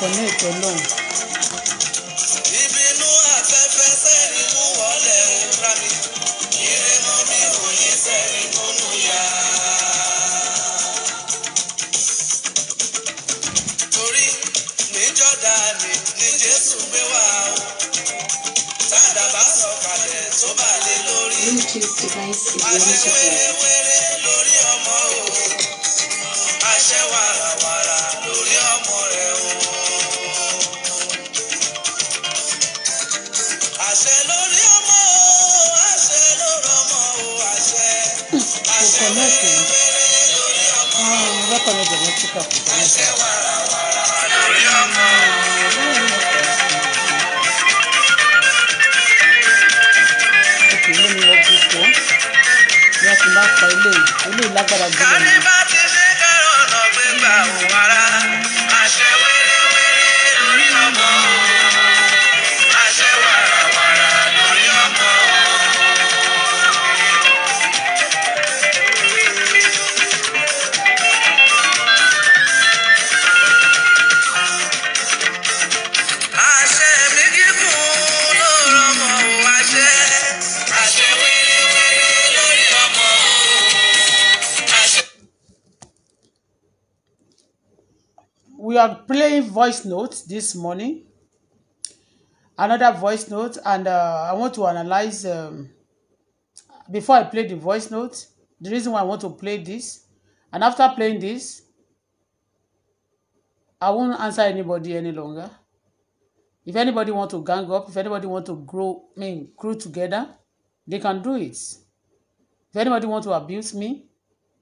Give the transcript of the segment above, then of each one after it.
connect ọlọ́run. ìbínú afẹ́fẹ́ sẹ́yìn mú wọlé òkúra mi ìrìnà mi ò ní sẹ́yìn múnú yá. torí níjọ́ dání ni Jésù gbé wá o tàdàbà sọ̀kalẹ̀ tó bá lé lórí. àti wẹ́rẹ́ o. àwọn púpà kò bá yẹ. òkè ló ní ọgbọ̀n tó bí a ti máa pa ilé ìlágbára jùlọ nìyẹn. playing voice notes this morning, another voice note, and uh, I want to analyze. Um, before I play the voice note, the reason why I want to play this, and after playing this, I won't answer anybody any longer. If anybody want to gang up, if anybody want to grow, I mean, crew together, they can do it. If anybody want to abuse me,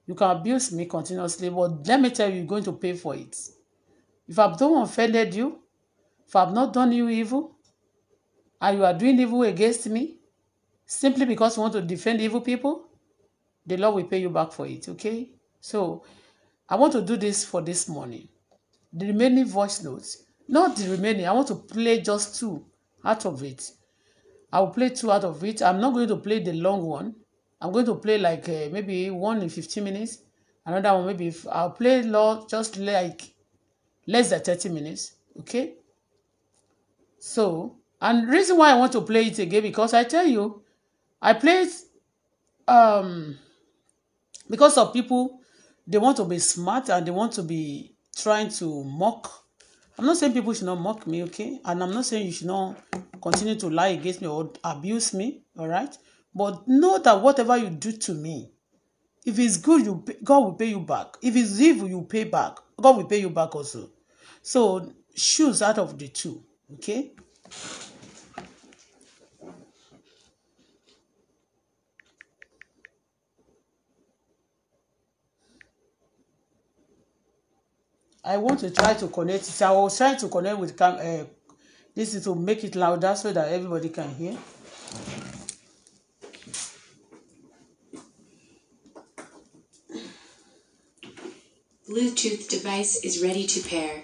you can abuse me continuously, but let me tell you, you're going to pay for it. If I've done offended you, if I've not done you evil, and you are doing evil against me, simply because you want to defend evil people, the Lord will pay you back for it, okay? So, I want to do this for this morning. The remaining voice notes, not the remaining, I want to play just two out of it. I will play two out of it. I'm not going to play the long one. I'm going to play like uh, maybe one in 15 minutes, another one maybe. I'll play Lord just like less than 30 minutes okay so and reason why i want to play it again because i tell you i play it, um because of people they want to be smart and they want to be trying to mock i'm not saying people should not mock me okay and i'm not saying you should not continue to lie against me or abuse me all right but know that whatever you do to me if it's good you pay, god will pay you back if it's evil you pay back god will pay you back also So choose out of the two, okay? I want to try to connect it. I was trying to connect with cam uh, this is to make it louder so that everybody can hear. Bluetooth device is ready to pair.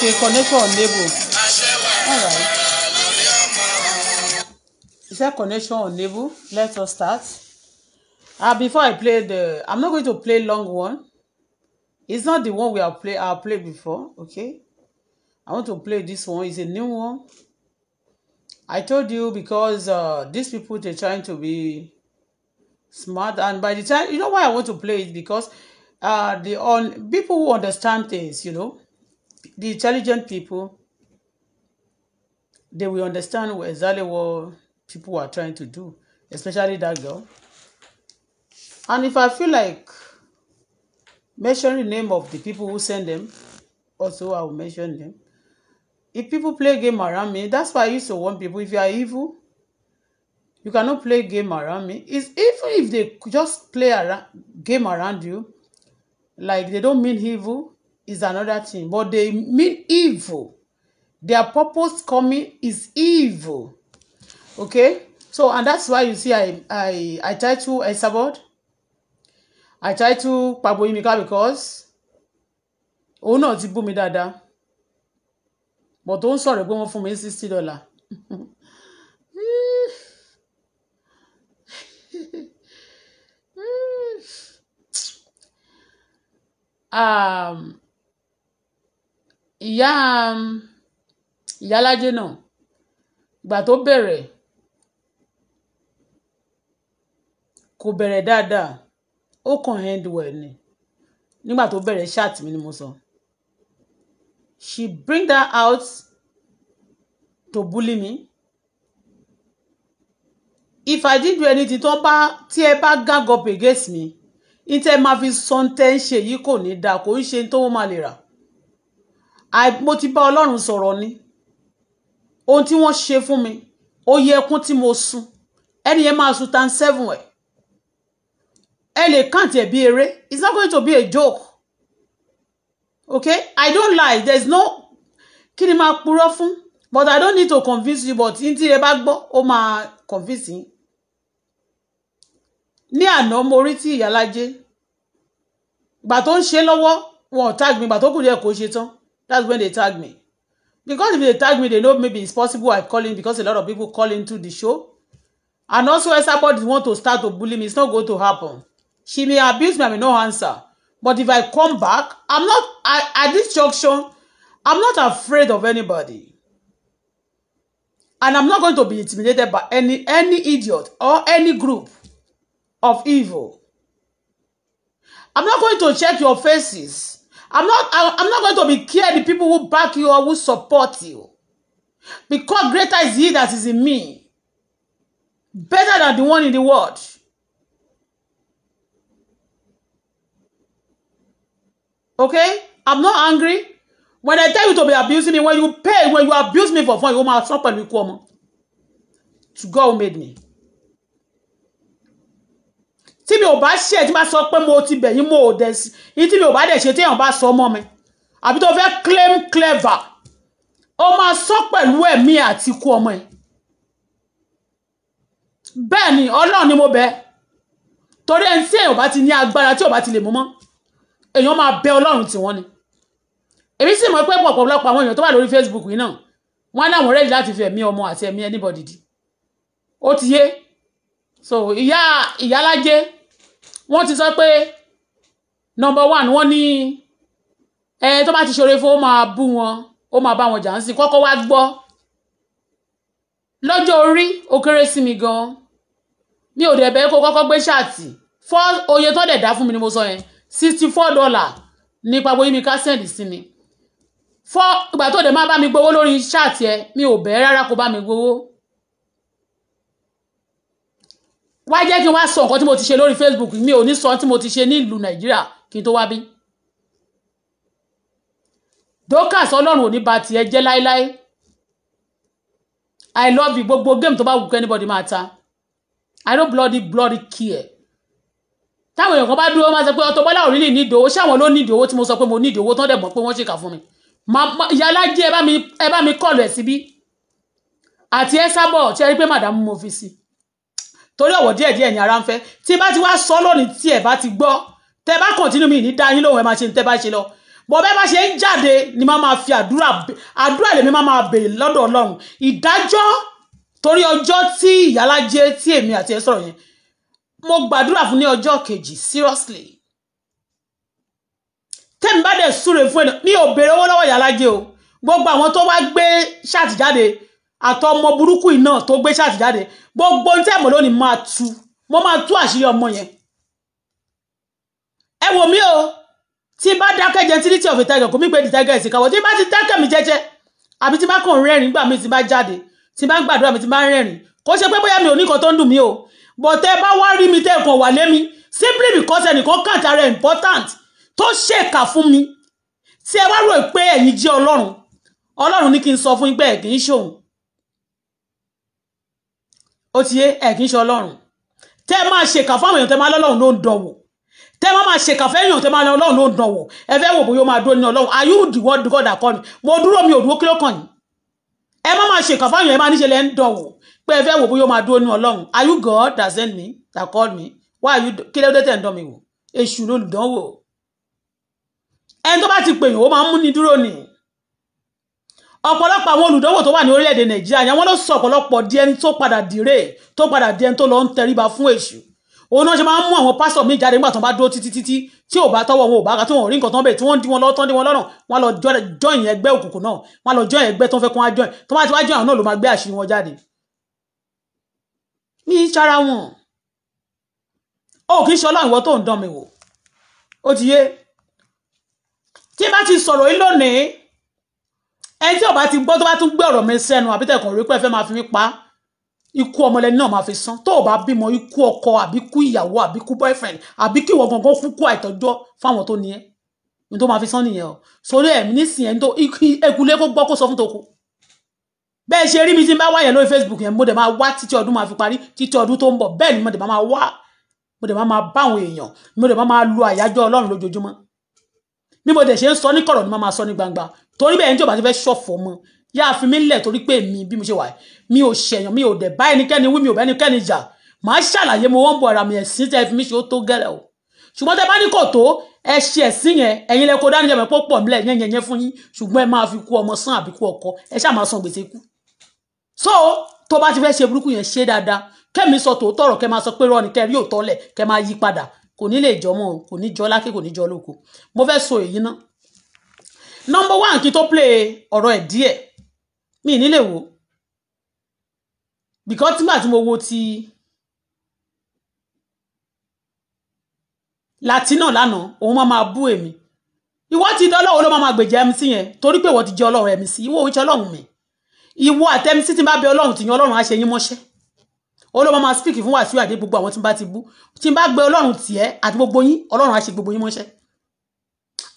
okay connection unable alright it said connection unable let us start ah uh, before I play the I'm not going to play long one it's not the one we have play I played before okay I want to play this one it's a new one I told you because uh, these people they're trying to be smart and by the time you know why I want to play it because uh the on people who understand things you know the intelligent people, they will understand exactly what people are trying to do, especially that girl. And if I feel like mentioning the name of the people who send them, also I will mention them. If people play game around me, that's why I used to warn people, if you are evil, you cannot play game around me. Is even if they just play around, game around you, like they don't mean evil, is another thing but they mean evil their purpose coming is evil okay so and that's why you see I I I title Esabod I try to title Pagboyimika because òun náà ti bú mi dáadáa but ó ń sọ̀rọ̀ pé wọ́n fún mi sixty dollar um, ìyá um, ìyálájé náà ìgbà tó bẹ̀rẹ̀ kò bẹ̀rẹ̀ dáadáa ó kàn handwell ni nígbà tó bẹ̀rẹ̀ ṣáàt mi ni mo sọ she bring that out to bully me if I did do anything tó bá tí ẹ bá gag up against me ní tẹ́ máa fi sọ́ńtẹ́ ń ṣe yìí kò ní dáa kò ń ṣe tó wọ́n máa lè rà mo ti bá ọlọ́run sọ̀rọ̀ ni ohun tí wọ́n ṣe fún mi ó yẹ ẹkún tí mo sun ẹni yẹn máa sun tan seven ẹ̀ ẹ lè kàn tiẹ̀ bí eré it's not going to be a joke okay I don't lie There's no kí ni máa purọ́ fún but I don't need to convince you but ní tí ẹ bá gbọ́ ó máa convince yín ní àná mo rí tí ìyálájé ìgbà tó ń ṣe lọ́wọ́ wọn ò tag mi ìgbà tó kù díẹ̀ kò ṣe tán That's when they tag me. Because if they tag me, they know maybe it's possible I call in because a lot of people call into the show. And also, if somebody want to start to bully me, it's not going to happen. She may abuse me, I may no answer. But if I come back, I'm not, I, at this junction, I'm not afraid of anybody. And I'm not going to be intimidated by any any idiot or any group of evil. I'm not going to check your faces. I'm not, I'm not going to be care the people who back you or who support you. Because greater is he that is in me. Better than the one in the world. Okay? I'm not angry. When I tell you to be abusing me, when you pay, when you abuse me for fun, you must stop and you come. To God who made me tí mi ò bá ṣe tí máa sọ pé mo ti bẹ̀ yín mo ò dẹ̀ sí i tí mi ò bá dẹ̀ ṣe téèyàn bá sọ mọ́ mi àbí tó fẹ́ claim clever ó máa sọ pẹ̀lú ẹ̀mí àti ikú ọmọ ẹ̀ bẹ́ẹ̀ ni ọlọ́run ni mo bẹ̀ torí ẹni tí èèyàn bá ti ní agbára tí ò bá ti lè mú mọ́ èèyàn máa bẹ ọlọ́run tí wọ́n ni èmi sì mọ̀ pé pọ̀pọ̀lọpọ̀ àwọn èèyàn tó wà lórí Facebook yìí náà wọ́n á láwọn rẹ́ẹ̀dì láti fi ẹ̀mí ọmọ àti ẹ̀mí anybody di ó ti yé so ìyá ìyálájẹ́ wọ́n ti sọ pé number one wọ́n ní ẹ tó bá ti ṣoore fún ó máa bú wọn ó máa bá wọn jà ń sìn kọ́kọ́ wá gbọ́ lọ́jọ́ orí ó kéré sí mi gan-an mi ò dẹ̀ bẹ́ẹ̀ kó kọ́kọ́ gbé ṣáàtì fọ́ oye tó dẹ̀ dá fún mi ni mo sọ yẹn sixty four dollar ní pàbó yìí mi ká sẹ́ǹdì sí ni fọ́ ìgbà tó dẹ̀ máa bá mi gbowó lórí ṣáàtì ẹ mi ò bẹ́ẹ̀ rárá kó bá mi gbowó wá jẹ́ kí n wá sọ nǹkan tí mo ti ṣe lórí Facebook mi ò ní sọ tí mo ti ṣe ní ìlú Nàìjíríà kí n tó wá bí. Dorcas Ọlọ́run ò ní ba tiẹ̀ jẹ́ láéláé I love you gbogbo game tó bá wù kí anybody máa ta I no bloody bloody care táwọn èèyàn kan bá dúró máa sọ pé Auto Bola ò rí lè ní ìdòwó ṣáwọn ló ní ìdòwó tí mo sọ pé mo ní ìdòwó tán dẹ̀ mọ̀ pé wọ́n ṣèkà fún mi yàrá jẹ́ ẹ bá mi kọ̀lù ẹ̀ síbí àti ẹ sábọ̀ tí ẹ rí pé màdàmú mo fi sí i torí ọ̀wọ̀ díẹ̀ díẹ̀ ni ara ń fẹ́ tí bá ti wá sọ lónìí tí ẹ̀ bá ti gbọ́ tẹ bá kọ̀ntínú mi ní dáyín lóhùn ẹ máa ṣe ní tẹ bá ṣe lọ bọ́ bẹ́ẹ̀ bá ṣe ń jáde ni máa máa fi àdúrà àdúrà lèmi máa máa béèrè lọ́dọ̀ ọlọ́run ìdájọ́ torí ọjọ́ tí ìyálájẹ tí èmi àti ẹ sọ̀rọ̀ yẹn mo gbàdúrà fún ní ọjọ́ kejì seriously tẹ́mi bá dẹ̀ súre fún ẹ̀ mi ò béèrè owó lọ́wọ́ ìyálájẹ o gbogbo àwọn tó wá gbé ṣáàtì jáde àtọmọ burúkú yìí náà tó gbé ṣáàtì jáde gbogbo ní tẹ̀mọ̀ lónìí máa tú mo máa tú àṣírí ọmọ yẹn ẹ wò mí o tí bá dákẹ́ gentility of a tiger kò mí pé the tiger is ìkàwọ́ tí bá ti dákẹ́ mi jẹ́jẹ́ àbí tí bá kàn rẹ́rìn gbà mí tí bá jáde tí bá ń gbàdúrà mi tí bá ń rẹ́rìn kò ṣe pé bóyá mi ò ní nǹkan tó ń dùn mí o but tẹ bá wá rí mi tẹ kàn wà lé mi simply because ẹnìkan kàn tara important tó ṣèkà fún mi tí ẹ wá rò pé ẹ̀yin jẹ́ ọlọ́run ọlọ́run ní kí n sọ fún yín pé ẹ̀ kì í ṣòun ó ti yé ẹ kì í ṣe ọlọ́run tẹ́ máa ṣèkà fáwọn èèyàn tẹ́ máa lọ́lọ́run ló ń dọ̀wọ̀ tẹ́ máa máa ṣèkà fẹ́yàn tẹ́ máa lọ́lọ́run ló ń dọ̀wọ̀ ẹ fẹ́ wò bóyá ó máa dúró ní ọlọ́run are you the word God that call me mo dúró mi ò dúró kí ló kàn yín ẹ má máa ṣèkà fáwọn èèyàn máa níṣe lẹ́ ń dọ̀wọ̀ pé ẹ fẹ́ wò bóyá ó máa dúró ní ọlọ́run are you God that send me that call me why are you kí ló dé tẹ̀ ń dán mi wò èṣù ló ń dánwò ẹni tó bá ti pè yín ó máa ń múni dúró nìyí ọ̀pọ̀lọpọ̀ àwọn olùdánwò tó wà ní orílẹ̀-èdè nàìjíríà yẹn wọ́n ló sọ ọ̀pọ̀lọpọ̀ di ẹni tó padà dìre tó padà di ẹni tó lọ ń tẹríba fún èṣù òun náà ṣe máa ń mú àwọn pásítọ̀ míì jáde nígbà tó bá dúró títí títí tí ò bá tọwọ́ wọn ò bá ka tí wọn ò rí nǹkan tó ń bẹ̀ tí wọ́n ń dí wọn lọ́wọ́ tó ń dí wọn lọ́rùn wọn lọ join ẹgbẹ́ òkùnkùn náà wọn lọ join ẹgbẹ́ tó ń fẹ́ kó wá join tó bá ti wá join àwọn náà ló máa gbé àṣírí wọn jáde. mi ń wọn o kì í ṣe ọlọ́run ìwọ tó ń dán mi wò ó ti yé tí bá ti sọ̀rọ̀ yìí lónìí ẹni tí ọba ti gbọ́ tó bá tún gbé ọ̀rọ̀ mi sẹ́nu àbí tẹ̀kàn rí pé ẹ fẹ́ máa fi mí pa ikú ọmọlẹ́ni náà máa fi san tó o bá bímọ ikú ọkọ àbí kú ìyàwó àbí kú boyfriend àbí kí ìwọ gangan fún kú àìtọ́jọ́ fáwọn tó ní ẹ ní tó máa fi san nìyẹn o sórí ẹ̀mí nísìnyẹn tó ekulé kó gbọ́ kó sọ fún tòkù bẹ́ẹ̀ ṣe rí mi tí n bá wá yẹn lórí Facebook yẹn mo dẹ̀ máa wá títí ọdún máa fi parí títí ọdún tó ń bọ̀ bẹ́ẹ̀ ni mo dẹ̀ máa wá mo dẹ̀ máa bá àwọn èèyàn mo dẹ̀ máa lu àyájọ́ Ọlọ́run lójoojúmọ́ bí mo dẹ̀ ṣe ń sọ ní kọ̀rọ̀ ni mo máa sọ ní gbangba torí bẹ́ẹ̀ ní tí o bá ti fẹ́ ṣọ̀fọ̀ mọ́ yá fi mí lẹ̀ torí pé mi bí mo ṣe wà mi ò ṣẹ̀yàn mi ò dẹ̀ bá ẹnikẹ́ni wí mi ò bá ẹnikẹ́ni jà màá ṣàlàyé mo wọ́n bọ̀ ara mi ẹ̀sìn tẹ́ fi mí ṣe ó tó gẹ́rẹ́ o ṣùgbọ́n tẹ́ bá ní kò tó ẹ ṣe ẹ̀sìn yẹn ẹ̀yin lẹ kó dání jẹ́ pọ̀ pọ̀ mílẹ̀ yẹn yẹn fún yín ṣùgbọ́n ẹ máa fi kú ọmọ sán àbí kú ọkọ ẹ ṣáà máa san gbèsè kú. so tó bá ti fẹ́ ṣe burúkú yẹn ṣe dáadáa kẹ́mi sọ tòótọ́ ọ̀rọ̀ kẹ́ máa sọ pé rọ́ọ̀ ni kẹ́ rí òótọ́ lẹ̀ kẹ́ máa yí padà kò ní lè jọmọ́ kò ní jọ lákè kò ní jọ lóko mo fẹ́ sọ èyí náà number one kí tó play ọ̀rọ̀ ẹ̀ díẹ̀ mi ì nílè wò because tí màá tí mo wo ti latina lánàá òun máa máa bú èmi ìwọ ti dán ọlọ́run ló máa máa gbèjà MC yẹn torí pé ìwọ ti jẹ ọlọ́run MC ìwọ òun ṣe ọlọ́run mi ìwọ àti MC tí bá bẹ ọlọ́run tìyàn ọlọ́run á ṣe yín mọ́ṣẹ́ olóòmọ máa speak fún wàsíù àti gbogbo àwọn tí n bá ti bú tí n bá gbé ọlọ́run tiẹ̀ àti gbogbo yín ọlọ́run á ṣe gbogbo yín mọ́ṣẹ́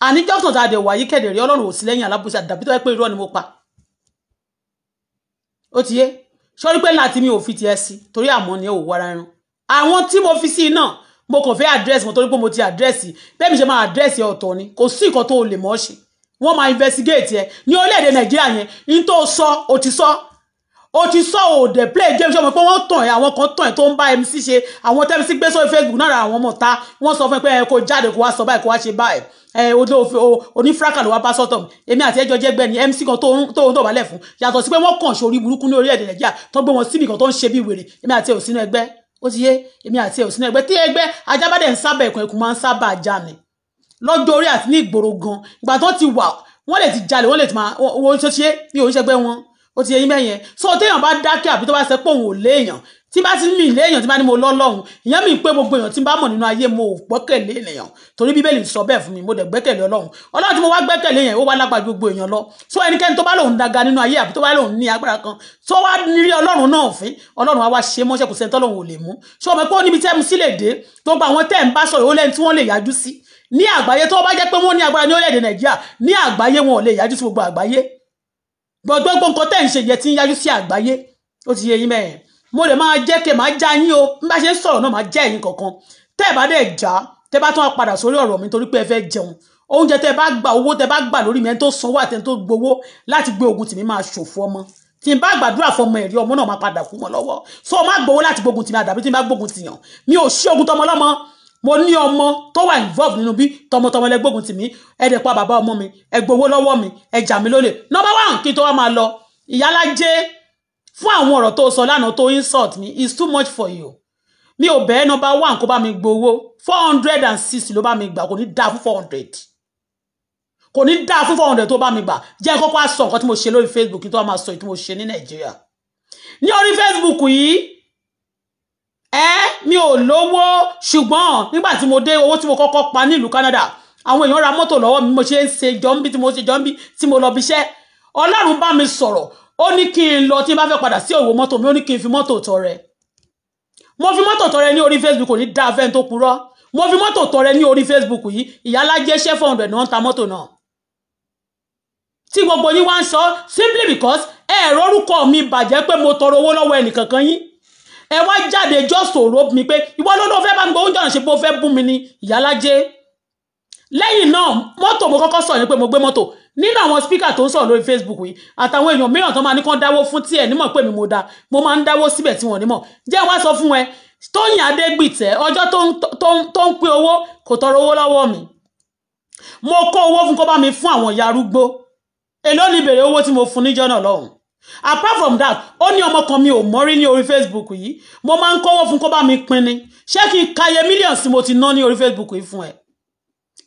àní jọ́sán tá a dẹ̀ wà yí kẹ̀dẹ̀ rí ọlọ́run ò sí lẹ́yìn alábòsí àdàbí tó yẹ pé irọ́ ni mo pa ó ti yé sọ́rí pé láti mi ò fi tiẹ̀ sí torí àmọ́ ni ẹ ò wára ẹran àwọn tí mo fi sí náà mo kàn fẹ́ àdírẹ́sì mo torí pé mo ti àdírẹ́sì bẹ́ẹ̀ mi ṣe máa àdírẹ́sì ọ̀tọ̀ ni kò sí nǹkan tó lè mọ́ ṣe wọ́n máa investigate ẹ ní orílẹ̀-èdè nàìjíríà yẹn ní tó sọ ò ti sọ o ti sọ ò dẹ̀ play game ṣọmọ pé wọ́n tàn ẹ́ àwọn kan tàn ẹ́ tó ń bá MC ṣe àwọn tẹ́mi sí gbé sórí Facebook náà ra àwọn ọmọ ta wọ́n sọ fún ẹ pé ẹ kò jáde kó wá sọ báyìí kó wá ṣe báyìí ẹ onífraka ló wá bá sọ́tọ̀ èmi àti ẹjọ́ jẹ́gbẹ́ ni MC kan tó ń dọ̀bálẹ̀ fún yàtọ̀ sí pé wọ́n kàn sórí burúkú ní orílẹ̀-èdè Nàìjíríà tó gbé wọn síbì kan tó ń ṣe bí wèrè èmi àti ẹ̀ ò sínú ẹgbẹ́ ó ti yé èmi àti ẹ̀ ò sínú ẹgbẹ́ tí ẹgbẹ́ ajábádẹ̀ ń sábà ẹ̀kọ́ ẹ̀kú máa ń sábà já ni lọ́jọ́ orí àti ní ìgboro gan ìgbà tó ti wà wọ́n lè ti jalè wọ́n lè ti máa wọ́n ṣe ṣe ní oníṣẹ́gbẹ́ wọn ó ti yẹ yín mẹ́yẹn so téèyàn bá dákẹ́ àbí tó bá ṣe pé òun ò léèyàn tí bá ti mì léèyàn tí bá ní mo lọ́lọ́run ìyẹn mi pé gbogbo èèyàn tí bá mọ̀ nínú ayé mo ò gbẹ́kẹ̀lé ènìyàn torí bíbélì sọ bẹ́ẹ̀ fún mi mo dẹ̀ gbẹ́kẹ̀lé ọlọ́run ọlọ́run tí mo wá gbẹ́kẹ̀lé yẹn ó wá lágbára gbogbo èèyàn lọ so ẹnikẹ́ni tó bá lòun daga nínú ayé àbí tó bá lòun ní agbára kan tó wá rí ọlọ́run náà fín ọlọ́run á wá ṣe mọ́ṣẹ́ kò sẹ́ni tọ́lọ́run ò lè mú so ọmọ pé ó níbi tẹ́ mu sílẹ̀ dé tó gba àwọn tẹ́ ń bá sọ̀rọ̀ ó lẹ́ni tí wọ́n lè yájú sí ní àgbáyé tó bá jẹ́ pé wọ́n ní agbára ní orílẹ̀-èdè nàìjíríà ní àgbáyé wọn ò lè yájú sí gbogbo àgbáyé gbọ̀gbọ́gbọ́ nǹkan tẹ́ ń ṣe yẹ ti ń yájú sí àgbáyé ó ti yẹ yín mẹ́rin mo lè máa jẹ́ kí màá já yín o bí bá ṣe ń sọ̀rọ̀ náà màá já ẹ̀yin kankan tẹ́ ẹ̀ bá dẹ̀ já tẹ́ bá tún padà sórí ọ̀rọ̀ mi torí pé ẹ fẹ́ jẹun oúnjẹ tẹ́ bá gba owó tẹ́ bá gbà lórí mi ẹni tó sanwó àti ẹni tó gbowó láti gbé ogun tìmí máa ṣòfò ọmọ tí n bá gbàdúrà fọmọ ẹ̀rí ọmọ náà máa padà kú mọ́ lọ́wọ́ so má gbowó láti gbógun tìmí àdàbí tí n bá gbógun tìyàn mi ò ṣí ogun tọmọ mo ní ọmọ tó wà involve nínú bí tọmọtọmọ lẹ gbógun tì mí ẹ dẹ̀ pa bàbá ọmọ mi ẹ gbowó lọ́wọ́ mi ẹ jà lólè number one kí n tó wá máa lọ ìyálájé fún àwọn ọ̀rọ̀ tó sọ lánàá tó insult me. is too much for you mi ò bẹ́ẹ̀ number one kó bá mi gbowó four hundred and six. ló bá mi gbà kò ní dáa fún four hundred kò ní dáa fún four hundred tó bá mi gbà jẹ́ kókó àsọ̀ nǹkan tí mo ṣe lórí Facebook kí n tó wá máa sọ èyí tí mo ṣe ní Nàìjíríà ní orí Facebook yìí ẹ mi ò lówó ṣùgbọ́n nígbà tí mo dé owó tí mo kọ́kọ́ pa ní ìlú Canada àwọn èèyàn ra mọ́tò lọ́wọ́ mi mo ṣe ń ṣe jọ́ńbí tí mo ṣe jọ́ńbí tí mo lọ bí iṣẹ́ Ọlọ́run bá mi sọ̀rọ̀ ó ní kí n lọ tí n bá fẹ́ padà sí òwò mọ́tò mi ó ní kí n fi mọ́tò tọrẹ mo fi mọ́tò tọrẹ ní orí Facebook kò ní dá afẹ́ tó purọ́ mo fi mọ́tò tọrẹ ní orí Facebook yìí ìyálà jẹ́ ṣẹ́ four hundred ni wọ́n ń ta mọ́tò náà tí gbogbo yín wá ń sọ simply because ẹ̀ẹ́rọ orúkọ mi bàjẹ́ pé mo tọrọ owó lọ́wọ́ ẹnìkankan yín ẹ wá jáde just to rope mi pé ìwọ ló ló fẹ́ bá mi gbọ́ oúnjẹ ọ̀nà ṣe pé ó fẹ́ bú mi ni ìyálájẹ́ lẹ́yìn náà mọ́tò mo kọ́kọ́ sọ̀rọ̀ pé mo gbé mọ́tò nínú àwọn spíkà tó ń sọ̀rọ̀ lórí Facebook yìí àtàwọn èèyàn mìíràn tó máa ní kán dáwó fún tí ẹ̀ nímọ̀ pé mi mo da mo máa ń dáwó síbẹ̀ tí wọ́n nímọ̀ jẹ́ wá sọ fún ẹ Tóyìn Adégbìtẹ́ ọjọ́ tó ń pé owó kò tọrọ owó lọ́wọ́ mi mo kó owó fún kó bá mi fún àwọn ìyá arúgbó èló ni bèrè owó tí mo fún níjọ́ náà lọ́hùn-ún apart from that ó ní ọmọ kan mi ò mọ́rí ní orí facebook yìí mo máa ń kọ́wọ́ fún kó bá mi pín ni ṣé kí n kàyé mílíọ̀nù tí mo ti ná ní orí facebook yìí fún ẹ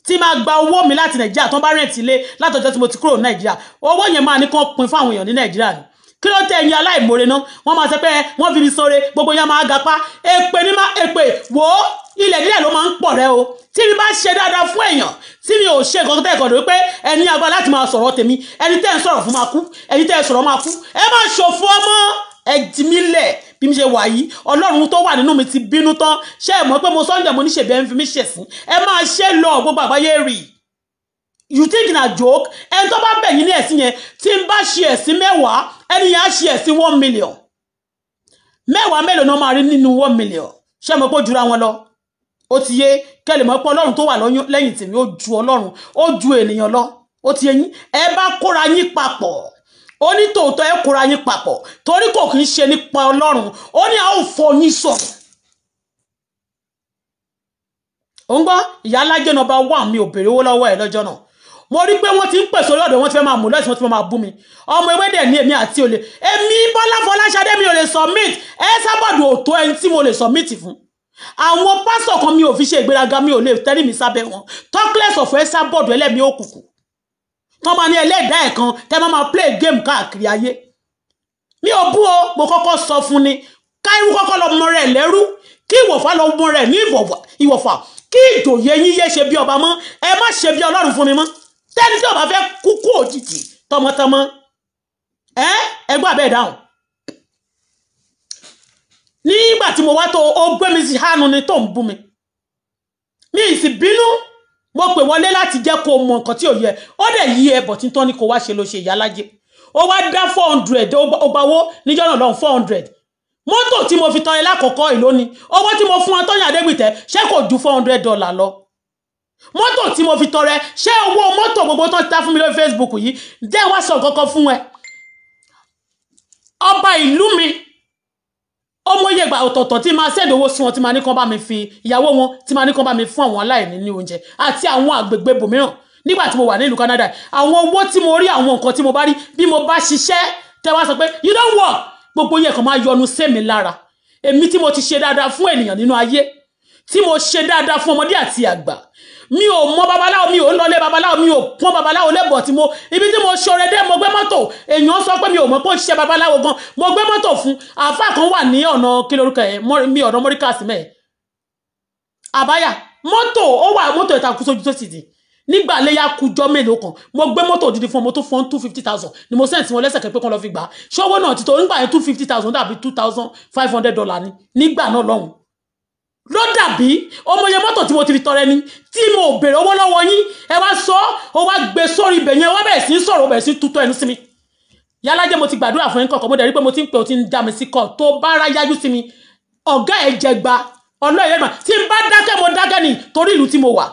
tí máa gba owó mi láti nàìjíríà tó bá rẹ̀ǹtì ilé látọjọ́ tí mo ti kúrò nàìjíríà owó yẹn máa ní kán pín fún àwọn èèyàn ní nàìjíríà ni kí ló tẹ ẹ̀yin aláìmoore náà wọ́n máa sọ pé wọ́n fi mi sọre gbogbo yẹn máa gapá èpè ní má èpè wò ó ilẹ̀ nílẹ̀ ló máa ń pọ̀ rẹ o tí mi bá ṣe dáadáa fún èèyàn tí mi ò ṣe nǹkan tó tẹ̀kọ̀ rẹ pé ẹni agbára láti máa sọ̀rọ̀ tèmi ẹni tẹ́ ń sọ̀rọ̀ fún máa kú ẹni tẹ́ ń sọ̀rọ̀ máa kú ẹ má ṣòfò ọmọ ẹ̀jìmílẹ̀ bí mi ṣe wà yìí ọlọ́run tó wà nínú mi ti bínú tán ṣé ẹ mọ̀ pé mo sọ́njẹ̀ mo níṣẹ̀bẹ̀ ń fi mí ṣẹ̀sín ẹ máa ṣe lọ gbogbo àgbáyé rì í you think na joke ẹni tó bá bẹ̀ yín ní ẹ̀sìn yẹn tí n bá ṣe ẹ̀sìn mẹ́wàá ẹni yẹn á ṣe ẹ̀sìn one million mẹ́wàá mélòó náà máa rí nínú one million ṣé mo kó jura wọn lọ ó ti yé kẹlẹ̀ mọ́ pé ọlọ́run tó wà lẹ́yìn tèmi ó ju ọlọ́run ó ju ènìyàn lọ ó ti yé yín ẹ bá kóra yín papọ̀ ó ní tòótọ́ ẹ kóra yín papọ̀ torí kò kì í ṣe nípa ọlọ́run ó ní a ó fọ ó ń gbọ́ ìyá alájẹ́ náà bá wà mí ò owó lọ́wọ́ ẹ lọ́jọ́ náà mo rí pé wọ́n ti ń pèsè olóòdò wọ́n ti fẹ́ máa mú lọ́sìn wọ́n ti fẹ́ máa bú mi ọmọ ewé dẹ̀ ní èmi àti olè èmi Bọ́lá Fọláṣadé mi ò lè submit ẹ sábàdù òtó ẹni tí mo lè submit fún àwọn pásọ̀ kan mi ò fi ṣe ìgbéraga mi ò lè tẹ́rì mi sábẹ́ wọn talkless of ẹ sábàdù ẹlẹ́mi òkùnkùn tán máa ní ẹlẹ́dàá ẹ̀ kan tẹ́ máa máa play game káàkiri ayé mi ò bú o mo kọ́kọ́ sọ fún ni káírú kọ́kọ́ lọ mọ rẹ̀ lẹ́rú kí ìwọ̀fà lọ mọ rẹ̀ ní ìwọ̀fà kí ìjòyè yín yé ṣe bí ọba mọ́ ẹ má ṣe bí ọlọ́run fún mi mọ́ tẹ́ni tí ò bá fẹ́ kú kú òjijì tọmọtọmọ ẹ ẹgbọ́n abẹ́ ìdáhùn nígbà tí mo wá tó ó gbé mi sí hánu ni tó ń bú mi mi sì bínú mo pè wọlé láti jẹ́ kó mọ nǹkan tí ò yẹ ó dẹ̀ yí ẹ bọ̀ tí ni kò wá ṣe ló ṣe ìyálájẹ ó wá dá four hundred ó gba owó níjọ́ náà lọ́hùn four hundred mọ́tò tí mo fi tan ẹ lákọ̀ọ́kọ́ ìlónìí owó tí mo fún ọ tọ́yìn adégbìtẹ́ ṣé kò ju four hundred dollar lọ mọ́tò tí mo fi tọrẹ ṣé owó mọ́tò gbogbo tán ti ta fún mi lórí Facebook yìí dẹ́ wá sọ kankan fún ẹ ọba ìlú mi ó mọyé ìgbà ọ̀tọ̀ọ̀tọ̀ tí máa sẹ́ẹ̀dì owó sí wọn tí máa ní kán bá mi fi ìyàwó wọn tí máa ní kán bá mi fún àwọn aláìní ní oúnjẹ àti àwọn àgbègbè bòmíràn nígbà tí mo wà nílùú Canada àwọn owó tí mo rí àwọn nǹkan tí mo bá rí bí mo bá ṣiṣẹ́ tẹ́ wá sọ pé you don work gbogbo yẹn kan máa yọnu sẹ́mi lára èmi tí mo ti ṣe dáadáa fún ènìyàn nínú ayé tí mo ṣe dáadáa fún ọmọdé àti àgbà mi ò mọ babaláwo mi ò ń lọlé babaláwo mi ò pọ́n babaláwo lẹ́bọ̀ tí mo ibi tí mo ṣọrẹ dé mo gbé mọ́tò èèyàn sọ pé mi ò mọ̀ pé ó ń ṣiṣẹ́ gan mo gbé mọ́tò fún àáfàá kan wà ní ọ̀nà kí lorúkọ ẹ̀ mi ọ̀nà mọ́ríkà símẹ̀ àbáyà mọ́tò ó wà mọ́tò moto sójú tó sì dì nígbà léyà kújọ mélòó kan mo gbé mọ́tò òdìdí fún ọmọ tó fún two fifty thousand ni mo sẹ́ǹtì wọn lẹ́sẹ̀kẹ́ pé kán lọ fi gbà ṣọ́wọ́ náà ti tó nígbà yẹn two fifty thousand dàbí two thousand five hundred dollar ni nígbà náà lọ́hùn ló dàbí ọmọye mọ́tò tí mo ti fi tọrẹ ni tí mo bèrè owó lọ́wọ́ yín ẹ wá sọ ọ wá gbé sórí ibẹ̀ yẹn wá bẹ̀rẹ̀ sí sọ̀rọ̀ bẹ̀rẹ̀ sí tutọ́ ẹnu sí mi yálàjẹ́ mo ti gbàdúrà fún yín kọ̀ọ̀kan mo dẹ̀ rí pé mo ti ń pè ó ti ń dá mi sí kọ̀ tó bá ara yájú sí mi ọ̀gá ẹ̀ jẹ gba ọ̀nà ìyẹn mà tí n bá dákẹ́ mo dákẹ́ ni torí ìlú tí mo wà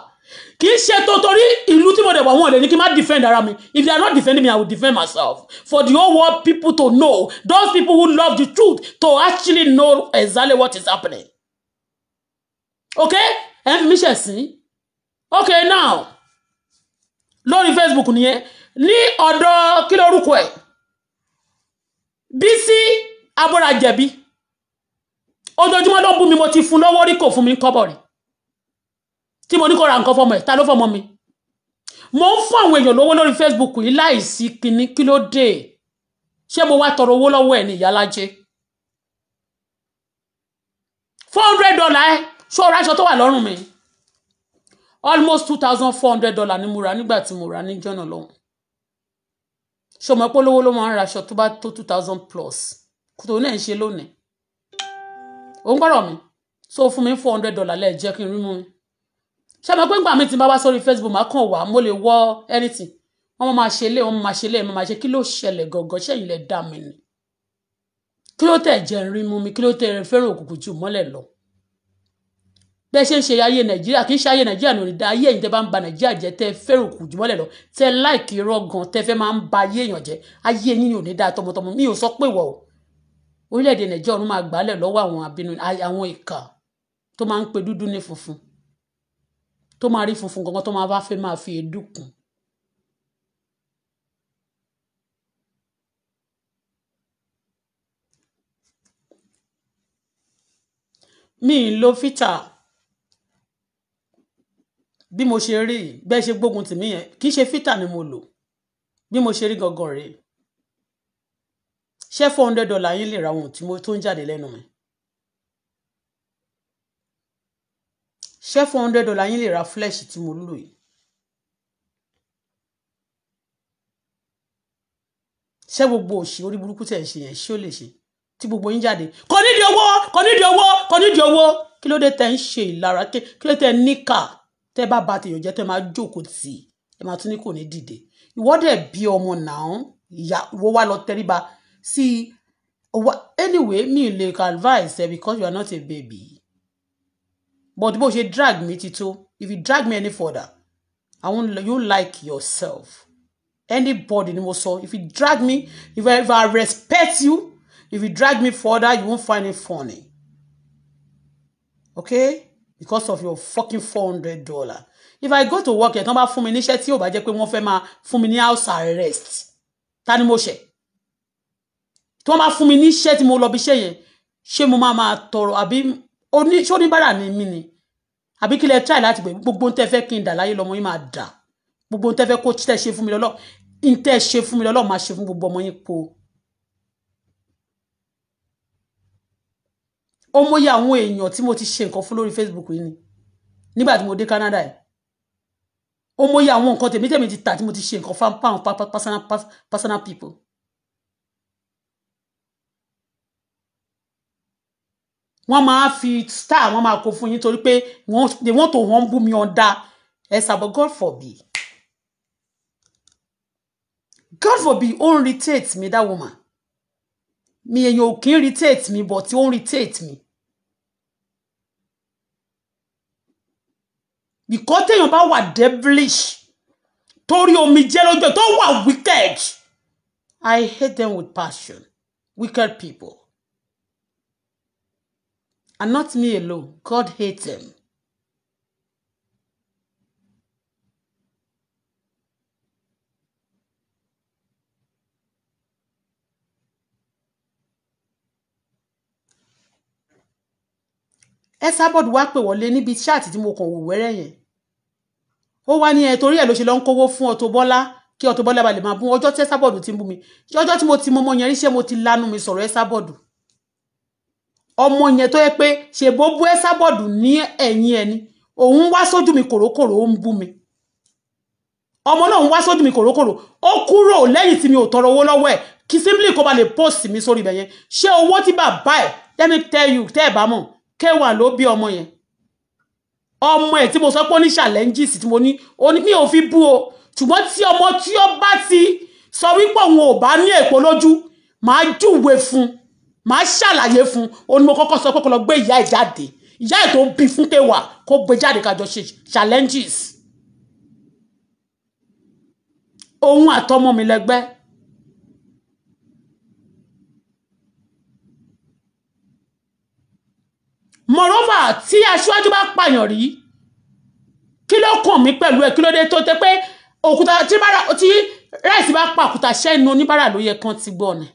kì í ṣe tó torí ìlú tí mo dẹ̀ wà wọ́n lè ní kí n má defend ara mi if they are not defending me I will defend myself for the whole world people to know those people who love the truth to actually know exactly what is happening okay ẹ fi mí ṣẹ̀ sí okay now lórí Facebook nìyẹn ní ọ̀dọ̀ kí lórúkọ ẹ̀ Bísí Abọ́rajẹ̀bí ojoojúmọ́ ló ń bú mi mo ti fún lọ́wọ́ rí kò fún mi kọ́bọ̀ rí tí mo ní kó ra nǹkan fọmọ ẹ̀ ta ló fọmọ mi mo ń fún àwọn èèyàn lówó lórí Facebook yìí láìsí kinní kí ló dé ṣé mo wá tọrọ owó lọ́wọ́ ẹ̀ ní ìyálájẹ́ four hundred dollar ẹ So, ra aṣọ tó wà lọ́rùn mi almost two thousand four hundred dollar ni mo rà nígbà tí mo rà ní jọ́nà lọ́hùn ṣó mọ̀ pé olówó ló máa ń ra aṣọ tó bá tó two thousand plus kòtò náà ń ṣe lónìí òun gbọ́dọ̀ mi so fún mi four hundred dollar lẹ́ẹ̀jẹ́ kí n rí mú mi ṣé mo pé ńgbà mi ti bá wá sórí Facebook máa kàn wá mo lè wọ anything wọ́n máa ṣe lé wọ́n máa ṣe lé ẹ̀ máa ṣe kí ló ṣẹlẹ̀ gangan ṣẹ́yìn lẹ dá mi ni kí ló tẹ̀ jẹ́ ń rí mú mi kí ló tẹ̀ fẹ́ràn òkùnkùn jù mọ́lẹ̀ lọ bẹ́ẹ̀ ṣe ń ṣe ayé nàìjíríà kì í ṣe ayé nàìjíríà lórí da ayé ẹ̀yin tẹ́ bá ń ba nàìjíríà jẹ́ tẹ́ fẹ́ràn òkú jùmọ́lẹ̀ lọ tẹ́ láìkì irọ́ gan tẹ́ fẹ́ máa ń ba ayé èèyàn jẹ́ ayé yín ni ò ní da tọmọtọmọ mi ò sọ pé wọ̀ o orílẹ̀-èdè nàìjíríà ọ̀run máa gbálẹ̀ lọ́wọ́ àwọn abínú àwọn ìkà tó máa ń pe dúdú ní funfun tó máa rí funfun gangan tó máa fẹ́ máa fi èédú mi ń lo bí mo ṣe rí bẹ́ẹ̀ ṣe gbógun tì mí yẹn kì í ṣe fítà ni mo lò bí mo ṣe rí gangan rèé ṣé four hundred dollar yín lè ra ohun tí mo tó ń jáde lẹ́nu mi ṣé four hundred dollar yín lè ra flesh tí mo lò yìí ṣé gbogbo òṣì orí burúkú tẹ̀ ń ṣe yẹn ṣé ó lè ṣe tí gbogbo yín jáde kò nídìí owó kò nídìí owó kò nídìí owó kí ló dé tẹ̀ ń ṣe ìlara kí ló dé tẹ̀ ń níkà tẹ́ bá ba tèèyàn jẹ́ tẹ́ máa jókòó tì í ẹ máa tún ní kò ní dìde ìwọ́dẹ̀ bí ọmọ náà ìyá wo lọ tẹríba sí anyway mi lè advise ẹ because you are not a baby but bó ṣe drag me ti tó if you drag me any further i won you like yourself anybody ni mo sọ if you drag me if I, if I respect you if you drag me further you won't find it funny okay because of your fucking four hundred dollar if i go to work yẹn tán bá fún mi níṣẹ́ tí ò bá jẹ́ pé wọ́n fẹ́ máa fún mi ní house arrest ta ni mo ṣe tí wọ́n bá fún mi níṣẹ́ tí mo lọ bí iṣẹ́ yẹn ṣé mo máa máa tọrọ àbí oní ṣé oníbàárà ni mí ni àbí kí lẹ try láti gbé gbogbo ń tẹ́ fẹ́ kí n dà láyé lọ́mọ yín máa dà gbogbo ń tẹ́ fẹ́ kó tẹ́ ṣe fún mi lọ́lọ́ ń tẹ́ ṣe fún mi lọ́lọ́ máa ṣe fún gbogbo ọmọ yín po ó ya àwọn èèyàn tí mo ti ṣe nǹkan fún lórí Facebook yìí ni nígbà tí mo dé Canada yìí ó mọyì àwọn nǹkan tèmi tèmi ti tà tí mo ti ṣe nǹkan fún àwọn personal personal people. wọ́n máa fi star wọ́n máa kó fún yín torí pé they want to humble me under ẹ̀sà but God forbid God forbid ó ń irritate me that woman mi èèyàn ò kí ń irritate mi but ó ń irritate mi. because téèyàn bá wà devilish torí omi jẹ́ lọ́jọ́ tó wà wicked I hate them with passion wicked people and not me alone God hate them. Esabod wá pè wọlé níbi chat tí mo kàn wò wẹ́rẹ́ yẹn ó wá ní ẹ torí ẹ ló ṣe lọ ń kówó fún Auto Bola kí Auto Bola balẹ̀ máa bú ọjọ́ tí Esabod ti ń bú mi ọjọ́ tí mo ti mọ ọmọ yẹn ríṣẹ́ mo ti lanu mi sọ̀rọ̀ Esabod ọmọ yẹn tó yẹ pé ṣe bó bú Esabod ní ẹ̀yìn ẹni òun wá sójú mi kòrókòrò ó ń bú mi ọmọ náà ń wá sójú mi kòrókòrò ó kúrò lẹ́yìn tí mi ò tọrọ owó lọ́wọ́ ẹ̀ kí simply kó ba post mi sórí ibẹ̀ yẹn ṣé owó tí bàbá ẹ̀ let me tell you tẹ́ ẹ̀ bá mọ̀ kẹwàá lo bí ọmọ yẹn ọmọ ẹ̀ tí mo sọ pé ó challenges tí mo ní mi ò fi bú o ṣùgbọ́n tí ọmọ tí ó bá ti sọ wípé òun ò bá ní èpo lójú màá júwe fún màá ṣàlàyé fún òun ni mo kọ́kọ́ sọ pé kó lọ gbé ìyá ẹ̀ jáde ìyá ẹ̀ tó bí fún kẹwàá kó gbé jáde kájọ ṣe challenges òun atomo mi lẹ́gbẹ́ moreover tí aṣáájú bá pààyàn rí kí ló kàn mí pẹ̀lú ẹ̀ kí ló dé tó tẹ́ pé òkúta tí ráìsì bá pa òkúta ṣẹ́nu oníbàárà ló yẹ kán ti gbọ́ ni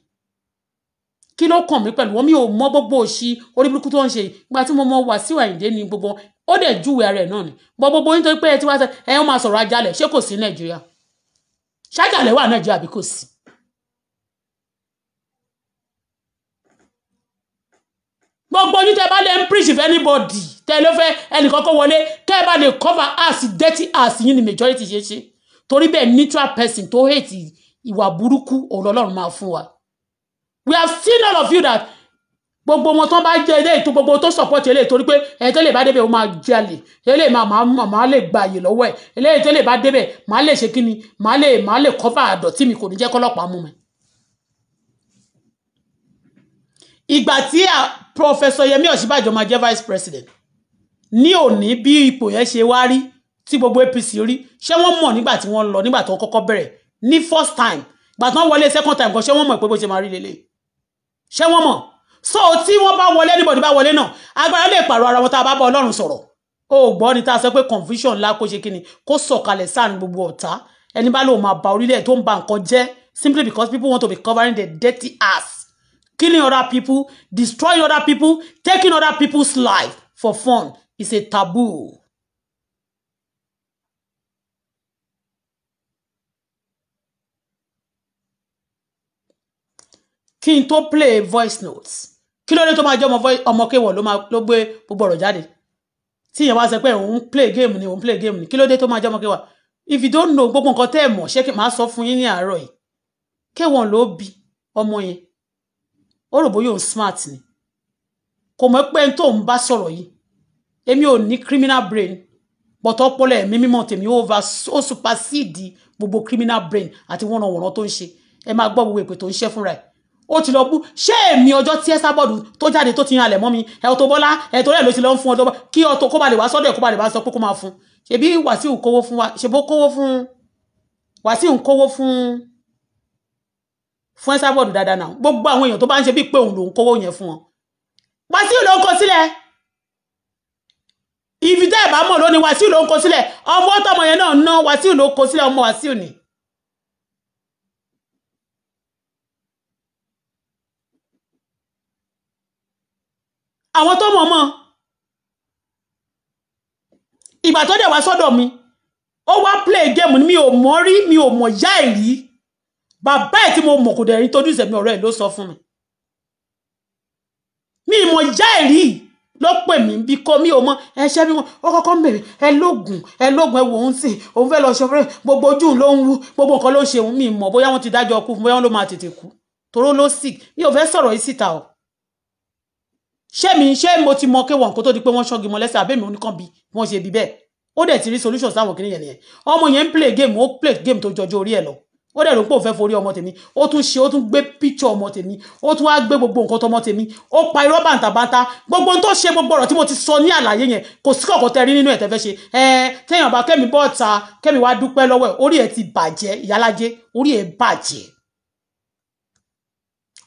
kí ló kàn mí pẹ̀lú wọn mi ò mọ gbogbo òṣì oríburúkú tó ń ṣe ìgbà tí mo mọ Wàsíù Àyìndé ni gbogbo ó dẹ̀ júwe ara ẹ̀ náà ni bọ́ gbogbo nítorí pé ẹ ti wá sẹ ẹ ń máa sọ̀rọ̀ Àjàlẹ̀ ṣé kò sí Nàìjíríà ṣájàlẹ̀ wà Nàìjíríà bí kò sí gbogbo yín tẹ́ bá lè ń preach if anybody tẹ́ ló fẹ́ ẹnìkan wọlé tẹ́ bá lè cover ass dirty ass yín ni majority ṣe ṣe torí bẹ́ẹ̀ neutral person tó hate ìwà burúkú ọlọ́run máa fún wa we have seen all of you that gbogbo wọn tán bá jẹ eléyìí tó gbogbo tó support eléyìí torí pé ẹni bá débẹ̀ ó máa jalè eléyìí máa máa máa lè gba àyè lọ́wọ́ ẹ̀ eléyìí tó bá débẹ̀ máa lè ṣe kíni máa lè máa lè cover àdọ̀tí mi kò ní jẹ́ kọ́lọ́pàá mú mi. ìgbà tí Professor Yemi Ọ̀ṣínbàjò máa jẹ́ vice president ní òní bí ipò yẹn ṣe wá rí tí gbogbo APC rí ṣé wọ́n mọ̀ nígbà tí wọ́n lọ nígbà tó kọ́kọ́ bẹ̀rẹ̀ ní first time gbà tí wọ́n wọlé second time kan ṣé wọ́n mọ̀ pé bó ṣe máa rí lélẹ̀ ṣé wọ́n mọ̀ so tí wọ́n bá wọlé anybody bá wọlé náà agbára lè pààrọ̀ ara wọn tá a bá bá Ọlọ́run sọ̀rọ̀ o gbọ́ ni tá a sọ pé confusion ńlá kó ṣe kíni kó sọ̀kalẹ̀ sáà ní gbogbo ọ̀tá ẹni bá lóun máa ba orílẹ̀ tó ń ba nǹkan jẹ́ simply because people want to be covering their dirty ass killing other people, destroying other people, taking other people's life for fun is a taboo. Kí n tó play voice notes. Kí ló dé tó máa jẹ́ ọmọ kéwọ̀ ló gbé gbogbo ọ̀rọ̀ jáde? Tí ìyẹn wá sọ pé òun play game ni òun play game ni. Kí ló dé tó máa jẹ́ ọmọ If you don't know gbogbo nǹkan tẹ́ ẹ̀ mọ̀ ṣé kí n máa sọ fún yín ní àárọ̀ yìí. Kéwọ̀n ló bí ọmọ yẹn ó rò bóyá òun smart ni kò mọ̀ pé n tó ń bá sọ̀rọ̀ yìí èmi ò ní criminal brain but ọpọlọ ẹ̀mí mímọ́ tèmi ó supersede gbogbo criminal brain àti wọ́nranwọ̀nran tó ń ṣe ẹ máa gbọ́ gbogbo èpè tó ń ṣe fúnra ẹ̀ ó ti lọ bú ṣé èmi ọjọ́ tí ẹ sábọ̀dù tó jáde tó ti yan àlẹ̀ mọ́ mi ẹ Auto Bola ẹ torí ẹ ló ti lọ ń fún ọjọ́ kí ọtọ kó ba lè wá sọ́dọ̀ ẹ kó ba lè wá sọ pé kó máa fún ṣebí Wàsíù kówó fún wa ṣebó kówó fún Wàsíù kówó fún fún ẹ sábọ̀dù dáadáa náà gbogbo àwọn èèyàn tó bá ń ṣe bíi pé òun lòún kówó yẹn fún wọn Wàsíù ló ń kó sílẹ̀ ibi tẹ́ ẹ̀ bá mọ̀ lónìí Wàsíù ló ń kó sílẹ̀ ọmọ tọmọ yẹn náà ná Wàsíù ló kó sílẹ̀ ọmọ Wàsíù ni. àwọn tó mọ̀ mọ́ ìgbà tó dẹ̀ wá sọ́dọ̀ mi ó wá play game mi ò mọ̀ rí mi ò mọ̀ yá rí bàbá ẹ̀ tí mo mọ̀ kò dẹ̀ rí tójú ìsẹ̀mí ọ̀rẹ́ ẹ̀ ló sọ fún mi mi ìmọ̀ ìjà ẹ̀rí ló pè mí bí kò mí ò mọ ẹṣẹ́ bí wọn ó kọ́kọ́ ń bèrè ẹ lóògùn ẹ lóògùn ẹ wò ó ń sìn òun fẹ́ lọ ṣe fúnra gbogbo ojú ló ń wú gbogbo nǹkan ló ń ṣe mi ìmọ̀ bóyá wọn ti dájọ́ kú bóyá wọn ló máa tètè kú toró ló sick mi ò fẹ́ sọ̀rọ̀ yìí síta o ṣé mi ṣé mo ti mọ kéwọn kó tó di pé wọ́n ṣọ́gi mọ lẹ́sẹ̀ àbẹ́mi oníkan bí wọ́n ṣe bí bẹ́ẹ̀ ó dẹ̀ ti rí solution sáwọn kìnìyàn yẹn ọmọ yẹn ń play game ó play game tó jọjọ orí ẹ̀ lọ ó dẹ̀ ló pò fẹ́ forí ọmọ tèmi ó tún ṣe ó tún gbé píchọ ọmọ tèmi ó tún wá gbé gbogbo nǹkan tọmọ tèmi ó pa irọ́ bàǹtàbàǹtà gbogbo ohun tó ṣe gbogbo ọ̀rọ̀ tí mo ti sọ ní àlàyé yẹn kò sí kọ̀ọ̀kan tẹ rí nínú ẹ̀ tẹ́fẹ́ ṣe ẹ tẹ́yàn bá kẹ́mi bọ́ ta kẹ́mi wá dúpẹ́ lọ́wọ́ ẹ̀ orí ẹ̀ ti bàjẹ́ ìyálájé orí ẹ̀ bàjẹ́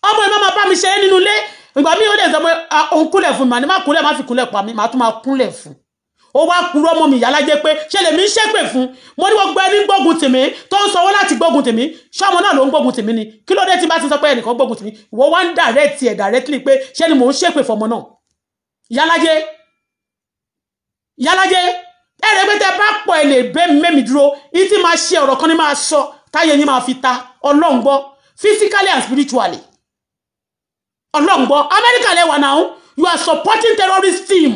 ọmọ ẹ̀ má máa bá mi ṣeré nínú ilé ìgbà mi ò dẹ̀ sọ pé ah, òun kúnlẹ̀ fún mi màá ní má kúnlẹ̀ má fi kúnlẹ̀ pa mi màá tún máa kúnlẹ̀ fún un ó wá kúrú ọmọ mi ìyálájẹ pé ṣe mi ń ṣépè fún mo ní gbogbo ẹni gbógun tèmi tó ń sanwó láti gbógun tèmi ṣọmọ náà ló ń gbógun tèmi ni kí ló dé tí bá ti sọ pé ẹnìkan gbógun tèmi ìwọ wá ń dàrẹ́tì ẹ̀ dàrẹ́tìlì pé ṣe ni mò ń ṣépè fọmọ náà Yala je. ẹ̀rẹ́ pé tẹ bá pọ̀ ẹ̀ lè bẹ́ mẹ́mi dúró yìí tí máa ṣe ọ̀rọ̀ kan ní máa sọ táyé yín máa fi ta ọlọ́run gbọ́ physically and spiritually ọlọ́run gbọ́ Amẹ́ríkà lẹ́wà now you are supporting terrorist team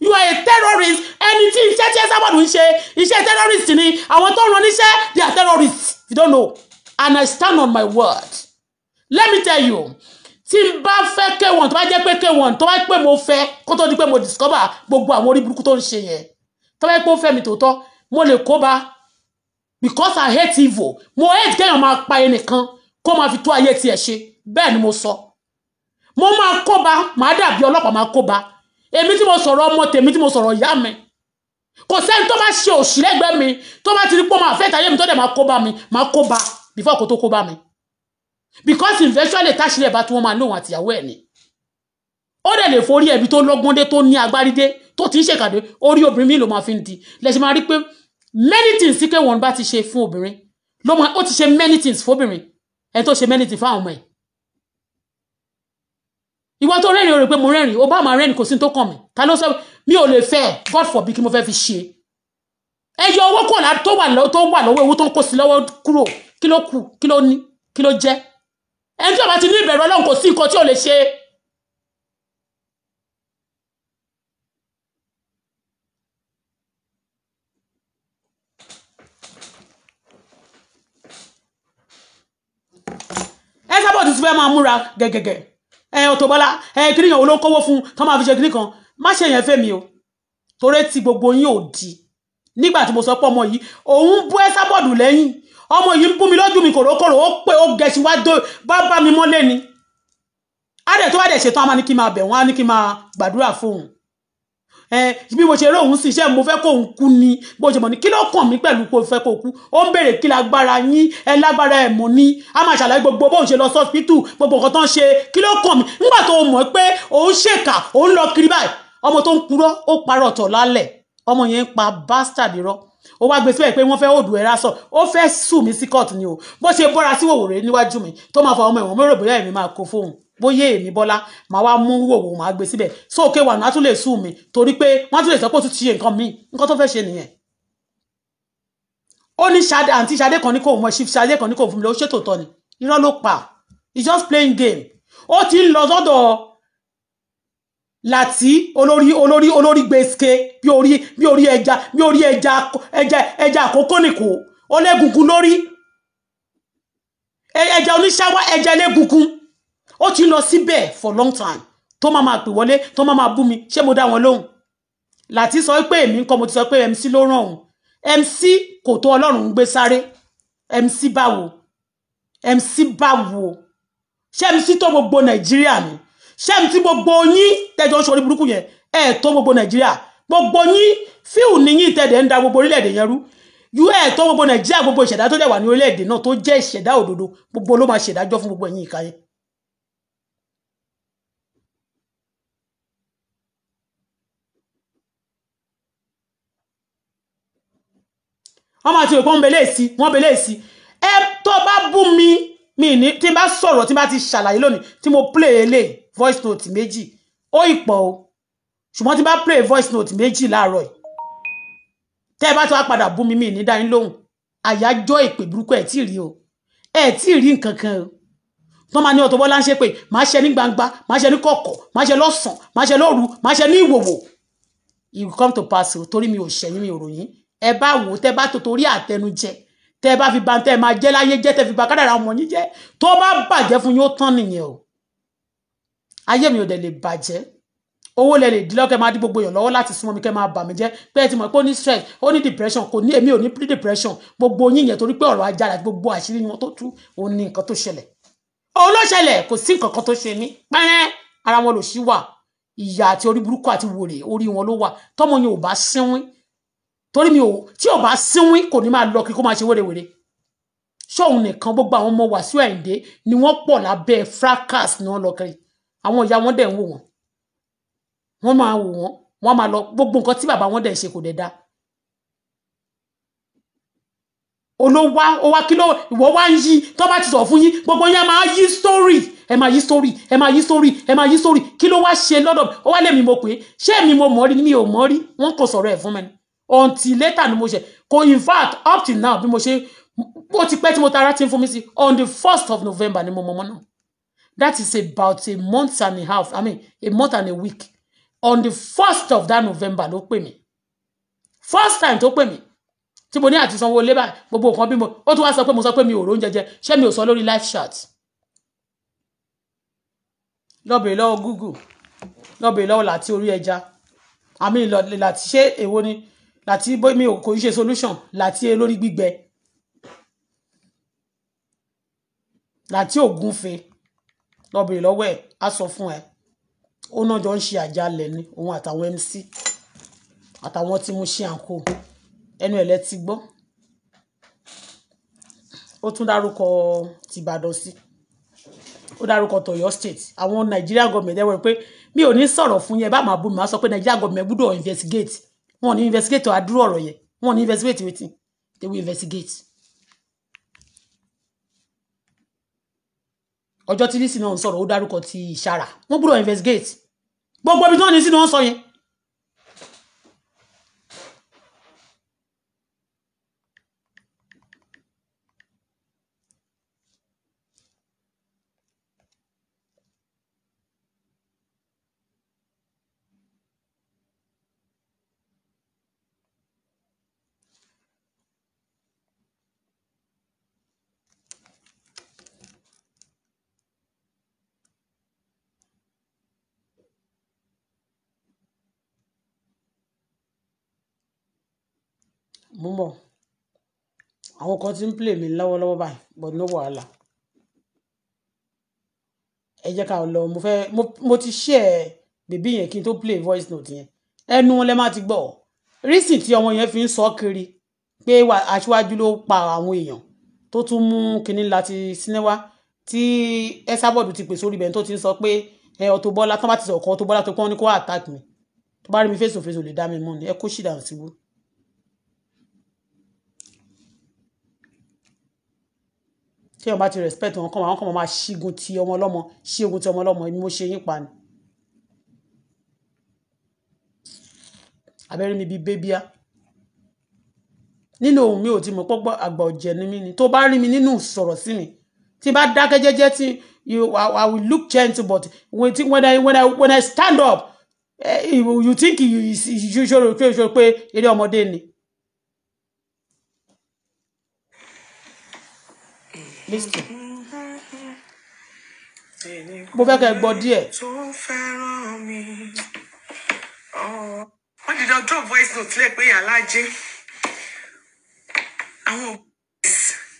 you are a terrorist ẹni tí iṣẹ́ tí Esabod ń ṣe iṣẹ́ terrorist ni àwọn tó ń ran níṣẹ́ they are terrorists you don't know and I stand on my word let me tell you tí n bá fẹ́ K1 tó bá jẹ́ pé K1 tó bá pé mo fẹ́ kó tó di pé mo discover gbogbo àwọn orí burúkú tó ń ṣe yẹn tó bá pé ó fẹ́ mi tòótọ́ mo lè kó because I hate evil mo hate kéèyàn máa pa ẹnìkan kó máa fi tó ayé tiẹ̀ ṣe bẹ́ẹ̀ ni mo sọ mo máa kó bá màá dàbí ọlọ́pàá máa kó èmi tí mo sọ̀rọ̀ ọmọ tèmi tí mo sọ̀rọ̀ ìyá mi kò sẹ́ni tó bá ṣe òṣì lẹ́gbẹ̀ẹ́ mi tó bá ti rí pé máa fẹ́ ìtàyé mi tó dẹ̀ máa kó bá mi máa kó bá before kó tó kó bá mi because eventually táṣìlẹ̀ bá tí wọ́n máa lóun àtìyàwó ẹ̀ ni ó dẹ̀ lè forí ẹ̀bi tó lọ́gbọ́n dé tó ní agbárí dé tó ti ń ṣèkàdé orí obìnrin mi ló máa fi ń di lẹ́sìn máa rí pé many things sí pé wọ́n bá ti ṣe fún obìnrin ló máa ó ti ṣe many things fóbìnrin ẹni tó ṣe many things fáwọn ọmọ ẹ̀ ìwọ tó rẹ́rìn o rò pé mo rẹ́rìn o bá máa rẹ́rìn kò sí tó kàn mí ta ló sọ mi ò lè fẹ́ god forbid kí mo fẹ́ fi ṣe ẹ yọ owó kúrò lá tó wà lọ́wọ́ ewu tó ń kó sí lọ́wọ́ kúrò kí ló kù kí ló ní kí ló jẹ́ ẹni tí ó bá ti ní ìbẹ̀rù ọlọ́run kò sí nǹkan tí ò lè ṣe. ẹ sábà tuntun fẹ́ máa múra gẹ́gẹ́gẹ́ ẹ eh, Auto Bola ẹ eh, kíni yàn olóńkówó fún tó máa fi ṣe kíní má ṣe yẹn fẹ́mi o torí tí gbogbo yín ò di nígbà tí mo sọ pé ọmọ yìí òun bú ẹ sábọ̀dù lẹ́yìn ọmọ yìí ń bú mi lójú mi kòrókòrò ó pé ó gẹ̀ẹ́sì wá dó bá bá mi mọ́lé ni á dẹ̀ tó wá dẹ̀ ṣetán á máa ní kí n máa bẹ̀ wọ́n á ní kí máa gbàdúrà fóun ẹ bí mo ṣe rí òun sì ṣe mo fẹ́ kó òun kú ni bó ṣe mọ̀ ní kí ló kàn mí pẹ̀lú kó fẹ́ kó kú ó ń béèrè kí lágbára yín ẹ lágbára ẹ̀ mọ̀ ní a máa ṣàlàyé gbogbo bóun ṣe lọ sọ́spítù gbogbo nǹkan tó ń ṣe kí ló kàn mí nígbà tó mọ̀ pé òun ṣèkà òun lọ kiri báyìí ọmọ tó ń purọ́ ó parọ́ ọ̀tọ̀ lálẹ̀ ọmọ yẹn ń pa bastard irọ́ ó wá gbé síbẹ̀ pé wọ́n fẹ́ òdù ẹ̀rá sọ ó fẹ́ sùn mí sí kóòtù ni o bó ṣe bọ́ra síwòwò rẹ̀ níwájú mi tó máa fọ ọmọ ẹ̀wọ̀n mẹ́rò bóyá èmi máa kó fóun bóyá èmi bọ́lá màá wá mú wòwò màá gbé síbẹ̀ so òkè wà náà tún lè sùn mi torí pé wọ́n tún lè sọ pé ó tún ti ṣe nǹkan míì nǹkan tó fẹ́ ṣe nìyẹn ó ní ṣadé àǹtí ṣadé kan ní kò mọ ṣíf ṣadé kan ní kò fún mi lọ ṣé tòótọ́ ni irọ́ ló pa it's just playing game ó ti ń lọ sọ́dọ̀ láti olórí olórí olórí gbèsè bí orí bí orí ẹja bí orí ẹja ẹja ẹja àkókò nìkó ó lẹ́gùnkùn lórí ẹja oníṣáwá ẹja lẹ́gùnkùn ó ti lọ síbẹ̀ for long time tó máa máa pè wọlé tó máa máa bú mi ṣé mo dá wọn lóhùn láti sọ pé èmi nǹkan mo ti sọ pé MC ló ràn òun MC kò tó ọlọ́run ń gbé sáré MC báwo MC báwo ṣé MC tó gbogbo nàìjíríà ni ṣé MC gbogbo yín tẹ́jọ́ sórí burúkú yẹn ẹ̀ tó gbogbo nàìjíríà gbogbo yín fíù níyìn tẹ̀dẹ̀ ń da gbogbo orílẹ̀-èdè yẹn rú un tó gbogbo nàìjíríà gbogbo ìṣẹ̀dá tó dẹ̀ wà ní orílẹ̀-èdè náà tó jẹ́ ìṣẹ̀dá òdodo gbogbo ló máa ṣèdájọ́ fún gbogbo ẹ̀yin ìka yẹn wọ́n máa ti rò pé wọ́n belé sí wọ́n belé sí ẹ tó bá bú mi mi ní tí n bá sọ̀rọ̀ tí bá ti ṣàlàyé lónìí tí mo play ele voice note méjì ó ìpọ̀ o ṣùgbọ́n tí bá play voice note méjì láàárọ̀ yìí tẹ́ ẹ bá ti wá padà bú mi mi ní dání lóhùn àyájọ́ ìpè burúkú ẹ̀ tí ì rí o ẹ̀ tí ì rí nǹkan kan o tó máa ní Auto Bola ń ṣe pé máa ṣe ní gbangba máa ṣe ní kọ̀kọ̀ máa ṣe lọ́sàn máa ṣe lóru máa ṣe ní ìwòwò you come to pass o torí mi ò ṣẹ̀yìn mi ò ròyìn ẹ bá wò tẹ bá tó torí àtẹnujẹ tẹ bá fi bàtẹ máa jẹ láyé jẹ tẹ fi bá kádàrà ọmọ yín jẹ tó bá bàjẹ́ fún yín ó tán nìyẹn o ayé mi ò dẹ̀ lè bàjẹ́ owó lẹ lè dílọ́kẹ́ máa dí gbogbo èèyàn lọ́wọ́ láti súnmọ́ mi kẹ́ máa bà mí jẹ́ pé ẹ ti mọ̀ pé ó ní stress ó ní depression kò ní èmi ò ní pre-depression gbogbo yín yẹn torí pé ọ̀rọ̀ ajára àti gbogbo àṣírí wọn tó tú òun ní nǹkan tó ṣẹlẹ̀ òun ló ṣẹlẹ̀ kò sí nǹkan kan tó ṣe mí pẹ́rẹ́ ara wọn lò sí wà ìyà àti orí burúkú àti wòrè orí wọn ló wà tọ́mọ yẹn ò bá sínwín torí mi ò tí ò bá sínwín kò ní máa lọ kí kó máa ṣe wérewère ṣóun nìkan gbogbo àwọn ọmọ Wàsíù Àyìndé ni wọ́n pọ̀ lábẹ́ fracas ni wọ́n lọ kiri àwọn ìyá wọn dẹ̀ ń wò wọ́n wọ́n máa wò wọ́n wọ́n máa lọ gbogbo nǹkan tí bàbá wọn dẹ̀ ṣe kò dẹ̀ da olówá owá kí ló ìwọ wá ń yí tó bá ti sọ fún yín gbogbo yín ẹ máa yí story ẹ máa yí story ẹ máa yí story ẹ máa yí story kí ló wá ṣe lọ́dọ̀ ó wá lèmi mo pé ṣé èmi mo mọ̀ rí ni mi ò mọ̀ rí wọ́n kò sọ̀rọ̀ ẹ̀ fún mi ni until later ni mo ṣe kò in fact up till now bí mo ṣe ó ti pẹ́ tí mo tara ti ń fún mi sí on the first of November ni mo mọ́mọ́ náà that is about a month and a half I mean a month and a week on the first of that November ló pè mí first time tó pè mí tí mo ní àti sanwó lébà gbogbo nǹkan bí mo ó tún wá sọ pé mo sọ pé mi ò róúnjẹ jẹ ṣé mi ò sọ lórí live chat lọ́bẹ̀ẹ́ lọ́wọ́ Google lọ́bẹ̀ẹ́ lọ́wọ́ láti orí ẹja àmì láti ṣe èwo ni láti bó mi ò kò ń ṣe solution láti olórí gbígbẹ láti ògúnfe lọ́bìnrin lọ́wọ́ ẹ̀ á sọ fún ẹ ó náà jọ ń ṣe àjálẹ̀ ni òun àtàwọn mc àtàwọn tí mo ṣe àǹkó ẹnu ẹ̀ lẹ ti gbọ́ ó tún dárúkọ tìbàdàn sí ó dárúkọ tọ̀yọ́ state àwọn nàìjíríà gọọmẹ̀ntì ẹ wọ pé mi ò ní sọ̀rọ̀ fún yẹn bá máa bú mi máa sọ pé nàìjíríà gọọmẹ̀ntì gbúdọ̀ investigate wọn ò ní investigate àdúrà ọ̀rọ̀ yẹn wọn ò investigate wetin they will investigate. ọjọ́ tí lísì náà ń sọ̀rọ̀ ó dárúkọ ti ìṣàrà wọ́n gbọ́dọ̀ investigate gbogbo ibi tí wọ́n ní sí ni wọ́n sọ yẹn mo ń bọ̀. Àwọn kan tí ń play mi lọ́wọ́lọ́wọ́ báyìí, but no wàhálà. Ẹ jẹ́ ká lọ, mo fẹ́, mo, mo ti share bèbí yẹn kí n tó play voice note yẹn. Ẹnu wọn lẹ máa ti gbọ́. Reason tí ọmọ yẹn fi ń sọ kiri pé wà, aṣíwájú ló pa àwọn èèyàn tó tún mú kiní láti Sinewa tí Esabod ti pè sórí ibẹ̀ tó ti ń sọ pé ẹ Auto Bola, tí bá ti sọ̀rọ̀ kan Auto Bola tó pé ní kó attack mi. Tó bá rí mi face to face ò lè dá mi mọ̀ ni, ẹ kó ṣì dànù sígbó. tí wọn bá ti respect wọn kàn wọn kàn máa ṣígun ti ọmọ ọlọ́mọ ṣígun ti ọmọ ọlọ́mọ ni mo ṣe yín pa ni. abẹ́rẹ́ mi bíi bébíà nínú ohun mi ò ti mọ̀ pọ́pọ́ àgbà ọ̀jẹ̀ ni mí ni tó bá rí mi nínú sọ̀rọ̀ sí mi tí bá dákẹ́ jẹ́jẹ́ tí I, will look gentle but when, when, I, when, I, when I stand up eh, you, you think you, you, you, you, you, you, you, listen mo fẹ́ kẹ́ gbọ́ díẹ̀. wọ́n dìde drop voice note lẹ́ pé alájẹ́ àwọn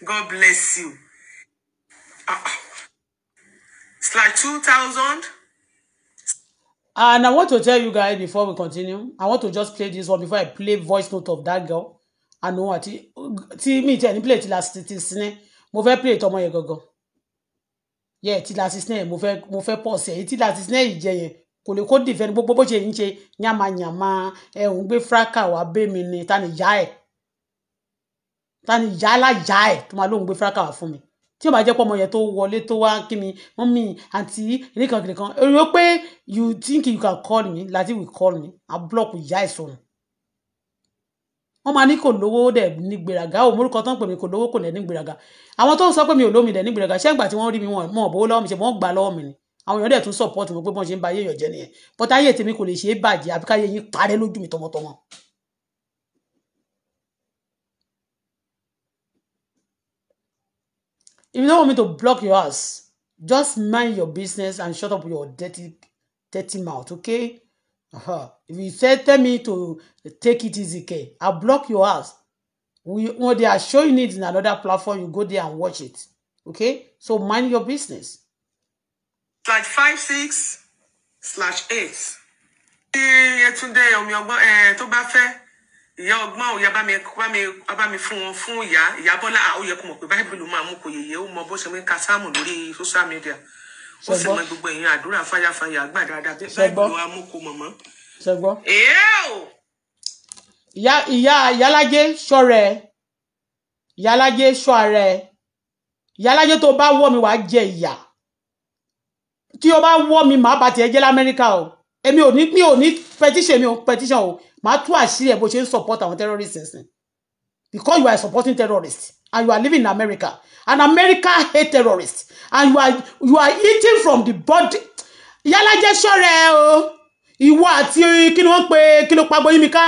god bless you slash two thousand. And I want to tell you guys before we continue, I want to just play this one before I play voice note of that girl. I know what ti mi tẹ ni play ti last ti sinẹ mo fẹ́ pray tọmọ yẹn gangan yẹ yeah, tila sisnẹ mo fẹ́ mo fẹ́ pọ sẹ tila sisnẹ yìí jẹ yẹn kò lè kó defend gbogbo bó ṣe ń ṣe yamayama ẹ ń gbé fraka wa bẹ mi ni ta ni ìyá ẹ ta ni ìyá ẹ tó máa lóun gbé fraka wa fún mi tí o bá jẹ́ pọ́ ọmọ yẹn tó wọlé tó wá kí mi wọ́n mi àti nìkan kìnìkan èrò pé you think you can call me láti we call me i block ìyá ẹ̀ sọnù wọ́n máa ní kò lówó dẹ̀ ní gbéraga ò morúkọ tán pè mí kò lówó kò dẹ̀ ní gbéraga àwọn tó ń sọ pé mi ò lómi dẹ̀ ní gbéraga ṣé ìgbà tí wọ́n rí mi wọn mọ̀ bówó lọ́wọ́ mi ṣe wọ́n gbà lọ́wọ́ mi ni àwọn èèyàn dẹ̀ tún support mi pé bọ́n ṣe ń ba ayé èèyàn jẹ́ nìyẹn but ayé tèmi kò lè ṣe é bàjẹ́ àbí káyé yín parẹ́ lójú mi tọmọtọmọ. If you don't want me to block your house, just mind your business and shut up your dirty, dirty mouth, okay? Uh-huh. If you say tell me to take it easy, K, I'll block your house. We when they are showing it in another platform, you go there and watch it. Okay? So mind your business. Slash five six slash eight. Yetunde omi eh, ọgbọ́n ìyá bá mi bá mi bá mi fún wọn fún ìyá ìyá Bọ́lá ó yẹ kó mọ̀ pé bible máa mú kò yeye ó mọ bó ṣe ń ka sáàmù lórí social media ó sì mọ gbogbo èèyàn àdúrà fáyàfáyà àgbà dáadáa bí báyìí ló wá mú kó mọ̀mọ́. ṣẹgbọ́. èé o. ìyá ìyá yálàjẹ ṣọrẹ yálàjẹ ṣọrẹ yálàjẹ tó bá wọ mi wàá jẹ ìyà tí o bá wọ mi màá bá tiẹ̀ jẹ́ o èmi ò ní mi ò ní petition mi ò petition o màá tú àṣírí ẹ bó ṣe ń support àwọn terrorist ẹsìn because you are supporting terrorists and you are living in America and America hate terrorists and you are you are eating from the body yálàjẹ ṣọ́ra ẹ o ìwọ àti kí ni wọ́n pe kí ló pa gboyún mi ká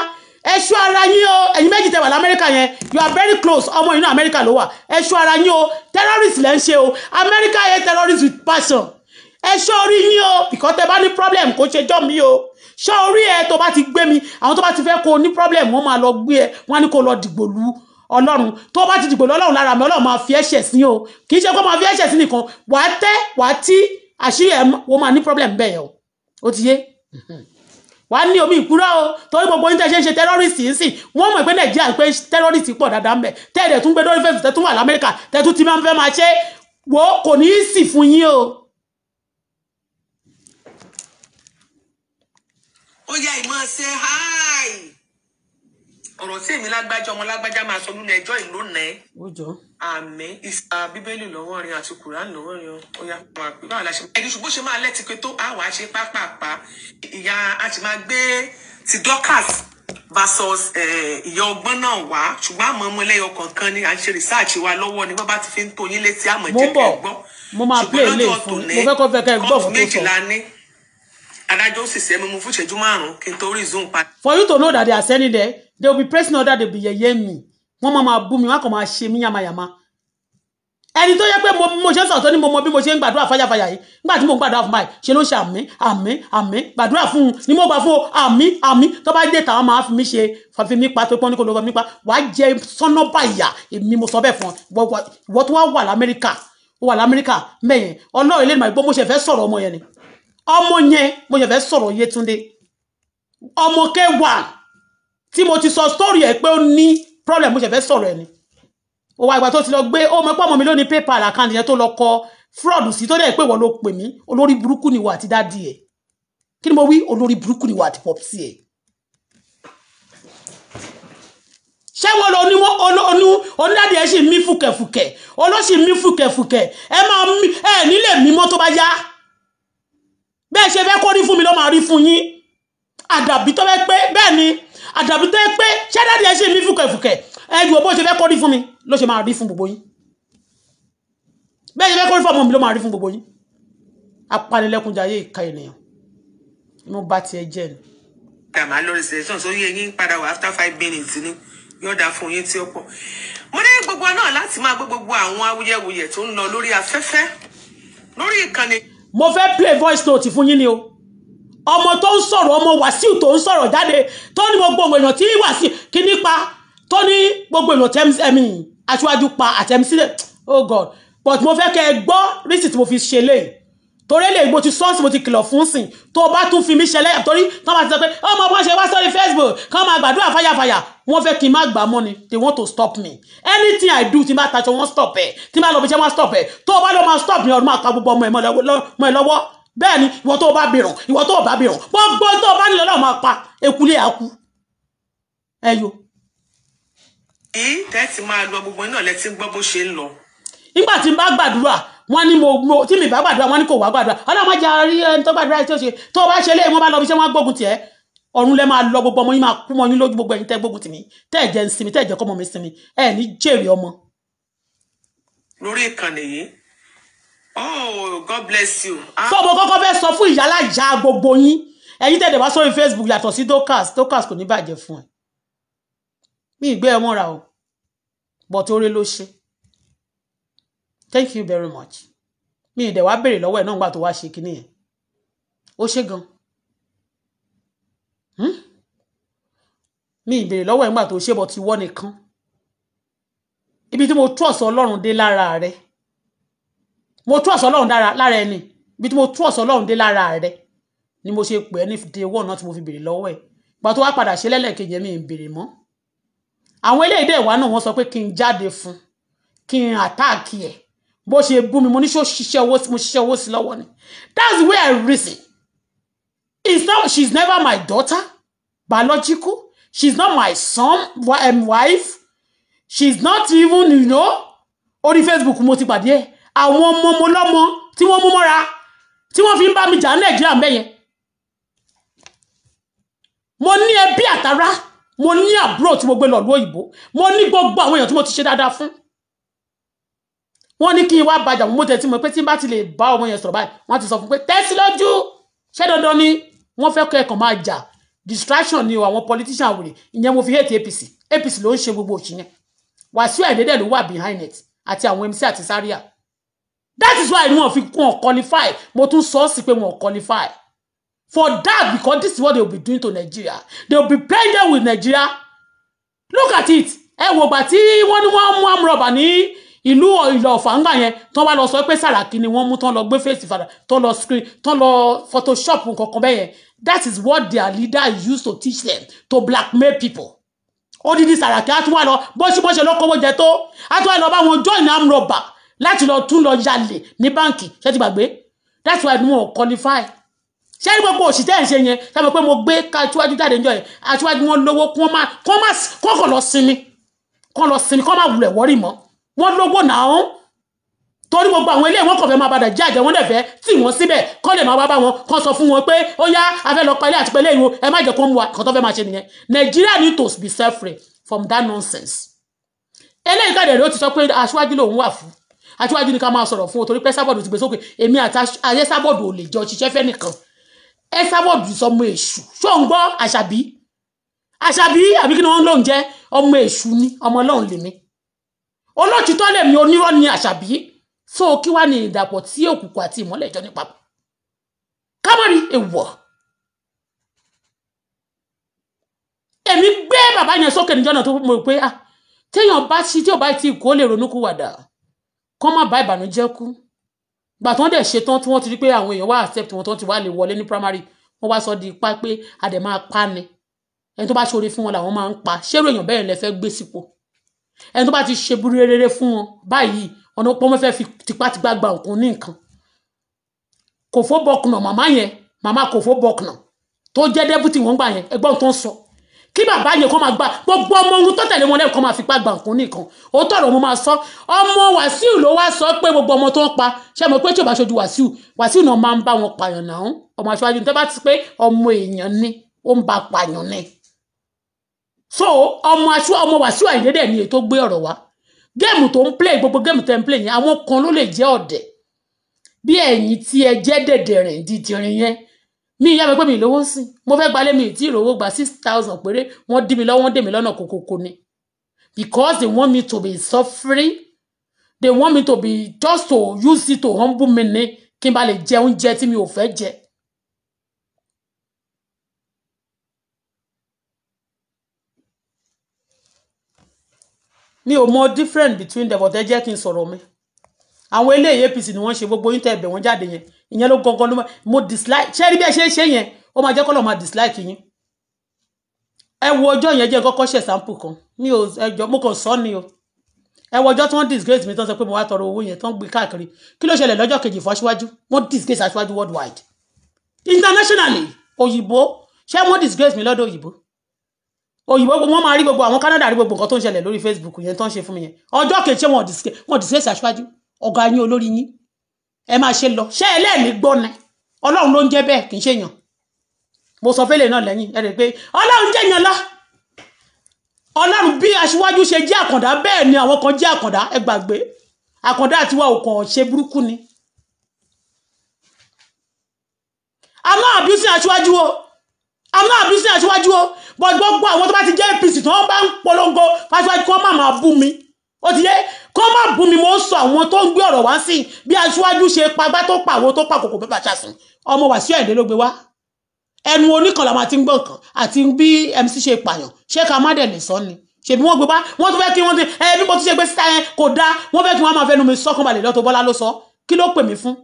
ẹ ara yín o ẹ̀yin méjì tẹ́ wà lamẹ́ríkà yẹn you are very close ọmọ inú amẹ́ríkà ló wà ẹ ṣọ́ ara yín o terrorist lẹ́ ń ṣe o amẹ́ríkà yẹn terrorist with passion ẹ orí yín o because tẹ́ bá ní problem kò ṣe jọ́ mi o ṣọ́ orí ẹ tó bá ti gbé mi àwọn tó bá ti fẹ́ kó o ní problem wọ́n máa lọ gbé ẹ wọ́n á ní kó o lọ dìgbò lù ọlọ́run tó bá ti dìgbò lọ́lọ́run lára mi ọlọ́run máa fi ẹ̀ṣẹ̀ sí o kì í ṣe kó máa fi ẹ̀ṣẹ̀ sí nìkan wàá tẹ́ wàá tí àṣírí ẹ̀ wọ́n máa ní problem bẹ́ẹ̀ o ó ti yé wàá ní omi ìkúrọ́ o torí gbogbo yín tẹ́ ṣe ń ṣe tẹ́rọ́rìsì ń sìn wọ́n mọ̀ pé nàìjíríà pé tẹ́rọ́rìsì pọ̀ dáadáa ń bẹ̀ tẹ́ẹ̀dẹ̀ tún gbé lórí fẹ́sùn tẹ́tún wà lamẹ́ríkà tẹ́tún fẹ́ máa ṣe wo kò ní í o. ó yá ìmọ̀ ṣe ọ̀rọ̀ tí èmi lágbájá ọmọ lágbájá máa sọ lónìí ẹjọ́ ìlú nẹ́. àmì ìsà bíbélì lọ́wọ́ rin àti kùrán lọ́wọ́ rin ó yá fún wa pé báwo la ṣe. ẹni ṣùgbọ́n ṣe máa lẹ́tí pé tó àwọ̀ àṣe pápápá ìyá a ti máa gbé ti dorcas versus ìyá ọgbọ́n náà wá ṣùgbọ́n àmọ́ ọmọ ẹlẹ́yọ kọ̀ọ̀kan ni à ń ṣe research wa lọ́wọ́ ni bábá ti fi ń tó yín létí àmọ́ jẹ́ kẹ́ gbọ́. mo máa play ilé ìfún mo fẹ́ kọ́ fẹ́ kẹ́ gbọ́ fún tó adájọ́ sì sẹ́mi mu fún ìṣẹ́jú márùn-ún kí n tó rí zoom pa. for you to know that they are sending there they will be pressing order they will be yeye mi wọ́n máa máa bú mi wọ́n kàn máa ṣe mí yamayama ẹni tó yẹ pé mo mo ṣe ń sọ̀tọ́ ni mo mọ bí mo ṣe ń gbàdúrà fàyàfàyà yìí nígbà tí mo ń gbàdúrà fún báyìí ṣe ló ṣe àmì àmì àmì gbàdúrà fún un ni mo gbà fún àmì àmì tó bá dé tàwọn máa fi mí ṣe fàfi mí pa tó pọ́n ní kò ló fà mí pa wà á jẹ sọ́nà báyà èmi mo sọ bẹ́ẹ̀ fún ọ ìwọ tó wà wà lamẹ́ríkà wà lamẹ́ríkà mẹ́yẹn ọlọ́run ilé ìmọ̀ ìgbọ́ mo ṣe fẹ́ sọ̀rọ̀ ọmọ yẹn ni ọmọ yẹn mo yẹ fẹ́ sọ̀rọ̀ Yétúndé ọmọ kẹwàá tí mo ti sọ story ẹ̀ pé ó ní problem mo yẹ fẹ́ sọ̀rọ̀ ẹ̀ ni ó wá ìgbà tó ti lọ gbé ó mọ pé ọmọ mi ló ní PayPal account yẹn tó lọ kọ fraud sí tó dẹ̀ pé wọ́n ló pè mí olórí burúkú ni wà àti dádì ẹ̀ kí ni mo wí olórí burúkú ni wà àti pọ̀pì ẹ̀ ṣé wọn lọ onímọ onú onídàdí ẹ sì mí fùkẹ̀fùkẹ̀ olóṣì mí fùkẹ̀fùkẹ̀ ẹ máa ẹ nílé mímọ́ tó bá yá bẹ́ẹ̀ ṣe fẹ́ kó rí fún mi ló máa rí fún yín àdàbí tó fẹ́ pé bẹ́ẹ̀ ni àdàbí tó fẹ́ pé ṣẹ́dáàdì ẹ ṣe mí fùkẹ̀fùkẹ̀ ẹ jù ọ bó ṣe fẹ́ kó rí fún mi ló ṣe máa rí fún gbogbo yín bẹ́ẹ̀ ṣe fẹ́ kó rí fún ọmọ mi ló máa rí fún gbogbo yín apanilẹ́kunjayé ìka ènìyàn inú bá tiẹ̀ jẹ́ ni. àmà lórí ṣẹ̀ṣọ̀n sórí eyín padà wá after five minutes ni yóò dá fún yín tí ó pọ̀ mo ní gbogbo náà láti máa gbé gbogbo àwọn awuyewuye tó ń lọ lórí afẹ́fẹ́ lórí ìkànnì mo fẹ́ play voice note fún yín ni o ọmọ tó ń sọ̀rọ̀ ọmọ wàsíù tó ń sọ̀rọ̀ jáde tó ní gbogbo èèyàn tí wàsíù kí nípa tó ní gbogbo èèyàn tẹ́mi ẹ̀mí aṣíwájú pa àtẹ̀mísílẹ̀ oh god but mo fẹ́ kẹ́ ẹ gbọ́ rísì mo fi ṣe léyìí torí lè gbó ti sọ́ọ̀sì mo ti kìlọ̀ fún sìn tó bá tún fi mí ṣẹlẹ̀ torí tó máa ti sọ pé ọmọ bá ṣe wá sórí Facebook kán máa gbàdúrà fàyàfàyà wọ́n fẹ́ kí n má gbà mọ́ ni they want to stop me anything I do tí n bá taṣọ wọ́n stop ẹ̀ tí n bá lọ bí iṣẹ́ wọ́n stop ẹ̀ tó bá lọ máa stop mi ọdún máa ka gbogbo ọmọ ẹ̀ lọ́wọ́ bẹ́ẹ̀ ni ìwọ tó bá bìrùn ìwọ tó bá bìrùn gbogbo tó bá nílò náà máa pa ekulé àkú ẹyọ. èyí tẹ́ ti máa lọ gbogbo iná lẹ ti ń gbọ́ bó ṣe ń lọ. nígbà tí n bá gbàdúrà wọ́n ní mo mo tí mi bá gbàdúrà wọ́n ní kò wá gbàdúrà ọlọ́run má jẹ́ rí ẹni eh, tó gbàdúrà tí ó ṣe tó bá ṣe léyìn wọ́n bá lọ bí iṣẹ́ wọn gbógun tiẹ̀ ọ̀run lẹ́ máa lọ gbogbo ọmọ yín máa kú mọ́ yín lójú gbogbo ẹ̀yin tẹ́ gbógun tì tẹ́ jẹ́ ń sinmi tẹ́ ẹ̀ jẹ́ kọ́mọ mi sinmi ẹ̀ ní jèrè ọmọ. lórí ìkànnì yìí oh god bless you. tó ah. mo kọ́kọ́ fẹ́ sọ fún ìyálà ìyá gbogbo yín ẹ̀yin tẹ̀lé wá sórí facebook yàtọ̀ sí dokas dokas kò ní bàjẹ́ mi ìgbé ọmọ ra o bọ̀ tó ló ṣe thank you very much mi ì dẹ̀ wá béèrè lọ́wọ́ ẹ̀ náà nígbà tó wá ṣe kinní yẹn ó ṣe gan hmm? mi ì béèrè lọ́wọ́ ẹ̀ nígbà tó ṣe bọ̀ ti wọ́ nìkan ibi tí mo trust ọlọ́run dé lára rẹ mo trust ọlọ́run lára ẹni ibi tí mo trust ọlọ́run dé lára rẹ ni mo ṣe pè ẹ́ ní day one náà tí mo fi béèrè lọ́wọ́ ẹ̀ gbà tó wá padà ṣe lẹ́lẹ́kejì mi ì béèrè mọ́ àwọn eléyìí dẹ̀ wá náà wọ́n sọ pé kí n jáde fún kí n àtáàkì ẹ̀ bó ṣe bú mi mo ní ṣó ṣiṣẹ́ owó mo ṣiṣẹ́ owó sí lọ́wọ́ ni that's the way I reason it's not she's never my daughter biological she's not my son um, wife she's not even you know orí Facebook mo ti pàdé ẹ àwọn ọmọ mo lọ́mọ tí wọ́n mú mọ́ra tí wọ́n fi ń bá mi jà ní Nàìjíríà mẹ́yẹn mo ní ẹbí àtàrà mo ní àbúrò tí mo gbé lọ lóyìnbó mo ní gbogbo àwọn èèyàn tí mo ti ṣe dáadáa fún wọ́n ní kí n wá bàjà mo tẹ̀ tí mo pé tí n bá ti lè bá ọmọ yẹn sọ̀rọ̀ báyìí wọ́n ti sọ fún pé tẹ́sí lójú ṣé dandan ni wọ́n fẹ́ kọ́ ẹ̀kan máa jà distraction ni àwọn politician wòlé ìyẹn mo fi hate APC APC ló ń ṣe gbogbo òṣì yẹn Wàsíù Àìdédè ló wà behind it àti àwọn MC àti Zaria that is why wọn fi kún ọ qualify mo tún sọ ọ sí pé wọn qualify for that because this is what they will be doing to Nigeria they will be playing them with Nigeria look at it ẹ wò gbà tí wọ́n ní wọ́n mú amúrọ̀bà ní ìlú ìlọ ọ̀fàǹgà yẹn tán bá lọ sọ pé sàràkí ni wọ́n mú tán lọ gbé fèsì fàdà tán lọ screen tán lọ photoshop nǹkankan bẹ́yẹn that is what their leader use to teach them to blackmail people odidi sàràkí àtúwà lọ bọ́sibọ́sẹ̀ lọ́kọ́wọ́ jẹ tó àtúwà lọ bá wọn join am rọ̀bà láti lọ tún lọ yalè ní báǹkì ṣé ti gbàgbé that's why wọn qualify ṣé ní gbogbo òṣìṣẹ́ ìṣe yẹn sábà pé mo gbé aṣíwájú jáde níjọ yẹn aṣíwájú wọn lówó kó má kó má kó kàn lọ sinmi kó lọ sinmi kó má wulẹ̀ wọ́rì mọ́ wọ́n lówó náà torí gbogbo àwọn ilé wọn kò fẹ́ máa padà jẹ́ àjẹ́ wọn dẹ̀ wọ́n síbẹ̀ kọ́ lè máa wá bá wọn kọ́ sọ fún wọn pé ó yá afẹ́ lọ palẹ́ àti pẹ́lẹ́ ìwọ̀n ẹ má jẹ́ kó mú wa kọ́ tó fẹ́ máa ṣe nìyẹn Nigeria need to be self-free from that nonsense. eléyìí kàdé rèé ó ti sọ pé aṣáájú lòun wà fún aṣáájú ni ká máa sọ̀rọ̀ fún o torí pé sábọ̀dù ti gbé sókè èmi àti sábọ̀dù ò lè jọ ṣiṣẹ́ fẹ́ nìkan ẹ olótìtọ́ lèmi onírọ́ ni àṣàbí so kí wàá ní ìdàpọ̀ tí òkùnkùn àti ìmọ́lẹ̀ jọ ní papọ̀ kámọ́rí èèwọ̀ èmi gbé bàbá yẹn sókè níjọ́ náà tó mọ̀ pé ah téèyàn bá ṣí tí ò bá ti kó lè ronúkúwàdà kọ́ má bá ìbànújẹ́ kú gbà tán dẹ̀ ṣetán tí wọ́n ti rí pé àwọn èèyàn wá accept wọn tán ti wá lè wọlé ní primary wọ́n wá sọ di ipá pé a dẹ̀ máa pa ni ẹni tó bá ṣoore fún wọn làwọn máa ń pa ṣérò èèyàn bẹ́ẹ̀ lẹ fẹ́ gbé sípò ẹni tó bá ti ṣe burú rere fún wọn báyìí ọ̀nà pọ́nmọ́ fẹ́ fi tipátipá gba òkun ní nǹkan kò fó bọkùnà màmá yẹn màmá kò fó bọkùnà tó jẹ́ dẹ́bùtì wọn gbà yẹn ẹgbọ́n tó ń sọ kí bàbá yẹn kó máa gba gbogbo ọmọ ohun tó tẹ̀lé wọn lẹ́yìn kó máa fipá gba nǹkan nìkan ó tọrọ mo máa sọ ọmọ wàsíù ló wá sọ pé gbogbo ọmọ tó ń pa ṣe mọ̀ pé tí ò bá ṣojú wàsíù wàsíù náà máa ń bá wọn pààyàn náà ọmọ aṣáájú nítorí bá ti pé ọmọ èèyàn ni ó ń ba pààyàn náà so ọmọ aṣọ ọmọ wàṣíù àyíndédè ni ètò gbé ọ̀rọ̀ wá géèmù tó ń play gbogbo géèmù tẹ́ ń play yẹn àwọn kan ló lè jẹ́ ọ̀dẹ̀ bí ẹ̀yin tí ẹ jẹ́ dẹ̀dẹ̀rìn dídìrín yẹn mi ìyá mi pé mi lówó sí mo fẹ́ gbalẹ̀ mi tí ìrówó gba six thousand péré wọ́n dí mi lọ́wọ́ wọ́n dè mí lọ́nà kòkòkò ni because they want me to be suffering they want me to be just to use it to humble me ni kí n bá lè jẹ oúnjẹ tí mi ò fẹ́ jẹ mi ò mọ different between them but ẹ jẹ́ kí n sọ̀rọ̀ mi àwọn eléyìí APC ni wọ́n ṣe gbogbo yín tẹ̀ bẹ̀ wọ́n jáde yẹn ìyẹn ló gangan ló mo dislike ṣé rí bí ẹ ṣe ń ṣe yẹn ó máa jẹ́ kọ́ lọ́ọ́ máa dislike yín ẹ wo ọjọ́ yẹn jẹ́ kọ́kọ́ ṣe sample kan mi ò ẹjọ́ mo kàn sọ ni o ẹ wo ọjọ́ tí wọ́n disgrace mi tán sọ pé mo wá tọrọ owó yẹn tán gbé káàkiri kí ló ṣẹlẹ̀ lọ́jọ́ kejì fún aṣíwájú wọ́n worldwide internationally òyìnbó ṣé wọ́n disgrace mi lọ́dọ̀ òyìnbó òyìnbó wọn máa rí gbogbo àwọn Canada rí gbogbo nǹkan tó ń ṣẹlẹ̀ lórí Facebook yẹn tó ń ṣe fún mi yẹn ọjọ́ kejì wọn disgrace wọn disgrace aṣáájú ọ̀gá yín olórí yín ẹ máa ṣe lọ ṣé ẹlẹ́ẹ̀mí gbọ́nà ọlọ́run ló ń jẹ́ bẹ́ẹ̀ kì í ṣèyàn mo sọ fẹ́lẹ̀ náà lẹ́yìn ẹ rẹ̀ pé ọlọ́run jẹ̀yàn lọ ọlọ́run bí aṣíwájú ṣe jẹ́ àkàndá bẹ́ẹ̀ ni àwọn kan jẹ́ àkàndá ẹ gbàgbé àkàndá àtiwá òkàn ṣe burúkú ni àmọ́ àbísí but gbogbo àwọn tó bá ti jẹ́ APC tí wọ́n bá ń polongo fásiwájú kí wọ́n má máa bú mi ó ti yé kí wọ́n má bú mi mo ń sọ àwọn tó ń gbé ọ̀rọ̀ wá sí bí aṣíwájú ṣe pagbá tó pa àwọn tó pa kòkò pépà ṣàṣùn ọmọ Wàsíù Àyìndé ló gbé wá ẹnu oníkànlá máa ti ń gbọ́ nǹkan àti bí MC ṣe pààyàn ṣé ká má dẹ̀ lè sọ ni ṣèbí wọn gbé bá wọn tó fẹ́ kí wọn ti ẹ bí mo ti ṣe gbé síta yẹn kò dáa wọn fẹ́ kí wọn máa fẹnu mi sọkàn balẹ̀ lọ́tọ̀ Bọ́lá ló sọ kí ló pè mí fún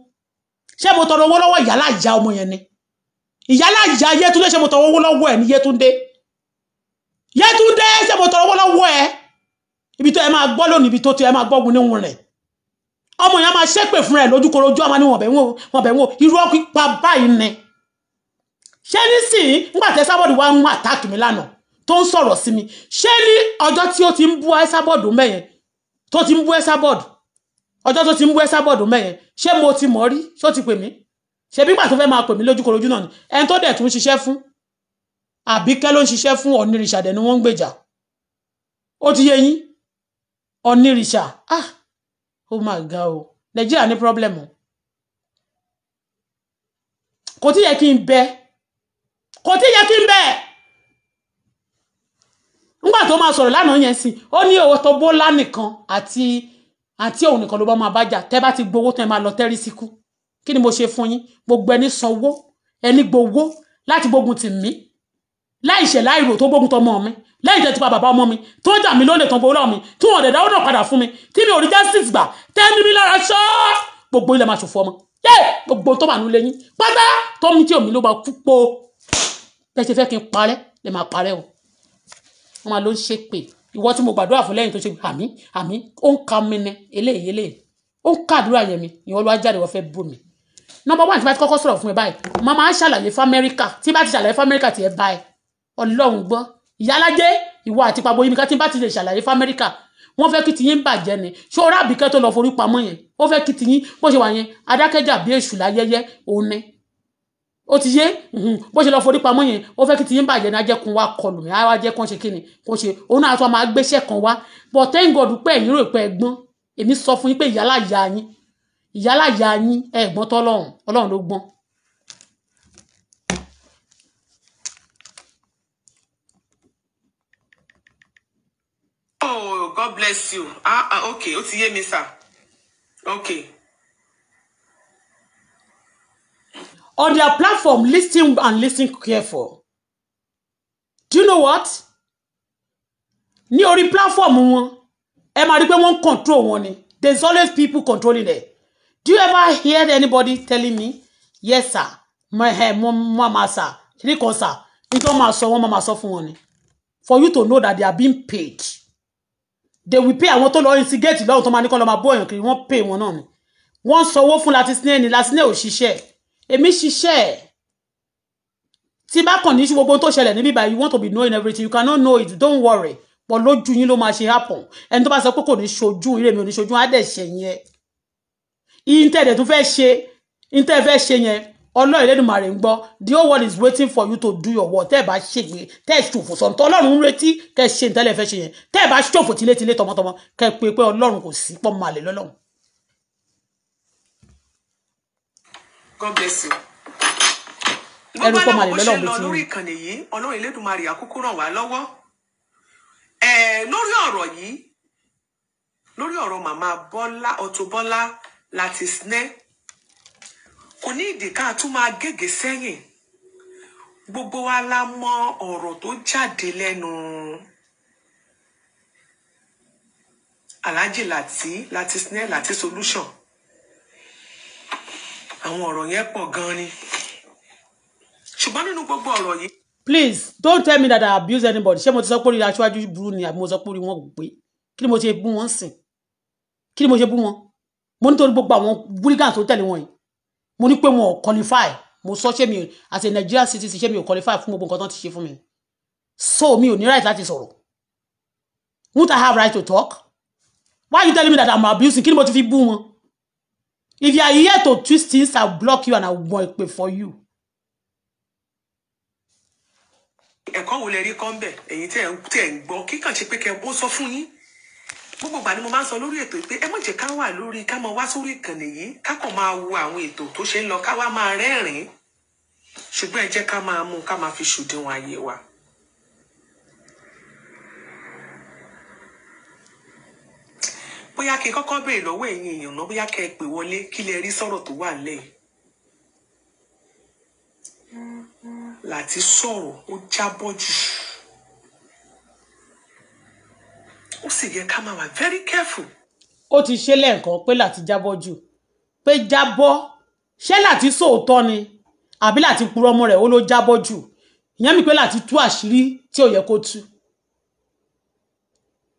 ṣé mo tọrọ owó lọ́wọ́ ìyálà ìyá ọmọ yẹn ni ìyálà ìyá Yétúndé ṣé mo tọrọ owó lọ́wọ́ ẹ̀ ní Yétúndé Yétúndé ṣe mo tọrọ owó lọ́wọ́ ẹ ibi tó ẹ máa gbọ́ lónìí ibi tó tó ẹ máa gbọ́ wúni wúni rẹ̀ ọmọ yẹn máa ṣépè fún ẹ lójúkorojú àmọ́ ni wọ́n bẹ̀ wọ́n bẹ̀ wọ́n irú ọkùnrin pa báyìí ni ṣé nísìnyí nígbà tí Esabod wá ń àtàkì mi lánàá tó ń sọ̀rọ̀ sí mi ṣé ní ọjọ́ tí ó ti ń bú Esabod mẹ́yẹn tó ti ń bú Esabod ọjọ́ tó ti ń bú Esabod mẹ́yẹn ṣé mo ti mọ̀ rí ṣó ti pè mí ṣebí gbà tó fẹ́ máa pè mí lójúkorojú náà ni ẹni tó dẹ̀ tún ṣiṣẹ́ fún àbíkẹ́ ló ń ṣiṣẹ́ fún ọ̀nìrìṣà dẹ̀ ni wọ́n ń gbèjà ó ti yé yín ọ̀nìrìṣà ah ó máa ga o nàìjíríà ní pírọ́blẹ̀mù kò tí yẹ kí n bẹ kò tí yẹ kí n bẹ nígbà tó máa sọ̀rọ̀ lánàá yẹn sí ó ní owó tó bọ́lá nìkan àti àti òun nìkan ló bá máa bájà tẹ́ bá ti gbowó tán máa lọ tẹ́rí síkú kí ni mo ṣe fún yín gbogbo ẹni sanwó ẹni gbowó láti gbógun tì mí láìṣẹ̀ láìrò tó gbógun tọmọ mi lẹ́yìn tẹ́ ti pa bàbá ọmọ mi tó ń jà mí lónìí tán gbowó mi tí wọ́n dẹ̀dá ó náà padà fún mi tí mi ò rí justice gbà tẹ́ni mi lára ṣọ́ gbogbo ilẹ̀ máa ṣòfò ọmọ yé gbogbo tó mànú lẹ́yìn pátá tó mi tí omi ló máa kú po bẹ́ẹ̀ ṣe fẹ́ kí n parẹ́ lè máa parẹ́ o wọ́n máa ló ń ṣe pé ìwọ tí mo gbàdúrà fún lẹ́yìn tó ṣe àmì àmì ó ń ka mi ní eléyìí eléyìí ó ń kàdúrà yẹn mi ìwọ ló wá jáde wọ́n fẹ́ bù mí number one tí bá ti kọ́kọ́ sọ̀rọ̀ fún ẹ báyìí màmá á ṣàlàyé fún amẹ́ríkà tí bá ti ṣàlàyé fún amẹ́ríkà tí ẹ báyìí ọlọ́run gbọ́ ìyálájẹ́ ìwọ àti pàbó yìí nìkan tí n bá ti lè ṣàlàyé fún amẹ́ríkà wọ́n fẹ́ kí tiyín bàjẹ́ ni ṣé o rábì kẹ́ tó lọ forí pamọ́ yẹn ó fẹ́ kí tiyín bó ṣe wà yẹn adákẹ́jà bí èṣù láyẹyẹ òun ni ó ti yé bó ṣe lọ forí pamọ́ yẹn ó fẹ́ kí tiyín bàjẹ́ ni ajẹ́kun wa kọlù mí àwa jẹ́ ṣe kí ni kó ṣe òun náà tó máa gbéṣẹ́ kan wá but thank God pé ẹ̀yin rò pé ẹ̀gbọ́n èmi sọ fún yín pé ìyálà yín ìyálà yín ẹ̀gbọ́n tọ́lọ́run ọlọ́run ló gbọ́n oh god bless you ah ah okay ó ti yé mi sà okay. on their platform listen and listen careful do you know what Ni ori platform wọn e ma rí pé wọ́n control wọn ni there always people controlling it do you ever hear anybody telling me yes sir my hair eh, mama, mo ma sir kiri kan sir nítorí wọ́n máa sọ wọ́n máa sọ fún ni for you to know that they are being paid they will pay àwọn tó lọ instigate lọ́wọ́ tó máa ní kọ́ lọ́ máa bó èèyàn kiri wọ́n pay wọn náà ni wọ́n sanwó fún Latisneh ẹni Latisneh ò ṣiṣẹ́ èmi ṣiṣẹ́ tí bá kàn ní ṣe gbogbo tó ṣẹlẹ̀ níbí báyìí you want to be knowing everything you cannot know it don't worry but lójú yín ló máa ṣe happen ẹni tó bá sọ pé kò ní ṣojú ire mi ò ní ṣojú á dẹ̀ ṣẹ̀yìn ẹ̀ ìyíntẹ̀ dẹ̀ tún fẹ́ ṣe ìyíntẹ̀ fẹ́ ṣe yẹn ọlọ́run Ẹlẹ́dùmarè ń gbọ́ the whole world is waiting for you to do your work tẹ́ ẹ̀ bá ṣègbè tẹ́ ẹ̀ ṣòfò sọ̀tọ̀ ọlọ́run ń retí kẹ́ ẹ ṣe ìtẹ́lẹ̀ fẹ́ ṣe yẹn tẹ́ ẹ̀ bá ṣòfò tilétilé tọmọtọmọ kẹ́ ẹ pé pé ọlọ́run kò sí pọ́ màlẹ̀ lọ́lọ́run. God bless you ẹnu pọ́ màlẹ̀ lọ́lọ́run bí ti ń. lórí ìkànnì yìí ọlọ́run Ẹlẹ́dùmarè àkókò ràn wá lọ́wọ́ lórí ọ̀rọ̀ yìí lórí ọ̀rọ̀ màmá Bọ́lá Auto Bọ́lá láti snẹ́ kò ní ìdí ká tún máa gègé sẹ́yìn gbogbo wa la mọ ọ̀rọ̀ tó jáde lẹ́nu Alhaji Lati Lati Snell Lati solution àwọn ọ̀rọ̀ yẹn pọ̀ gan ni ṣùgbọ́n nínú gbogbo ọ̀rọ̀ yìí. please don't tell me that I abuse anybody ṣé mo ti sọ pé orí aṣáájú burú ni àbí mo sọ pé orí wọn kò pé kí ni mo ṣe bú wọn sìn kí ni mo ṣe bú wọn mo nítorí gbogbo àwọn wúlígàn tó tẹ̀lé wọn yìí mo ní pé wọn qualify mo sọ ṣé mi as a Nigerian citizen ṣé mi ò qualify fún gbogbo nǹkan tó ti ṣe fún mi so mi ò ní right láti sọ̀rọ̀ won't I have right to talk why you telling me that I'm abusing kí ni mo ti fi bú wọn if you are here to twist things I will block you and I will mọ ìpè for you. ẹ̀kọ́ wo lẹ rí kọ́ ẹ̀yin tẹ́ ń gbọ́ kíkàn ṣe pé kẹ́ ẹ bó sọ fún yín gbogbo ìgbà ni mo máa ń sọ lórí ètò pé ẹ má jẹ́ ká wà lórí ká máa wá sórí ìkànnì yìí ká kàn máa wo àwọn ètò tó ṣe ń lọ ká wá máa rẹ́rìn-ín ṣùgbọ́n ẹ jẹ́ ká máa mú ká máa fi ṣòdiwọ̀n ayé wa. bóyá kí n kọ́kọ́ béèrè lọ́wọ́ ẹ̀yin èèyàn náà bóyá kẹ́ ẹ pè wọlé kí lẹ rí sọ̀rọ̀ tó wà nílẹ̀ láti sọ̀rọ̀ ó jábọ́ jù. ó sì yẹ ká máa wà very careful. ó ti ṣe lẹ́ǹkan pé láti jábọ́ jù pé jábọ́ ṣé láti sòótọ́ ni àbí láti purọ́ ọmọ rẹ̀ ó ló jábọ́ jù ìyẹn mi pé láti tú àṣírí tí ò yẹ kó tú.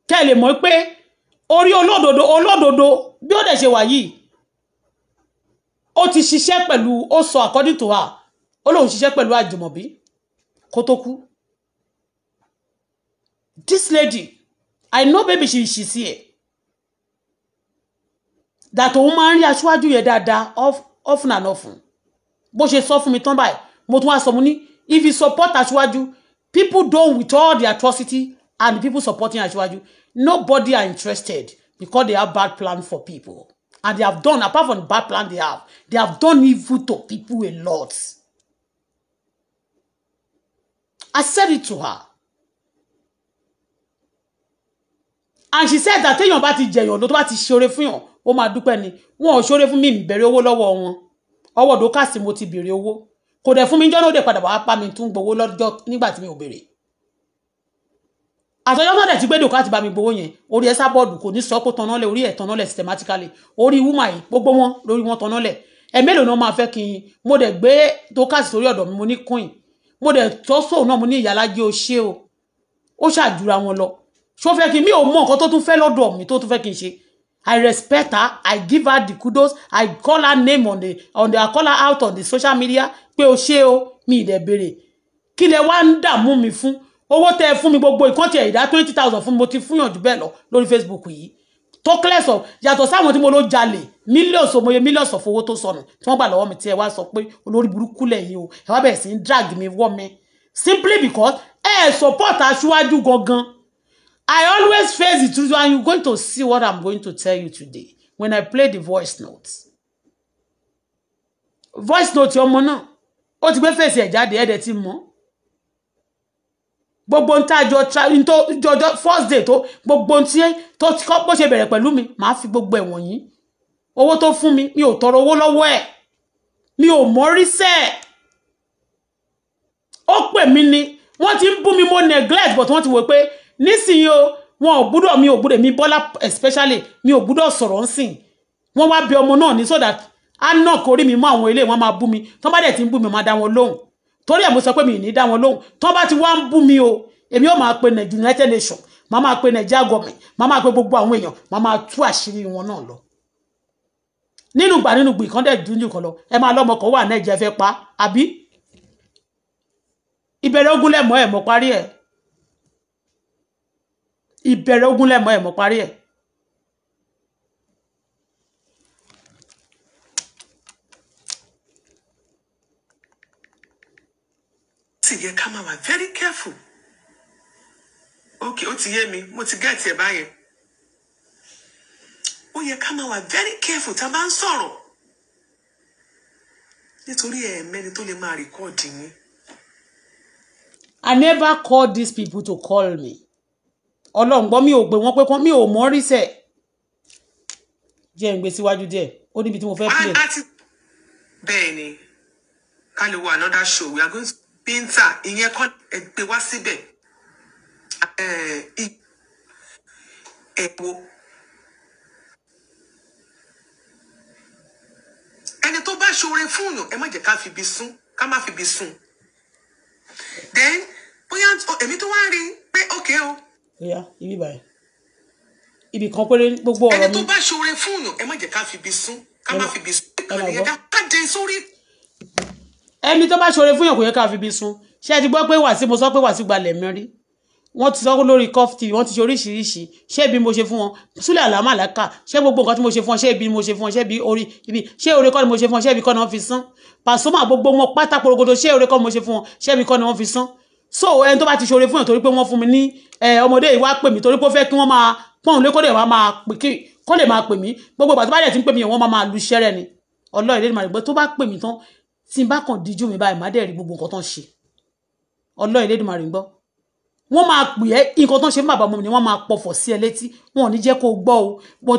kẹ́ ẹ lè mọ̀ pé orí olódodo olódodo bí ó dẹ̀ ṣe wà yìí ó ti ṣiṣẹ́ pẹ̀lú ó sọ according to her ó lóun ṣiṣẹ́ pẹ̀lú àjùmọ̀bí kó tó kú. this lady I know baby she she's here that woman máa ń rí aṣíwájú yẹn dáadáa often and often bó she sọ fún mi tán báyìí mo tún wá sọ mo if you support aṣíwájú people don with all the atrocity and people supporting aṣíwájú nobody are interested because they have bad plan for people and they have done apart from the bad plan they have they have done evil to people a lot. I said it to her. and she said that téèyàn bá ti jẹ̀yàn ọ̀dọ́ tó bá ti ṣoore fún yàn ó máa dúpẹ́ ni wọn ò ṣoore fún mi ìbẹ̀rẹ̀ owó lọ́wọ́ wọn ọwọ́ dókàsì mo ti béèrè owó kò dẹ̀ fún mi jọ́nà ó dẹ̀ padà wàá pa mi tún gbowó lọ́jọ́ nígbà tí mi ò béèrè àtọjọ́ náà dẹ̀ ti gbé dókàsì bá mi gbowó yẹn orí ẹ sábọ́ọ̀dù kò ní sọ pé tọ́nọ́lẹ̀ orí ẹ̀ tọ́nọ́lẹ̀ systematically orí wúmà yìí gbogbo wọn lórí wọn tọ́nọ́lẹ̀ ẹ mélòó náà máa fẹ́ kí n mo dẹ̀ gbé dókàsì sórí ọ̀dọ̀ mi mo ní coin mo dẹ̀ tọ́sọ̀ náà mo ní ìyálàjẹ́ o ṣé o ó ṣàjùra wọn lọ So fẹ́ kí mi ò mọ nǹkan tó tún fẹ́ lọ́dọ̀ mi tó tún fẹ́ kí n ṣe I respect her I give her the kudos I call her name on the on the I call her out on the social media pé o ṣé o mi ì dẹ̀ béèrè kí lẹ wá ń dààmú mi fún owó tẹ fún mi gbogbo ìkọ́ntì ẹ̀dá twenty thousand fún mi mo ti fúnyàn jù bẹ́ẹ̀ lọ lórí Facebook yìí tó clear sọ yàtọ̀ sáwọn tí mo ló jalè millions omoye millions of owó tó sọnù tí wọ́n gbà lọ́wọ́ mi tí ẹ wá sọ pé olórí burúkú lẹ́yìn o ẹ wá bẹ̀rẹ̀ sí ń drag mi wọ́ mi simply because ẹ support aṣíwájú gangan I always face the truth, and you're going to see what I'm going to tell you today when I play the voice notes. Voice note ọmọ náà, ó ti gbé fèsì ẹ̀ jáde ẹ̀dẹ̀ ti mọ̀. Gbogbo ń tájọ jọjọ first day tó gbogbo ń tiẹ́ tó ti kọ́ bó ṣe bẹ̀rẹ̀ pẹ̀lú mi, màá fi gbogbo ẹ̀ wọ̀nyí. Owó tó fún mi, mi ò tọrọ owó lọ́wọ́ ẹ̀. Mi ò mọ́rí sẹ́ẹ̀. Ó pè mí ni, wọ́n ti ń bú mi mo neglect but wọ́n ti wò pé nísìnyí o wọn ò gbúdọ̀ mi ò gbúdọ̀ mi Bọ́lá especially mi ò gbúdọ̀ sọ̀rọ̀ ńsìn wọ́n wá bí ọmọ náà ní so that á nà kórí mi mọ́ àwọn ilé wọn máa bú mi tán bá dẹ̀ ti ń bú mi máa dá wọn lóhùn torí ẹ̀ mo sọ pé mi ì ní dá wọn lóhùn tán bá ti wá ń bú mi o èmi ò máa pe United Nations màá máa pe Nigeria gọ̀mì màá máa pe gbogbo àwọn èèyàn màá máa tú àṣírí wọn náà lọ nínú gbà nínú gbì kan dẹ̀ dúnjú kan lọ ẹ máa lọ́mọ kan wà náà ìjẹ́ fẹ́ pa àbí ìbẹ̀rẹ̀ ogun lẹ́mọ̀ ẹ̀ mọ̀ parí ẹ̀ ìbẹ̀rẹ̀ ogun lẹ́mọ ẹ̀ mọ́ parí ẹ̀. sì yẹ ká máa wà very careful ok ó ti yé mi mo ti gẹ́ẹ̀tì ẹ̀ báyẹn ó yẹ ká máa wà very careful tá a bá ń sọ̀rọ̀ nítorí ẹ̀ẹ̀mẹ́ni tó lè máa rìkọ́ọ̀dì yín. I never called these people to call me ọlọ́run gbọ́ mi ò gbé wọn pé kan mi ò mọ́ rí sẹ̀ jẹ́ ń gbé síwájú díẹ̀ ó níbi tí mo fẹ́ pè. bẹ́ẹ̀ ni ká lè wo another show we are going to painter ìyẹn kọ́ ẹ gbé wá síbẹ̀ ẹ wo ẹni tó bá ṣoore fóònù ẹ má jẹ́ ká fi ibi sún ká má fi ibi sún then bóyá èmi tó wá rí pé ókè o. Okay, oh ó ibi báyìí ibì kan péré gbogbo ọ̀rọ̀ mi. ẹni tó bá ṣoore fún ẹ má jẹ́ ká fi ibi sún ká má fi ibi sún ìkànnì yẹn ká dé sórí. ẹni tó bá ṣoore fún yàn kò yẹ ká fi ibi sún ṣé ẹ ti gbọ́ pé wàsí mo sọ pé wàsí gbalẹ̀ mi rí wọ́n ti sọ lórí cough tea wọ́n ti ṣe oríṣiríṣi ṣé ibi mo ṣe fún wọn súlẹ̀ àlámà làkà ṣé gbogbo nǹkan tí mo ṣe fún wọn ṣé ibi mo ṣe fún wọn ṣé ibi orí ibi ṣé oore kọ́ ni mo ṣe fún wọn ṣé ibi kọ́ ni wọ́n fi san Pasuma gbogbo wọn pátá porogodo ṣé oore kọ́ ni mo ṣe fún wọn ṣé ibi kọ́ ni wọ́n fi san so ẹni tó bá ti ṣoore fún ẹ̀ torí pé wọ́n fún mi ní ọmọdé yìí wá pè mí torí pé ó fẹ́ kí wọ́n máa pọ́n lé kó lè máa pè kí kó lè máa pè mí gbogbo ìgbà tó bá dẹ̀ ti ń pè mí wọ́n máa máa lu iṣẹ́ rẹ̀ ni ọlọ́ọ̀rẹ́ lè máa rí pé tó bá pè mí tán tí n bá kàn díjú mi báyìí má dẹ̀ rí gbogbo nǹkan tó ń ṣe ọlọ́ọ̀rẹ́ lè máa rí máa pè ẹ́ nǹkan tó ṣe fún bàbá ọmọ ni wọ́n máa pọ̀fọ̀ sí ẹ létí wọn ò ní jẹ́ kó o gbọ́ o bọ̀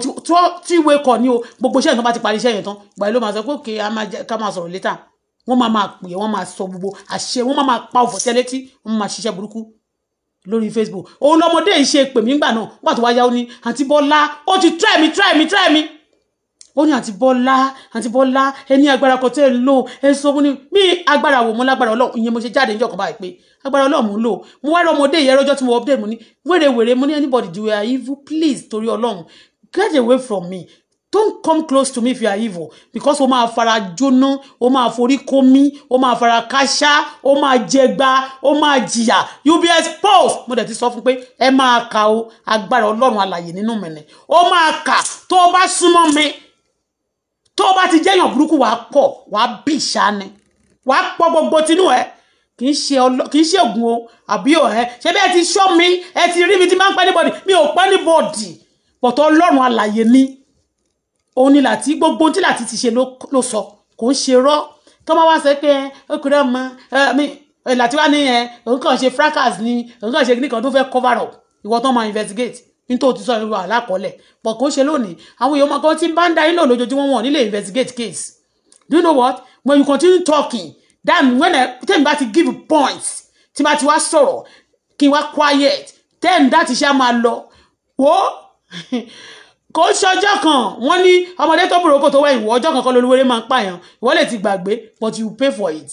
tí ìwé kọ̀ ni o gbogbo iṣẹ́ yẹn bá ti parí iṣẹ́ yẹn tán ìgbà máa sọ pé òkè ká máa sọ̀rọ̀ létà wọ́n máa máa pè wọ́n máa sọ gbogbo àṣẹ wọ́n máa máa pa òfò sí ẹlẹ́tí wọ́n máa ṣiṣẹ́ burúkú lórí Facebook òun lọmọdé yìí ṣe pè mí gbà náà wọ́n àti wáyá ó ní àǹtí Bọ́lá ó ti try mi try mi try mi ó ní àǹtí Bọ́lá àǹtí Bọ́lá ẹni agbára kan tẹ́ ẹ lò ẹ sọ fún mi bí agbára wò mo lágbára Ọlọ́run ìyẹn mo ṣe jáde níjọ́ kan báyìí pé agbára Ọlọ́run mo lò mo wá rọmọdé yìí ẹrọ́jọ́ tí mo update mo ní wèrèwèrè mo ní anybody do you are evil please torí Ọlọ́run get away from me don't come close to me if you are evil because o máa fara jóná o máa forí komi o máa fara káṣá o máa jẹgba o máa jìyà you be exposed mo dẹ̀ ti sọ fún pé ẹ máa kà o agbára ọlọ́run alàyè nínú mẹ́lẹ̀ o máa kà tó o bá mi tó o ti jẹ́yàn burúkú wa po, wa bì ìṣáni wa po gbogbo tinú ẹ kì í ṣe ògùn o àbí ọ̀hẹ́ ṣe bí ẹ ti ṣọ́ mi ẹ ti rí mi ti máa ń pẹ́ níbọ̀dì mi ò pẹ́ níbọ̀dì pọ̀tọ́ ọlọ́run alàyè ni òun ni láti gbogbo tí láti ti ṣe ló sọ kò ń ṣe rọ tó máa wá sọ pé ọkùnrin ọmọ láti wá ní ẹ òun kàn ṣe fracas ni òun kàn ṣe nìkan tó fẹ́ cover up ìwọ tó máa investigate nítorí ti sọ wa alákọọlẹ pọ kò ń ṣe lónìí àwọn èèyàn ọmọkan tí ń bá ń darí lò lójoojúmọ́ wọn nílé investigate case do you know what when you continue talking that when tẹ́mi bá ti give points tí bá ti wá sọ̀rọ̀ kí n wá quiet Then that is ṣe á máa lọ wò kò ṣọjọ́ kan wọ́n ní ọmọdé tó burú kò tó wá ìwọ ọjọ́ kankan lolúwerè máa ń pààyàn ìwọ lè ti gbàgbé but you pay for it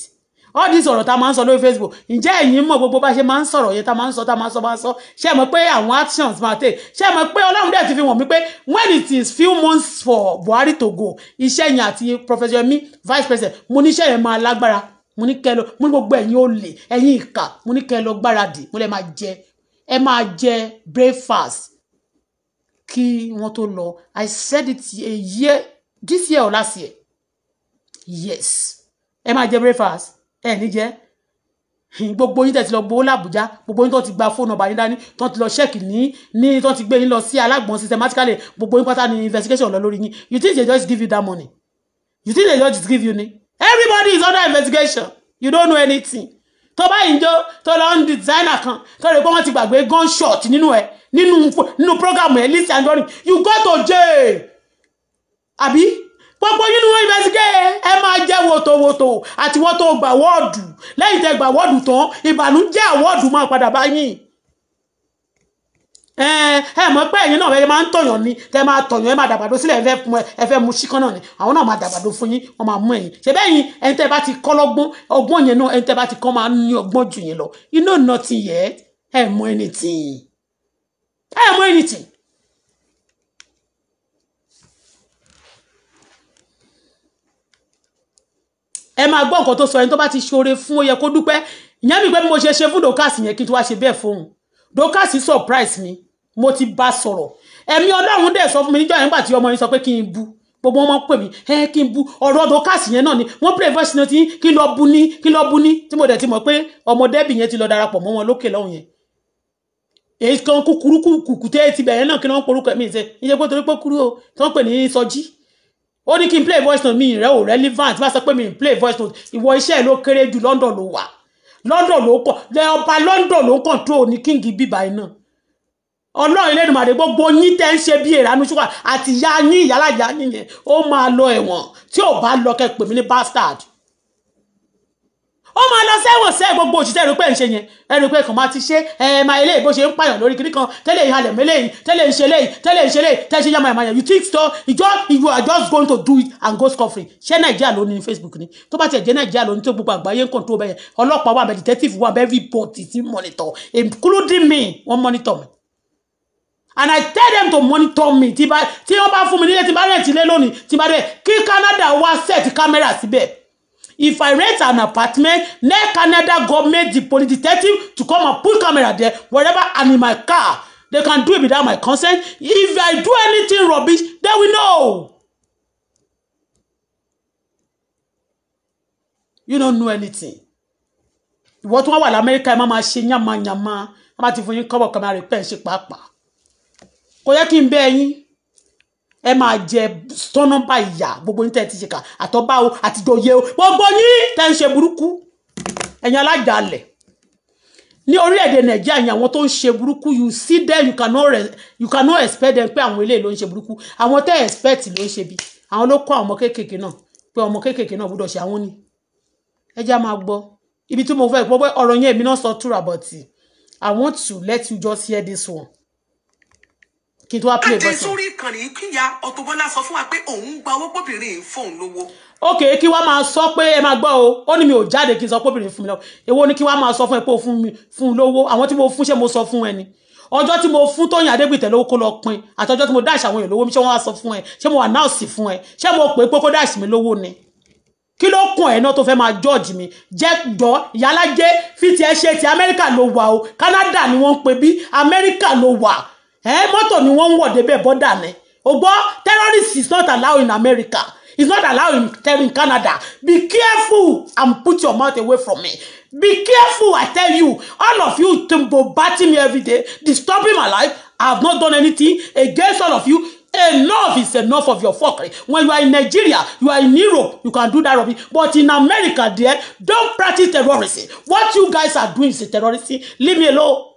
all this ọ̀rọ̀ ta máa ń sọ lórí Facebook ǹjẹ́ ẹ̀yin mọ̀ gbogbo bá ṣe máa ń sọ̀rọ̀ yẹn ta máa ń sọ ta máa ń sọ máa ń sọ ṣé ẹ mọ̀ pé àwọn actions máa tẹ̀ ṣé ẹ mọ̀ pé ọlọ́run dẹ̀ ti fi wọ̀n mí pé when it is few months for Buhari to go iṣẹ́ yẹn àti Professor Yemi vice president mo níṣẹ́ yẹn máa lágbára mo ní kẹ́ lọ mo ní gbogbo ẹ̀yin olè ẹ̀yin ìkà mo ní kẹ́ lọ gbáradì mo lẹ́ máa jẹ ẹ máa jẹ breakfast kí wọ́n tó lọ I said it a year this year or last year yes ẹ máa jẹ breakfast ẹ ní jẹ gbogbo yín tẹ̀sí lọ gbowó làbújá gbogbo yín tó ti gba fóònù ọba yín dání tó ti lọ ṣẹ́ẹ̀kì ní ní tó ti gbé yín lọ sí alágbọ̀n systematically gbogbo yín pátá ni investigation lọ lórí yín you think they just give you that money you think they just give you ni everybody is under investigation you don't know anything tó bá yìí ń jó tó lọ ń dìsáínà kan tó rẹ pé wọ́n ti gbàgbé gunshot nínú ẹ nínú nínú programu ẹ Lizzy running. you go to jail àbí gbogbo nínú investigate ẹ máa jẹ́ wotowoto àti wọ́n tó gbà wọ́ọ̀dù lẹ́yìn tẹ́ gbà wọ́ọ̀dù tán ìbànújẹ́ àwọ́ọ̀dù máa padà bá yín ẹ ẹ mọ̀ pé ẹ̀yin náà ẹ máa ń tọ̀yàn ni tẹ máa tọ̀yàn ẹ máa dàgbàdo sílẹ̀ ẹ fẹ́ mu ṣíkán náà ni àwọn náà máa dàgbàdo fún yín wọ́n máa mú ẹ̀yin ṣe bẹ́ẹ̀ yín ẹni tẹ́ bá ti kọ́ lọ́gbọ́n ọgbọ́n yẹn náà ẹni tẹ́ bá ti kọ́ máa ń ní ọgbọ́n jù yín lọ you know nothing yet ẹ mọ anything ẹ mọ anything. ẹ máa gbọ́ nǹkan tó sọ ẹni tó bá ti ṣoore fún ó yẹ kó dúpẹ́ ìyẹn mi pé bí mo ṣe ṣe fún dókàsì yẹn kí n tó wá ṣe bẹ́ẹ̀ fóun dókàsì surprise mi mo ti bá sọ̀rọ̀ ẹ̀mí ọlọ́run dẹ̀ sọ fún mi níjọ́ yẹn nígbà tí ọmọ yẹn sọ pé kí n bu gbogbo wọn pè mí ẹ kí n bu ọ̀rọ̀ ọdọ káàsì yẹn náà ni wọ́n pè voice note yín kí lọ bu ní kí lọ bu ní tí mo dẹ̀ ti mọ̀ pé ọmọ dẹ́bì yẹn ti lọ darapọ̀ mọ́ wọn lókè lọ́hùn yẹn èyí kan kúkúrú kùkùté ti bẹ̀rẹ̀ náà kí wọ́n porúkọ mi ṣe iye pé torí pé kúrú o tí wọ́n pè ní sọjí ó ní kí n play voice note mi rẹ ò relevant má sọ pé mi n play voice note ìwọ iṣẹ́ ló kéré jù London ló wà London ló kọ lẹ ọba London ló control ní king bíbá iná ọlọ́run ilé ìdùnmọ̀dé gbogbo yín tẹ́ ń ṣe bí ìránú ṣúgà àti ìyá yín ìyálàyà nìyẹn ó máa lọ ẹ̀wọ̀n tí ò bá lọ kẹ́ pè mí ní bastard ó máa lọ sẹ́wọ̀n sẹ́ gbogbo òṣìṣẹ́ ẹ̀rù pé ń ṣe yẹn ẹ̀rù pé kàn máa ti ṣe ẹ̀ máa eléyìí bó ṣe ń pààyàn lórí kiri kan tẹ́lẹ̀ ìhalẹ̀ mẹ́lẹ́yìn tẹ́lẹ̀ ń ṣe léyìí tẹ́lẹ̀ ń ṣe léyìí tẹ́lẹ̀ ṣe yàmà yàmà you think so ìjọ you are just going to do it and go scoffing ṣé nàìjíríà ló ní facebook ni tó bá tiẹ̀ jẹ́ nàìjíríà ló ní control bẹ́ẹ̀ ọlọ́pàá wà bẹ́ẹ̀ detective wà bẹ́ẹ̀ monitor including me wọ́n monitor and I tell them to monitor me tí bá tí wọ́n bá fún mi nílé tí bá rẹ̀ tílé lónìí tí bá dẹ̀ kí Canada wá set camera síbẹ̀ if I rent an apartment let Canada government the police detective to come and put camera there wherever and in my car they can do it without my consent if I do anything rubbish then we know. you don't know anything ìwọ tí wọn wà lamẹ́ríkà ẹ má máa ṣe yàmàyàmà wọn bá ti fún yín kọ́bọ̀ kan máa rè pẹ́ ṣe pàápàá kò yẹ kí n bẹ yín ẹ máa jẹ sọnọba ìyà gbogbo yín tẹ ti ṣe kà àtọba o àtijọ́ yẹ o gbogbo yín tẹ ń ṣe burúkú ẹ̀yin alájàálẹ̀ ní orílẹ̀-èdè nàìjíríà ni àwọn tó ń ṣe burúkú you see them you cannot you cannot expect them pé àwọn eléyìí ló ń ṣe burúkú àwọn tẹ́ expect ló ń ṣe bí àwọn ló kọ́ àwọn ọmọ kéékèèké náà pé ọmọ kéékèèké náà gbọ́dọ̀ ṣe àwọn ni ẹ máa gbọ́ ibi tí mo fẹ́ gbọ́ pé ọ̀rọ̀ yẹn èmi náà sọ túrà bọ̀tì i want to let you just hear this one kí n tó wá play bọ́sẹ̀. láti sórí ìkànnì kíyà Auto Bola sọ fún wa pé òun gba owó pọ́bìnrin yìí fóun lówó. ok kí wàá máa sọ pé ẹ máa gbọ́ o ó ní mi ò jáde kí n sọ pọ́bìnrin fún mi lọ èwo ni kí wàá máa sọ fún ẹ pé o fún mi fún lówó àwọn tí mo fún ṣe mo sọ fún ẹ ni ọjọ́ tí mo fún Tóyìn Adégbìtẹ̀ lówó kó lọ pin àti ọjọ́ tí mo dáàṣì àwọn èèyàn lówó mi ṣé wọ́n wá mo announce fún ẹ ṣé mo pè ni kí ló kàn ẹ̀ náà tó fẹ́ máa judge mi jẹ́ gbọ́ ìyálàjẹ́ fi tiẹ̀ ṣe ti amẹ́ríkà ló wà o Canada ni wọ́n ń pè bí amẹ́ríkà ló wà ẹ mọ́tò ni wọ́n ń wọ̀ débẹ̀ bọ́dà ni o gbọ́ terrorist is not allowed in America is not allowed in in Canada be careful and put your mouth away from me be careful I tell you all of you tumbo batting me every day disturbing my life I have not done anything against all of you enough is enough of your fuckery when you are in Nigeria you are in Europe you can do that rubbish but in America there don't practice terrorism what you guys are doing is terrorism leave me alone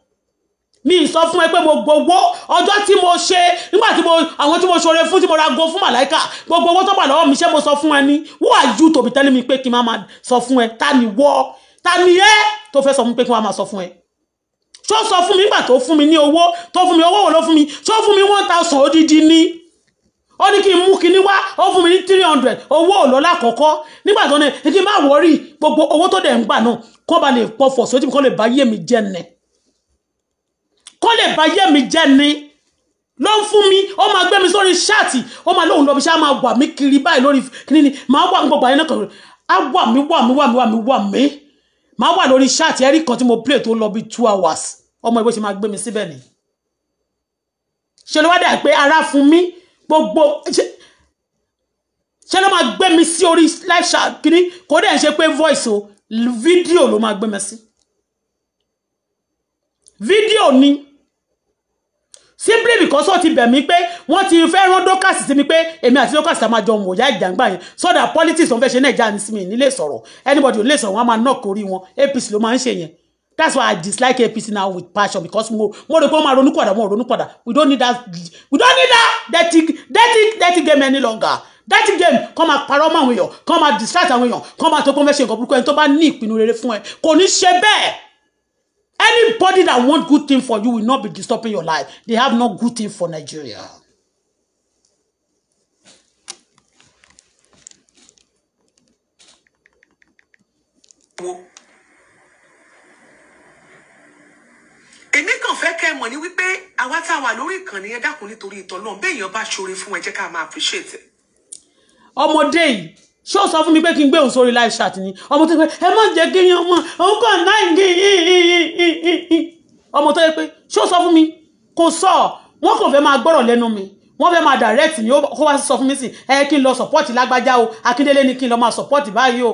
mi sọ fún ẹ pé mo gbogbo ọjọ́ tí mo ṣe nígbà tí mo àwọn tí mo ṣoore fún tí mo ra go fún màláìka gbogbo owó tó bà lọ́wọ́ mi ṣé mo sọ fún ẹ ní who are you to be telling me pé kí n má máa sọ fún ẹ ta ni wọ́ ta ni ẹ́ tó fẹ́ sọ fún pé kí n má máa sọ fún ẹ ṣó sọ fún mi nígbà tó fún mi ní owó tó fún mi owó wo ló fún mi ṣó fún mi one thousand odidi ni ó ní kí n mú kinní wá ó fún mi ní three hundred owó ò lọ lákọ̀ọ́kọ́ nígbà tó ní kí n má wọrí gbogbo owó tó dẹ̀ ń gbà náà kó ba lè pọ̀ fọ̀ sójú kó lè bá yé mi jẹ́ nẹ̀ kó lè bá yé mi jẹ́ ni ló ń fún mi ó máa gbé mi sórí ṣáàtì ó máa lóun lọ́bi ṣáà máa wà mí kiri báyìí lórí kíní ni màá wà gbogbo àyẹ̀nà kan á wà mí wà mí wà mí wà mí wà mí màá wà lórí ṣáàtì ẹ̀rí kan tí mo play tó lọ bí two hours ọmọ ìwé ṣe máa gbé mi síbẹ̀ ni ṣe ló wá dà pé ara fún mi gbogbo ṣe ló máa gbé mi sí orí live chat kíní kò dẹ̀ ṣe pé voice o fídíò ló máa gbé mi sí fídíò ni simply because ó ti bẹ̀ mí pé wọ́n ti fẹ́ rán dókàsì sí mi pé èmi àti dókàsì àmà jọ mọ̀ ìyá ìjàngbà yẹn so that politics wọn fẹ́ ṣe nàìjíríà ní sinmi nílé sọ̀rọ̀ anybody ò lè sọ̀rọ̀ wọn máa knock orí wọn APC ló máa ń ṣe yẹn that's why I dislike APC now with passion because mo mo rò pé wọ́n máa ronú padà wọ́n ronú padà we don't need that we don't need that dirty dirty dirty game any longer dati game kọ́ máa parọ́ mọ́ àwọn èèyàn kọ́ máa distract àwọn èèyàn kọ́ máa tó pọ́n fẹ́ ṣe nǹkan burúkú ẹni tó bá ní ìpinnu rere fún ẹ kò ní ṣe bẹ́ẹ̀ Anybody that want good thing for you will not be disturbing your life. They have no good thing for Nigeria. èmi kàn fẹ́ kẹ́ mọ̀ ní wípé àwa tá a wà lórí ìkànnì ẹ nítorí ìtọ́ náà béèyàn bá ṣoore fún ẹ jẹ́ ká máa appreciate ọmọdé yìí ṣó sọ fún mi pé kí n gbé òun sórí live chat ni ọmọ tó yẹ pé ẹ má jẹ́ kí yín ọmọ òun kàn náà ń gín ọmọ tó yẹ pé ṣó sọ fún mi kò sọ wọn kò fẹ́ máa gbọ́rọ̀ lẹ́nu mi wọ́n fẹ́ máa direct ni ó wá sọ fún mi sí ẹ kí n lọ support lágbájá o Akíndélé ni kí n lọ máa support báyìí o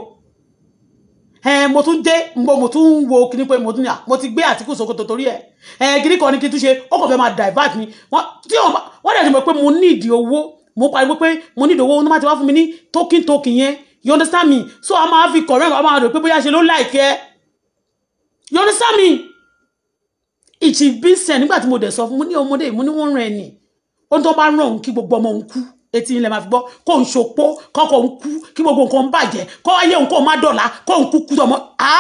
ẹ mo tún dé mo mo tún wo kíní pé mo tún ní à ah, mo ti gbé Àtíkù Sokoto torí ẹ ẹ kíní kan ní kí n tún ṣe ó kàn fẹ́ máa divert mi wọ́n tí wọ́n dẹ̀ ti mọ̀ pé mo need owó mo pariwo pé mo nídòwó owó nígbà tí wọ́n fún mi ní token token yẹn you understand me so a máa fi correct a máa rò pé bóyá ṣe ló láìkẹ́ you understand me ìtì bíṣẹ̀ nígbà tí mo dẹ̀ sọ fún mo ní ọmọdé mo ní wọ́n ràn ẹni ó ń tó bá ràn òun kí gbogbo ọmọ òun kú etí ilẹ̀ máa fi gbọ́ kó ń ṣopó kọ́kọ́ ń kú kí gbogbo nǹkan ń bàjẹ́ kó ayé òun kó má dọ̀la kó ń kú kú tọmọ á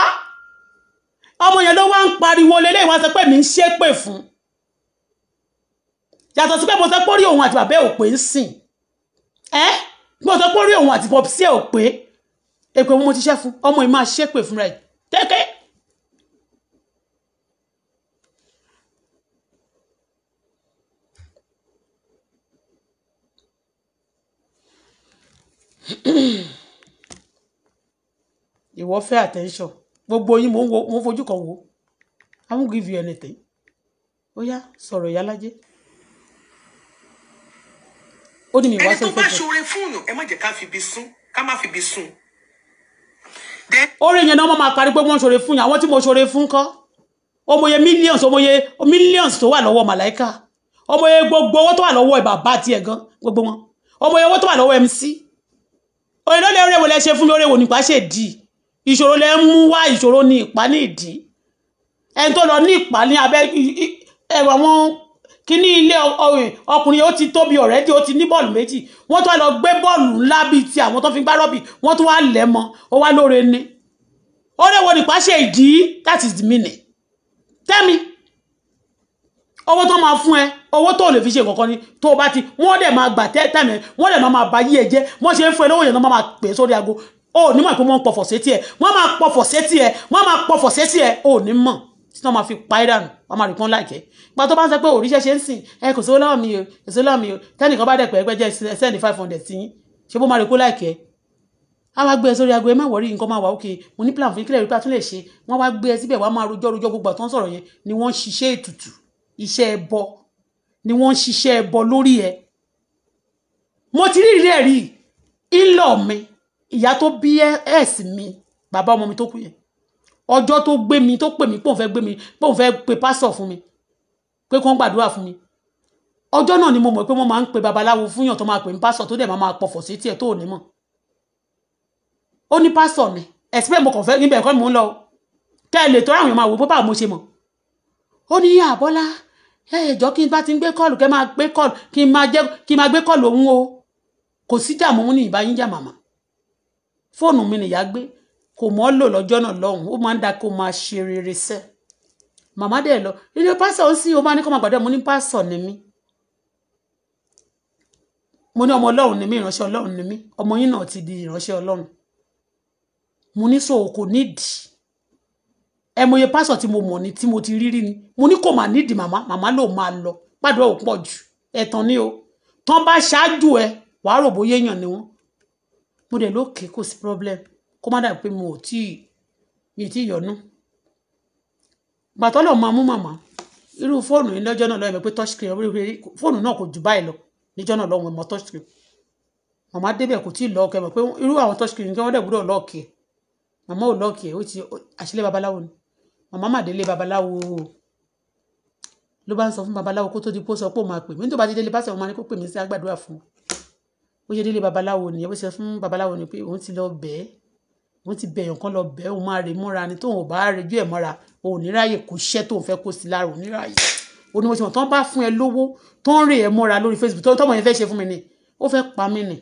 ọmọ yẹn ló wá ń pariwo lélẹ́ ìwà sọ pé mi ń ṣépè fún yàtọ̀ sí pé mo sọ pé òun àti bàbá ẹ̀ ò ń sìn ẹ́ mo sọ pé orí òun àti pop sí ẹ̀ ò pé èpè mo ti ṣẹ́ fún ọmọ yìí máa ṣépè fúnra ẹ̀ kẹ́kẹ́. ìwọ fẹ́ attention gbogbo yín mo ń fojú kan wò i won't give you anything ó yá sọ̀rọ̀ ìyá lájẹ́ ó ní mi wá sórí facebook. ẹni tó bá ṣoore fóònù ẹ má jẹ́ ká fi bi sún ká má fi bi sún. orí yẹn náà wọ́n máa parí pé wọ́n ṣoore fún yàn àwọn tí mo ṣoore fún kọ́ ọmọye millions ọmọye millions tó wà lọ́wọ́ màláìka ọmọye gbogbo owó tó wà lọ́wọ́ bàbá àti ẹ̀gán gbogbo wọn ọmọye owó tó wà lọ́wọ́ mc òye lọ́lẹ̀ orí èwo lẹ ṣe fún mi orí èwo nípa ṣe dì ìṣòro lẹ ń mú wá ìṣòro ní ìpá ní ìdí ẹni tó lọ ní ìpá ní abẹ́ ẹ̀wọ̀n kíní ilé ọkùnrin ó ti tóbi ọ̀rẹ́dì ó ti ní bọ́ọ̀lù méjì wọ́n tún wá lọ gbé bọ́ọ̀lù ńlá bíi ti àwọn tó fi gbá rọ́bì wọ́n tún wá lẹ̀ mọ́ ó wá lóore ni ó léwo nípa ṣe ìdí that is the meaning tẹ́mi owó tó máa fún ẹ owó tó lè fi ṣe nǹkan kan ni tó o bá ti wọ́n dẹ̀ máa gbà tẹ́tẹ̀mí wọ́n dẹ̀ máa bá yí ẹ jẹ́ wọ́n ṣe ń fún ẹ lówó yẹn náà máa pè é sórí aago ó tí wọ́n máa fi pa ẹ́ dànù wọ́n máa rí pọ́n láìkẹ́ ìgbà tó bá ń sọ pé òrìṣẹ́ ṣe ń sìn ẹ kò sówó lọ́wọ́ mi o kò sówó lọ́wọ́ mi o tẹ́nìkan bá dẹ̀ pẹ́ ẹgbẹ́ jẹ́ sẹ́ni five hundred sí yín ṣé bó máa rí kó láìkẹ́ a wá gbé ẹ sórí aago ẹ má wọrí nǹkan máa wà ókè mo ní plan fún yín kílẹ̀ rí pé a tún lè ṣe wọ́n wá gbé ẹ síbẹ̀ wá máa rojọ́ rojọ́ gbogbo àtọ́ sọ̀rọ̀ yẹn ni wọ́n ń ṣiṣẹ́ ètùtù iṣẹ́ ẹbọ ni wọ́n ń ṣiṣẹ́ ẹbọ lórí ẹ mo ti rí ìrírí ẹ̀ rí ìlọ mi ìyá tó bí ẹ̀ sí mi bàbá ọmọ mi tó kú yẹn ọjọ́ tó gbé mi tó pè mí pòun fẹ́ gbé mi pòun fẹ́ pe pásítọ̀ fún mi pé kí wọ́n gbàdúrà fún mi ọjọ́ náà ni mo mọ̀ pé wọ́n máa ń pe babaláwo fúnyàn tó máa pè ní pásítọ̀ tó dẹ̀ máa máa pọ̀fọ̀ sí tiẹ̀ tó ò ní mọ̀ ó ní pásítọ̀ mi ẹ̀sìpẹ́ mo kàn fẹ́ níbẹ̀ ẹ̀kọ́ ni mò ń lọ tẹ́ ẹ lè tọ́ àwọn èèyàn máa wò bó bá mo ṣe mọ̀ ó ní àbọ́lá ẹ ẹ̀jọ́ kí n bá ti ń gbé kọ́ọ̀lù kẹ́ máa gbé kọ́ọ̀lù kí n máa jẹ́ kí n máa gbé kọ́ọ̀lù òun o kò sí jà mọ́ ní ìbáyín jà fóònù mi nìyá gbé kò mọ́ lò lọ́jọ́ náà lọ́hùn ó máa ń da kó máa ṣe rere sẹ́ màmá dẹ̀ lọ ilé pásọ̀ ń sìn ó máa ní kó máa gbàdúrà mo ní pásọ̀ ni mí mo ní ọmọ ọlọ́run ni mí ìránṣẹ́ ọlọ́run ni mí ọmọ yín náà ti di ìránṣẹ́ ọlọ́run mo ní so kò nídìí ẹ mo yẹ pásọ̀ tí mo mọ̀ ni tí mo ti rí ni mo ní kò má nídìí màmá màmá ló máa lọ pàdúrà ò pọ̀ jù ẹ̀tàn ni o tán bá ṣáájú ẹ wàá rò bóyá èèyàn ni wọ́n mo dẹ̀ lókè kò sí problem kó má dàbí pé mo ò tí mi ò tí yọnu gbàtọ́ lọ máa mú màmá irú fóònù yìí lọ́jọ́ náà lọ́yẹ̀ pé touch screen fóònù náà kò jù báyìí lọ níjọ́ náà lọ́wọ́ ìmọ̀ touch screen màmá débẹ̀ kò tí ì lọ́ọ̀kẹ́ mọ̀ pé irú àwọn touch screen kí wọ́n dẹ̀ gbúdọ̀ lọ́ọ̀kẹ́ màmá ò lọ́ọ̀kẹ́ ó ti àṣìlẹ̀ babaláwo ni màmá mà délé babaláwo ló bá ń sọ fún babaláwo kó tó di pó sọ pé ó máa pè mí tó bá ti délé pásítọ̀ wọn máa ní kó pè mí sí àgbàdua fún un ó ṣe délé babaláwo nìyẹn bó ṣe fún babaláwo ni pé òun ti lọ bẹ́ẹ̀ òun ti bẹ̀yàn kan lọ bẹ́ẹ̀ òun máa rè mọ́ra ni tóun ò bá rẹjú ẹ̀ mọ́ra òun níráyè kò ṣẹ́ tóun fẹ́ kó sí lára òun níráyè òun ni mo ti mọ̀ tó ń bá fún ẹ lówó tó ń rè ẹ mọ́ra lórí Facebook tọ́mọ yẹn fẹ́ ṣe fún mi ni ó fẹ́ pa mí ni.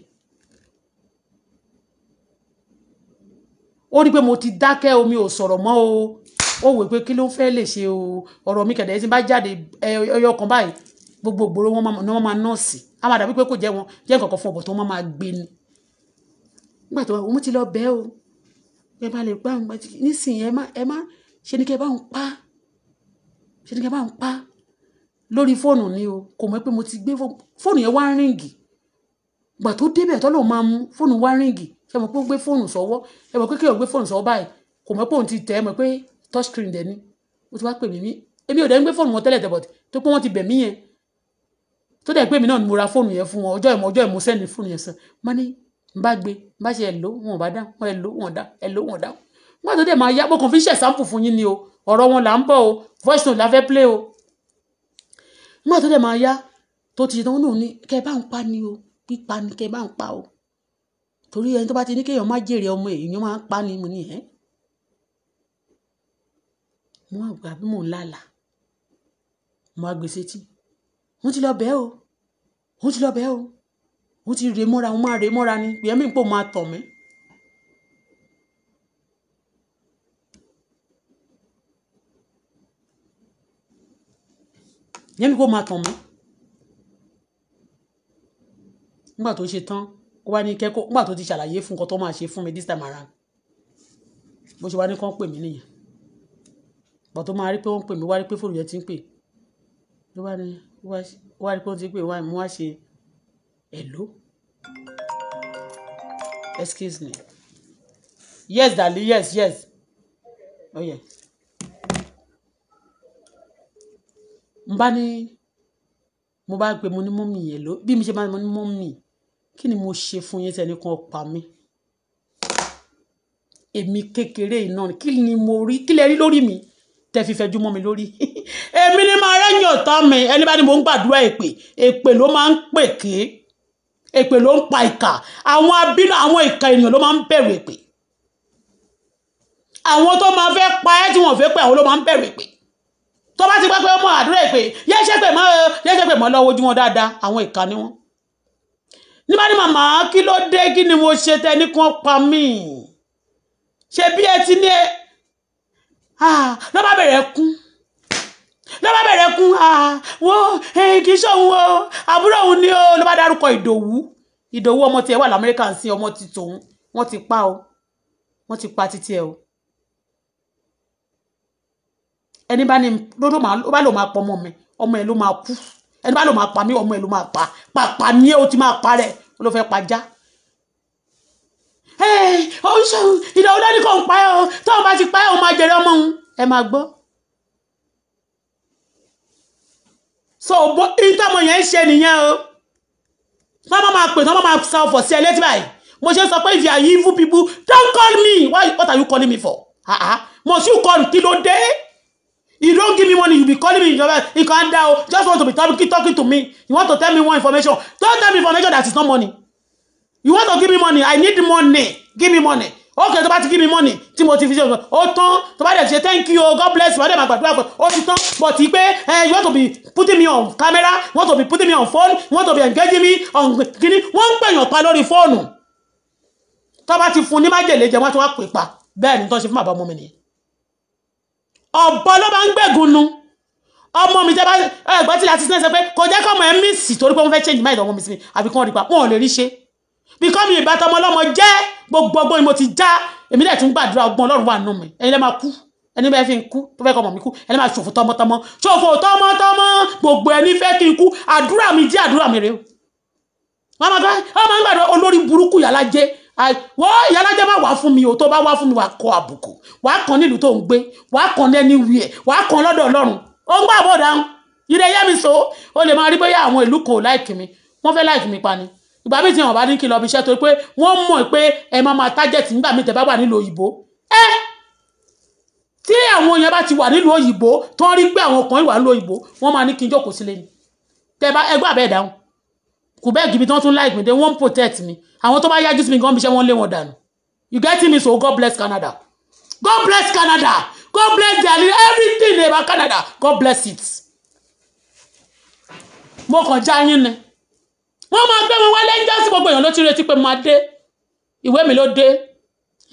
ó rí i pé mo ti dákẹ́ omi ò sọ̀rọ̀ mọ́ o ó wò pé kí ló ń fẹ́ lè ṣe o ọ̀rọ̀ mi kẹ̀dẹ̀ ẹ ti bá jáde ẹyọ kan báyìí gbogbo ìgboro wọn máa nọ́ọ̀sì á máa dàbí pé kò jẹ́ wọn jẹ́ nǹkan kan fún ọ̀bọ̀ tó máa máa gbé ni nígbà tó wọn ti lọ bẹ́ẹ̀ o kẹ bá lè gbá àwọn nísìnyí ẹ má ẹ má ṣe ni kẹ bá ń pa ṣe ni kẹ bá ń pa lórí fóònù ni o kò mọ̀ pé mo ti gbé fóònù yẹn wá ríǹgì gbà tó débẹ̀ tọ́lọ̀ máa mú fóònù wá ríǹgì ṣe mọ̀ pé ó gbé fóònù sọ́wọ́ ẹ mọ̀ pé kí ẹ gbé fóònù sọ́wọ́ báyìí kò mọ̀ pé òun ti tẹ̀ ẹ mọ̀ pé touch screen dẹ̀ ni ó ti wá pè mí mí èmi ò dẹ̀ ń gbé fóònù wọn tẹ́lẹ̀ tẹ̀ bọ̀t tó pé wọ́n ti bẹ̀ mí yẹn tó dẹ̀ pé mi náà ni mo ra fóònù yẹn fún wọn ọjọ́ ìmọ̀ ọjọ́ ìmọ̀ sẹ́ni fóònù yẹn sàn má ní n bá gbé n bá ṣe ẹ̀lò wọn ò bá dáhùn wọn ẹ̀lò wọn dá ẹ̀lò wọn dáhùn nígbà tó dẹ̀ máa yá mo kàn fi ṣe sample fún yín ni o ọ̀rọ̀ wọn là ń bọ̀ o voice note la fẹ́ play o nígbà tó dẹ̀ máa yá tó ti tán náà ni kẹ bá ń pa ni o pípa ni kẹ bá ń pa o torí ẹni tó bá ti ní kéèyàn má jèrè ọmọ èèyàn máa ń pa ni mo ní ẹ mo wá gbà bí mò ń lálà mo wá gbèsè tí wọn ti lọ bẹ́ẹ̀ o wọn ti lọ bẹ́ẹ̀ o wọ́n ti rè mọ́ra wọ́n máa rè mọ́ra ni ìyẹn mi pò máa tọ̀ mí. ìyẹn mi pò máa tọ̀ mí. nígbà tó ṣe tán ó wá ní kẹ́kọ̀ọ́ nígbà tó ti ṣàlàyé fún nǹkan tó máa ṣe fún mi this time around bó ṣe wá ní kán pè mí nìyẹn bọ̀ tó máa rí pé wọ́n pè mí wá rí pé fóònù ti ń pè ló wá ní wá rí pé wọ́n ti ń pè wá ní mo wá ṣe Hello? Excuse me. Yes, darling. Yes, yes. Oh, yeah. Mo bá ní mo bá gbé mo ní mọ́mì yẹn ló bí mi ṣe bá mo ní mi kí ni mo ṣe fún yín tẹ́ni kan pa mí. Èmi kékeré iná kí ni mo rí kí lẹ rí lórí mi tẹ́ fi fẹjú mọ́ mi lórí. Èmi ni màá rẹ́yìn ọ̀tá mi ẹni bá ní mo ń gbàdúrà èpè èpè ló máa ń pèké èpè ló ń pa ìkà àwọn abínú àwọn ìkà ènìyàn ló máa ń bẹ̀rù èpè àwọn tó máa fẹ́ pa ẹ́ tí wọ́n fẹ́ pé àwọn ló máa ń bẹ̀rù èpè tó bá ti pẹ́ pé ó mọ àdúrà èpè yẹ́sẹ̀ pè mọ́ yẹ́sẹ̀ pè mọ́ lọ́wọ́ ojú wọn dáadáa àwọn ìkà ni wọ́n nígbà ní màmá kí ló dé kí ni mo ṣe tẹni kan pa mí ṣe bí ẹ ti ní ẹ ah, lọ́ bá bẹ̀rẹ̀ kún ló bá bẹ̀rẹ̀ kún wo kì í ṣòun o àbúrò òun ni o ló bá dárúkọ ìdòwú ìdòwú ọmọ tiẹ̀ wà lamẹ́ríkà sí ọmọ ti tòun wọ́n ti pa o wọ́n ti pa títí ẹ o ẹni bá ní lọ́dọ̀ bá lò máa pọ̀ ọmọ mi ọmọ ẹ ló máa kú ẹni bá lò máa pa mí ọmọ ẹ ló máa pa pàpà ní ẹ o ti máa pa rẹ ló fẹ́ pa já ọ̀hún ṣe ìdàwọ́dá ní kò ń pa ẹ́ o tó o bá ti pa ẹ́ o máa jẹ̀rẹ̀ ọmọ òun ẹ máa gbọ́. so bó ìtọ́mọ yẹn ń ṣe nìyẹn o tọ́ bá máa pè tọ́ bá máa sa ọ̀fọ̀ sí ẹ létí báyìí mo ṣe sọ pé if you are evil people don't call me why what are you calling me for ah ah must you call kí ló dé you don't give me money you be calling me you can da o just want to be talking talking to me you want to tell me more information don't tell me information that is not money you want to give me money i need money give me money ókè tó bá ti kí mi mọ́nì tí mo ti fi ṣe ọ̀sán ó tán tó bá dẹ̀ ṣe thank you oh, god bless you adébàgbà tó bá fọ ó ti tán but pé ẹ eh, you want to be putting me on camera you want to be putting me on phone you want to be engaging me on kini wọ́n ń pèyàn pa lórí fóònù tó bá ti fún ní májèlé jẹ wọ́n ti wá pè pa bẹ́ẹ̀ ni tó ṣe fún bàbá ọmọ mi nìyẹn ọ̀bọ ló máa ń gbẹ̀gùn nu ọmọ mi tẹ́ bá ẹgbẹ́ eh, tí láti sinẹ́sẹ̀ pé kò jẹ́ kọ́ ọmọ ẹ̀ mí sì torí pé wọ́n fẹ́ change mind ọmọ mi sí mi àbí kí wọ́n rí pa wọ́n ò lè rí ṣe because mi ìbátan ọmọ ọlọ́mọ jẹ́ gbogbo ọgbọ́n ni mo ti já èmi náà tún gbàdúrà ọgbọ́n ọlọ́run wà nù mí ẹ̀yin lẹ́ máa kú ẹni bẹ́ẹ̀ fi ń kú tó fẹ́ kọ́ mọ̀ mí kú ẹni máa ṣòfò tọmọtọmọ ṣòfò tọmọtọmọ gbogbo ẹni fẹ́ kí n kú àdúrà mi jẹ́ àdúrà mi rè o wọ́n máa gbàdúrà wọ́n máa gbàdúrà olórí burúkú yàrá jẹ́ wọ́n yàrá jẹ́ má wá fún mi o tó bá wá fún mi wà kọ àbùkù wà kàn nílùú tó ń gbé wà kàn lẹ́ni wíẹ̀ wà kàn lọ́dọ̀ ọlọ́run ó ń gbàbọ̀ dáhùn ìrẹyẹmí so o lè máa rí bóyá àwọn ìlú kan láìkì mi wọ́n fẹ́ láìkì mi pa ni ìgbà méjì wọn bá ní kí n lọ bí iṣẹ́ torí pé wọ́n mọ̀ pé ẹ máa máa target nígbà míì tẹ́ bá wà nílùú òyìnbó ẹ tí àwọn èèyàn bá ti wà nílùú òyìnbó tó ń rí pé àwọn kan ìwà nílùú òyìnbó wọ́n máa ní kí n jókòó sílé ni tẹ́ bá ẹgbẹ́ àbẹ́ ìdáhùn kò bẹ́ẹ̀ gidi tó tún like me they won't protect me àwọn tó bá yájú sí mi gan bí iṣẹ́ wọn lé wọn dànù you get me so God bless Canada God bless Canada God bless their everything about Canada God bless it mo kàn já yín ni wọ́n máa gbé wọn wá lẹ́jọ́ sí gbogbo èèyàn ló ti retí pé máa dé ìwé mi ló dé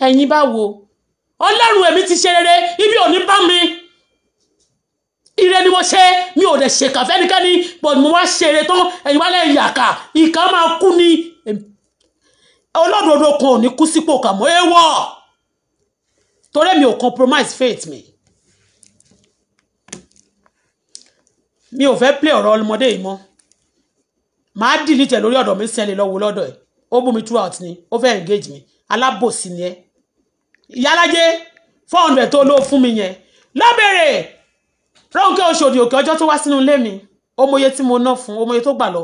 ẹ̀yin báwo ọlọ́run èmi ti ṣe rere ibi ò ní bá mi ire ni mo ṣe mi ò dẹ̀ ṣèkà fẹ́nikẹ́ni but mo wá ṣe eré tán ẹ̀yin wá lẹ́yìn yàkà ìkà máa kú ni olódodo kan ò ní kú sípò kà ewọ́ torí mi ò compromise faith mi mi ò fẹ́ play ọ̀rọ̀ ọlọmọdé yìí mọ́ màá delete ẹ lórí ọ̀dọ̀ mi sẹ́ni lọ́wọ́ lọ́dọ̀ ẹ̀ ó bú mi throughout ni ó fẹ́ engage mi alábòsí ni ẹ ìyálájé four hundred tó ló fún mi yẹn lọ́bẹ̀rẹ̀ Ronke Oṣòdì Òkè ọjọ́ tó wá sínú ilé mi ọmọye tí mo ná fún ọmọye tó gbà lọ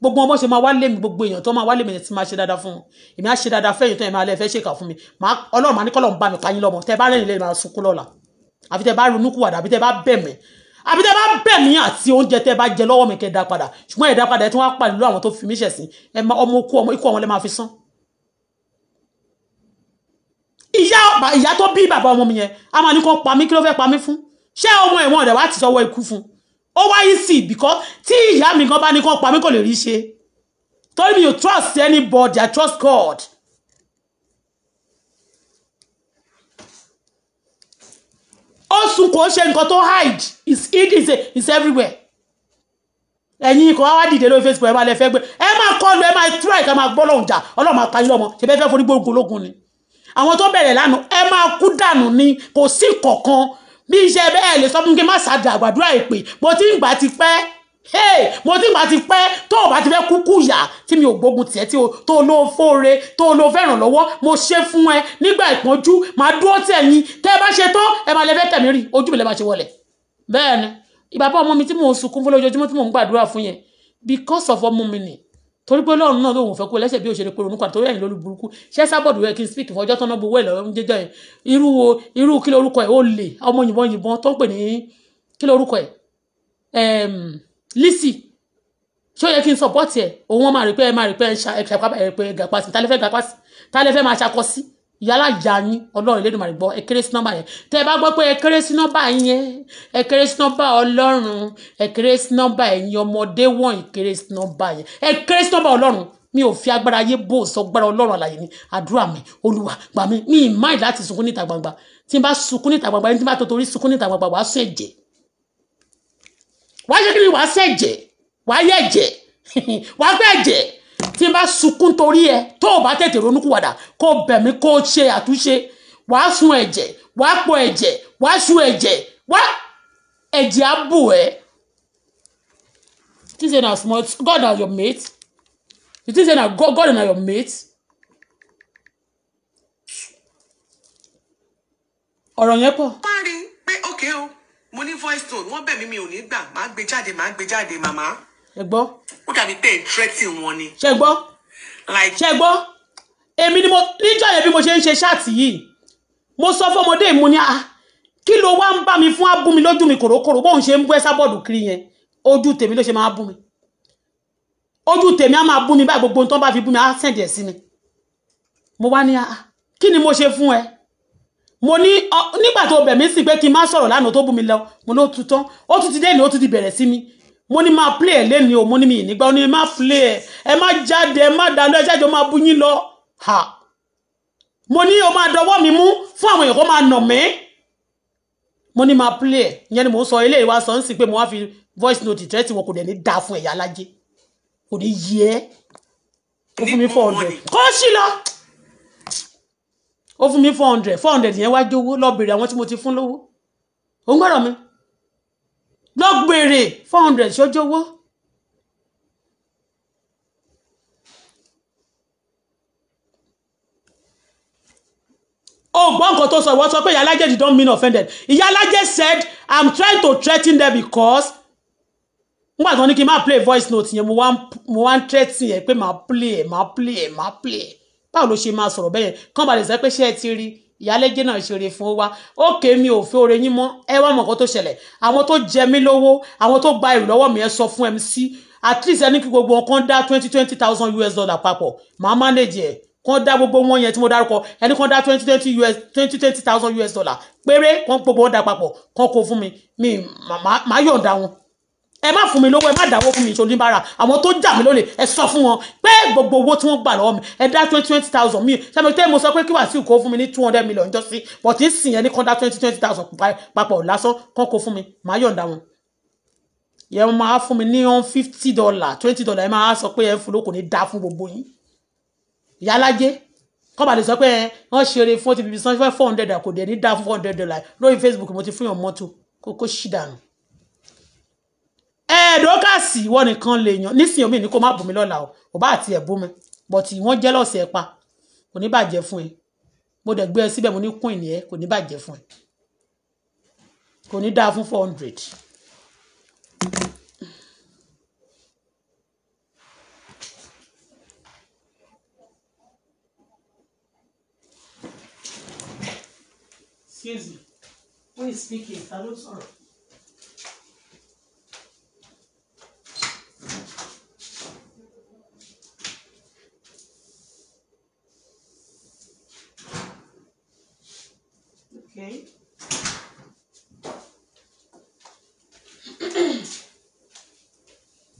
gbogbo ọmọ ṣe máa wá lé mi gbogbo èèyàn tó máa wá lé mi ti máa ṣe dáadáa fún un èmi á ṣe dáadáa fẹ́yìn tó yẹn máa lẹ́ fẹ́ ṣèkà fún mi ọlọ́run máa ní kọ́lọ́run bá mi pa yín lọ́mọ tẹ́ bá rẹ́yìn lé máa sunkún lọ́la àfi tẹ́ bá ronú kùwàdà àfi tẹ́ bá bẹ̀mẹ̀ àbí tẹ́ bá bẹ̀ mí àti oúnjẹ tẹ́ bá jẹ lọ́wọ́ mi kẹ́ dá padà ṣùgbọ́n ẹ̀dá padà ẹ̀ tí wọ́n á pàdé lọ àwọn tó fi mí ṣẹ̀sín ẹ máa ọmọ okú ọmọ ikú ọmọ lẹ́ máa fi sán. ìyá ìyá tó bí bàbá ọmọ mi yẹn a máa ní kó pa mí kí ló fẹ́ pa mí fún ṣé ọmọ ẹ̀wọ̀n rẹ̀ wá ti sọ́wọ́ ikú fún ó wáyé sí because tí ìyá mi gan bá ní kó pa mí kò lè rí ṣe torí mi ò trust anybody I trust God ó sùn kò ṣe nǹkan tó hide is it is, a is everywhere ẹ̀yin ikọ̀ wá dìde lórí Facebook ẹ máa lẹ fẹ́ gbé ẹ máa kọlu ẹ máa strike ẹ máa gbọ́ lọ́hùn jà ọlọ́run máa payín lọ́mọ ṣe fẹ́ fẹ́ forí gbóògùn ológun ni àwọn tó bẹ̀rẹ̀ lánàá ẹ máa kú dànù ni kò sí kọ̀ọ̀kan bí iṣẹ́ bẹ́ẹ̀ lè sọ fún kí n má ṣàdàgbàdúrà ìpè mo ti ń gbà ti pẹ́ hey mo ti máa ti pẹ́ tó o bá ti fẹ́ kúkú yà tí mi ò gbógun tiẹ̀ tí o tó o ló fóore tó o ló fẹ́ràn lọ́wọ́ mo ṣe fún ẹ nígbà ìpọ́njú màá dúró tì ẹ̀yìn tẹ́ ẹ bá ṣe tán ẹ máa lè fẹ́ tẹ̀mí rí ojú mi lè máa ṣe wọlé bẹ́ẹ̀ ni ìbàbá ọmọ mi tí mò ń sunkún fún lójoojúmọ́ tí mò ń gbàdúrà fún yẹn because of ọmọ mi nì torí pé lọ́run náà lòun fẹ́ kó lẹ́sẹ̀ bí òṣèré pé ronú pàtó ẹ̀yìn lórí burúkú ṣé sábọ̀dù rẹ kí n speak fọjọ́ tán náà gbowó ẹ̀ lọ́wọ́ jẹjọ́ ẹ̀ irú o irú kí lorúkọ ẹ̀ ó lè ọmọ yìnbọn yìnbọn tó ń pè ní kí lorúkọ ẹ̀ Lizzy ṣé ó yẹ kí n support ẹ òun wọn máa rí pé ẹ máa rí pé ẹ ṣàpapọ̀ pé gàpá sí tálẹ́fẹ́ gàpá sí tálẹ́fẹ́ máa ṣakọ sí yálà ìyá yín ọlọ́run ìlédùn màrí gbọ́ ẹ kéré sí nọ́mbà yẹn tẹ́ ẹ bá gbọ́ pé ẹ kéré sí nọ́mbà yẹn ẹ kéré sí nọ́mbà ọlọ́run ẹ kéré sí nọ́mbà ẹ̀yin ọmọdé wọ̀n ẹ kéré sí nọ́mbà yẹn ẹ kéré sí nọ́mbà ọlọ́run mi ò fi agbára ayé bò sọ agbára ọlọ́run àlàyé ni àdúrà mi olúwa gbà mí mi ì máì láti sunkún níta gbangba tí n bá sunkún níta gbangba ẹni tí n bá tòtò orí sunkún níta gbangba wàá sún ẹ̀jẹ̀ wàá ṣe kí ni wàá ṣẹ̀jẹ̀ wàá yẹ̀jẹ̀ wàá gbẹ̀jẹ̀ tí n bá sunkún torí ẹ tó o bá tètè ronúkúwàdà kó o bẹ̀ mí kó o ṣe àtúnṣe wàá sun ẹ̀jẹ̀ wàá pọ̀ ẹ̀jẹ̀ wàá sun ẹ̀jẹ̀ wàá ẹ̀jẹ̀ á bù ẹ́ you think na small God na your mate you think say na God God na your mate ọ̀rọ̀ yẹn pọ̀. wọ́n rí i pé ókè o mo ní voice tone wọ́n bẹ̀ mí mi ò ní gbà máa gbé jáde máa gbé jáde màmá. ẹ gbọ́. ó dàbí pé ìtírẹ́tì wọn ni. ṣe gbọ́ ṣe gbọ́ èmi ni mo níjọ́ yẹn bí mo ṣe ń ṣe ṣáàtì yìí mo sọ fọmọdé mi ní a ah, kí ló wá ń bá mi fún abúmi lójú mi kòrókòró bóun ṣe ń bú ẹ sábọ̀dù kiri yẹn ojú tèmi ló ṣe máa bú mi ojú tèmi á máa bú mi báyìí gbogbo ohun tó bá fi bú mi á sẹ̀dẹ̀ sí mi mo wá ní a ah, kí ni mo ṣe fún ẹ mo ní nígbà tó bẹ̀ mí sí pé kí n má sọ̀rọ̀ lánàá tó bú mi lọ mo ló tu tán ó tún ti dé ní ó tún ti bẹ̀rẹ̀ sí mi mo ní máa play ẹ̀ lẹ́ni o mo ní mi ìnígbà ó ní má play ẹ̀ ẹ má jáde ẹ má dáná ẹ jáde ó máa bú yín lọ ha mo ní o máa dọwọ́ mi mú fún àwọn èèyàn kó máa nà mí mo ní máa play ẹ̀ ìyẹn ni mo ń sọ eléyìí wá sọ ń sìn pé mo wá fi voice note ìtẹ́tì wọn kò dẹ̀ ní dáa fún ẹ̀yà alájẹ kò ní yí ẹ́ ó fún mi four hundred kó sí lọ ó fún mi four hundred four hundred yẹn wá jówó lọ bèrè àwọn tí mo ti fún lówó òun gbọ́dọ̀ mi lọ bèrè four hundred ṣojówó. o gbọ́ nǹkan tó sọ ìwọ sọ pé ìyá alájẹ́ don't mean offended ìyá alájẹ́ said i'm trying to threaten them because nígbà tí wọ́n ní kí n máa play voice note yẹn mo wá ń threaten yẹn pé màá play ẹ̀ màá play ẹ̀ màá play ẹ̀ báwo ló ṣe máa sọ̀rọ̀ bẹ́ẹ̀ kán balẹ̀ sọ pé ṣé ẹ ti rí ìyálẹ́jẹ́ náà ṣeré fún wa ókè mi ò fẹ́ oore yín mọ́ ẹ wá mọ̀ kó tó ṣẹlẹ̀ àwọn tó jẹ mí lówó àwọn tó gba ìrù lọ́wọ́ mi ẹ sọ fún mc at least ẹni kí gbogbo wọn kàn dá twenty twenty thousand us dollar papọ̀ màá manage ẹ̀ kàn dá gbogbo wọn yẹn tí mo dárúkọ ẹni kàn dá twenty twenty us twenty twenty thousand us dollar péré kàn gbogbo wọn dá papọ̀ kàn kó fún mi mi màá yọ̀ǹda wọn ẹ má fún mi lówó ẹ má dáwó fún mi ìṣòro níbàárà àwọn tó jà mí lólè ẹ sọ fún wọn pé gbogbo owó tí wọ́n gbà lọ́wọ́ mi ẹ dá twenty twenty thousand mi ṣàmì tẹ́ mo sọ pé kí Wàsíù kó fún mi ní two hundred million jọ sí but ń sìn yẹn ní kọ́ńdá twenty twenty thousand papọ̀ lásán kán kó fún mi màá yọ̀ǹda wọn yẹn wọ́n máa fún mi ní one fifty dollar twenty dollar ẹ máa sọ pé ẹ fún lóko ní dá fún gbogbo yín yálàjẹ́ kọ́ba lè sọ pé wọ́n ṣe eré fún ti bíbí sanfẹ́ four hundred kò dẹ̀ ní dá fún four hundred dollar lórí Facebook mo ti fún yàn mọ́tò kókó ṣì dànù ẹ̀ẹ́dọ́kàsì ìwọ nìkan lèèyàn nísìnyí omi ní kó má bù mí lọ́la o ò bá àti ẹ̀ bú mi bọ̀tì wọ́n jẹ́ lọ́sẹ̀ ẹ̀ pa kò ní bàjẹ́ fún ẹ mo dẹ̀ gbé ẹ síbẹ̀ mo ní kún ìní ẹ kò ní bàjẹ́ fún ẹ kò ní dáa fún four hundred. Excuse me. Who is speaking? Hello, sir. Okay.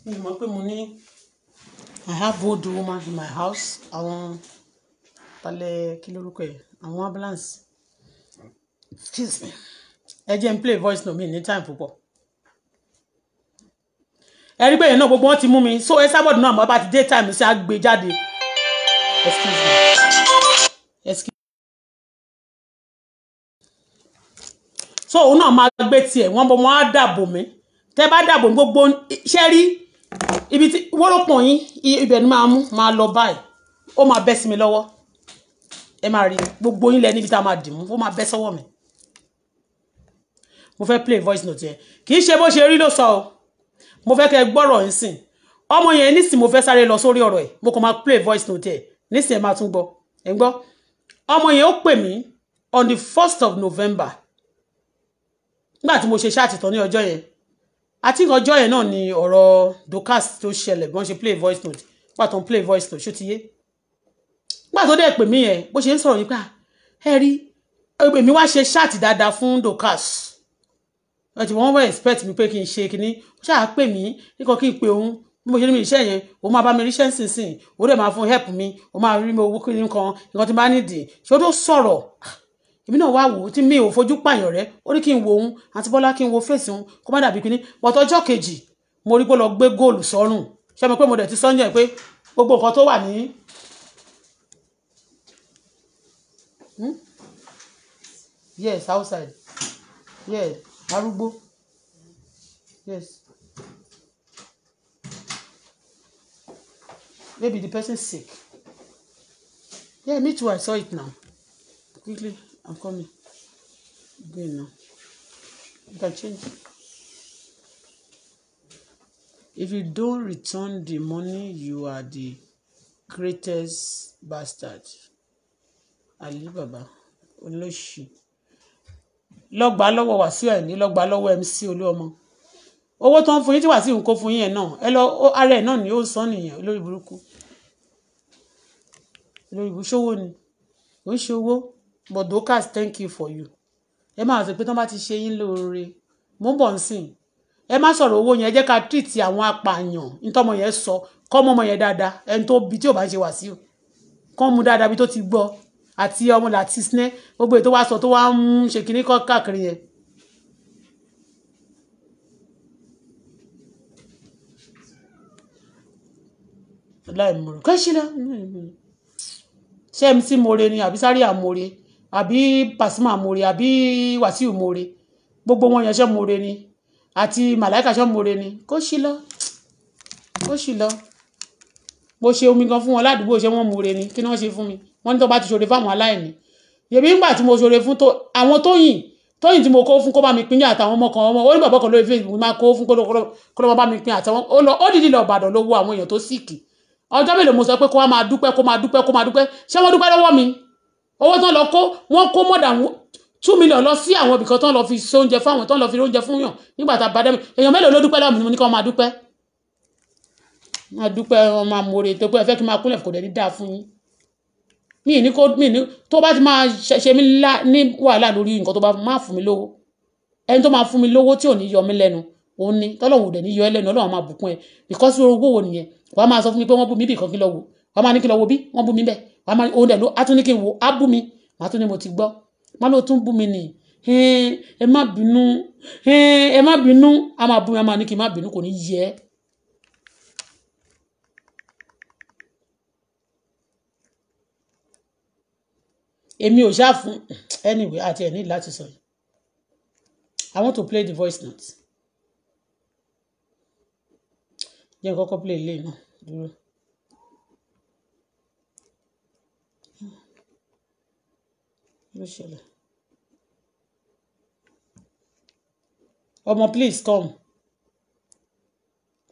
mi mọ̀ pé mo ní I have old woman in my house àwọn talẹ̀ kí lórúkọ ẹ̀ àwọn ambulance excuse me ẹ jẹ́ n play voice no me ní time púpọ̀ ẹ rí bẹ́ẹ̀ náà gbogbo wọn ti mú mi so ẹ sábọ̀dù náà mo bá ti dé time sí àgbè excuse me excuse me. so òun náà máa gbé tiẹ̀ wọ́n bọ́ wọ́n á dàbò mí tẹ́ bá dàbò mí gbogbo ṣẹ́ rí ibi tí wọ́lọ́pọ̀ yín ibẹ̀ ni máa mú máa lọ báyìí ó máa bẹ́ sí mi lọ́wọ́ ẹ máa rí gbogbo yín lẹ níbi tá a máa dì mú ó máa bẹ́ sọ́wọ́ mi mo fẹ́ play voice note yẹn kì í ṣe bó ṣe rí ló sọ o mo fẹ́ kẹ́ ẹ gbọ́rọ̀ yín sìn ọmọ yẹn nísìn mo fẹ́ sáré lọ sórí ọ̀rọ̀ ẹ̀ mo kàn máa play voice note ẹ̀ nísìn ẹ máa tún gbọ́ ẹ gbọ́ ọmọ yẹn ó pè mí on the first of November nígbà mo ṣe ṣáàtì tán ní ọjọ́ yẹn àti ọjọ́ yẹn náà ni ọ̀rọ̀ Dorkas tó ṣẹlẹ̀ bí wọ́n ṣe play voice note nígbà tó ń play voice note ṣó ti yé nígbà tó dẹ̀ pè mí yẹn bó ṣe ń sọ̀rọ̀ nípa ẹ rí èmi wá ṣe ṣáàtì dáadáa fún Dorkas wọ́n ti wọ́n wọ́n expect mi pé kí n ṣe kinní ó ṣáà pè mí níkan kí n pe òun bí mo ṣe ní mi iṣẹ́ yẹn ó máa bá mi ríṣẹ́ nísinsìnyí ó dẹ̀ máa fún help mi ó máa rí mi owó kí nǹkan nǹkan tí bá nídìí ṣé ó tó sọ̀rọ̀ èmi náà wá wò ó tí mi ò fojú pààyàn rẹ ó ní kí n wo òun àti bọ́lá kí n wo fèsì òun kó má dàbí kínní but ọjọ́ kejì mo rí pé lọ gbé góòlù sọ́rùn ṣé mo pé mo dẹ̀ ti sọ́njẹ́ pé gbogbo nǹkan tó wà ní. Hmm? yes outside yes arúgbó yes maybe the person sick yeah me too i saw it now quickly. I'm coming. Again now. You can change. If you don't return the money, you are the greatest bastard. Ali Baba. Olóṣì. Lọ́gbà lọ́wọ́ Wàsíù Àìní, lọ́gbà lọ́wọ́ MC Olúọmọ. Owó tó ń fún yín tí Wàsíù ń kó fún yín ẹ̀ náà. Ẹ lọ ara ẹ̀ náà ni ó sọ nìyẹn olórí burúkú. Olórí burúkú ṣówó ni. Ó ń ṣe owó but Dorcas thank you for you ẹ máa sọ pé tán bá ti ṣe yín lóore mo ń bọ̀ ń sìn ẹ má sọ̀rọ̀ owó yẹn ẹ jẹ́ ká treat àwọn apààyàn nítọ́mọ yẹn sọ kọ́ ọmọ yẹn dáadáa ẹni tó bi tí ò bá ń ṣe Wàsíù kọ́ mu dáadáa bí tó ti gbọ́ àti ọmọ láti sinẹ́ gbogbo èyí tó wá sọ tó wá ń ṣe kinní kọ́ káàkiri yẹn. láì mọ̀rọ̀ kẹ́sìlá ṣé mc more ni àbí sáré àmore àbí Pasuma More àbí Wàsíù More gbogbo wọn yẹn ṣe More ni àti Màláìka ṣe More ni kó sì lọ kó sì lọ bó ṣe omi gan fún wọn ládùúgbò ṣe wọn More ni kí ni wọn ṣe fún mi wọn ní tó bá ti ṣòro fáwọn aláìní yèmí ńgbà tí mo ṣòro fún àwọn tóyìn tóyìn tí mo kó fún kó bá mi pín àtàwọn ọmọ kan ọmọ ó ní bàbá kan lórí Facebook máa kó fún kó lọ́wọ́ bá mi pín àtàwọn ó lọ ó dìdí lọ Ìbàdàn ló àwọn èèyàn tó síkì ọjọ́ mélòó mo sọ pé kó wá máa dúpẹ́ kó máa dúpẹ́ kó máa dúpẹ́ ṣé wọ́n dúpẹ́ lọ́wọ́ mi owó tán lọ kó wọ́n kó mọ́dà two million lọ sí àwọn ibìkan tán lọ fi ṣe oúnjẹ fáwọn tán lọ fi oúnjẹ fún yàn nígbà tá a bá dẹ́mi èèyàn mélòó ló dúpẹ́ lọ́wọ́ mi ní kí wọ́n máa dúpẹ́ máa dúpẹ́ wọn máa mòrè tó pé ẹ fẹ́ kí n máa kúnlẹ̀ kò dẹ̀ ní dáa fún yín mi ní kó mi ní tó bá ti máa ṣe mí ní wàhálà lórí nǹkan tó bá máa fún mi lówó ẹni tó máa fún mi lówó tí ò ní yọ mí lẹ́nu òun ni tọ́lọ́hùn ò dẹ̀ ní yọ ẹ lẹ́nu ọlọ́run máa bùkún ẹ because owó wo nìyẹn wàá máa sọ fún mi pé wọ́n bù mí bìkan kí lọ wò wọ́n máa ní kí lọ wo bí wọ́n bú mi bẹ́ẹ̀ wọ́n máa òun dẹ̀ ló á tún ní kí n wo á bú mi màá tún ní mo ti gbọ́ wọ́n ló tún bú mi nì ẹ má bínú ẹ má bínú a máa bú mi a máa ní kí n má bínú kò ní yẹ ẹ́. èmi ò ṣáà fún anyway àti ẹ̀ ní láti sọ yìí I want to play the voice note jẹ́ n kọ́kọ́ play ilé náà dúró. ló ṣẹlẹ̀? ọmọ please come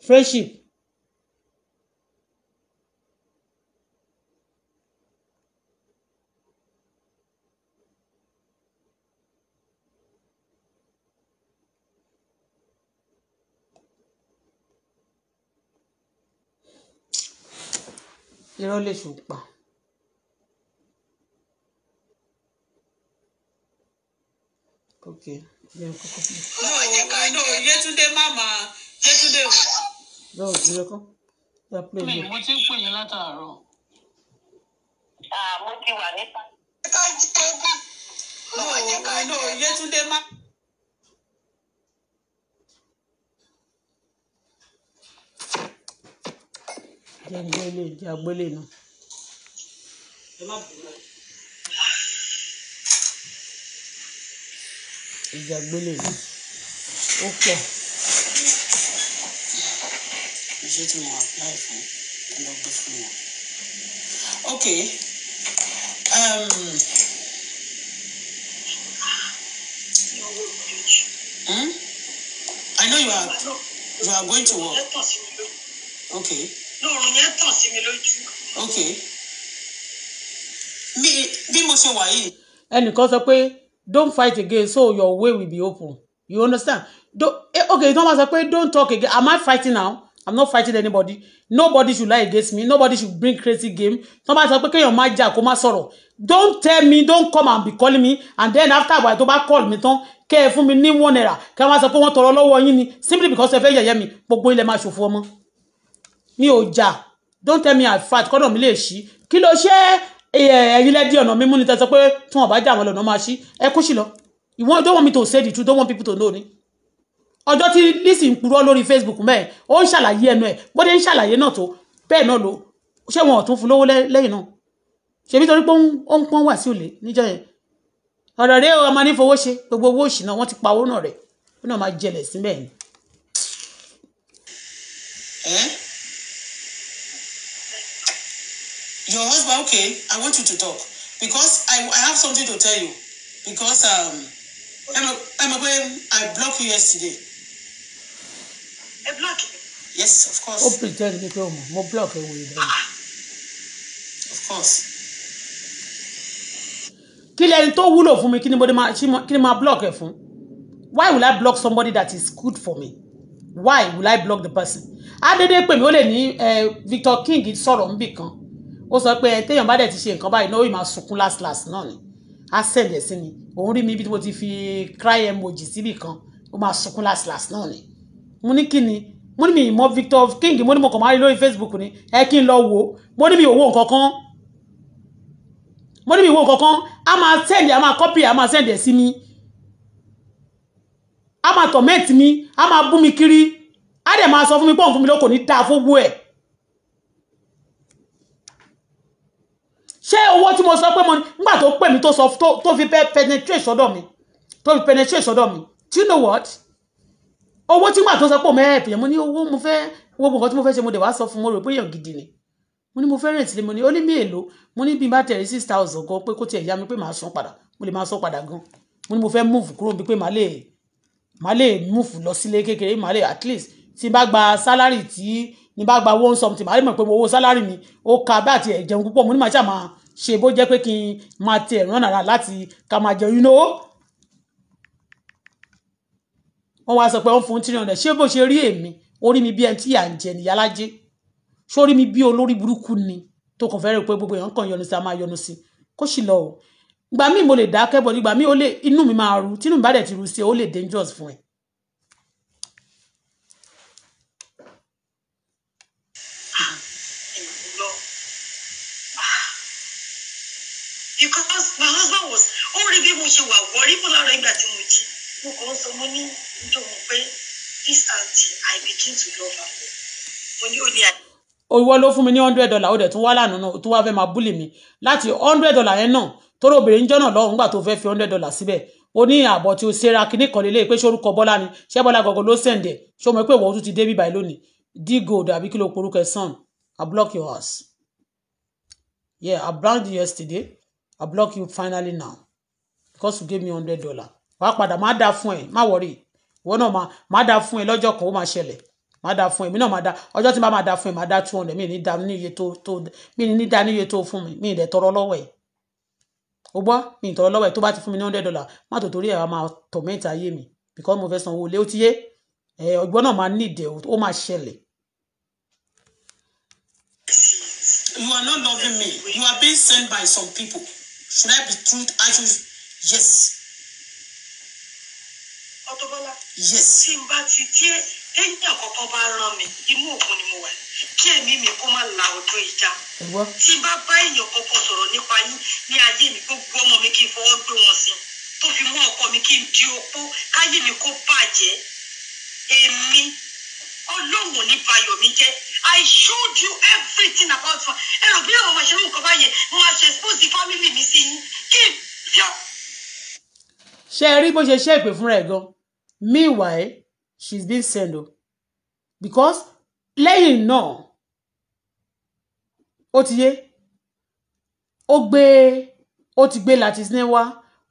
friendship. irọ́ lè ṣùpá. okay jẹ́ n kọ́kọ́ fún mi. náà yẹ ká ló yétúndé màmá yétúndé o. lọ́wọ́ ti rẹ kọ́ ya pé Ah, mo ti ń pè yín látàárọ̀. mo ti wà nípa. ká jẹ́ bí. náà yẹ ká ìjà gbélé mi ó pọ̀. iṣẹ́ tí mo apply fún ẹ gbé fún wọn. ok um, hmm? I know you are you are going to work. ok. lóòrùn yẹn tàn sí mi lójú. ok. bí mo ṣe wà yìí. ẹnìkan sọ pé don't fight again so your way will be open you understand don't eh, okay don't bá sọ don't talk again am I fighting now i'm not fighting anybody nobody should lie against me nobody should bring crazy game tó bá sọ pé kéèyàn má jà kó don't tell me don't come and be calling me and then after a while tó bá call me, tán kẹ́ ẹ fún mi ní one naira kẹ́ ẹ wá sọ pé wọ́n tọrọ lọ́wọ́ yín ni simply because ẹ fẹ́ yẹ̀yẹ́ mi gbogbo ilẹ̀ máa ṣòfò ọmọ mi ò jà don't tell me i fat kọ́nà mi lè ṣí kí ló ṣe Eh, eh, eh, ẹ̀yin lẹ́dí ọ̀nà mímú ni tẹ́sán pé tí wọ́n bá jà wọ́n lọ́nà máa ṣí ẹ kú sí lọ ìwọ́n don't want me to say the truth don't want people to know ni ọjọ́ tí Lizzy ń purọ́ lórí Facebook mẹ́ẹ̀ ó ń ṣàlàyé ẹnu ẹ̀ bọ́dé ń ṣàlàyé náà tó bẹ́ẹ̀ náà ló ṣé wọn ò tún fún lówó lẹ́yìn náà ṣèbí torí pé ó ń pọ́n wà sí òlé níjọ́ yẹn ọ̀rọ̀ rẹ o ọmọ nífowó ṣe gbogbo owó òṣìná wọ́n ti pa owó náà rẹ̀ ó your husband okay i want you to talk because i i have something to tell you because um ẹ mọ̀ pé i block you yesterday. ẹ block yes of course. Oh, pretend me o mọ̀ mo block ẹ wòye dáná. Ah! of course. kí lẹni tó wúlò fún mi kí anybody ma? kí ni mo block ẹ fún why will i block somebody that is good for me why will i block the person adede pè mí ó lè ní eh, Victor King sọ̀rọ̀ nbì kan ó sọ pé téèyàn bá dẹ̀ ti ṣe nǹkan báyìí náà ó ì máa sunkún last last náà ni á sẹ̀lẹ̀ sí ni òun rí mi bí mo ti fi cry emoji síbì kan ó máa sunkún last last náà ni mo ní kí ni mo ní mi ìmọ̀ Victor King mo ní mo kàn máa rí lórí Facebook ni ẹ kí n lọ wò ó mo ní mi ò wo nǹkan kan mo ní mi wo kankan a máa sẹ́ndì a máa kọ́pì a máa sẹ́ndì ẹ̀ sí mi a máa tọ̀mẹ́ẹ̀tì mi a máa bú mi kiri a dẹ̀ máa sọ fún mi pọ́ùn fún mi lóko ní dáa fógbó ẹ̀ ṣé owó tí mo sọ pé mo nígbà tó pè mí tó sọ tó fi penetrate sọ́dọ̀ mi tó fi penetrate sọ́dọ̀ mi do you know what owó tí gbà tó sọ pé òun ẹ̀ẹ́pì yẹn mo ní owó mo fẹ́ owó nǹkan tí mo fẹ́ ṣe mo dẹ̀ wá sọ fún mo rò pé èèyàn gidi ni mo ní mo fẹ́ rẹ̀ mo ní ó ní mí èlò mo ní bí n bá tẹ̀lé six thousand gan pé kó tiẹ̀ yá mi pé màá san padà mo lè máa san padà gan mo ní mo fẹ́ múùfù kúrò bí pé màá lè màá lè múùfù lọ sílé kékeré màá lè at least tí n bá gba sálárì tí n bá gba one something màá lè mọ̀ pé owó sálárì mi ó ka bá àti ẹ̀jẹun púpọ̀ mo ní màá ṣàmà ṣe bó jẹ́ pé kí n máa ti ẹ̀rán nàrà láti ká máa jẹun yín náà wọ́n wá sọ pé wọ́n fún three hundred ṣé bó ṣe rí èmi orí mi bí ẹni tí à ń jẹ nìyá lájẹ́ sórí mi bí olórí burúkú ni tó kàn fẹ́rẹ̀ pé gbogbo èèyàn kàn yọnu sí a máa yọnu sí kó sì lọ o gbà mí mo lè dákẹ́ bọ̀ nígbà mí ó lè inú mi máa ru tínú mi bá dẹ̀ ti ru sí ó lè dangerous fún ẹ ti wà wọrí fún láàárọ̀ ìgbà tí mo jí mo kàn ń sọ mo ní nítorí pé this auntie, i begin to love her mo ní ó ní àyè. owó ló fún mi ní hundred dollar ó dẹ̀ tún wá lànà náà tó wá fẹ́ máa búlì mi láti hundred dollar yẹn náà tóró obìnrin jọ́nà lọ́rùn nígbà tó fẹ́ fi hundred dollar síbẹ̀ ó ní àbọ̀ tí o ṣera kíní kan lélẹ́yìí pé ṣorúkọ bọ́lá ni ṣé bọ́lá gọ́gọ́ ló sẹ̀ǹdẹ̀ ṣé o mọ̀ pé ìwọ́n tún ti dé bíbáyìí lónìí Dig gold àbí kí ló porúkọ ẹ̀ sàn i block your house yeah i blocked you yesterday i block you finally now because you gave me hundred dollar wàá padà má dáa fún ẹ má wọrí ìwọ náà má má dáa fún ẹ lọ́jọ́ kan ó máa ṣẹlẹ̀ má dáa fún ẹ mi náà má dáa ọjọ́ tí bá má dáa fún ẹ má dáa two hundred mi ní dáa ní iye tó tó mi ní dáa ní iye tó fún mi mi ì dẹ̀ tọrọ lọ́wọ́ ẹ̀ o gbọ́ mi ì tọrọ lọ́wọ́ ẹ̀ tó bá ti fún mi ní hundred dollar má tò torí ẹ̀ wá máa torment ayé mi because mo fẹ́ san owó ilé ó ti yé ẹ ọgbọ́n náà máa ní ìdẹ̀ ó máa ṣẹlẹ̀. you are not loving me you are being sent by some people should I be truth I should yes. Ọ̀tọ̀bọ́lá. yes. tí n bá ti tí èèyàn kọ̀ọ̀kan bá rán mi inú òkun ni mo wà kí ẹ̀mí mi kó má la ọdún ìjà. tí n bá bá èèyàn kọ̀ọ̀kan sọ̀rọ̀ nípa yín ní ayé mi gbogbo ọmọ mi kí n fọwọ́ gbé wọn sí tó fi mú ọkọ mi kí n di opó káyé mi kó bàjẹ́ èmi ọlọ́run ní bayọ̀ mi jẹ́ i showed you everything about her ẹ rò bí àwọn ọmọ ìṣẹ́lẹ̀ nǹkan báyẹn mo máa ṣe expose the family mi sí yín kí n fi ọkọ ṣe rí bó ṣe ṣe ìpè fúnra ẹ̀ gan meanwhile she's being sent o because lẹ́yìn náà ó ti yé ó gbé ó ti gbé Latisneh wá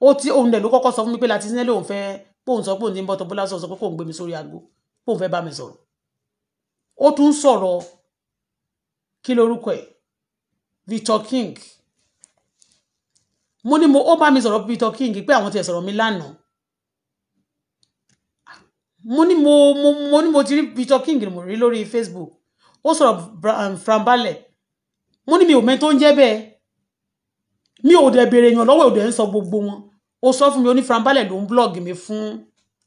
ó ti òun dẹ̀ ló kọ́kọ́ sọ fún mi pé Latisneh lòun fẹ́ póun sọ póun ti ń bọ́ tọ́bọ́lá sọ sọ pé kóun gbé mi sórí aago póun fẹ́ bá mi sọ̀rọ̀ ó tún sọ̀rọ̀ kí lorúkọ ẹ̀ Victor King mo ní mo ó bá mi sọ̀rọ̀ Peter King pé àwọn tiẹ̀ sọ̀rọ̀ mi lánàá mo ní mo mo mo ní mo ti rí Peter King mo rí lórí Facebook ó sọ̀rọ̀ um, Frambalẹ̀ mo ní mi ò mẹ́ni tó ń jẹ́ bẹ́ẹ̀ mi ò dẹ̀ béèrè èèyàn lọ́wọ́ òde ń sọ gbogbo wọn ó sọ fún mi ó ní Frambalẹ̀ ló ń blọ́ọ̀gì mi fún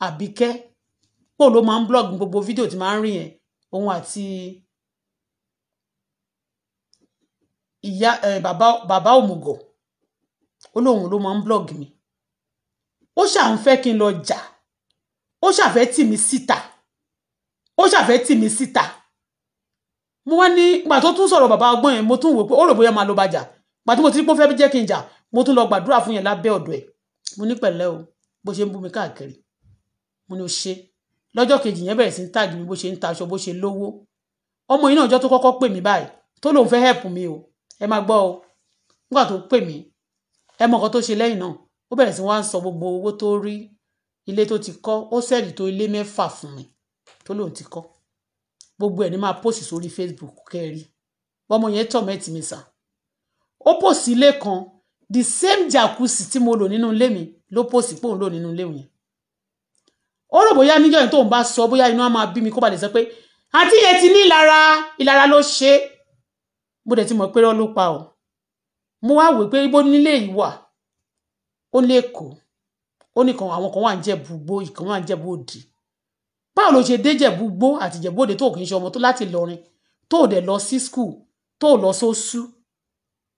Àbíkẹ́ pò ló máa ń blọ́ọ̀gì gbogbo fídíò tí máa ń rí yẹn òun àti ìyá eh, bàbá òmùgọ̀ ó lóun ló máa ń blog mi ó ṣà ń fẹ́ kí n lọ jà ó ṣàfẹ́ tì mí síta ó ṣàfẹ́ tì mí síta mo wá ní ìgbà tó tún sọ̀rọ̀ bàbá ọgbọ́n yẹn mo tún wò pé ó rò bóyá máa lọ bàjà ìgbà tí mo ti rí pé ó fẹ́ jẹ́ kí n jà mo tún lọ gbàdúrà fún yẹn lábẹ́ ọ̀dọ̀ ẹ̀ mo ní pẹ̀lẹ́ o bó ṣe ń bú mi káàkiri mo ní o ṣe lọ́jọ́ kejì yẹn bẹ̀rẹ̀ sí ń tàgì mi bó ṣe ń taṣọ bó ṣe lówó ọmọ yìí náà ọjọ́ tó kọ́kọ́ pè mí báyìí tó lóun fẹ́ help mi o ẹ máa gbọ́ o nígbà tó pè mí ẹ mọ̀ nǹkan tó ṣe lẹ́yìn náà ó bẹ̀rẹ̀ sí wá ń sọ gbogbo owó tó rí ilé tó ti kọ́ ó sẹ́ẹ̀lì tó ilé mẹ́fà fún mi tó lóun ti kọ́ gbogbo ẹ̀ ní máa pòsì sórí Facebook kẹ́rì ọmọ yẹn tọ̀ mẹ́tì mi sà ó pòsì ilé kan the same jacuzzi tí mo lò nínú ilé mi ló pòsì pòun lò nínú ilé yẹn ó rò bóyá níjọ́ yẹn tóun bá sọ bóyá inú á máa bí mi kó ba lè sọ pé àti yẹn ti ní ìlara ìlara ló ṣe é mo dẹ̀ ti mọ̀ pé rọ́ ló pa ọ́ mo wá wò pé ibo nílé yìí wà ó lẹ́kọ̀ọ́ ó ní kan àwọn kan wà ń jẹ̀bú gbó ìkan wà ń jẹ̀bú òdì báwo ló ṣe dé jẹ̀bú gbó àti jẹ̀bú òde tó kì í ṣe ọmọ tó láti lọrin tó dẹ̀ lọ sí skul tó lọ sóṣù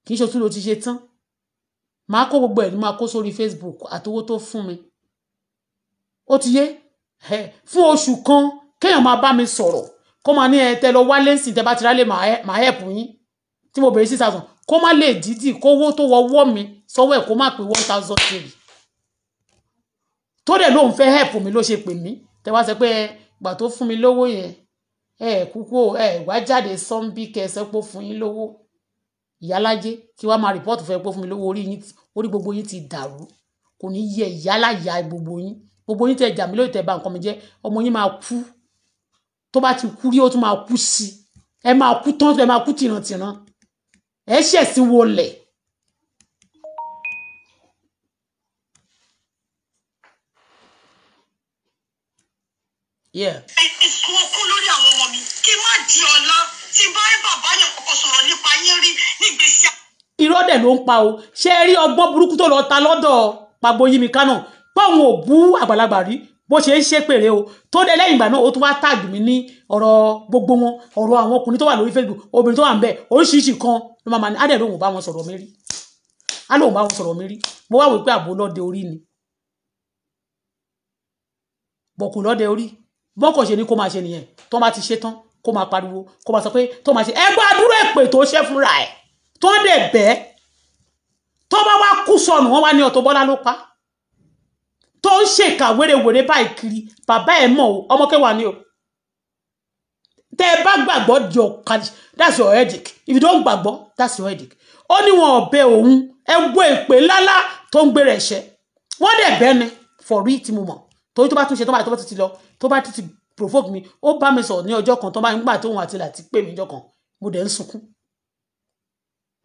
kì ṣe oṣù ló ti ṣe tán màá kó gbogbo ẹ̀ ní máa kó sórí Facebook àtowó tó fún mi ó ti yé fún oṣù kan kéèyàn máa bá mi sọ̀rọ̀ kó máa ní ẹ tẹ lọ wálé ń tẹ bá ti rálé màá help yín tí mo béèrè six thousand kó má lè dídì kówó tó wọwọ́ mi sọ́wọ́ ẹ̀ kó má pé one thousand three tó dẹ̀ lóun fẹ́ help mi ló ṣe pè mí tẹ wá sọ pé gbà tó fún mi lówó yẹn ẹ kúkú ẹ wá jáde sọ́nbí kẹsẹ́ pé fún yín lówó ìyálájé kí wàá máa rìpọ́ọ̀tù fẹ́ pé fún mi lówó orí yín orí gbogbo yín ti dàrú kò ní yẹ ìyáláyà gbogbo yín gbogbo yín tẹ jà mí lóyè tẹ bà nǹkan mi jẹ ọmọ yín máa kú tó bá ti kú rí ó tún máa kú sí ẹ máa kú tán ẹ máa kú tìrantìran ẹ ṣẹ̀ sí wọlẹ̀. ìsun ọkún lórí àwọn ọmọ mi kí má di ọ̀la tí bá bàbá yẹn kọ́kọ́ sọ̀rọ̀ nípa yín rí nígbèsí. irọ́ dẹ̀ ló ń pa o ṣé ẹ rí ọgbọ́n burúkú tó lọ ta lọ́dọ̀ pàgbóyinmíkà náà pọ́ùn ò bú àgbàlagbà rí bó ṣe ń ṣe pèrè o tó dé lẹ́yìn ìgbà náà ó tún wá tààgì mi ní ọ̀rọ̀ gbogbo wọn ọ̀rọ̀ àwọn ọkùnrin tó wà lórí Facebook obìnrin tó wà ń bẹ̀ oríṣiríṣi kan ló máa ma ní adẹ̀ lóhùn bá wọn sọ̀rọ̀ mi rí á lóhùn bá wọn sọ̀rọ̀ mi rí mo wá wò pé àbò lọ́dẹ orí ni bọ̀kù lọ́dẹ orí bọ́kọ̀ ṣe ni kó máa ṣe nìyẹn tó máa ti ṣe tán kó máa pariwo kó máa sọ pé tó máa ṣe ẹgbẹ́ àdúrà èpè tó ṣẹ́ fúnra ẹ̀ tó dẹ̀ bẹ́ẹ̀ tó bá wá kú sọnù wọ́n wá ní Auto Bola ló pa á tó ń ṣèkà wérewère báyìí kiri bàbá ẹ̀ mọ̀ o ọmọ kẹwàá ni o tẹ́ ẹ bá gbàgbọ́ your cash that's your headache if you don't gbàgbọ́ that's your headache ó ní wọn ọ̀bẹ òun ẹ gbọ́ èpè ńláńlá tó ń gbèrè ẹ̀ṣẹ̀ wọ́n dẹ̀ bẹ́ẹ̀ ni for real tí mo mọ̀ torí tó bá tún ṣe tó bá tó bá tún ti lọ tó bá tún ti provoke mi ó bá mi sọ̀rọ̀ ní ọjọ́ kan tó bá ń gbà tóun àti láti pè mí ọjọ́ kan mo dẹ̀ ń sunkún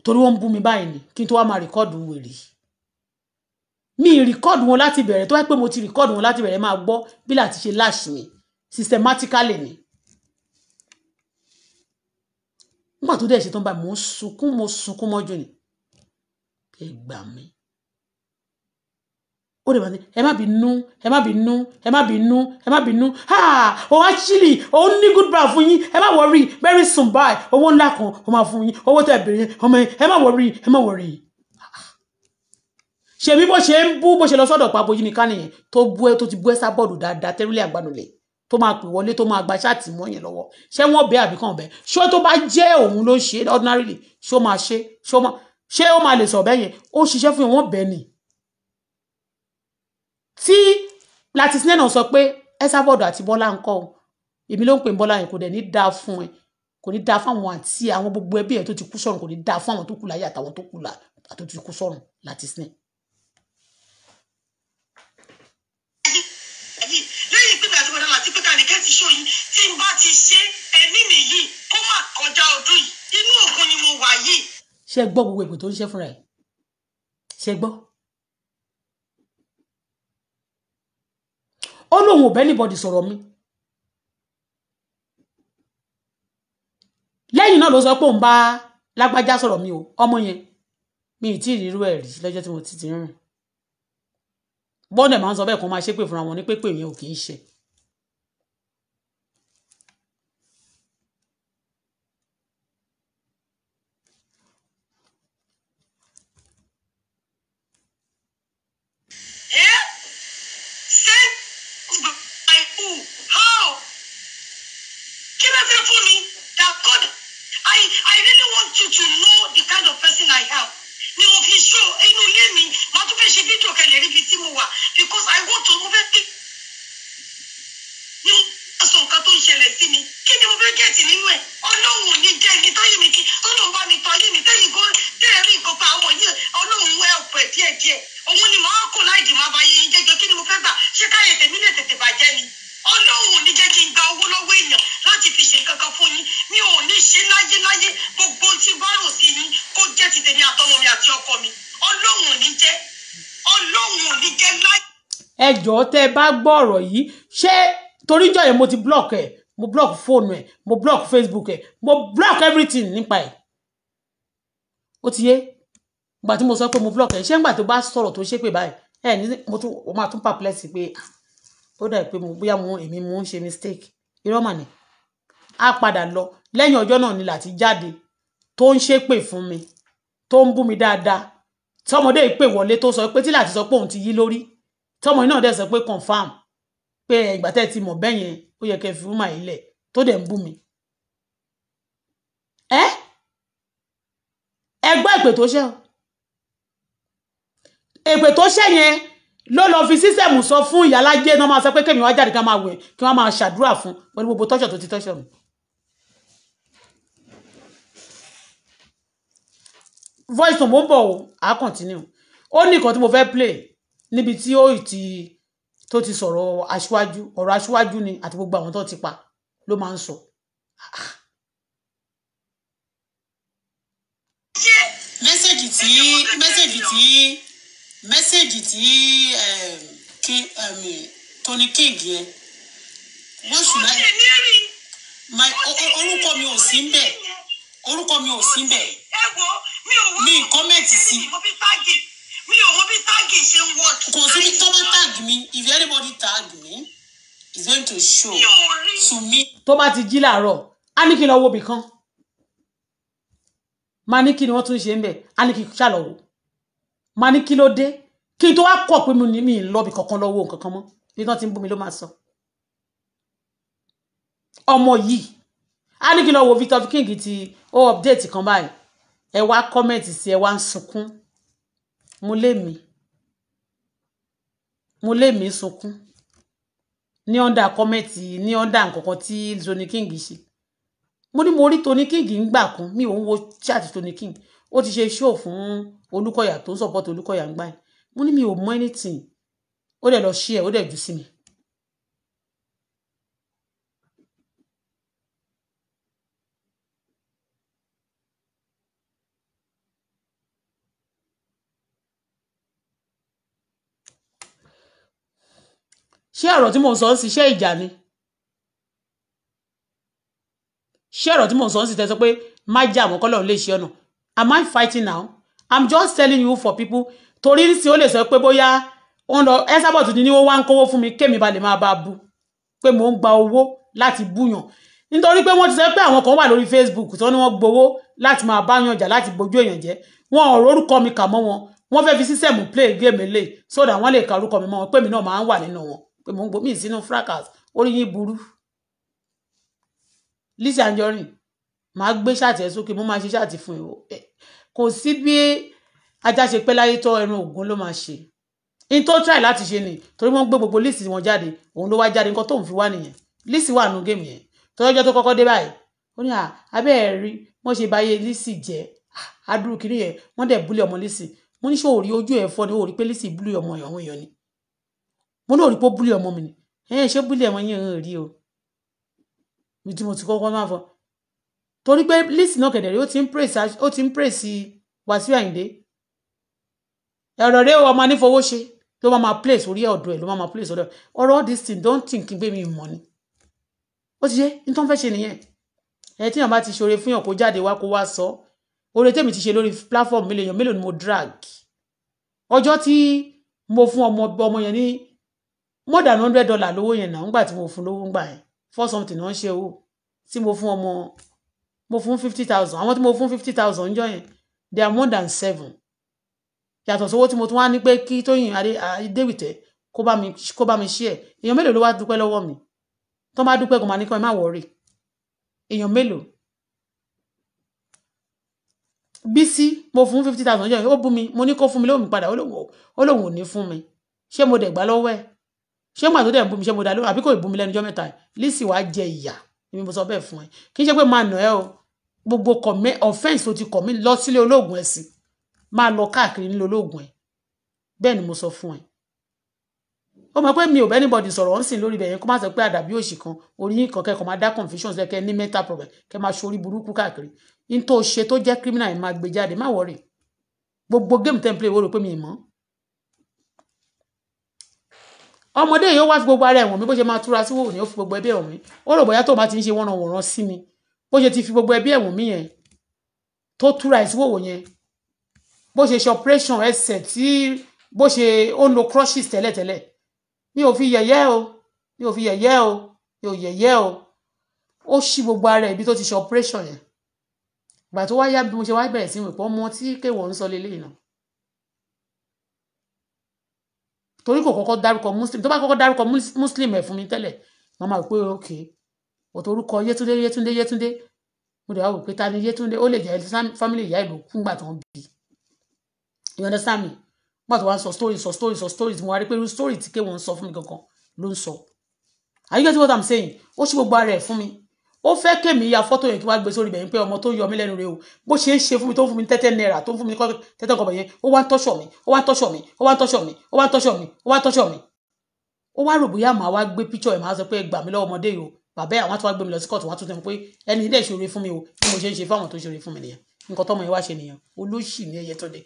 torí wọ́n ń bú mi báyìí ni kí n tó wá máa rìkọ́ọ̀dù wèrè yìí mi record wọn láti bẹ̀rẹ̀ tó wá pé mo ti record wọn láti bẹ̀rẹ̀ máa gbọ́ bí láti ṣe lash mi systematically ni. nígbà tó dẹ̀ ṣe tán báyìí mo ń sunkún mo sunkún mọ́jú ni ẹ gbà mí ó dẹ̀ bá ní ẹ má bínú ẹ má bínú ẹ má bínú ẹ má bínú ha ó wá chili ní good bra fún yín ẹ má wọrí very soon bye owó ńlá kan ó máa fún yín owó tẹ̀ bèrè ọmọ yín ẹ má wọrí ẹ má wọrí yìí ṣèbí bó ṣe ń bú bó ṣe lọ sọ́dọ̀ pa bóyí nìkan nìyẹn tó bú ẹ tó ti bú ẹ sábọọdù dáadáa tẹrílẹ àgbàdùnlé tó máa pè wọlé tó máa gba ṣáàtì mọ yẹn lọ́wọ́ ṣé wọn bẹ àbí kàn bẹ ṣó tó bá jẹ́ òun ló ṣe ordinarily ṣó máa ṣe ṣé ó máa lè sọ bẹ́ẹ̀ yẹn ó ṣiṣẹ́ fún wọn bẹ́ẹ̀ ni. tí Latif Sinena sọ pé ẹ sábọọdù àti Bọ́lá ń kọ́ èmi ló ń pè Bọ́lá yẹn kò ní dáa fún ẹ kò ní dáa fáwọn àti àwọn gbogbo ẹbí ẹ tó ti kú sọ̀run kò ní dáa fún àwọn tó kù láyé àtàwọn tó kù là àtó iṣu yìí tí n bá ti ṣe ẹ̀mí mi yìí kó má kọjá ọdún yìí inú òkun ni mo wà yìí. ṣé gbọ́ gbogbo èpè tó ń ṣe fúnra ẹ̀ ṣé gbọ́. ó lóun ò bẹ́ẹ̀ níbọ̀dì sọ̀rọ̀ mi lẹ́yìn náà ló sọ pé òun bá lágbájá sọ̀rọ̀ mi o ọmọ yẹn mi ì tí ì rírú ẹ̀ rí lọ́jọ́ tí mo ti ti rìn bọ́ọ̀nù ẹ̀ máa ń sọ bẹ́ẹ̀ kó máa ṣépè fúnra wọn ní pépè yẹn ò kì í ṣe ẹ jọ̀ọ́ tẹ́ ẹ bá gbọ́ ọ̀rọ̀ yìí ṣé toríjọ́ yẹn mo ti block ẹ̀ mo block phone ẹ̀ mo block Facebook ẹ̀ mo block everything nípa ẹ̀ ó ti yé gbà tí mo sọ pé mo block ẹ̀ ṣé ńgbà tó bá sọ̀rọ̀ tó ṣe pé báyìí ẹ̀ ní mo tún mo máa tún perplex pé ah, ó dà pé mo bóyá mo èmi mo ń ṣe mistake irọ́ mà ni á padà lọ lẹ́yìn ọjọ́ náà ni láti jáde tó ń ṣépè fún mi tó ń bú mi dáadáa tọmọdé ìpè wọlé tó sọ pé tí láti sọ pé òun ti yí lórí tọmọ iná dẹ̀ sọ pé confam pé ìgbà tẹ́ ti mọ̀ bẹ́ẹ̀ yẹn ó yẹ kẹ́ fi wúmà yìí lẹ̀ tó dẹ̀ ń bú mi. ẹ ẹ gbọ́ ìpè tó ṣẹ́ o èpè tó ṣẹ́ yẹn ló lọ fi sísẹ̀mù sọ fún ìyálájẹ́ náà máa sọ pé kémi wá jáde ká máa wẹ̀ kí wọ́n máa ṣàdúrà fún pẹ̀lú gbogbo tọ́ṣọ̀ tó ti tọ́ṣọ̀ mi. voice tó mò ń bọ̀ o àá continue ó ní nǹkan tí mo fẹ́ play níbi tí ó ti tó ti sọ̀rọ̀ aṣíwájú ọ̀rọ̀ aṣíwájú ni àti gbogbo àwọn tó ti pa ló máa ń sọ. mẹ́sẹ̀gì tí mẹ́sẹ̀gì tí mẹ́sẹ̀gì tí ehm, ehm, Tony King yẹn wọ́n ṣùgbọ́n orúkọ mi ò sí ń bẹ̀ orúkọ mi ò sí ń bẹ̀ mi kọ́mẹ̀tì sí i mi ò mọ bí táàgì ṣe ń wọ̀. kò sí ní tọ́ba tag mi if anybody tag me it's going to show to me. tó bá ti jí làárọ̀ á ní kí n lọ wo bìkan máa ní kí ni wọ́n tún ṣe ń bẹ̀ á ní kí n ṣàlọ́wọ́ máa ní kí ló dé kí n tó wá kọ̀ pé mi ní lọ́bì kankan lọ́wọ́ nǹkan kan mọ́ ní tán ti ń bú mi ló máa sọ. ọmọ yìí á ní kí n lọ wo Victor King ti ó update kan báyìí ẹ wá kọ́mẹ̀tì sí ẹ wá ń sunkún mo lé mi mo lé mi sunkún ní ọ́ndà kọ́mẹ́ǹtì ní ọ́ndà nkankan tí Tony King ṣe mo ní mo rí Tony King ń gbà kún mi ò ń wo chat Tony King ó ti ṣe show fún Olúkọ̀yà tó ń support Olúkọ̀yà ń gbà yẹn mo ní mi ò mọ anything ó dẹ̀ lọ share ó dẹ̀ jù sí mi ṣé ọ̀rọ̀ tí mò ń sọ ń ṣiṣẹ́ ìjà ni ṣé ọ̀rọ̀ tí mò ń sọ ń ṣiṣẹ́ sọ pé má jà mọ́ kọ́lọ́run lè ṣe ọ̀nà am I fighting now I'm just telling you for people torí sí ó lè sọ pé bóyá ó ń lọ ẹ́sàbọ̀ tó ní ó wá ń kówó fún mi kémi balẹ̀ máa bá bu pé mò ń gba owó láti búyàn nítorí pé wọ́n ti sọ pé àwọn kan wà lórí Facebook tí wọ́n ní wọ́n gbowó láti máa bá yànjà láti bójú èèyàn jẹ́ wọn ò rórúkọ mi kà mọ́ wọn wọ́n fẹ́ fi sísẹ̀mù play game eléyìí so that wọ́n lè ka orúkọ mi mọ́ wọn pé mi náà máa ń wà nínú wọn pé mò ń gbómi sínú fracas orí yín burú Lizzy Anjorin màá gbé ṣáàtì ẹ sókè mo máa ṣe ṣáàtì fún ìwọ kò sí bí ajá ṣe pẹ́ láyé tọ́ ẹran ògùn ló máa ṣe in tó try láti ṣe ni torí wọ́n gbé gbogbo Lizzy wọn jáde òun ló wá jáde nǹkan tóun fi wá nìyẹn Lizzy wà nù géèmù yẹn tọ́jọ́ tó kọ́kọ́ dé báyìí ó ní à abẹ́ ẹ̀ rí wọ́n ṣe báyé Lizzy jẹ́ adúrú ah, kiri yẹn wọ́n dẹ̀ ọmọ Lizzy mo ní ṣé òòrí ojú ẹ̀ fọ́ ni òòrí pé Lizzy búlẹ̀ ọmọ ìyọ̀hún yọ ni mo lóò rí pé ó búlì ọmọ mi ni ẹ ṣé búlì ọmọ yín ò rí o mi tí mo ti kọ́kọ́ máa fọ torí pé lisi náà kẹdẹrẹ ó ti ń praise ó ti ń praise Wàsíù Àyìndé ọ̀rọ̀ rẹ ọmọ anífowó ṣe ló máa ma place orí ọ̀dọ̀ ẹ̀ ló máa ma place ọ̀dọ̀ ẹ̀ ọ̀rọ̀ all this thing Don't think gbé mi mọ̀ ni ó ti yé ní tó ń fẹ́ ṣe nìyẹn ẹ tí yàn bá ti ṣoore fún yàn kó jáde wá kó wá sọ oore tèmi ti ṣe lórí platform mélòó yàn mélòó ni mo drag ọjọ́ tí mo fún ọmọ ọmọ yẹn ní more than hundred dollar lówó yẹn náà ńgbà tí mo fún lówó ńgbà yẹn four something náà ń ṣe owó tí mo fún ọmọ mo fún fifty thousand àwọn tí mo fún fifty thousand ńjọ́ yẹn they are more than seven yàtọ̀ sówó tí mo tún wá ní pé kí Tóyìn Adéwìtẹ́ kó bá mi kó bá mi ṣí ẹ̀ èèyàn mélòó ló wá dúpẹ́ lọ́wọ́ mi tó bá dúpẹ́ kò máa ní kí wọ́n má wọ̀ọ́rì èèyàn mélòó Bísí mo fún fifty thousand ńjọ́ yẹn ó bú mi mo ní kó fún mi lóhùn mi padà ó lóhùn ò ní fún mi ṣé mo dẹ̀ gbà lọ́wọ́ ẹ̀ ṣé màá tó dẹ̀ bú mi ṣé mo dá lóhùn àbí kò bú mi lẹ́nu ọjọ́ mẹ́ta Lizzy wàá jẹ ìyà ni mo sọ bẹ́ẹ̀ fún ẹ kì í ṣe pé máa nà ẹ́ o gbogbo kọ̀mẹ́ offence tó ti kọ̀ mí lọ sílé olóògùn ẹ̀ sí máa lọ káàkiri nílé olóògùn ẹ̀ bẹ́ẹ̀ ni mo sọ fún ẹ ó mọ̀ pé mi ò bẹ́ẹ̀ anybody sọ̀rọ̀ ọ̀hún sì lórí ibẹ̀ yẹn kó má sọ pé àdàbí òṣì kan orí yín kan kẹ́kọ̀ọ́ ọmọdé yìí ó wá fi gbogbo ara ẹ̀wọ̀n mi bó ṣe máa túra sí wòwò ni ó fi gbogbo ẹbí ẹ̀wọ̀n mi ó rò bóyá tó bá ti ń ṣe wọ́n wọ̀ràn sí mi bó ṣe ti fi gbogbo ẹbí ẹ̀wọ̀n mi yẹn tó túra ẹ̀ sí wòwò yẹn bó ṣe ṣe operation ẹsẹ̀ tí bó ṣe ó ń lo crushes tẹ́lẹ̀tẹ́lẹ̀ mi ò fi yẹ̀yẹ́ o mi ò fi yẹ̀yẹ́ o mi ò yẹ̀yẹ́ o ó ṣí gbogbo ara ibi tó ti ṣe operation yẹn ìgbà tó wáyá bí mo ṣe wá bẹ̀rẹ̀ sí ìwé pọ́ mọ́ tí kéwọ́n ń sọ lélẹ́yìn náà torí kò kọ́kọ́ dárúkọ muslim tó bá kọ́kọ́ dárúkọ muslim ẹ̀ fún mi tẹ́lẹ̀ wọ́n máa rò pé ok ọ̀tọ̀ orúkọ yétúndé yétúndé yétúndé mo dẹ̀ wá rò pé ta ni yétúndé ó lè jẹ́ family ìyá ìlú fúngbà tó ń bì you understand me nígbà tó wá ń sọ story sọ story sọ story mo wá rí pé irú story tí kéwọn ń sọ fún mi gangan ló ń sọ are you getting what i'm saying ó ṣe gbogbo ara ẹ̀ fún mi ó fẹ́ kèmí ya fọ́tò yẹn kí wọ́n á gbé sórí bẹ̀yìn pé ọmọ tó yọ mí lẹ́nu rẹ o bó ṣe é ṣe fún mi tó ń fún mi tẹ́tẹ́ náírà tó ń fún mi tẹ́tẹ́ kọ̀ọ̀bọ̀ yẹn ó wá ń tọ́ṣọ̀ mi ó wá ń tọ́ṣọ̀ mi ó wá ń tọ́ṣọ̀ mi ó wá ń tọ́ṣọ̀ mi ó wá ń tọ́ṣọ̀ mi. ó wá rò bóyá màá wá gbé píchọ̀ ẹ̀ máa sọ pé ẹ gbà mí lọ́wọ́ ọmọdé yìí o bàbá ẹ̀ àwọn tó wá gbé mi lọ sí kóòtù wá tún tẹ̀ pé ẹni ilé ìṣòro o bí mo ṣe ń ṣe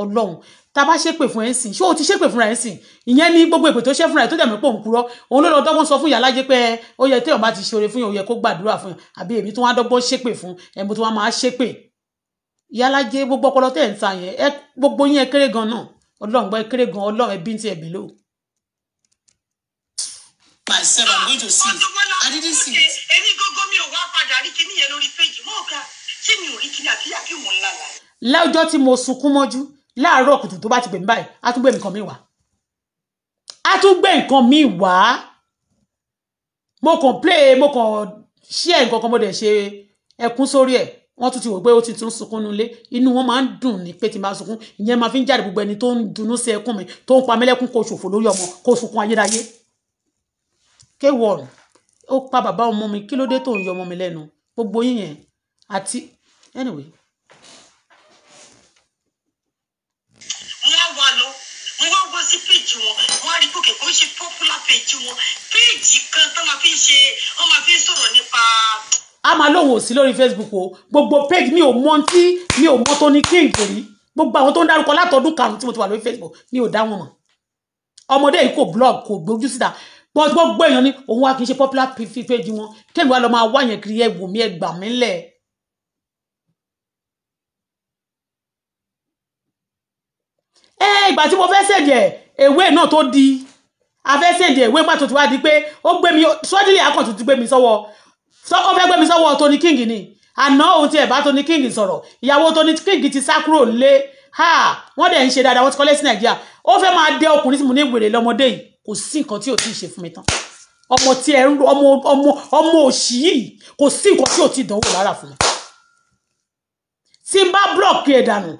ọlọ́run tá a bá ṣépè fún ẹ ń sìn ṣé o ti ṣépè fúnra ẹ ń sìn ìyẹn ní gbogbo èpè tó ṣe fúnra ẹ tó dẹ̀ mí pò ń purọ́ òun ló lọ dọ́gbọ́n sọ fún ìyá alájẹ pé ó yẹ téèyàn bá ti ṣe oore fún yẹn ó yẹ kó gbàdúrà fún yẹn àbí èmi tó wá dọ́gbọ́n ṣépè fún ẹ mo tó wá máa ṣépè ìyá alájẹ gbogbo ọpọlọ tẹ̀ ń ta yẹn gbogbo yín ẹ gan náà ọlọ́run gbọ́ ẹ gan ọlọ́run ẹbí ti ẹ̀bí lò. i didn't see it. èmi gbogbo mi ò wá padà rí kinní yẹn lórí péjì mọ́ ọ̀gá tí mi ò rí kinní àbí àbí òun lára. láwùjọ tí mo sunkún mọ́jú láàárọ̀ kùtù tó bá ti gbẹ̀mí báyìí á tún gbé nǹkan mi wá á tún gbé nǹkan mi wá mo kàn play mo kàn share nǹkan kan mo dẹ̀ ṣe ẹkún sórí ẹ̀ wọ́n tún ti wò pé ó ti tún sunkún nulẹ̀ inú wọn máa ń dùn ní pé ti máa sunkún ìyẹn máa fi ń jáde gbogbo ẹni tó ń dunú sí ẹkún mi tó ń pa mẹ́lẹ́kún kó ṣòfò lórí ọmọ kó sunkún ayérayé kéwọ̀n ó pa bàbá ọmọ mi kí ló dé tó ń yọ ọmọ mi lẹ́nu gbogbo yín àti anyway facebook kò ń ṣe popular page wọn péèjì kan tó máa fi ń ṣe wọn máa fi ń sọ̀rọ̀ nípa. a máa lóun ò sí lórí facebook o gbogbo page mi ò mọ tí mi ò mọ tó ní king rí gbogbo àwọn tó ń dárúkọ látọdún karùnún tí mo ti wà lórí facebook mi ò dá wọn mọ̀ ọmọdé yìí kò blog kò gbójú síta gbogbo èèyàn ni òun wa kì í ṣe popular page wọn kéwìn wa lọ máa wá yẹn kiri ẹ wò mí ẹ gbà mí lẹ. ẹ ìgbà tí mo fẹ́ ṣẹ̀jẹ̀ ewé náà tó di afẹ́sẹ̀dẹ̀ ìwé pàtó ti wá di pé ó gbé mi sọ́dílì akọ̀tún ti gbé mi sọ́wọ́ sọ́kọ́ fẹ́ gbé mi sọ́wọ́ Tony King ni àná òun ti ẹ̀bá Tony King sọ̀rọ̀ ìyàwó Tony King ti sá kúrò lé ha wọ́n dẹ̀ ń ṣe dáadáa wọ́n ti kọ́lé sí Nàìjíríà ó fẹ́ máa dé ọkùnrin tí mo ní wèrè lọ́mọdé yìí kò sí nǹkan tí ò tí ì ṣe fún mi tán ọmọ tí ẹ ń ọmọ ọmọ ọmọ òṣì yìí kò sí nǹkan tí ò tí ì dánwò lára fún mi tí n bá búlọ̀kì ẹ̀ dànù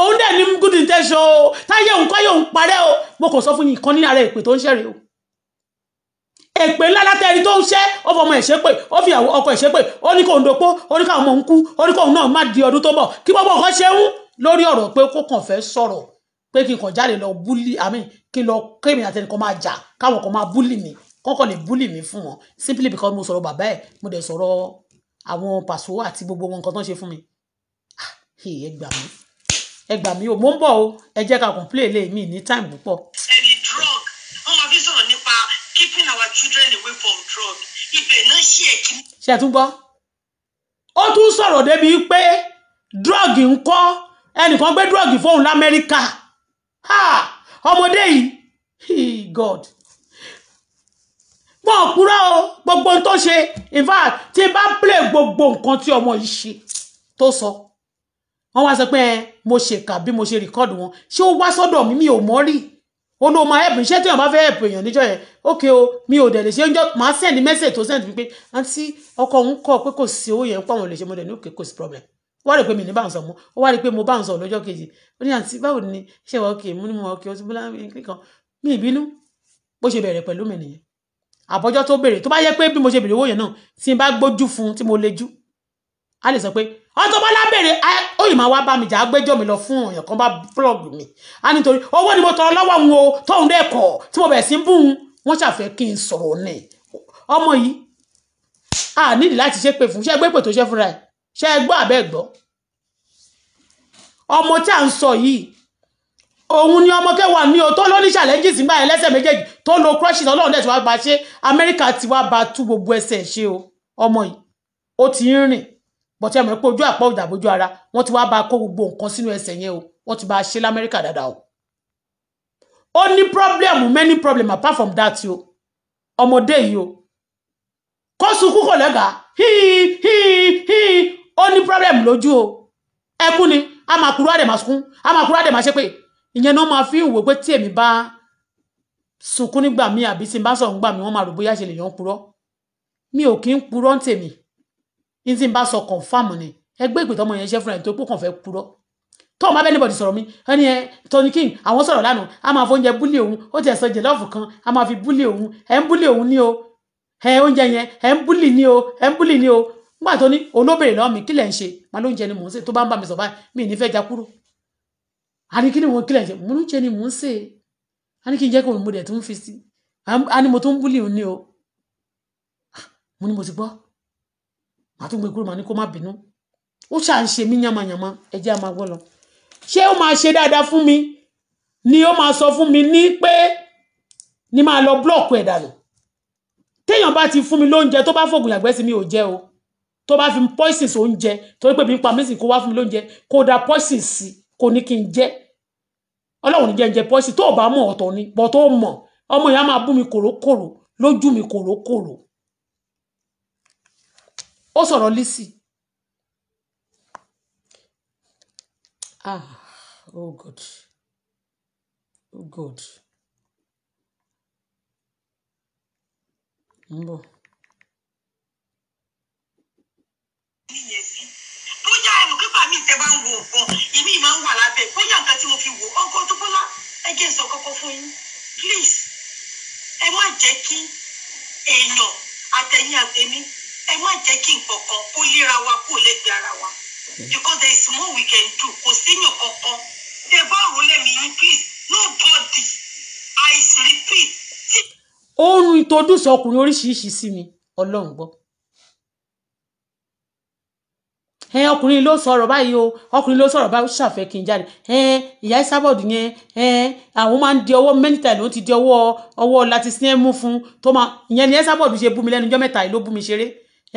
òun dẹ̀ ní good intention o táyé òun kọ́yé òun parẹ́ o mo kàn sọ fún yín ìkan ní ara èpè tó ń ṣẹ̀rẹ̀ o èpè ńlá látẹ̀rí tó ń ṣẹ́ ó fọmọ ẹ̀ṣẹ́ pé ó fi ọkọ ẹ̀ṣẹ́ pé ó ní kò ń dopó ó ní káwọn ọmọ ń kú ó ní kóun náà má di ọdún tó bọ̀ kí gbogbo nǹkan ṣe ń lórí ọ̀rọ̀ pé kó kàn fẹ́ sọ̀rọ̀ pé kí n kàn jáde lọ búlì àmì kí n lọ kéèmì àtẹnìkan máa jà káwọn kan máa búlì mi kọ́kọ́ lè búlì mi fún wọn simply because mo sọ̀rọ̀ bàbá ẹ̀ mo dẹ̀ sọ̀rọ̀ àwọn pàṣọ àti gbogbo wọn nǹkan tó ń ṣe fún mi ẹ gbà mí ẹ gbà mí o mo ń bọ̀ o ẹ jẹ́ ká complain lè mí ní time púpọ̀. ẹni drug wọn máa fi sọ̀rọ̀ nípa keeping our children away from drug ibẹ̀ náà ṣe é kí. ṣe tún gbọ́ ó tún sọ̀rọ̀ débi pé drug ń kọ́ ẹnìkan gbé drug fóun lamẹ́ríkà ọmọdé yìí god wọn ò kúrò o gbogbo ohun tó ṣe in fact tí n bá play gbogbo nǹkan tí ọmọ yìí ṣe tó sọ. So wọ́n wá sọ pé ẹ mo ṣèkà bí mo ṣe rìkọ́dù wọn ṣé ó wá sọ́dọ̀ mi mi ò mọ̀ rí ó ló máa ẹ̀bùn iṣẹ́ tí wọ́n bá fẹ́ ẹ̀bùn èèyàn níjọ́ yẹn ókè o mi ò dẹ̀ lè ṣe oúnjẹ màá sẹ́ni mẹ́sẹ̀ tó sẹ́ni pé àǹtí ọkọ òun kọ̀ pé kò sí owó yẹn pọ̀ wọ́n lè ṣe mo dẹ̀ ní òkè kò sí problem wọ́n rí pé mi ní bá ń sọ mọ́ ó wá rí pé mo bá ń sọ lọ́jọ́ kejì ó ní àǹtí báwo ni ṣé wọ́n kì í mú ní mo ọkẹ́ ọtí bọ́lá kíkan mi ìbínú bó ṣe bẹ̀rẹ̀ pẹ̀lú mi nìyẹn àbọ́jọ́ tó bèrè tó bá yẹ pé bí mo ṣe bèrè owó yẹn náà tí n bá gbójú fún tí mo lejú á lè sọ pé Auto Bola bèrè ó yìí máa wá bá mi jà agbẹjọ́ mi lọ fún èèyàn kan bá blog mi á nítorí owó ni mo tọrọ lọ́wọ́ òun o tóun lẹ́kọ̀ọ́ tí mo bẹ̀rẹ̀ sí bú un wọ́n ṣàfẹ́ kí n sọ̀rọ̀ ní ọmọ yìí a nídìí láti ṣe pé fún ṣe gbé pè tó ṣe fúnra ẹ̀ ṣe gbọ́ àbẹ́ gbọ́ ọmọ tí à ń sọ yìí òun ni ọmọ kẹwàá ní o tó ló ní challenges nígbà yẹn lẹ́sẹ̀ méjèèjì tó lo crushing ọlọ́run dẹ̀ tí wàá bá ṣe amẹ́ríkà ti wá ba tú gbogbo ẹsẹ̀ ṣe o ọmọ yìí ó ti ń rìn bọ́tí ẹ mọ̀ pé ojú àpá òjà bójú ara wọ́n ti wá bá a kó gbogbo nǹkan sínú ẹsẹ̀ yẹn o wọ́n ti bá a ṣe lamẹ́ríkà dáadáa o. ó ní problem many problem apart from that o ọmọdé yìí o kó sunkún kò lẹ́gàá híì híì híì ó ní problem lójú o ẹkún ni a máa kúrú àdè máa sunkún a máa kúrú àdè máa ṣe pé ìyẹn náà máa fi ń wò pé tí èmi bá sunkún nígbà míì àbí tí n bá sọ̀rọ̀ nígbà míì wọ́n máa rò bóyá ṣe lè yàn ń mi ò kí ń purọ́ ń tèmi ní tí n bá sọ confam ni ẹgbẹ́ ìpè tọmọ yẹn ṣe fúnra ẹ̀ tó pọ̀ kàn fẹ́ purọ́ tó ọmọ abẹ́ni bọ̀dì sọ̀rọ̀ mi ẹni ẹ Tony King àwọn sọ̀rọ̀ lánàá a máa fọ oúnjẹ búlé òun ó tiẹ̀ sọ jẹ̀lọ́ọ̀fù kan a máa fi búlé òun ẹ̀ ń búlé òun ní o ẹ̀ oúnjẹ yẹn ẹ̀ ń búlì ní o ẹ̀ ń búlì ní o nígbà tó ní olóbèrè lọ́wọ́ mi kí lẹ̀ ń ṣe má ló ń jẹ ni mò ń sè tó bá ń bà mí sọ báyìí mi ní fẹ́ já kúrò àní kí ni wọn kí lẹ̀ ń ṣe mo ń jẹ ni mò ń sè àní kí n jẹ́ kó mo dẹ̀ tún fi sí àní mo tún búlì òun ní o ah, mo ní mo ti gbọ́ màá tún gbé kúrò màá ní kó má bínú ó ṣà ń ṣe mí yànmàyànmá ẹ jẹ́ máa gbọ́ lọ ṣé ó máa ṣe dáadáa fún mi ni ó máa sọ fún mi ní pé ni máa lọ búlọ̀kù ẹ̀ dànù téèyàn bá ti fún mi lóúnjẹ tó bá fògùn yàgbẹ́ sí mi ò jẹ́ o tó bá fi poison sí oúnjẹ torí pé mi ń pa mí sì kó wá fún mi lóúnjẹ kó da poison sí kó ní kí n jẹ́ ọlọ́run ní jẹ́njẹ́ poison tó o bá mọ̀ ọ̀tọ̀ ni bọ̀ tó mọ̀ ọmọ ìyá máa bú mi kòrókòrò lójú mi kòrókòrò ó sọ̀rọ̀ Lizzy ah oh God oh God ń bọ̀. bóyá ẹnu kíkọ́ mi ìtẹ́ bá ń wo nǹkan ìmí máa ń wà lábẹ́ bóyá nǹkan tí mo fi wò ọkọ̀ tó bọ́lá ẹ jẹ́ sọ kọ́kọ́ fún yín please ẹ má jẹ́ kí èèyàn àtẹ̀yìn àtẹ̀mí ẹ má jẹ́ kí nǹkan kan kó yíra wa kó lẹ́gbẹ̀ẹ́ ara wa because there is more we can do kò séyàn kankan tẹ bá rò lẹ́mìí yín please nobody i repeat. ó ń rin tọdún sọkùnrin oríṣiríṣi sí mi ọlọ́run gbọ́ ẹn ọkùnrin ló sọ̀rọ̀ báyìí o ọkùnrin ló sọ̀rọ̀ báyìí ó ṣàfẹ́ kí n jáde ẹn ìyá ìsábọ̀dù yẹn ẹn àwọn máa ń di ọwọ́ mẹ́ta ló ti di ọwọ́ ọwọ́ láti sí ẹ́ mú fún tó máa ìyẹn ni ìsábọ̀dù ṣe bú mi lẹ́nu ọjọ́ mẹ́ta ló bú mi ṣeré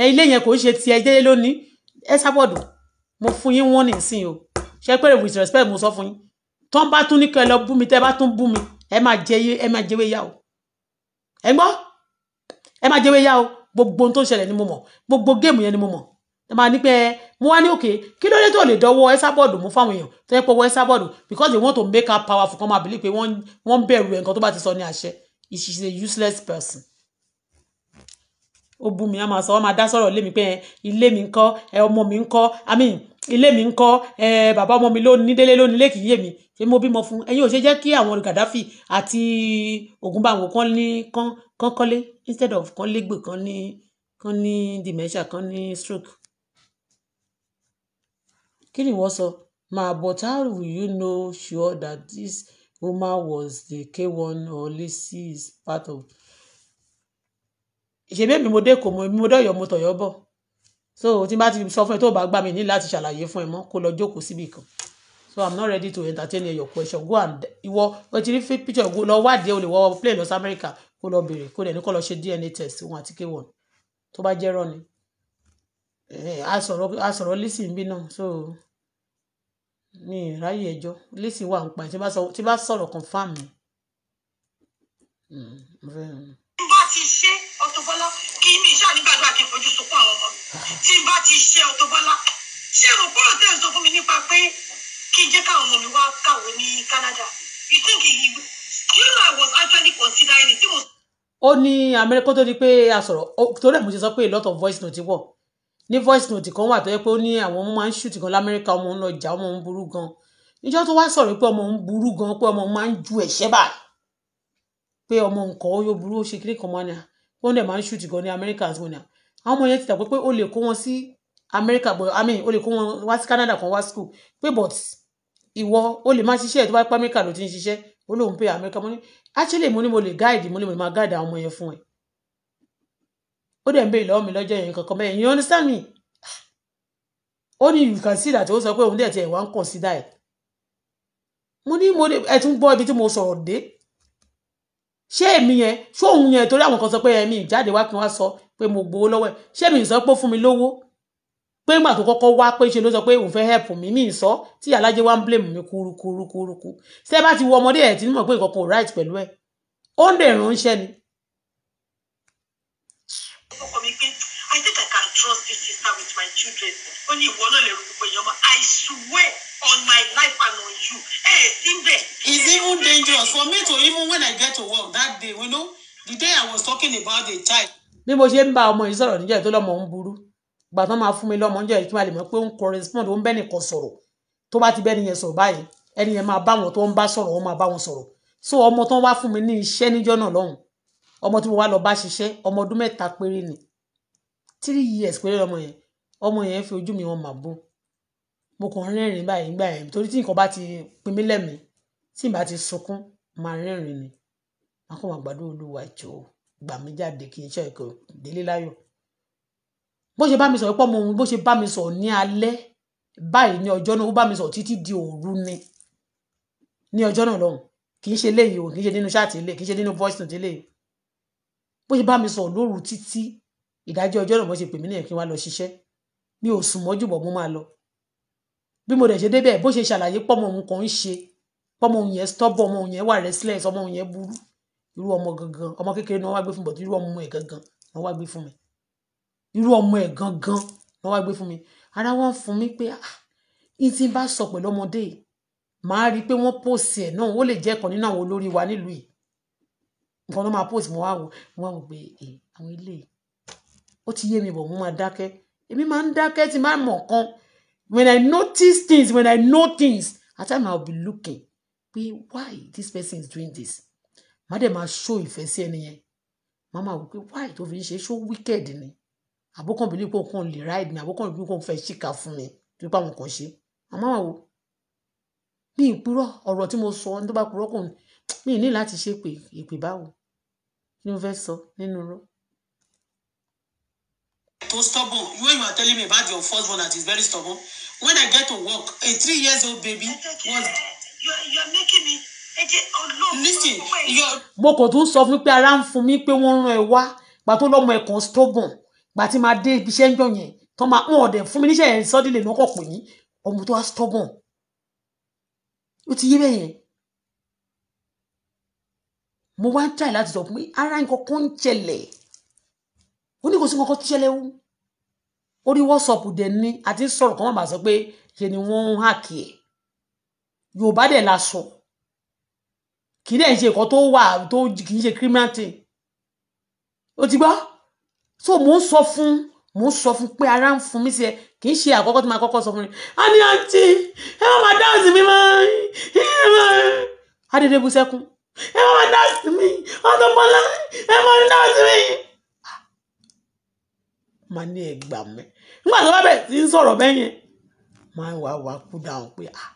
ẹ ilé yẹn kò ń ṣe tiẹ̀ jẹ́lé lónìí ẹ sábọ̀dù mo fún yín wọ́n nìsín o ṣe pé with respect mo sọ fún yín tó ń bá tún ní kẹ́ ẹ lọ bú mi tẹ́ ẹ bá tún bú mi ẹ máa jẹ ẹ máa jẹwé yá o ẹ gbọ́ ẹ máa jẹwé yá o gbogbo ohun tó ń ṣẹlẹ̀ ni mo mọ̀ gbogbo géèmù yẹn ni mo mọ̀ ẹ máa ní pé mo wá ní òkè kí ló dé tó lè dọwọ́ ẹ sábọ̀dù mú fáwọn èèyàn tó yẹ pé ọwọ́ ẹ sábọ̀dù because they want to make her powerful kan máa believe pé wọ́n ń bẹ̀rù ẹ̀ nǹkan tó bá ti sọ ní àṣẹ she is a useless person ó bú mi á máa sọ ọ́ máa dá sọ̀rọ̀ ilé mi pé ilé mi ń kọ́ ọmọ mi ń kọ́ i mean ilé mi ń kọ́ bàbá ọmọ mi ló ní délé ló ní lẹ́kì yé mi ṣé mo bímọ fún ẹ̀yin ò ṣe jẹ́ kí àwọn Gaddafi àti Ogunbanwo kan ní kán kọ́lé instead of kán légbè kán ní dementia kán ní stroke. kí ni wọ́n sọ ma but how will you know sure that this woman was the K1 or Lizzy part of ìṣèbí mi mo dé kò mo mo dọ́yọ̀ mo tọ̀yọ̀ bọ̀ so tí n bá ti sọ fún ẹ tó bá gbà mí ní láti ṣàlàyé fún ẹ mọ́ kó lọ jókòó síbì kan so i'm not ready to entertain your question go and ìwọ o ti rí picture go lọ wádìí o lè wọ plane lọ america kó lọ bèrè kó dẹni kó lọ ṣe dna test wọn àti k1 tó bá jẹ́ rọ́ni a sọ̀rọ̀ a sọ̀rọ̀ lísìn bí náà so mi ráyè ẹjọ́ lísìn wà ń pa tí bá sọ̀rọ̀ confam mi. Hmm, bó ti ṣe Ọ̀tọ̀bọ́lá kí mi ìṣá nígbàdúrà kí n fojú sunkún àwọn ọmọ tí n bá ti ṣe Ọ̀tọ̀bọ́lá ṣé mo kúrò tẹ́ ń sọ fún mi nípa pé kí n jẹ́ káwọn ọmọ mi wá kàwé ní Canada you think he you know I was actually considering it. ó ní amẹ́ríkà tó di pé a sọ̀rọ̀ torí ẹ̀ mo ṣe sọ pé a lot of voice note wọ̀ ní voice note kan wà tó yẹ pé ó ní àwọn ọmọ máa ń ṣùtì gan lamẹ́ríkà ọmọ ń lọ jà ọmọ ń burú gan níjọ́ tó wá sọ̀rọ̀ pé ọmọ ń burú gan pé ọmọ máa ń ju ẹ̀ṣẹ́ báyìí pé ọmọ nǹkan ó yóò burú ó ṣe kiri kan mọ́ à ó ní ẹ̀ máa ń ṣùtì gan ní amẹ́ríkà àti mọ̀nà àwọn ọmọ yẹn ti dàgbọ́ pé ó lè kó wọn sí amẹ́ríkà but i mean ó lè kó wọn wá sí canada kan wá school pé but ìwọ ó lè má ṣiṣẹ́ ẹ̀ tó bá pa amẹ́ríkà ló ti ń ṣiṣẹ́ ó lóun pé amẹ́ríkà mo ní actually mo ní mo lè guide mo ní mo lè máa guide àwọn ọmọ yẹn fún ẹ ó dẹ̀ ń bèèrè lọ́wọ́ lọ́jọ́ yẹn kankan bẹ́ẹ̀ you understand me ó ní you can see that ó sọ pé òun dẹ̀ tiẹ̀ wá ń consider ẹ̀ mo ní mo ẹ̀ tún gbọ́ ibi tí mo sọ̀rọ̀ dé ṣé èmi yẹn ṣó òun yẹn torí àwọn kan sọ pé ẹ̀mí ìjáde wá kí wọ́n sọ pé mo gbowó lọ́wọ́ ẹ̀ ṣé èmi sọ pé ó fún mi lówó pé nígbà tó kọ́kọ́ wá pé ṣe ló sọ pé òun fẹ́ help mi mí sọ tí alájẹ wá ń blame mi kúrukúrukúrukú ṣé bá ti wo ọmọdé ẹ̀ tí mọ̀ pé nǹkan kan ò right pẹ̀lú ẹ̀ ó ń dẹ̀ ránṣẹ́ ni. ọkọ mi pé I think I can trust this sister with my children ó ní ìwọ náà lè rú gbogbo èèyàn mọ́ I swear on my life and on you ẹ sí bẹ́ẹ̀. it's even dangerous for me to even when i get to work that day you know the day i was talking about the child. bí mo ṣe ń bá ọmọ yìí sọ̀rọ̀ níjẹ́ tó lọ́mọ ń burú ìgbà tó máa fún mi lọ́mọ níjẹ́ kí n lè mọ̀ pé ń correspond ó ń bẹ́ẹ̀ nìkan sọ̀rọ̀ tó bá ti bẹ́ẹ̀ nìyẹn sọ̀rọ̀ báyìí ẹni yẹn máa bá wọn tó ń bá sọ̀rọ̀ wọn máa bá wọn sọ̀rọ̀ so ọmọ tó wá fún mi ní iṣẹ́ níjọ́ náà lọ́hùn ọmọ tí mo wá lọ bá ṣiṣẹ́ ọmọ ọdún mẹ́ta péré ni three years péré ọmọ yẹn ọmọ yẹn fi ojú mi wọn màá mo kàn ń rẹ́rìn báyìí nígbà yẹn torí tí nǹkan bá ti pin mí lẹ́mìí tí n bá ti sunkún máa rẹ́rìn ni máa kàn máa gbàdúrà Olúwa jọ̀ọ́ gbà mí jáde kí n ṣe ẹ̀kọ́ délé láyọ̀ bó ṣe bá mi sọ̀rọ̀ pọ̀ mọ́ bó ṣe bá mi sọ̀rọ̀ ní alẹ́ báyìí ní ọjọ́ náà ó bá mi sọ̀rọ̀ títí di òru ni ní ọjọ́ náà lọ́hùn kì í ṣe léyìí o kì í ṣe nínú ṣáàtì ilé kì í ṣe nínú voice note ilé bó ṣe bá mi sọ̀rọ̀ lóru títí ìdájọ́ ọjọ́ náà bó ṣe pè mí nìyẹn kí n wá lọ ṣiṣẹ́ mi ò sùn mọ́jú bọ̀ mo máa lọ bí mo dẹ̀ ṣe débẹ̀ bó ṣe ṣàlàyé pọ́mọ òun kan ń ṣe pọ́mọ òun yẹn stọ́bọ̀ ọmọ òun yẹn wà restless ọmọ òun yẹn burú irú ọmọ gangan ọmọ kékeré ni wọ́n wá gbé fún mi bọ̀dọ̀ irú ọmọ ẹ̀ gangan ni wọ́n wá gbé fún mi irú ọmọ ẹ̀ gangan ni wọ́n wá gbé fún mi ara wọn fún mi pé ah n ti bá sọ pẹ̀lú ọmọdé yìí màá rí i pé wọ́n pòsì ẹ̀ náà ó lè jẹ́ ẹ̀kan nínú àwọn olórí wa nílùú yìí nǹkan ló máa pòsì eh, mọ́ when i notice things when i know things at times i be looking pé why this person is doing this Madam, I show ìfẹ́ sí ẹni yẹn má máa why tó fi ń ṣe show wicked ni àbókan bìlí kò kàn lè ride ni àbókan bìlí kò fẹ́ ṣìkà fún mi tó bá wọn kàn ṣe àmọ́ àwọn mi ìpúrọ̀ ọ̀rọ̀ tí mo sọ ní tó bá purọ́ kò mi ní láti ṣe pé èpè báwo kí ni mo fẹ́ sọ nínú rọ́ tó stubborn when you are telling me about your first born that is very stubborn when I get to work a three years old baby was. you are you are making me listen your. mo kò tún sọ fún pé ara ń fún mi pé wọ́n ń rán ẹ wá pàtó lọ́mọ ẹ̀kan stubborn pàtí máa dé ibi iṣẹ́ ń jọ yẹn tó máa ń ọ̀dẹ̀ fún mi níṣẹ́ yẹn sọ́dílé lọ́kọ̀ pè ní ọmọ tó wá stubborn ó ti yé bẹ́ẹ̀ yẹn mo wá ń tàyè láti sọ pé ara nǹkan kan ń ṣẹlẹ̀ ó ní kò sí kankan tó ṣẹlẹ̀ wú orí wọ́sọ̀pù dẹ̀ ni àti sọ̀rọ̀ kan má bàa sọ pé ṣe ni wọ́n ń hàkì ẹ̀ yorùbá dẹ̀ la sọ kì í dẹ̀ ṣe nǹkan tó wà tó kì í ṣe criminal thing ó ti gbọ́ so mò ń sọ fún mò ń sọ fún pé ara ń fún mi sí ẹ kì í ṣe àkọ́kọ́ tí màá kọ́kọ́ sọ fún mi a ní àǹtí ẹ má máa dáhùn sí mi mọ́ adédébùsẹ́kùn ẹ má máa mi ọ̀dọ́mọlá ẹ má máa dáhùn sí mi máa ní ẹgbà mẹ nígbà tó bá bẹ̀ tí ń sọ̀rọ̀ bẹ́yẹn máa wà wà kú dáhùn pé à. Ah.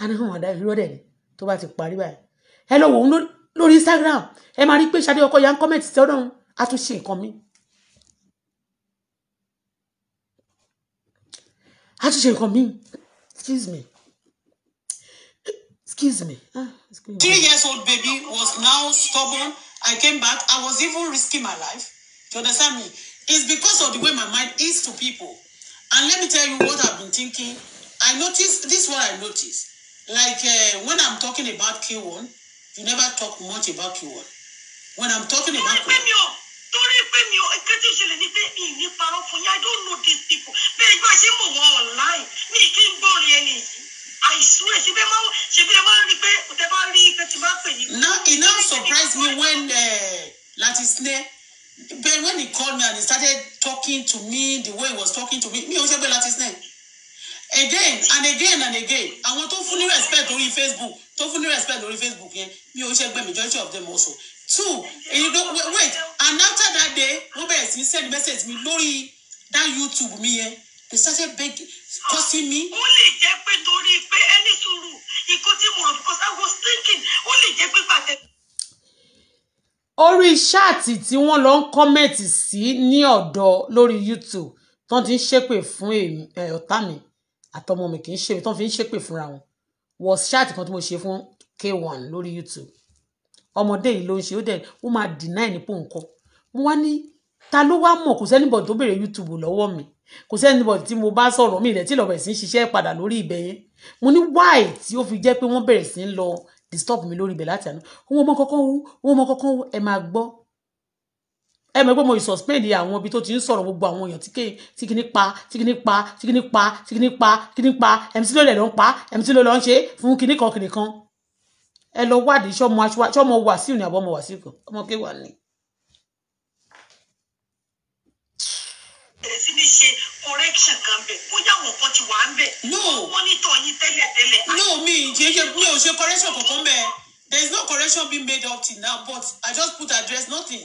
a ní hàn àdá irọ́ dẹ̀ ni tó bá ti parí báyìí ẹ lọ wò ó lórí Instagram ẹ máa rí pé Ṣadé ọkọ ya ń kọ́mẹ̀tì sí ọdún a tún ṣe nǹkan mi. a nǹkan mi excuse me Ah, excuse me. Three years old baby was now stubborn. I came back. I was even risking my life. Do you understand me? It's because of the way my mind is to people. And let me tell you what I've been thinking. I noticed, this is what I noticed. Like uh, when I'm talking about K1, you never talk much about K1. When I'm talking about K1. torí pé mi ò ké tí ìṣẹ̀lẹ̀ ní pé mi ní parọ́ I don't know these people bẹ́ẹ̀ ni bá online mi kí n gbọ́ àìsúrè ṣe bẹ́ẹ̀ máa ṣe bẹ́ẹ̀ máa rí pé tẹ bá rí pé no e no surprise me when uh, eh, Latisne but when he called me and he started talking to me the way he was talking to me me also ṣe pé Latisne again and again and again àwọn tó fún fully respect lórí Facebook tó fún ní respect lórí Facebook yẹn me also ṣe majority of them also two and you ló wait and after that day Robert he sent send message mi lórí that YouTube me yẹn he started begging causing me. ó lè jẹ́ pé torí pé ẹni sùúrù ikú tí mo rò because I was thinking ó lè jẹ́ pé bàtẹ́. orí ṣáàtì tí wọ́n lọ ń kọ́mẹ̀tì sí ní ọ̀dọ̀ lórí YouTube tó ti ń ṣépè fún ọ̀tá mi àtọmọ mi kì í ṣe tó fi ń ṣépè fúnra wọn was ṣáàtì kan tí mo ṣe fún K1 lórí YouTube ọmọdé yìí ló ń ṣe ó dẹ̀ ó máa deny nípò nǹkan mo wá ní ta ló wá mọ̀ kò sẹ́nìbọ̀ tó béèrè YouTube lọ́wọ́ mi kò sẹ́nibọ̀dì tí mo bá sọ̀rọ̀ mi ilẹ̀ tí ìlọ̀bẹ̀ sí ń ṣiṣẹ́ padà lórí ibẹ̀ yẹn mo ní why tí ó fi jẹ́ pé wọ́n bẹ̀rẹ̀ sí ń lọ disturb mi lórí ibẹ̀ láti àná òun ọmọ kankan wú òun ọmọ kankan wú ẹ máa gbọ́ ẹ mọ̀ pé mo suspend àwọn ibi tó ti ń sọ̀rọ̀ gbogbo àwọn èèyàn tí kìíní pa tí kìíní pa tí kìíní pa tí kìíní pa kìíní pa mc ló lẹ̀ ló ń pa mc ló lọ́ ń ṣe fún kìíní kan kìíní kan ẹ lọ wádìí ṣọmọ wàsíù ni àbọ̀mọ wàsíù kan ni correction kan bẹ bóyá wọn kan ti wà ń bẹ. no monitor yín tẹ́lẹ̀ tẹ́lẹ̀. no mi ìjẹ́jẹ́ mi ò ṣe correction kankan bẹ́ẹ̀ there is no correction being made up till now but i just put address nothing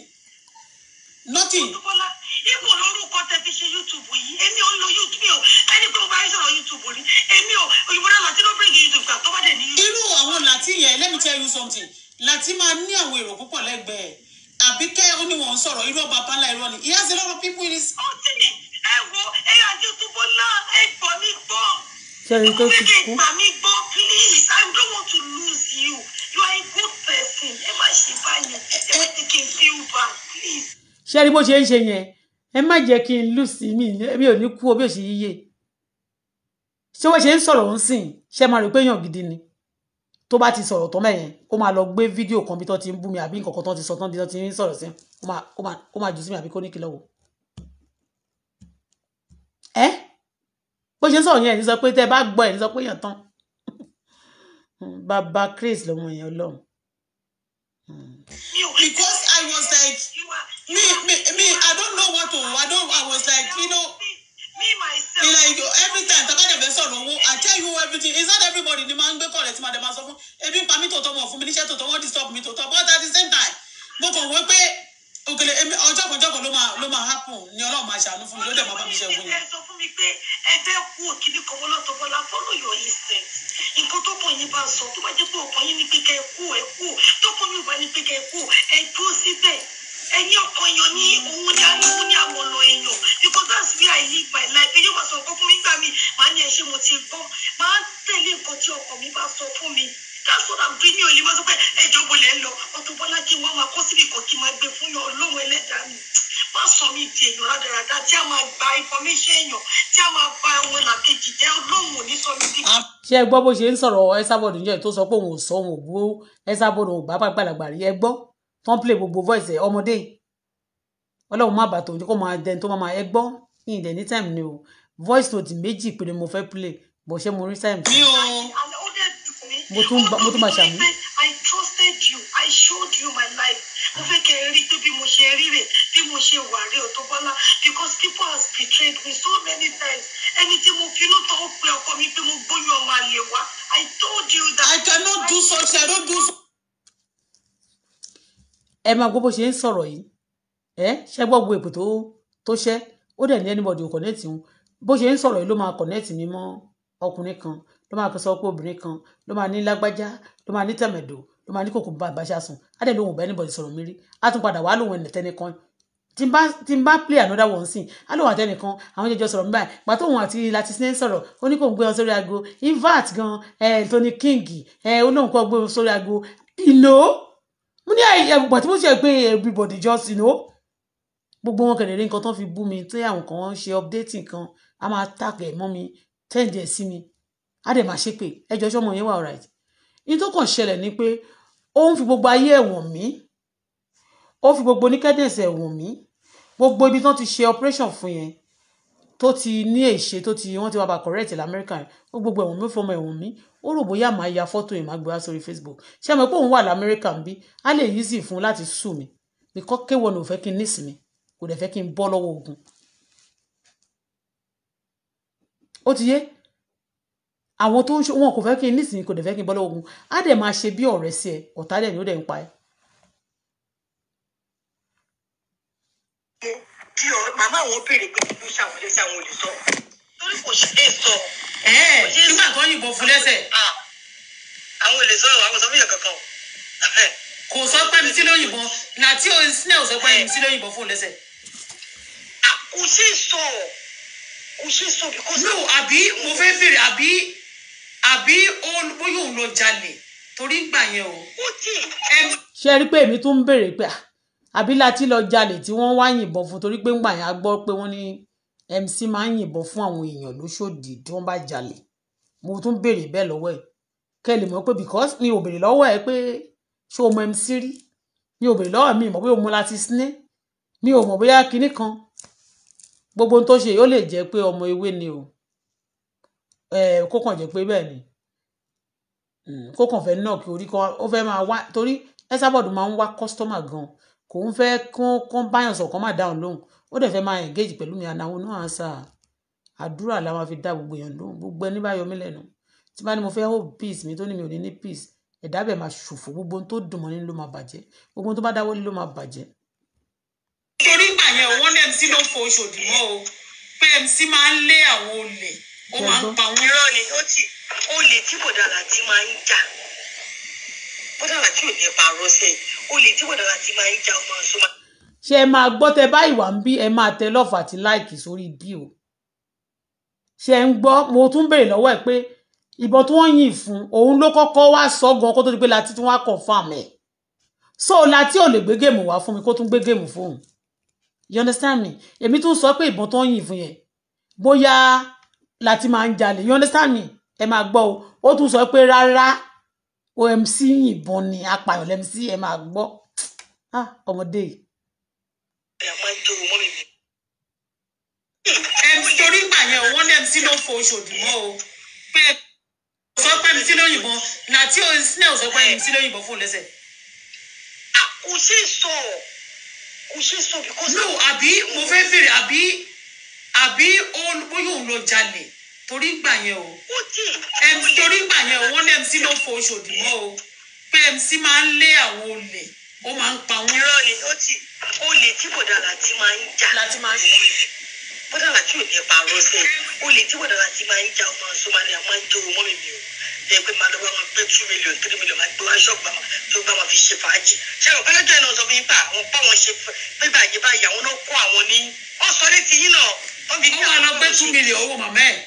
nothing. ọdúnbọ́lá ibo lórúkọ tẹ fi ṣe youtube yìí èmi ò lo youtube o ẹni pé mo bá ń sọ̀rọ̀ youtube rí èmi ò òyìnbó náà láti ló bring youtube kà tó bá dẹ̀ ní. irú àwọn láti yẹn let me tell you something láti máa ní àwọn èrò púpọ̀ lẹ́gbẹ̀ẹ́ àbíkẹ́ ó ní wọ́n ń sọ̀rọ̀ irú ọba pálá irọ́ ni he has a lot of people in his. ó ti ní ẹ wo ẹ yànjú túbọ náà ẹ gbọ́ mi gbọ́. sẹ́ni tó ti kú. ẹ gbà mí please I don't want to lose you you are a good person ẹ má ṣe báyìí ẹ má ti kí n feel bad please. ṣé ẹni bó ṣe ń ṣe yẹn ẹ má jẹ́ kí n lù sí mi mi ò ní kú omi ò sì yíyẹ ṣé wọ́n ṣe ń sọ̀rọ̀ ń sìn ṣé máa rò pé èèyàn gidi ni tó bá ti sọ̀rọ̀ tán mẹ́yẹn ó máa lọ gbé fídíò kan bí tó ti ń bú mi àbí nǹkan kan tó ti sọ tán bí tó ti ń sọ̀rọ̀ sí ó máa jù sí mi àbí kó ní kí lọ́wọ́ ẹ bó ṣe ń sọ̀rọ̀ yẹn ẹ̀ ní sọ pé tẹ́ ẹ bá gbọ́ ẹ̀ ní sọ pé èèyàn tán bàbá Chris lọ́mọ yẹn ọlọ́run. because I was like me me me I don't know what to I don't I was like you know me myself. like every time tàbá dẹ̀ fẹ́ sọ̀rọ̀ I tell you everything is not everybody ni máa ń gbé kọ̀rẹ́ tí màá dẹ̀ máa sọ fún ebi ń pa to tòótọ́ wọn fún mi níṣẹ́ tòótọ́ wọn disturb mi tòótọ́ but at the same time mo kàn wọ́n pé òkèlè èmi ọjọ́ kan ọjọ́ kan ló máa ló máa happen ni ọlọ́run máa ṣàánú fún mi ló dẹ̀ máa bá mi ṣe wúni. ẹ sọ fún mi pé ẹ fẹ́ kú òkìní kan wọ́n lọ́tọ̀ bọ́lá follow your instinct nǹkan tó pọ̀ yín bá sọ tó bá jẹ́ pé ọkàn yín ní pé kẹ́ ẹ kú ẹ kú tó pọ̀ yín bá ní pé kẹ́ ẹ kú ẹ dúró síbẹ̀ ẹ̀yin ọkàn èèyàn ní òun ní àwọn ní àwọn ọ̀nà èèyàn because that's where I live my life èyí wà sọ nǹkan fún mi gbà mí màá ní ẹ ṣe mo ti gbọ́ màá tẹ̀lé nǹkan tí ọkàn mi bá sọ fún mi that's what i'm doing mi ò sọ pé ẹjọ́ mo lọ Auto kí wọ́n máa kó síbi kan kí máa gbé fún yàn ọlọ́run ẹlẹ́dàá má sọ mí di èèyàn rádaràda tí a máa gba information èèyàn tí a máa ba àwọn làkejì jẹ́ ọlọ́run ò sọ mí di. ṣé ẹ gbọ́ bó ṣe ń sọ̀rọ̀ Esabod níjọ́ tó sọ pé òun ò sọ òun ò gbó Esabod òun bá gbàgbàlagbà rí ẹ gbọ́ tán play gbogbo voice ẹ ọmọdé ọlọ́run má bàtò ní kó máa dẹni tó máa ẹ gbọ́ ní ìdẹ̀ ní time ni o voice note méjì péré mo fẹ́ play bọ̀ ṣé mo rí time. mi ò mo tún mo tún máa ṣàmú. I trusted you I showed you my life mo fẹ́ kẹ́ ẹ rí pé bí mo ṣe rí rè bí mo ṣe wà rè Auto Bola because people have betrayed me so many times ẹni tí mo finú tán ó pe ọkọ mi pé mo gbóyún ọmọ àlè wá I told you that. I cannot do such I don't do such. ẹ máa gbọ́ bó ṣe ń sọ̀rọ̀ yìí ẹ ṣe gbọ́ gbogbo èpè tó tó ṣẹ́ ó dẹ̀ ní anybody ò connect wọn bó ṣe ń sọ̀rọ̀ yìí ló máa connect mi mọ́ ọkùnrin kan ló máa sọ pé obìnrin kan ló máa ní lágbájá ló máa ní tẹ̀mẹ̀dò ló máa ní kòkó bá àbáṣà sùn á dẹ̀ lóhùn bẹ́ẹ̀ níbọ̀dì sọ̀rọ̀ mi rí á tún padà wàá lóhùn ẹ̀nẹ̀tẹ́ni kan tí n bá tí n bá play another one sin á lóhùn àtẹnìkan àwọn jẹjọ sọ̀rọ̀ nígbà ìgbà tó òun àti láti sinẹ́ sọ̀rọ̀ ó ní kò gbé wọn sórí aago invert gan ẹ̀ Tony King ẹ̀ ó lóhùn kó gbé wọn sórí aago ìlò mo ní ẹ̀bùgbà tí mo ṣe pé everybody just you know gbogbo wọn kẹ̀lé rí nǹkan tó fi bú mi tí àwọn kan ṣe updating kan a máa tag ẹ̀ mọ́ mi tẹ́ǹdẹ̀ sí mi á dẹ̀ máa ṣépè ẹjọ́ yẹn wà alright ní tó kàn ṣẹlẹ̀ ni pé ó ń fi gbogbo ayé ẹ̀wọ̀n mí ó fi gbogbo oníkẹ́dẹ̀sì ẹ̀wọ̀n mí gbogbo ibi tán ti ṣe operation fún yẹn tó ti ní èṣe tó ti wọ́n ti wá bá correct lamẹ́ríkà ó gbogbo ẹ̀wọ̀n mi fọmọ ẹ̀wọ̀n mi ó rò bóyá màá ya fọ́tò yìí màá gbé wá sórí Facebook ṣé ẹ mọ̀ pé òun wà lamẹ́ríkà ń bí á lè easy fún láti sù mí bíkọ́ kéwọ́n ní ò fẹ́ kí n nísìmí kò dẹ̀ fẹ́ kí n bọ́ lọ́wọ́ ogun ó ti yé àwọn tó ń ṣe wọn kò fẹ́ kí n nísìnyí kò dẹ̀ fẹ́ kí n bọ́ lọ́wọ́ ogun á dẹ̀ máa ṣe bí ọ̀rẹ́ sí ẹ ọ̀tá dẹ̀ ni ó dẹ̀ ń pa ẹ́. bí ọ màmá àwọn béèrè pé kí ló ṣàwọn lé sáwọn olè sọ torí kò ṣe lè sọ. ẹ ẹ nígbà tó yìnbọn fún lẹ́sẹ̀. àwọn olè sọ àwọn sọ fún yàn kankan kò sọ pé mi sí ló yìnbọn nà tí o sinẹ ò sọ pé mi sí ló yìnbọn fún lẹ́sẹ̀. kò ṣe sọ kò ṣe sọ. no àbí mo fẹ́ béèrè àbí àbí bóyá òun lọ jalè torí gbà yẹn o. ṣé ẹ rí pé èmi tún ń béèrè pé ah, àbí láti lọ jalè tí wọ́n wá yìnbọn fún torí pé ń gbà yẹn a gbọ́ pé wọ́n ní MC máa ń yìnbọn fún àwọn èèyàn lóṣòdì tí wọ́n bá jalè mo tún béèrè bẹ́ẹ̀ lọ́wọ́ ẹ̀ kẹ́ mọ̀ pé because mi ò béèrè lọ́wọ́ ẹ pé ṣé o mọ MC rí mi ò béèrè lọ́wọ́ mi mọ̀ pé o mọ láti sinẹ́ mi ò mọ̀ bóyá kinní kan gbogbo ohun tó ṣe yóò lè jẹ́ pé ọmọ ewé ni o. Eh, kó kàn jẹ́ pé bẹ́ẹ̀ ni hmm, kó kàn fẹ́ náà kí orí kan ó fẹ́ máa wá torí Esabod máa ń wá kọ́sítọ́mà gan kò ń fẹ́ kó ń báyàn sọ̀kan má dáhùn lóhùn ó dẹ̀ fẹ́ máa engage pẹ̀lú mi àdáwọn náà á àdúrà la máa fi dá gbogbo èèyàn lóhùn gbogbo ẹni bá yọ mí lẹ́nu tí bá ní mo fẹ́ hó peace mi tó ní mi ò ní ní peace ẹ̀dá bẹ̀ máa ṣòfò gbogbo tó dùn mọ́ nínú ló máa bàjẹ́ gbogbo tó bá dáwọ́ lé ló máa bàjẹ́. nítorí ìgbà yẹn wọn ní mc ló fo oṣòdì mọ́ o pé mc máa ń lé àwọn olè ó máa ń pa irọ́ ni ó ti ó lè tí kò dára tí máa ń jà bó dára tí ò ní pa rọ́ṣẹ́ ó lè tí kò dára tí máa ń jà ó máa ń sọ máa. ṣé ẹ máa gbọ́ tẹ báyìí wà ń bí ẹ máa tẹ lọ́ọ̀fù àti láìkì sórí bí o ṣe ń gbọ́ mo tún béèrè lọ́wọ́ ẹ pé ìbọn tí wọ́n yìn fún òun ló kọ́kọ́ wá sọ gan kó tó di pé láti tún wá confirm ẹ̀ so láti ò lè gbé géèmù wá fún mi kó tún gbé géèmù fóun you understand me èmi tún sọ pé ìbọn tí wọ́n yìn fún yẹn bóyá láti máa ń jalè you understand me ẹ máa gbọ́ o ó tún sọ pé rárá omc ìbọn ni apààyàn lẹ́mc ẹ máa gbọ́ ah, ọmọdé yìí. torí gbà yẹn o ní mc ló fo oṣòdì mọ́ o pé sọ pé mc ló yìnbọn nàti o sinel sọ pé mc ló yìnbọn fún lẹ́sẹ̀. Ah, kò sí sọ kò sí sọ. no àbí mo fẹ́ fèrè àbí àbí bóyá òun ló jalè torí gbà yẹn o torí gbà yẹn o wọ́n ní mc ló fo Oṣòdì mọ́ o pé mc máa ń lé àwọn olè ó máa ń pa wọ́n. irọ́ ni ó ti olè tí kò dára ti máa ń jà láti máa ń ṣe bọ́dà láti òde pààrọ̀ sẹ́ olè tí kò dára ti máa ń jà ọmọ Somalia máa ń jẹ owó mọ́mí mi pé máa lọ́wọ́ máa pé two million three million máa gbé wá ṣọ́ọ̀bù tó gbá fi ṣe fàájì ṣé o pẹ́lẹ́jọ́ ẹ̀ náà sọ fún yín pa àwọn bá wọn ṣe pé bàjẹ́ báyìí àwọn náà kó àwọn ní ọ̀sán létí yín náà ó máa lọ two million owó màmá ẹ̀.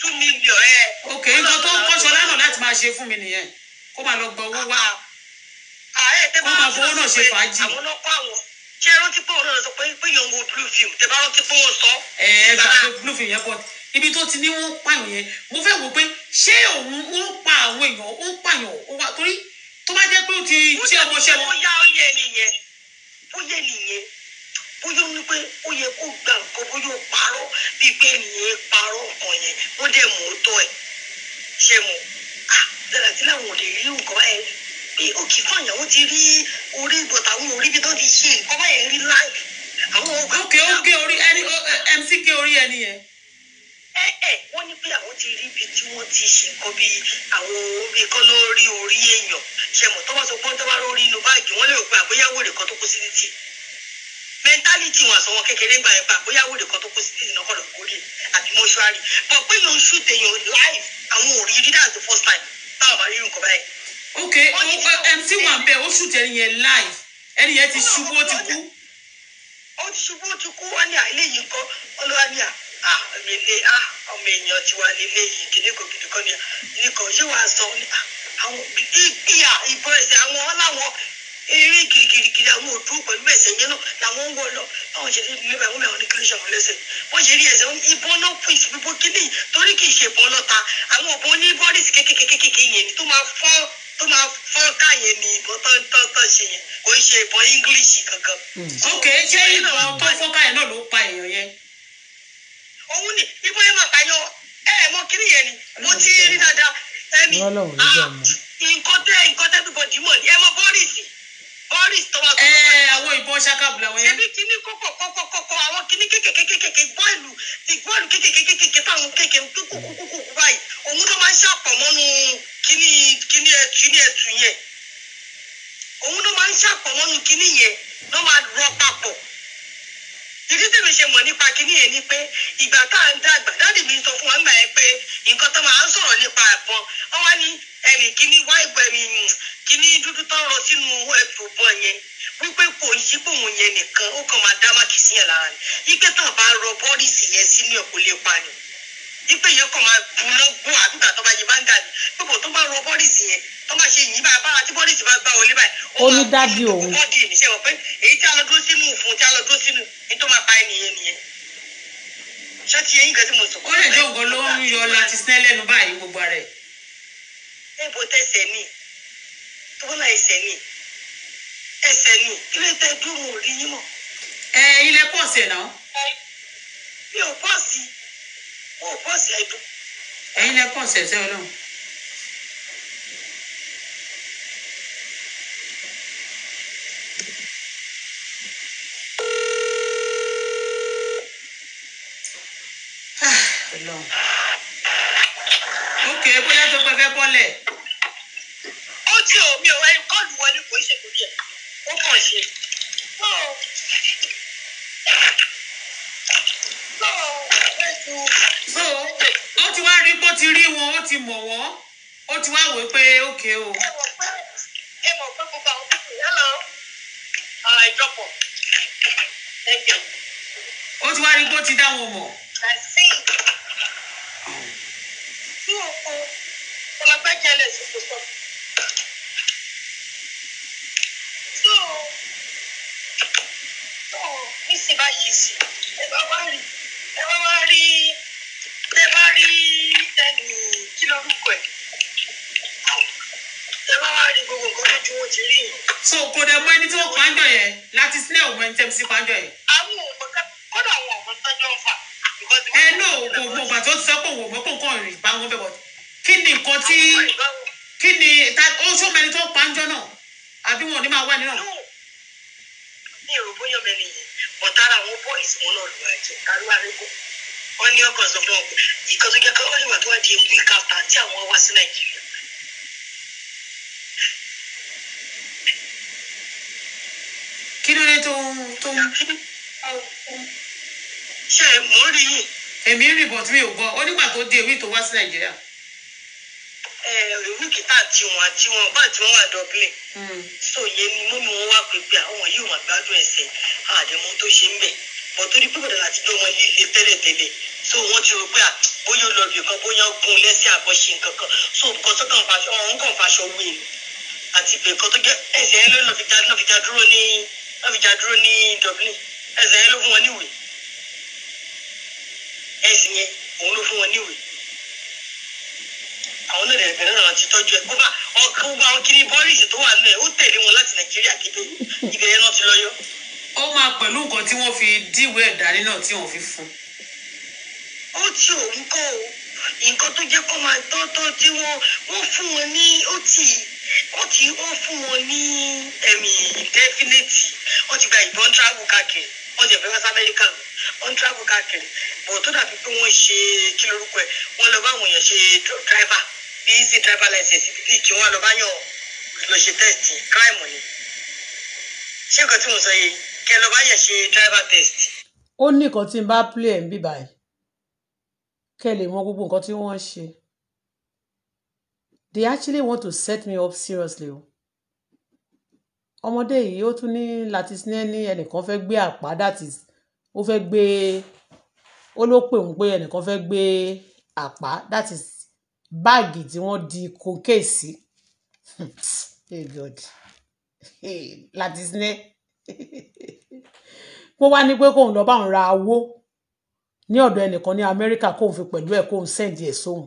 two million ẹ. ok nǹkan tó ń kọ́ṣọ lánàá láti máa ṣe fún mi nìyẹn kó máa lọ gba owó wá ah, ah, kó máa fowó náà ṣe fàájì. ṣé ẹ rántí pé náà sọ pé pé yẹn ń wo blue tẹ bá rántí pé sọ. ẹ ẹ gbà pé blue yẹn pọ ibi tó ti ní wọn pààyàn yẹn mo fẹ́ wò pé ṣé òun ó pa àwọn èèyàn ó pààyàn ó torí tó bá jẹ́ pé ó ti ṣe ọmọṣẹ́ wọn. ó yẹ nìyẹn ó yẹ nìyẹn bóyá ó pé ó yẹ kó gba nǹkan bóyá ó parọ́ bíi pé ènìyàn parọ́ nǹkan yẹn wọ́n dẹ̀ mú tọ́ ẹ̀ ṣe mọ̀ ah dára sí làwọn ò lè rí nǹkan báyẹn pé òkè fún àyàwó ti rí orí bọ̀tà àwọn orí bí tó ti ṣe nǹkan báyẹn rí láì àwọn ọgbà òkè ó gé orí ẹni mc gé orí ẹni yẹn ẹ ẹ wọ́n ní pé àwọn ti rí ibi tí wọ́n ti ṣe nǹkan bí àwọn omi kan ló rí orí èèyàn ṣe mọ̀ tó bá sọ pé bá rí inú báàgì wọ́n lè rò pé àbóyá wèrè kan tó kó sí ní tì Mentality, wọn àsọ̀wọ́n kékeré gbà ẹ̀pà bóyá wòlé kan tó kó sí títì náà kọ̀ lọ́kọ́ lè àbí mọ́ṣúárì but pé yóò ṣù tèèyàn live àwọn ò rí rí that's the first time táwọn máa rí nǹkan báyìí. ok eh, mc wan bẹ ó ṣùtẹ ẹnìyẹn live ẹnìyẹn ti ṣubú ó ti kú. ó ti ṣubú ó ti kú wọn ní àìlè yìí kọ ọlọ́wà ní à ọmọ ilé ọmọ èèyàn ti wà nílé yìí kìnìún kò gidi kọ́ ni nìkan ṣé wàá sọ àwọn ìgbìyà ìbọn ẹ̀sẹ̀ àwọn ọláwọ̀n eré kìrìkìrìkìrì àwọn òdú pẹ̀lú ẹ̀sẹ̀ yẹn náà làwọn ń wọ lọ báwọn ṣe lè bá wọn bá wọn ní kí ló ṣe àwọn lẹ́sẹ̀ wọ́n ṣe rí ẹ̀sẹ̀ ìbọn náà fún ìṣubú kíní torí kì í ṣe ìbọn lọ́ta àwọn ọ̀bọ̀n ní bọ́ọ̀lìsì kékèké yẹn tó máa fọ́ tó máa fọ́ ká yẹn ní ìbọn tán tán tán ṣe yẹn kò ń ṣe ìbọn English kankan. ok ṣé ìbọn tó fọ́ ká yẹn náà ló pa èèyàn yẹn. òun ni ìbọn yẹn máa pààyàn ẹ ẹ mọ kíní yẹn ni mo ti rí dáadáa ẹni nǹkan tẹ nǹkan tẹ everybody mọ ni ẹ mọ bọ́ọ̀lìsì orange tó wà tó wà. àwọn ìbọn ṣakabula wọn yẹn. ṣebí kíní kókò kókò kókò àwọn kíní kékèké kékèké bọ́ọ̀lù ti bọ́ọ̀lù kékèké kékèké táwọn kékèké kúkúkúkú báyìí òun ló máa ń ṣàpọ̀ mọ́nu kíní kíní kíní ẹ̀tù yẹn òun ló máa ń ṣàpọ̀ mọ́nu kíní yẹn ló máa rọ papọ̀ ìdí tí mi ṣe mọ̀ nípa kíní yẹn ni pé ìgbà tá à ń dàgbà dáàdì mi sọ fún wọn gbà yẹn pé nǹkan tó máa ń sọ̀rọ̀ nípa àgbọn wọn wá ní ẹnì kíní wá ìgbẹ̀mí kíní dúdú tó ń rọ sínú ẹ̀bùbọ̀n yẹn wípé kò ń ṣí pòun yẹn nìkan ó kàn máa dá mákìsí yẹn lára ni wípé tó bá rọ bọ́ọ̀lì sí yẹn sínú ẹ̀ kò lè pa ni wípé yẹn kàn máa bu lọ́gùn àbígbà tó bá yẹ bá ń gà ní gbogbo tó bá rọ bọ́ọ̀lìsì yẹn tó bá ṣe yìí báyìí tí bọ́ọ̀lìsì bá gbá wọlé báyìí ó máa bọ́ọ̀lì bọ́ọ̀dì èmi ṣe wọ pé èyí tí a lọ dúró sínú òfun tí a lọ dúró sínú ní tó máa pa ẹnìyẹn nìyẹn ṣé ti yẹn nǹkan mo sọ. ó lè jọ̀gbọ́ ló ń yọ láti sinẹ́ lẹ́nu báyìí gbogbo rẹ̀. níbo tẹsẹ̀ ẹsẹ̀ ni ilé tẹ dúró rí yín mọ̀. ẹ ilé pọ̀ sí ẹ̀ náà. mi ò pọ̀ sí i wọn ò kàn sí àìdùn. ẹ̀yin lẹ kàn sí ẹsẹ Ọlọ́run. ok bóyá tó pẹ́ fẹ́ bọ́lẹ̀. ó ti omi ò ẹni kọ́ọ̀lù wọlé kò ṣe kò díẹ̀ ó kàn ṣe. Oh. nítorí pé ó ti rí wọn ó ti mọ̀ wọ́n ó ti wá wò pé ókè o. ẹ mọ̀ pé gbogbo àwọn tó kù yálà ìjọpọ̀ ẹ̀jẹ̀. ó ti wá rí pé ó ti dá wọn mọ̀. tí òkú ọlọ́pàá jẹ́lẹ̀ sí kò sọ. tó tó ní sí báyìí sí ẹ bá wá rí ẹ bá wá rí so kò dẹ̀ mọ ẹni tí wọ́n pàjọ yẹn láti sílẹ̀ ọ̀gbọ́n ẹni tẹ́mi sí pàjọ yẹn. àwọn òmùgá kódà àwọn ọ̀gbọ́n tọ́jọ́ ń fà. ẹ náà kò mọ ìgbà tó ti sọ pé òun ò mọ pé nǹkan rìn bá wọn bẹ̀ bọ̀ kí ni nǹkan tí kí ni ó ṣó mẹni tó pàjọ náà àbí wọn ò ní máa wà nínú. mi ò bóyá mẹ́rin yìí bọ̀tara àwọn bọ́ìsì wọn náà lù wọ́n ní ọgọ́ sọ fún ọ ìkan tó jẹ́ pé wọ́n lè wà tó wà di a week after tí àwọn wá sí nàìjíríà. kí ló dé tó ń tó ń. ṣé mò ń rí yìí. èmi ń rìbọn tí mi ò gbọ́ ó nígbà tó dé ewì tó wá sí nàìjíríà. ẹ ewì kìtà tiwọn àti wọn bá tí wọn wà Dublin. Hmm. so yẹn ni mú mi wọn wá pé pé àwọn yìí wọn gbádùn ẹsẹ àdèmó tó ṣe ń bẹ but torí láti tó wọn yìí tẹ́lẹ̀tẹ́lẹ̀ so wọ́n ti rò pé à ah, bóyá ó lọ bì kan bóyá ó gun lẹ́sẹ̀ àkọ́ṣe nǹkan kan so nǹkan tó kàn fàṣọ ọ̀hún kàn fàṣọ wé ni àti ibẹ̀ kan tó jẹ́ ẹsẹ̀ yẹn ló fi já ló fi já dúró ní ló fi já dúró ní Dublin ẹsẹ̀ yẹn ló fún wọn níwèé ẹsẹ̀ yẹn òun ló fún wọn níwèé àwọn náà lè náà ti tọ́jú ẹ̀ kópa ọkọ̀ bọ́ọ̀lì tó wà nílẹ̀ ó tẹ̀lé wọn láti Nàìjíríà kébé ibẹ̀ yẹn náà ti lọ ó máa pẹ̀lú nǹkan tí wọ́n fi díwèé ẹ̀dárí náà tí wọ́n fi fún. ó ti òun kọ́ o nǹkan tó jẹ́ kó máa tọ́tọ́ tí wọ́n wọ́n fún wọn ní ó ti ó ti wọ́n fún wọn ní ẹ̀mí definite wọ́n ti gba ìbọn travel káàkiri wọ́n ti ẹ̀fẹ́ west america wọ́n travel káàkiri bọ̀ tó dàbí pé wọ́n ṣe kí lorúkọ ẹ̀ wọ́n lọ bá àwọn èèyàn ṣe driver bíi sí driver license bíi kí wọ́n lọ bá yàn lọ ṣe test crime ni ṣé nǹkan tí mo sọ yìí kẹ lọ bá yẹ ṣe driver test. ó ní nǹkan tí n bá play ẹ̀ ń bì báyìí lè mọ gbogbo nǹkan tí wọ́n ń ṣe they actually want to set me up seriously o ọmọdé yìí ó tún ní latisne ní ẹnìkan fẹ́ gbé àpá that is ó fẹ́ gbé ó ló pè òun pé ẹnìkan fẹ́ gbé àpá that is báàgì tí wọ́n di kókèsí hey God hey, latisne wọ́n wá ní pé kóun lọ báwọn ra awó ní ọ̀dọ̀ ẹnìkan ní Amẹ́ríkà kóun fi pẹ̀lú ẹ̀ kóun sẹ́ǹdì ẹ̀ sóhun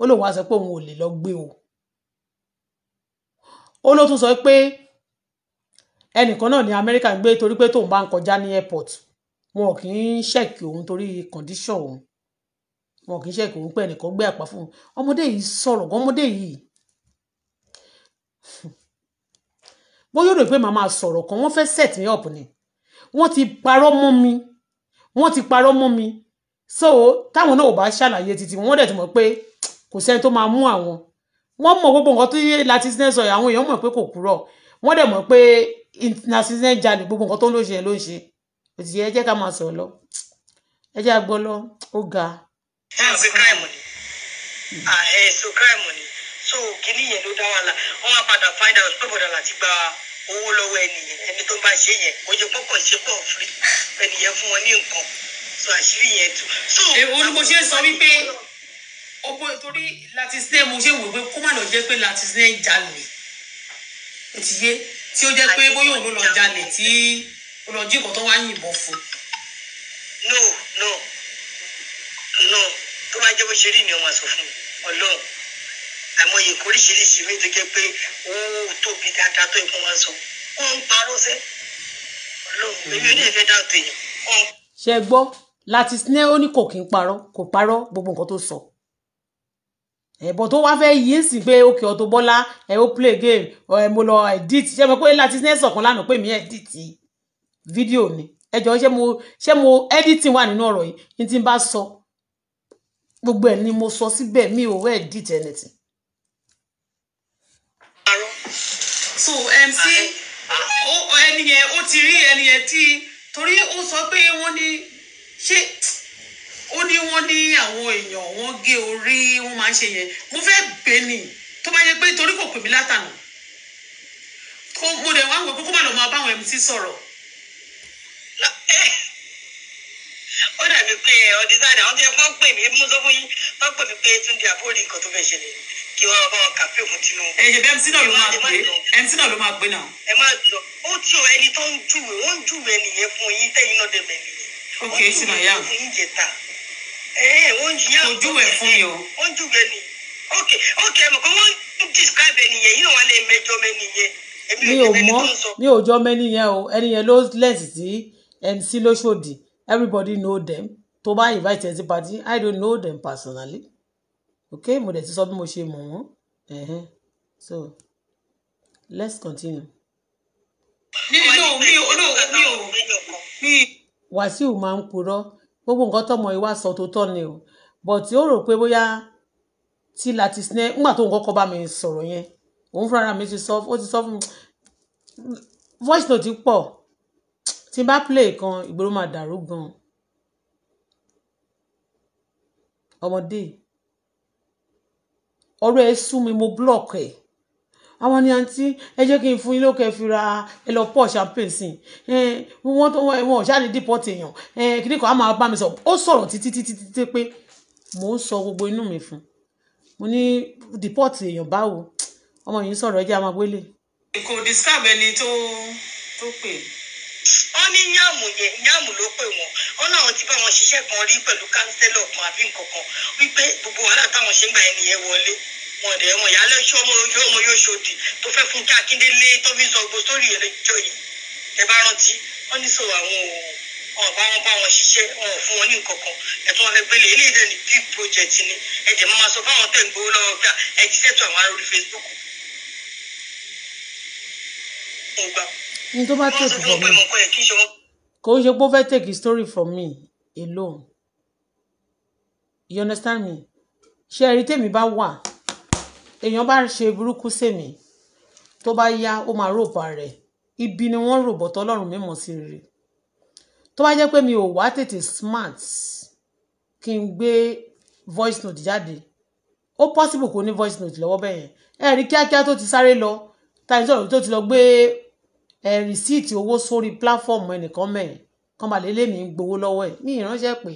ó lóun wá sọ pé òun ò lè lọ gbé o ó ló tún sọ pé ẹnìkan náà ní Amẹ́ríkà ń gbé torí pé tóun bá ń kọjá ní airport wọn kì í ṣẹ̀kì òun torí condition òun wọn kì í ṣẹ̀kì òun pé ẹnìkan gbé àpá fún ọmọdé yìí sọ̀rọ̀ ọmọdé yìí bóyá ó rò pé màmá sọ̀rọ̀ kan wọ́n fẹ́ set me up ni wọ́n ti parọ́ mọ́ mi wọ́n ti parọ́ mọ́ mi so táwọn náà ò bá ṣàlàyé títí wọ́n dẹ̀ ti mọ̀ pé kò sẹ́ni tó máa mú àwọn wọ́n mọ̀ gbogbo nǹkan tó yé latisne sọ àwọn èèyàn mọ̀ pé kò kúrọ̀ wọ́n dẹ̀ mọ̀ pé latisne jalè gbogbo nǹkan tó ń lò ṣe ló ń ṣe òtítì ẹ jẹ́ ká máa sọ̀rọ̀ lọ ẹ jẹ́ àgbọ́ lọ ó ga. ẹ̀sùn kíráìmù ni ẹ̀sùn kíráìmù ni so kìnìyẹn ló dá wàhálà wọ́n á padà find out pé bọ̀dà láti gba owó lọ́wọ́ ẹnìyẹn ẹni tó bá ṣe yẹn kó jẹ ṣe pọ̀ fúri ẹnìyẹn fún wọn ní nǹkan so àṣírí yẹn tú. èwo ni sọ wípé owó torí latisne mo ṣe wò pé kó má lọ jẹ pé latisne jalè ó ti yé tí ó jẹ pé bóyá òun lọ jalè tí ó lọ wá yìnbọn fún. no no no tó bá jẹ́ bó ṣe rí ni ọmọ sọ fún ọlọ́run àmọ́ yìí kó oríṣiríṣi mi tó jẹ́ pé ó tóbi dáadáa tó ìpọ́n máa sọ wọ́n ń parọ́ sẹ́ ọlọ́run mhm. èmi ò ní ìfẹ́ dáàtò èèyàn. ṣe gbọ́ láti sinẹ́ ó ní kò kí ń parọ́ kò parọ́ gbogbo nǹkan tó sọ ẹ̀bọ̀ tó wá fẹ́ yí sí pé òkè Auto Bola ẹ̀ ó play game ẹ̀ mo lọ edit ṣé mo pé láti sinẹ́ sọ̀kan lánàá pé mi edit fídíò ni ẹ jọ ṣé mo ṣé mo editing wà nínú ọ̀rọ̀ yìí ní tí n bá sọ gbogbo ẹ̀ ni mo sọ síbẹ̀ mi ò edit anything so mc um, ẹni yẹn ó ti rí ẹni yẹn tí torí ó sọ pé wọ́n ní ṣé ó ní wọ́n ní àwọn èèyàn wọ́n gé orí wọ́n máa ń ṣe yẹn mo fẹ́ gbé ni tó bá yẹ pé torí kò pè mí látànà mo dẹ̀ wá wò pé kó má lọ́ọ́ máa bá àwọn mc sọ̀rọ̀. Eh, ó dàbí pé ọdún sáà àwọn tó yẹ kó pè mí mú sọ fún yín wọ́n pè mí pé túnde àbórí nǹkan tó fẹ́ ṣẹlẹ̀ kí wọ́n bá kàfé fún tinubu. ẹ ṣe bẹ náà ló máa gbé mc náà ló máa gbé náà. ẹ má lọ ó tí o ẹni tó ń júwe ó ń júwe nìyẹn fún yín tẹ́yìn náà dẹ̀mẹ̀ nìyẹn. ó ń júwe fún mi o. ó ẹ wọ́n ń describe ẹnìyẹn yìí náà wà lè mẹjọ mẹ́nìyẹn mi ò mọ mi ò jọ mẹ́ni yẹn o ẹni yẹn ló lẹ́sì sí mc lóṣòdì everybody know them tó bá invite ẹtí party i don't know them personally okay mo dẹ̀ ti sọ bí mo ṣe mọ̀ wọ́n so let's continue. mi ò mi ò mi ò mi ò mi. wàsíù máa ń purọ́ gbogbo nǹkan tọmọ ìwà sọ tó tọ́ ni o but ó rò pé bóyá tí láti sinẹ́ ńgbà tó nǹkan kọ́ bá mi sọ̀rọ̀ yẹn òun fúnra mi ti sọ ó ti sọ fún mi voice note pọ̀ tí bá play kan ìgboro máa dàrú gan ọmọdé ọ̀rọ̀ ẹ sú mi mo block ẹ àwọn ni àǹtí ẹ jẹ́ kí n fún yín ló kẹ́ fi ra ẹ lọ pọ̀ champagne sí i wọ́n tó wọ́n ṣáàlì dìpọ̀ tèèyàn kìnìún kan á máa bá mi sọ ó sọ̀rọ̀ títí títí títí pé mò ń sọ gbogbo inú mi fún mo ní dìpọ̀ tèèyàn báwo ọmọ yìí sọ̀rọ̀ ẹ jẹ́ àmọ́ kò describe ẹni tó tó pè é wọ́n ní yàmù yẹn yàmù ló pè wọ́n wọ́n láwọn ti bá wọn ṣiṣẹ́ kan rí pẹ̀lú kánsẹ́lọ̀ kan àbí nǹkan kan wípé gbogbo wàhálà táwọn ṣe ń gbà ẹni yẹn wọlé wọn dẹ̀ wọn yà á lẹ́sọ́ ọmọ ojú ọmọ yóò ṣòdì tó fẹ́ fún kí Akíndélé tó fi sọ gbogbo sórí rẹ̀ jọ yìí ẹ bá rántí wọ́n ní sọ àwọn wọn bá wọn bá wọn ṣiṣẹ́ wọn ò fún wọn ní nǹkan kan ẹ̀tọ́ wọn fẹ́ gbélé eléyìí dẹ̀ ní big project ni ẹ̀jẹ̀ máa sọ fáwọn tẹ̀ ń gbowó lọ́wọ́ gbà ẹ̀ ti ṣètò àwọn ará Facebook ní tó bá take from me kò ń ṣe pé ó fẹ́ take his story from me alone you understand me ṣé ẹ̀rí tèmi bá wà èèyàn bá ṣe burúkú sèmi tó bá yá ó máa ròbà rẹ̀ ibi ni wọ́n ròbọ̀ tọ́lọ́run mímọ́ sí rere tó bá jẹ́ pé mi ò wá tètè smart kí n gbé voice note jáde ó possible kó ní voice note lọ́wọ́ bẹ́ẹ̀ yẹn ẹ rí kíákíá tó ti sáré lọ tàbí sọ̀rọ̀ tó ti lọ gbé rìsíìtì owó sórí pláfọ́ọ̀mù ẹnìkan mẹ́ẹ̀ kán balẹ̀ lèmi ń gbowó lọ́wọ́ ẹ̀ ní ìránṣẹ́ pé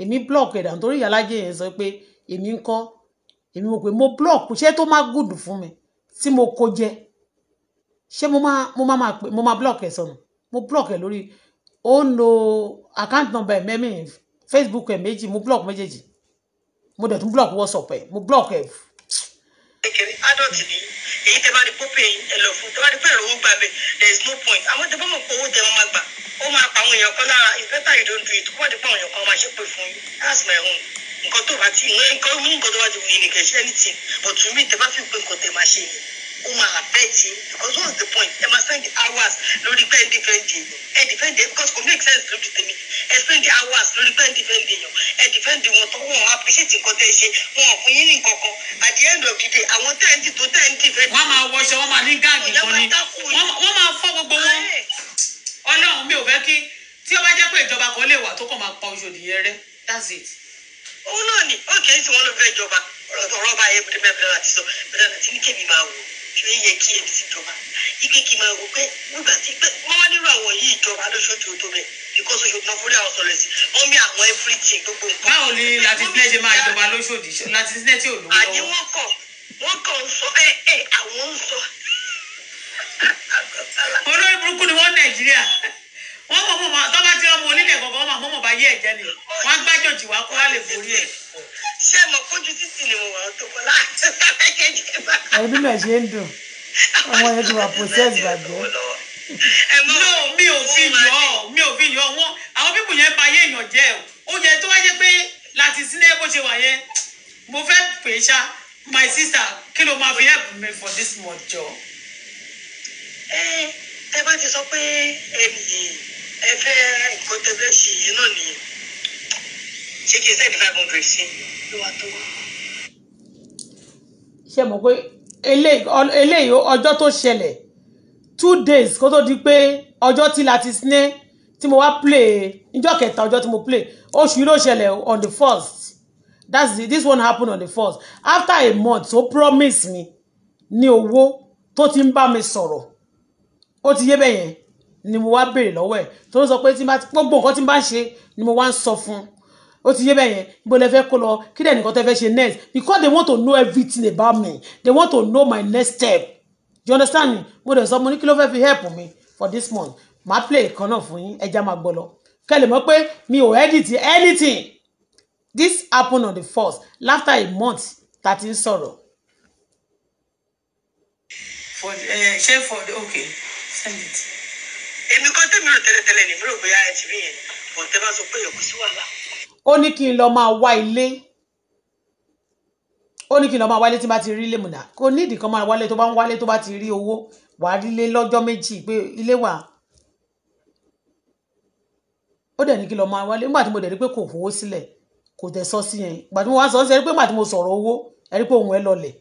èmi block ẹ̀dà nítorí ìyálájẹ yẹn sọ pé èmi ń kọ́ èmi mo pé mo block iṣẹ́ tó má gùdù fún mi tí mo kó jẹ ṣé mo má mo má máa pè mo má block ẹ̀ sọnù mo block ẹ̀ lórí ó ń lo account number ẹ̀ mẹ́mí Facebook ẹ̀ méjì mo block méjèèjì mo dẹ̀ tún block WhatsApp ẹ̀ mo block ẹ̀ kékeré adult ni èyí tẹ bá rí pópè yín ẹ lọ fún tẹ bá rí pé ìrànwọ́ gbà bẹ there is no point àwọn tẹ bá mọ̀ pé owó jẹ wọn máa gbà ó máa pa àwọn èèyàn kan lára it's better you don't do it kó wọ́n ti pa àwọn èèyàn kan máa ṣe pé fún yín that's my own nǹkan tó bá ti nǹkan mú nǹkan tó bá ti wù yín nìkan ṣe anything but to me tẹ bá fi pé nǹkan tẹ máa ṣe yẹn ó máa affect yín ọdún what's the point ẹ máa spend hours lórí pé ẹ defend yín ẹ defend yín because kò make sense lórí tèmi ẹ spend hours lórí pé ẹ defend yín ẹ defend wọn tó wọn appreciate nǹkan tẹ ẹ ṣe wọn ò fún yín ní nǹkan kan at the end of the day àwọn tẹ́ǹtì tó tẹ́ǹtì fẹ́. wọ́n máa wọṣọ wọ́n máa ní gáàgì kan ni wọ́n máa fọ́ gbogbo wọn ọlọ́run mi ò fẹ́ kí tí ó bá jẹ́ pé ìjọba kan lè wà tó kàn máa pa oṣù nìyẹn rẹ that's it. òun náà ni ó kì í sí wọn ló fẹ́ jọba ọ̀rọ̀ ọba ayé bẹ́ẹ̀ bẹ́ẹ̀ láti sọ bẹ́ẹ̀ láti ní kébì máa wò ó ṣe é yẹ kí èmi jọba ike kì í máa rò pé nígbà tí pé wọ́n wá nírú àwọn yìí ìjọba lóṣooṣù tó bẹ̀ because òyìnbó fúnra àwọn sọ̀rọ̀ sí wọ́n mi àwọn everything gbogbo nǹkan. báwo ni láti sílẹ̀ ṣe máa jọba lóṣòdì láti sílẹ̀ tí ò lówó àní wọ́n kọ̀ wọ́n kọ̀ ń sọ ẹ ẹ àwọn ń sọ. olórí burúkú ni wọ́n Nàìjíríà wọ́n kọ́ mọ̀ tó bá ti ọmọ onílẹ̀ kọ̀ọ̀kan wọ́n mọ̀ mọ̀ bá yé ẹ̀jẹ̀ ni wọ́n gbájọ̀ jì wá kó wá lè borí ẹ̀. ṣé mo kójú títì ni mo wà ó tó kọ láti kékeré bá. ẹbí náà ṣe ń dùn ọmọ yẹn ti wà process gbàgbọ́. no mi ò fi yọ mi ò fi yọ wọn àwọn pípù yẹn ba ayé èèyàn jẹ o yẹ tó wáyé pé láti sílẹ̀ bó ṣe wà yẹn mo fẹ́ pè é ṣá my sister kí ló máa fi help me for this month jọ. ẹ ẹ bá ti sọ pé èmi yìí ẹ fẹ́ nǹkan tẹ fẹ́ ṣe yẹn náà nìyẹn ṣé kí n sẹ́ni five hundred sí ló wà tó. ṣe mọ̀ pé eléyìí ọjọ́ tó ṣẹlẹ̀ two days kó tó di pé ọjọ́ tí láti sinẹ́ tí mo wá play níjọ́ kẹta ọjọ́ tí mo play oṣù yìí ló ṣẹlẹ̀ on the first that's the, this one happen on the first after a month ó so promise me ní owó tó ti ń bá mi sọ̀rọ̀ ó ti yé bẹ́yẹn ni mo wá béèrè lọ́wọ́ ẹ̀ tó ń sọ pé tí n bá gbogbo nǹkan tí n bá ṣe ni mo wá ń sọ fún ó ti yé bẹ́ẹ̀ yẹn bó lẹ fẹ́ kó lọ kí lẹ́nu nǹkan tẹ́ fẹ́ ṣe next because they want to know everything about me they want to know my next step you understand me mo dẹ̀ sọ mo ní kí ló fẹ́ fi help me for this month màá play ìkan náà fún yín ẹja máa gbọ́ lọ kẹ́ lè pé mi ò edit anything this happened on the first after a month tá a ti sọ̀rọ̀. for uh, eh, share for the okay send it èmi kan tèmi rò tẹ́lẹ̀tẹ́lẹ̀ ni mi rò bóyá ẹ ti rí yẹn bọ̀ tẹ́ bá sọ pé èèyàn kò sí wàhálà. ó ní kí n lọ máa wá ilé ó ní kí n lọ máa wálé tí n bá ti rí ilé mùnà kò ní ìdí kan máa wálé tó bá ń wálé tó bá ti rí owó wàá rílé lọ́jọ́ méjì pé ilé wà ó dẹ̀ ní kí n lọ máa wálé nígbà tí mo dẹ̀ rí pé kò fowó sílẹ̀ kò tẹ̀ sọ sí yẹn ìgbà tí mo wá sọ sí ẹ rí pé nígbà mo sọ̀rọ̀ owó ẹ rí pé òun ẹ lọlẹ̀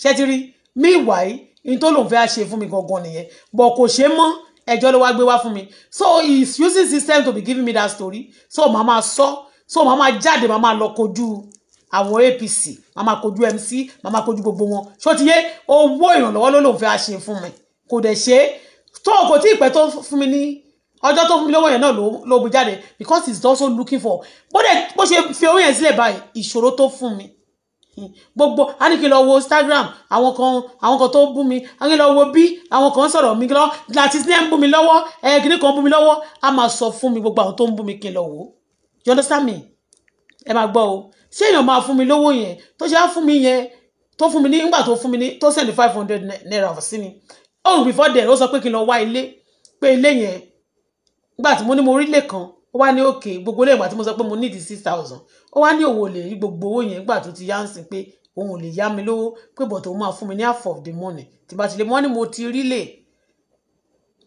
ṣẹ́ ti rí mí ìwà yìí ní tó lòun fẹ́ ṣe fún mi gangan nìyẹn bọ̀ kò ṣe mọ́ ẹjọ́ ló wá gbé wá fún mi so he is using system to be giving me that story so màá máa sọ so màá máa jáde màá máa lọ kojú àwọn APC màá kojú MC màá máa kojú gbogbo wọn ṣó ti yé owó ìrànlọ́wọ́ ló lòun fẹ́ ṣe fún mi kò dẹ̀ ṣe é tó kò tí ì pẹ́ tó fún mi ní ọjọ́ tó fún mi lọ́wọ́ yẹn náà ló bu jáde because he is also looking for bó dẹ̀ bó ṣe fi owó yẹn sílẹ̀ báyìí ìṣòro tó fún mi gbogbo a ní kí n lọ wo Instagram àwọn kan àwọn kan tó bú mi a ní kí n lọ wo bí àwọn kan sọ̀rọ̀ mi lọ láti sinẹ́ ń bú mi lọ́wọ́ ẹ̀ kìíní kan bú mi lọ́wọ́ a máa sọ fún mi gbogbo àwọn tó ń bú mi kí n lọ wò you understand me ẹ máa gbọ́ o ṣé èèyàn máa fún mi lówó yẹn tó ṣe á fún mi yẹn tó fún mi ní nígbà tó fún mi ní tó send five hundred naira sí mi oh before then ó sọ pé kí n lọ wá ilé pé ilé yẹn nígbà tí mo ní mo rí ilé kan ó wá ní òkè gbogbo lẹ́yìn ìgbà tí mo sọ pé mo nídìí six thousand ó wá ní òwò lè rí gbogbo owó yẹn nígbà tó ti yá pé òun ò lè yá mi lówó pé bọ̀ tó máa fún mi ní half of the money tí bá ti lè mọ́ ni mo ti rí lè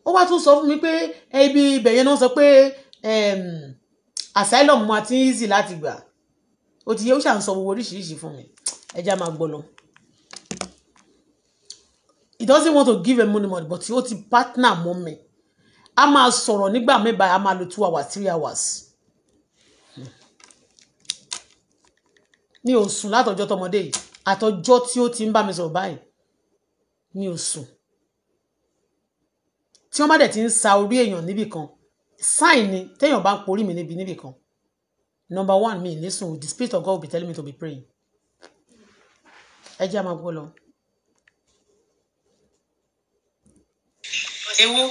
ó wá tún sọ fún mi pé ibi ibẹ̀ yẹn náà sọ pé ehm, asylum ma ti easy láti gbà ó ti yẹ ó ṣàǹsọ owó oríṣiríṣi fún mi ẹja máa gbọ́ lọ he doesn't want to give a money money but ó ti partner mọ́ mi a máa sọ̀rọ̀ nígbà mẹ́ba a máa lo two hours three hours mi ò sùn látọjọ́ tọmọdé yìí àtọjọ́ tí ó ti ń bá mi sọ̀rọ̀ báyìí mi ò sùn tí wọ́n bá dẹ̀ ti ń sa orí èèyàn níbì kan sáì ni téèyàn bá ń porí mi níbi níbì kan number one mi ní sùn the spirit of God will be telling me to be praying ẹ jẹ́ àmọ́ gbọ́ lọ. ewo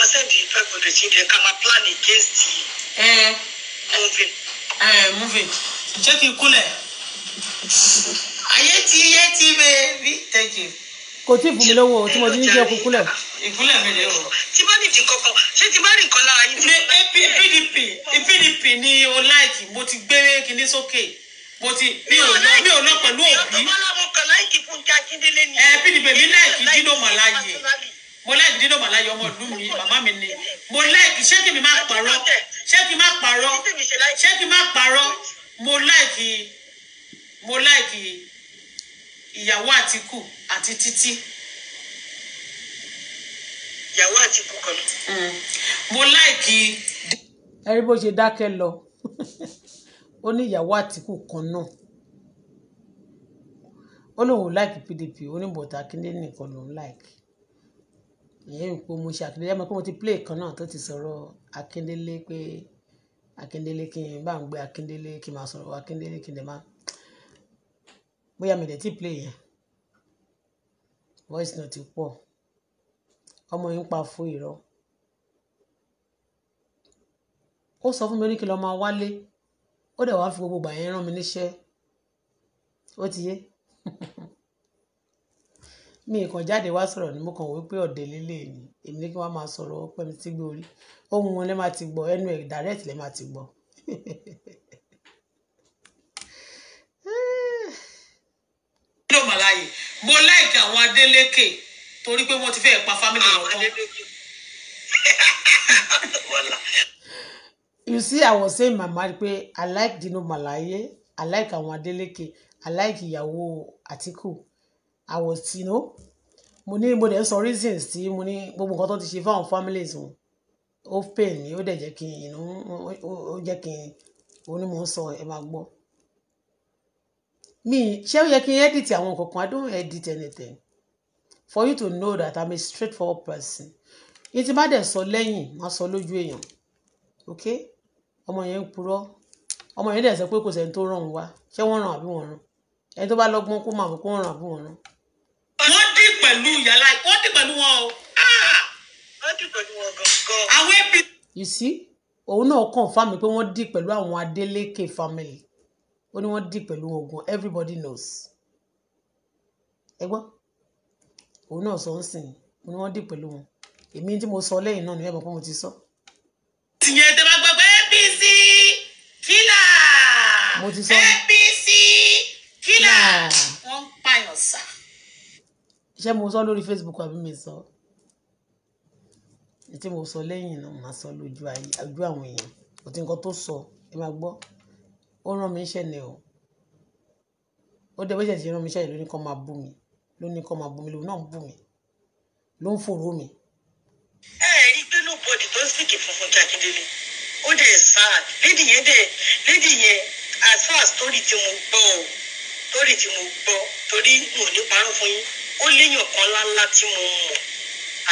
wá sẹ́ndì five hundred yìí dẹ̀ ká máa plan against the moving. moving jẹ́ kí n kúnlẹ̀. ayé ti yé ti bẹ́ẹ̀ni tẹ̀jẹ̀. kò tí ì fún mi lówó tí mo ti ní jẹ́ kúkúlẹ̀. ìkúnlẹ̀ mi rè o. tí bá nìdí kankan ṣé tí bá rí nǹkan lára yín. ní pdp pdp ni o láìkì mo ti gbé kinní sókè mo ti mi ò lọ mi ò lọ pẹ̀lú òbí. ìyá ọ̀tọ̀ bọ́lá mo kàn láìkì fún jákindélé ni. ẹ pdp mi láìkì dídò màláyé mo láì dídò màlá yọ ọmọ ìlú mi màmá mi ni mo láì ṣé kí mi má parọ́ ṣé kí má parọ́ ṣé kí má parọ́ mo láìkì mo láìkì ìyàwó àtìkù àti títí. ìyàwó àtìkù kan lọ. Mm. mo láìkì. ẹ rí bó ṣe dákẹ́ lọ ó ní ìyàwó àtìkù kan náà ó lóun láìkì pdp ó ní bọ̀tà kíndé nìkan lòun láìkì ẹ̀yìn òpó mo ṣe Akíndélé ẹ̀mọ́ pé mo ti play kan náà tó ti sọ̀rọ̀ Akíndélé pé Akíndélé kí n bá ń gbé Akíndélé kí n máa sọ̀rọ̀ Akíndélé kí n dẹ̀ máa bóyá mi dẹ̀ ti play yẹn voice note ti pọ̀ ọmọ yìí ń pa fún irọ́ ó sọ fún mi ní kí lọ́ọ́ máa wálé ó dẹ̀ wá fi gbogbo gbà yẹn rán mi níṣẹ́ ó ti yé mi kàn jáde wá sọ̀rọ̀ ni mo kàn wí pé ọ̀dẹ̀ lélẹ̀ ni èmi ní kí wọ́n máa sọ̀rọ̀ ọpẹ́ mi sí gbórí ohun wọn lẹ́ máa ti gbọ́ ẹnu ẹ̀ direct lẹ́ máa ti gbọ́. ló mà mo láìka àwọn Adélékè torí pé wọ́n ti fẹ́ẹ́ pa fámìlì wọn you see i was saying mama pé i like Dino Malaye i like àwọn Adélékè i like ìyàwó atiku I was, you know, mo ní mo dẹ̀ sọ reasons tí mo ní gbogbo nǹkan tó ti ṣe fáwọn families wọn ó pain mi ó dẹ̀ jẹ́ kí n inú ó jẹ́ kí n onímọ̀ sọ ẹ máa gbọ́ mi ṣé ó yẹ kí n edit àwọn nǹkan kan I don't edit anything for you to know that I'm a straightforward person ní ti bá dẹ̀ sọ lẹ́yìn má sọ lójú èèyàn ok ọmọ yẹn ń purọ́ ọmọ yẹn dẹ̀ sọ pé kò sẹ́ni tó ràn wá ṣé wọ́n ràn àbí wọ́n ràn ẹni tó bá lọ́gbọ́n kó máa mọ̀ kó ràn àbí wọ́n ràn wọ́n dì pẹ̀lú yàrá wọ́n dì pẹ̀lú wọn o. Ah! wọ́n dì pẹ̀lú wọn gangan. àwọn apc. you see òun náà confirm pé wọ́n dì pẹ̀lú àwọn Adeleke family ó ní wọ́n dì pẹ̀lú ogun everybody knows ẹ gbọ́ òun náà sọ ń sìn ó ní wọ́n dì pẹ̀lú wọn èmi tí mo sọ lẹ́yìn náà ni ẹ mọ̀ pé mo ti sọ. tìyẹn tẹ bá gbọ́ apc kílà apc kílà ṣé mo sọ lórí Facebook àbí mi sọ tí mo sọ lẹ́yìn náà màá sọ lójú àjọ àwọn èèyàn kò tí nǹkan tó sọ ẹ máa gbọ́ ó rán mi iṣẹ́ ni o ó dẹ̀ bó ṣe ti rán mi iṣẹ́ yìí ló ní kó máa bú mi ló ní kó máa bú mi lòun náà ń bú mi ló ń fòró mi. ẹ ẹ rí pé nobody tó sìkì funfun jákèjìlẹ ó dẹ̀ sad lady yẹn dẹ̀ lady yẹn as far as torí tí mo gbọ́ torí tí mo gbọ́ torí mo ní parọ́ fún yín ó léyàn kan ńláńlá tí mo mọ̀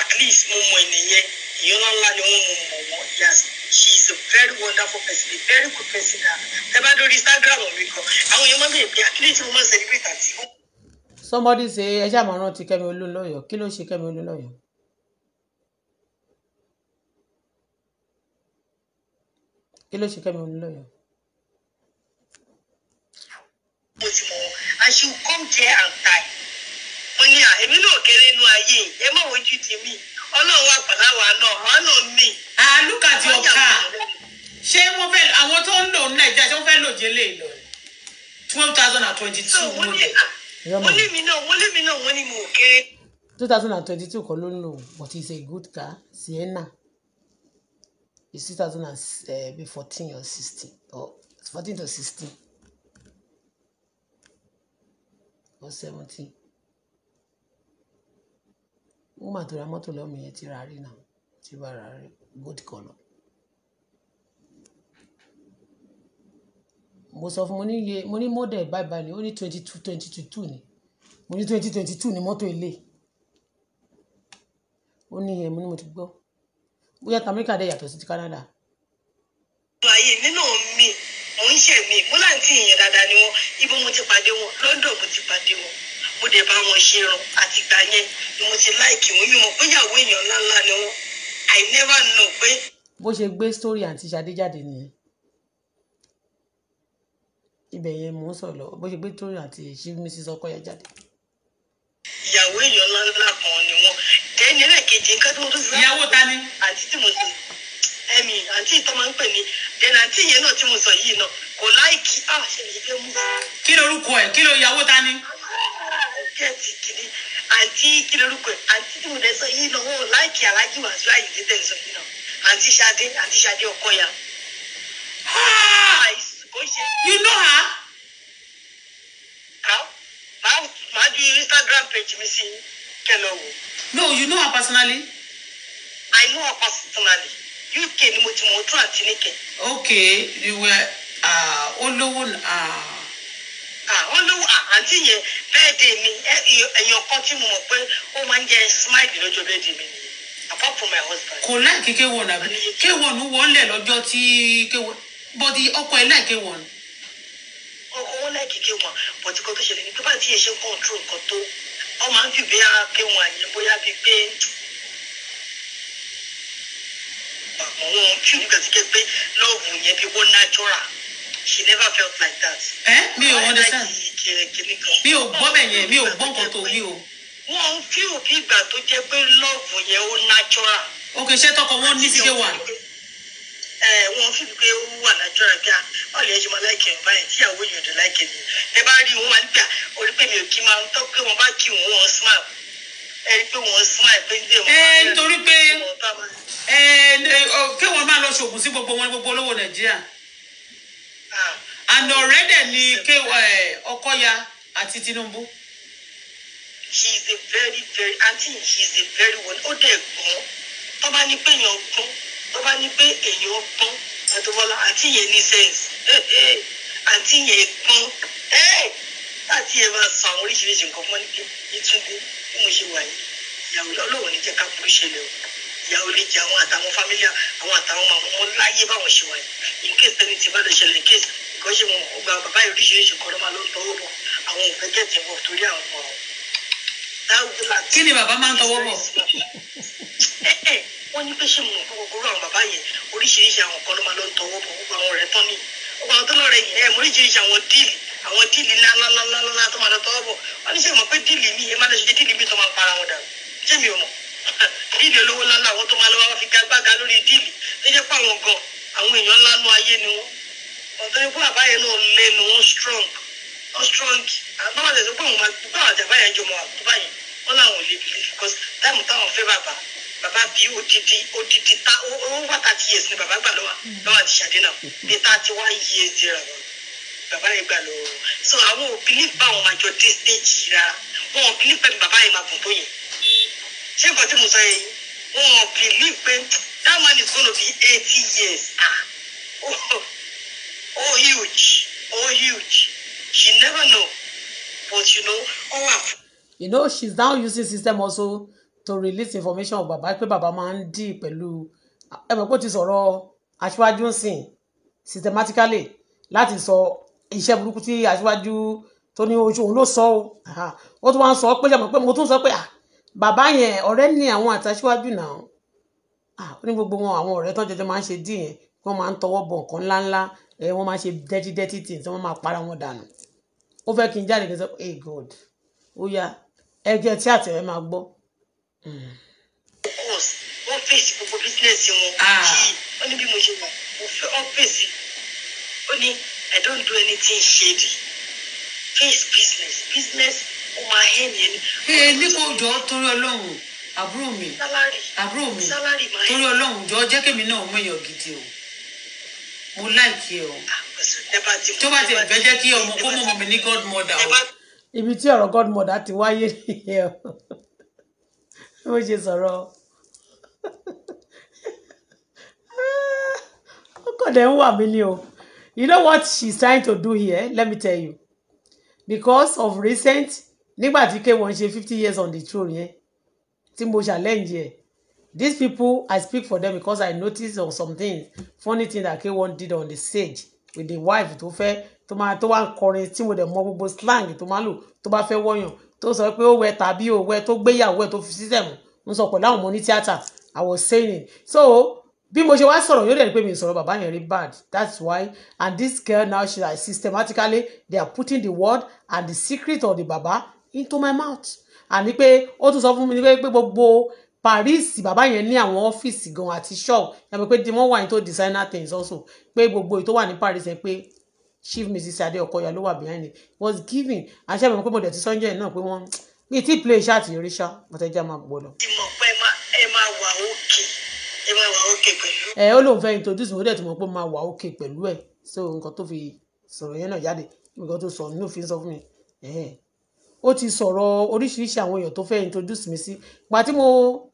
at least mo mọ̀ ènìyàn èèyàn ńláńlá ni wọ́n mo mọ̀ yes she is a very wonderful person a very good person na ẹ bá dórí instagram mi kan àwọn èèyàn máa ń bèèrè pé akílẹ̀ tí mo máa ń celebrate àti. somebody say ẹ ṣáà máa rántí Kẹ́mi Olúnlọ́yọ̀ kí ló ṣe Kẹ́mi Olúnlọ́yọ̀. kí ló ṣe Kẹ́mi Olúnlọ́yọ̀. mo ti mọ̀ and she will come there and die mo ní à èmi náà kéré nu ayé ẹ mọ̀ ojú ti mi ọlọ́run wà pàláwà náà wọn náà mi. àlùkà tí ó ṣé wọ́n fẹ́ àwọn tó ń lò ní nàìjíríà ṣé wọ́n fẹ́ lò jẹ́ lè twelve thousand and twenty-two model. wọ́n lé mi náà wọ́n lé mi náà wọ́n ní mo kéré. two thousand and twenty-two kọ́ ló ń lò but it's a good car Sienna is two thousand and eh, be fourteen or sixteen or fourteen to sixteen or seventeen. Wọ́n máa tó mọ́tò lọ́wọ́ mi yẹn ti ra rí náà, tí bá ra rí gold color. Mo sọ fún un, mo ní iye, mo ní model báì báì ni, ó ní twenty two, twenty two two ni. Mo ní twenty twenty two ni mọ́tò eléyìí. Ó ní ìyẹn, mo ní mo ti gbọ́. Bóyá ti Amẹ́ríkà dẹ̀ yàtọ̀ sí ti Canada. Ayé nínú mi, mò ń ṣẹ̀ mi, mo àǹtí ìyẹn dáadáa ni wọ́n. Ibo mo ti pàdé wọn, London mo ti pàdé wọn mo dẹ̀ bá wọn ṣe rùn àti ìgbà yẹn ni mo ti láìkì wọn mímọ pé ìyàwó èèyàn ńláńlá ni wọn I never know pé. bó ṣe gbé sórí àǹtí Ṣadé nìyẹn ibẹ̀ yẹn mò ń sọ̀rọ̀ lọ bó ṣe gbé sórí àǹtí ṣí Mrs. jáde. ìyàwó èèyàn ńláńlá kan ni wọn dẹ́ni ẹlẹ́kejì nǹkan tí mo tún fi. ìyàwó ta ni. àǹtí tí mo ti ẹmí àǹtí tó máa ń pè ní dẹ́nà àǹtí yẹn náà tí mo sọ yìí náà kò láìkí. Ah, kí lorúkọ ẹ kí ló ìyàwó ta ni pẹ́sẹ́ǹtì kìíní àǹtí kìlórúkọ àǹtí tí yìí náà láìkí aláàjì wàásù àyìnlé tẹ̀ sọ yìí náà àǹtí Ṣadé àǹtí Ṣadé ọkọ ya. you know her. how màá màá ju Instagram page mi sí kẹlẹ wo. no you know her personally. I know her personally UK ni mo ti mọ̀ ọ́ àti níkẹ́. okay you were uh, olówó. Uh, àwọn ah, lówó àǹtí yẹn bẹ́ẹ̀dẹ̀ mi èèyàn kan tí mo mọ̀ pé ó máa ń jẹ smile lọ́jọ́ bẹ́ẹ̀dẹ̀ mi apart from my husband. kò láìkí K1? kéwọ nù wọ́n lẹ̀ lọ́jọ́ tí kéwọ bọ́dí ọkọ ẹ̀ láìké wọn. ọkọ wọn K1? But kan tó ṣẹlẹ̀ ní pé bá ti yẹ ṣe kọ́ńtró nǹkan tó wọ́n máa ń fi bẹ́ẹ̀ kéwọn àyẹ̀ bóyá bíi pé àwọn kí n gbẹ̀síkẹ́ pé lọ́ọ̀bù yẹn bí wọ́n náà jọra she never felt like that. ẹ eh? mi ò understand mi ò gbọ́ bẹ̀ yẹn mi ò gbọ́ nǹkan tó wí o. wọn fi òbí ìgbà tó jẹ pé lọ́ọ̀bù yẹn ó natural. ok ṣé tọkọ wọn ní síkẹ one ẹ wọn fi pé ó wà natural gá ọlẹ ẹjọ máa láìkẹ ọba yẹn tíyàwó yóò dé láìkẹ mi you bá rí wọn máa nígbà orí ah, pé mi ò kí máa ń tọ́ pé wọn bá kí wọn wọn smile ẹ pé wọn smile pé eh, ń dé wọn. ẹ nítorí pé ẹ eh, kéwọn máa lọ ṣoògùn sí gbogbo wọn gbogbo olówó nàìjíríà and ọ̀rẹ́dẹ̀ ni ọkọ́ya eh, àti Tinubu. he is a very very aunty he is a very one. ó dẹ̀ gbọ́n tó bá ní pé èèyàn gbọ́n tó bá ní pé èèyàn gbọ́n àtọwọ́lá àǹtí yẹn ní sense eh, eh, àǹtí yẹn gbọ́n láti yẹn máa sọ àwọn oríṣiríṣi nǹkan mọ́ ní Túndé bí mo ṣe wà yìí ìyàwó ọlọ́run ní jẹ́ ká burú ṣẹlẹ̀ o ìyá oníjẹ àwọn àtàwọn fámílì àwọn àtàwọn ọmọ láyé báwọn ṣe wáyé in case tẹni ti bá lè ṣẹlẹ̀ in case nǹkan ṣe wọn ọgbà bàbá oríṣiríṣi kan ló máa ló tọwọ́ bọ̀ àwọn òfẹ gẹẹtì wọ torí àwọn ọmọ kí ni bàbá máa ń tọwọ́ bọ̀. Eh, eh, wọ́n ní pé ṣé mo gbogbo àwọn bàbá yẹn oríṣiríṣi àwọn kan ló máa ló tọwọ́ bọ̀ gbogbo àwọn àwọn tó lọ rẹ̀ yẹn eh, mo tó máa lọ tọwọ́ bọ̀ wọ́n ní sẹ́yìn pé díìlì mi ẹ máa lọ ṣe díìlì mi tó máa para wọn dànù ṣé mi ò mọ̀ díìlì olówó ńláńlá àwọn tó máa lọ́wọ́ fi gagbága lórí díìlì tó jẹ́ pé àwọn gan àwọn èèyàn ńlá nú ayé ni wọ́n ọ̀tọ̀ ikú bàbá náà lẹ́nu wọ́n strong wọ́n strong àbáwọn tẹ̀sán pé àwọn gbogbo àwọn àjàbá yẹn jọmọ àwọn bàbá yẹn wọ́n làwọn ò lè believe because táìmù táwọn fẹ́ bàbá bàbá fi odidi odidi ta owó thirty years ni bàbá gbà lọ́wọ́ lọ́wọ́ àti ṣàdé náà bí thirty one years ti rà wọ́n bàbá yẹn gbà lọ́wọ́ so àwọn ò believe báwọn máa jọ dé stage yìí rárá wọn ò believe pẹ̀lú bàbá yẹn máa gùn tó yẹn ṣé nǹkan tí mo sọ yẹn wọn ò believe pé that man is gonna be eighty years ah oh, oh, oh huge oh huge she never know but you know all oh, you know she's now using system also to release information of baba pé baba máa ń dì pẹ̀lú ẹ mọ̀ pé ó ti sọ̀rọ̀ aṣíwájú sìn systematically láti sọ iṣẹ́ burúkú tí aṣíwájú tó ní oṣù òun ló sọ ọ́ ó tún wá ń sọ pé ṣe mọ̀ pé mo tún sọ pé ah bàbá yẹn ọ̀rẹ́ ni àwọn àtàṣíwájú náà ah ní gbogbo wọn àwọn ọ̀rẹ́ tó jọjọ máa ń ṣe dí yẹn wọ́n máa ń tọwọ́ bọ nǹkan ńláńlá ẹ wọ́n máa ṣe dirty dirty things wọ́n máa para wọn dànù ó fẹ́ kí n jáde kí sọ hey god ó yá ẹgbẹ́ tí àtẹ̀wé máa gbọ́. Hmm. wọ́n fèsì gbogbo bísíǹnẹ̀sì wọn kí ó ní bí mo ṣe wà wọ́n fèsì ó ní i don't do anything shady face business business ó máa hẹ́ ní ẹni. ee ní kò jọ torí ọlọ́run àbúrò mi àbúrò mi torí ọlọ́run jọ jẹ́ kémi náà mú èèyàn gidi o mo láìkí ẹ o ah, tó bá ti ẹ̀fẹ́ jẹ́ kí ọmọ kó mọ̀ mọ̀ mi ní godmother o. ibi tí ọ̀rọ̀ godmother ti wáyé nìyẹn o bó ṣe sọ̀rọ̀ ó kàn dé ń wà mí ni o you know what she's trying to do here let me tell you because of recent nígbà tí K1 ṣe fifty years on the throne yẹn tí mo challenge ẹ̀ these people I speak for them because I notice on some things funny thing that K1 did on the stage with the wife tó fẹ́ tó máa tó wá ń kọrin tí mo dẹ̀ mọ gbogbo slang tó máa lò tó bá fẹ́ wọ̀yàn tó sọ pé ó wẹ tàbí ó wẹ tó gbéyàwó ẹ̀ tó fi sísẹ̀mù ń sọ pẹ̀lú àwọn ọmọ tíátà I was saying it so bí mo ṣe wá sọ̀rọ̀ yóò dẹ̀ pé mi sọ̀rọ̀ bàbá yẹn rí bad that's why and this girl now she like systematically they are putting the word and the secret of the baba into my mouth àní pé ó tún sọ fún mi ní pé gbogbo Paris bàbá yẹn ní àwọn ọ́fíìsì gan àti shop yàgbé pé di wọ́n wà ní designer things also pé gbogbo èyí tó wà ní Paris yẹn pé chief mrs adé ọkọyà ló wà behind it was given. àṣẹ mi pé mo dẹ̀ ti sọ́njẹ́ náà pé wọ́n mi ti play iṣẹ́ àtìyọrí ṣá mọ̀tẹ́jà máa gbọ́dọ̀. ìmọ̀ pé ẹ máa wà òkè ẹ máa wà òkè pẹ̀lú. ẹ ó lóun fẹ́ introduce mi ó dẹ̀ ti mọ̀ pé máa wà òkè pẹ̀lú ẹ̀ so nǹkan tó fi sọ̀rọ̀ yẹn náà jáde nǹkan tó sọ ní òfin sọ fún mi ó ti sọ̀rọ̀ oríṣiríṣi àwọn èèyàn tó fẹ́ introduce mi sí ìgbà tí mo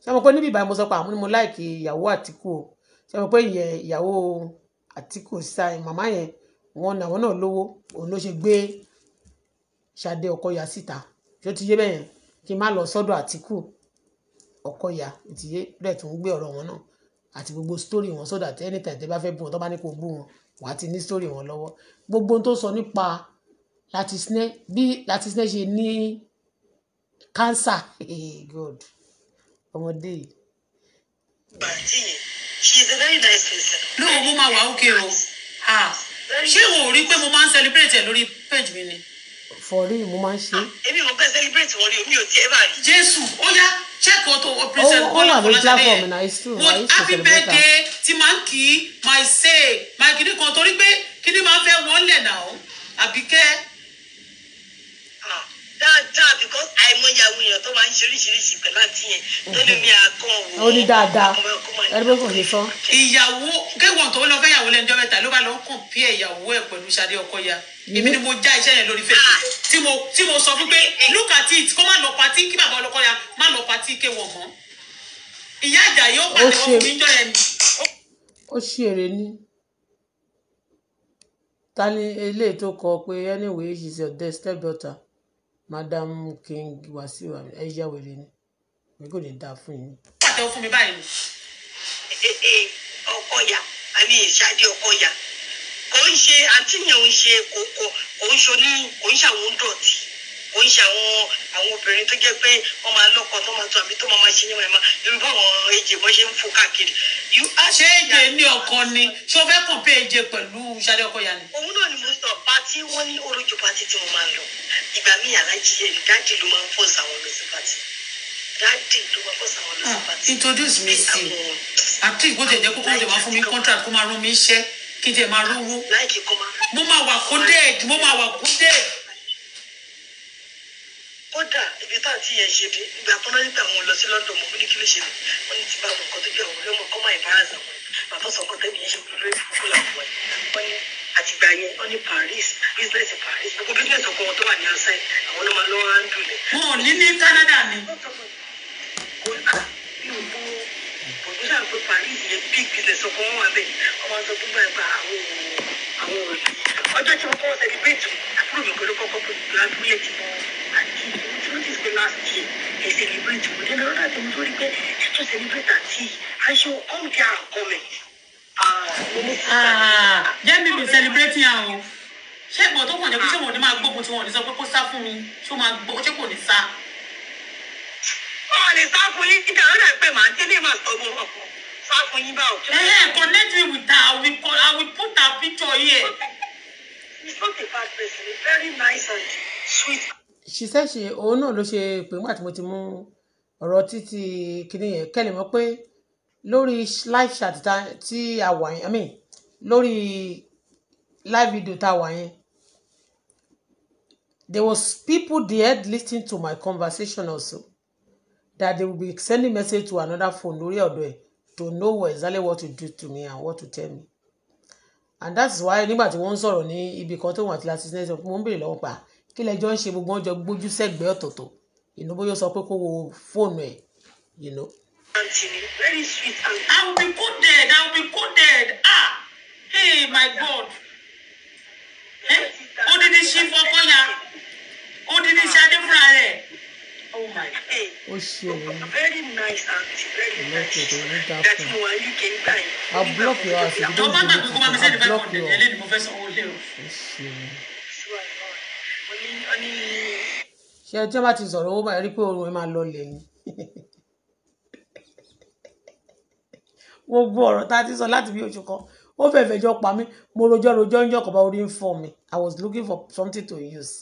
ṣe mọ̀ pé níbi ìbámu sọ pé àwọn ni mo láìkì ìyàwó àtìkù o ṣe mọ̀ pé ìyẹn ìyàwó àtìkù sa màmá yẹn wọn làwọn náà lówó òun ló ṣe gbé ṣàdé ọkọyà síta ṣó ti yé bẹ́yẹn kí n má lọ sọ́dọ̀ àtìkù ọkọyà ti yé bẹ́ẹ̀ tó ń gbé ọ̀rọ̀ wọn náà àti gbogbo story wọn sọ́dọ̀ àti anytime tẹ́ bá fẹ́ bú wọn tó bá ní kó bú wọn wàá ti ní story wọn lọ́wọ́ gbogbo tó sọ nípa Latisne bí Latisne ṣe ní cancer hey God ọmọdé yìí. she is a very nice person. lóò mo máa wà ókè o ah, ṣé o rí pé mo máa ń celebrate ẹ lórí page mi ni. fọ̀rí mo máa ń ṣe. Ah, èmi ò fẹ́ celebrate wọn ni omi ò tiẹ̀ bá rí. jésù ó yá check out o present oh, oh, bọ́lá fọlọ́sàdé yẹn happy birthday ti máa ń kì í my say my kìnnìkan torí pé kìnnì máa ń fẹ́ wọ́n lẹ̀ náà àbíkẹ́ dáadáa because àìmọye àwọn èèyàn tó máa ń ṣe oríṣiríṣi pẹ̀lú àti yẹn tó ní mi àkàn wò ó ní dáadáa ẹni bó kò lè sọ. ìyàwó kéwọ̀n tó lọ fẹ́yàwó lẹ́jọ́ mẹ́ta ló bá lọ kàn bí ìyàwó ẹ̀ pẹ̀lú Ṣadé Ọkọya èmi ni mo já iṣẹ́ yẹn lórí Facebook ah. tí mo sọ fún pé look at it kó má lọ patí kí bàbá Ọlọ́kọya má lọ patí kéwọ̀n mọ́ ìyá àjà yóò pàdé wọn fún ìjọ yẹn. ó ṣe èrè ni ta ni eléyìí tó kọ pé anyway she is your step daughter madam king wasiu ẹ yá wèrè ni mi kò ní dáa fún yín. pàtẹ́wọ́ fún mi báyìí. ọkọ ya àmì ìṣáde ọkọ ya kò ń ṣe àtìyàn ń ṣe kò ń ṣe oní kò ń ṣe dọ̀tí kò ń ṣe àwọn àwọn obìnrin tó jẹ́ pé wọ́n máa lọ́kọ tó máa tó àbí tó máa máa ṣe yẹn máa irú báwọn èjè wọ́n ṣe ń fò káàkiri. ṣé èjè ní ọkọ ni ṣé o fẹ́ kàn pé èjè pẹ̀lú Ṣadé Ọkọyà ni. òun náà ni mo sọ pati wọn ní olójú pati tí mo máa ń lọ ìgbà mi alájí yẹn dáàdì ló máa ń fọ́ọ̀sì àwọn lọ sí pati dáàdì ló máa ń fọ́ọ̀sì àwọn lọ sí ah, pati. introduce me sí àti ìgbọ́dọ̀ jẹ́ kókó ìjọba fún mi contract kó máa rán mi iṣẹ́ kí n tẹ̀ máa rówó mo máa wà kó dẹ́ẹ̀d mo máa wà kó dẹ́ẹ̀d kódà ibi tá à ti yẹn ṣe dé ìgbà tó náà níta àwọn lọ sí London mo ní kí ló ṣe dé wọn ní ti bá àwọn nǹkan tó bí àwọn olóòmọ kọ́ wọn bàbá sọ nǹkan yẹn ṣe kúrò lórí fúfú làwọn ẹ̀ wọ́n ní àtìgbà yẹn wọ́n ní Paris business Paris gbogbo business ọkọ wọn tó wà ní outside àwọn ló máa ń dùn lẹ̀. wọn ò ní ní Canada mọ̀ pé ló kọ́kọ́ pé ìlú abúlé ti mọ àti ìlú tí wọ́n ti pé last year ẹ̀ celebrate wọ́n dé lọ́dà tó ń torí pé ẹ̀ tún celebrate àti àṣọ come there and comment. jẹ́mi mi celebrate yàn o ṣé ìgbọ̀n tó kàn jẹ́ pé ṣé wọn ò ní máa gbógun tí wọn ò ní sọ pé kó sá fún mi ṣé wọn máa gbọ́ ṣé kò ní sá. wọn ò ní sá fún yín kíkà ó dà pé màá délé màá sọ ọmọ ọkọ sá fún yín báwo. ẹ eh, ẹ eh, connect me with her i will, I will put her picture here not a bad person a very nice and sweet. she said she oh no, she ṣe pé nígbà tí mo ti mú ọ̀rọ̀ títí kinní yẹn kẹ́lẹ̀ mọ́ pé lórí live chat tí a wà yẹn i mean Lori live video tá a wà there was people there listening to my conversation also that they will be sending message to another phone Lori, ọ̀dọ̀ ẹ̀ to know exactly what to do to me and what to tell me and that's why nígbà tí wọ́n ń sọ̀rọ̀ ní ibi kan tó wà tí láti sinẹ́sì mo ń béèrè lọ́wọ́ pa kí lẹjọ́ ń ṣe gbogbo wọn jọ gbójú sẹ́gbẹ̀ẹ́ ọ̀tọ̀ọ̀tọ̀ ìnú bóyá sọ pé kó wo fóònù ẹ̀ you know. very sweet and i will be coded i will be coded ah hey my god eh? odidi ṣi fọkọ ya odidi ṣe adé fúnra rẹ̀. Oh my God. Hey, oh, oh very nice auntie, very nice. That you are you came by. I'll block your ass. Don't mind that. I'll block you. ṣe tí wọ́n bá ti sọ̀rọ̀ owó báyìí rí pé oorun ẹ máa lọlẹ̀ ni gbogbo ọ̀rọ̀ tá a ti sọ láti bí oṣù kan ó fẹ̀fẹ̀ jọ pa mí mo rojọ́ rojọ́ ń jọkọ̀ bá orí ń fọ́ mi I was looking for something to use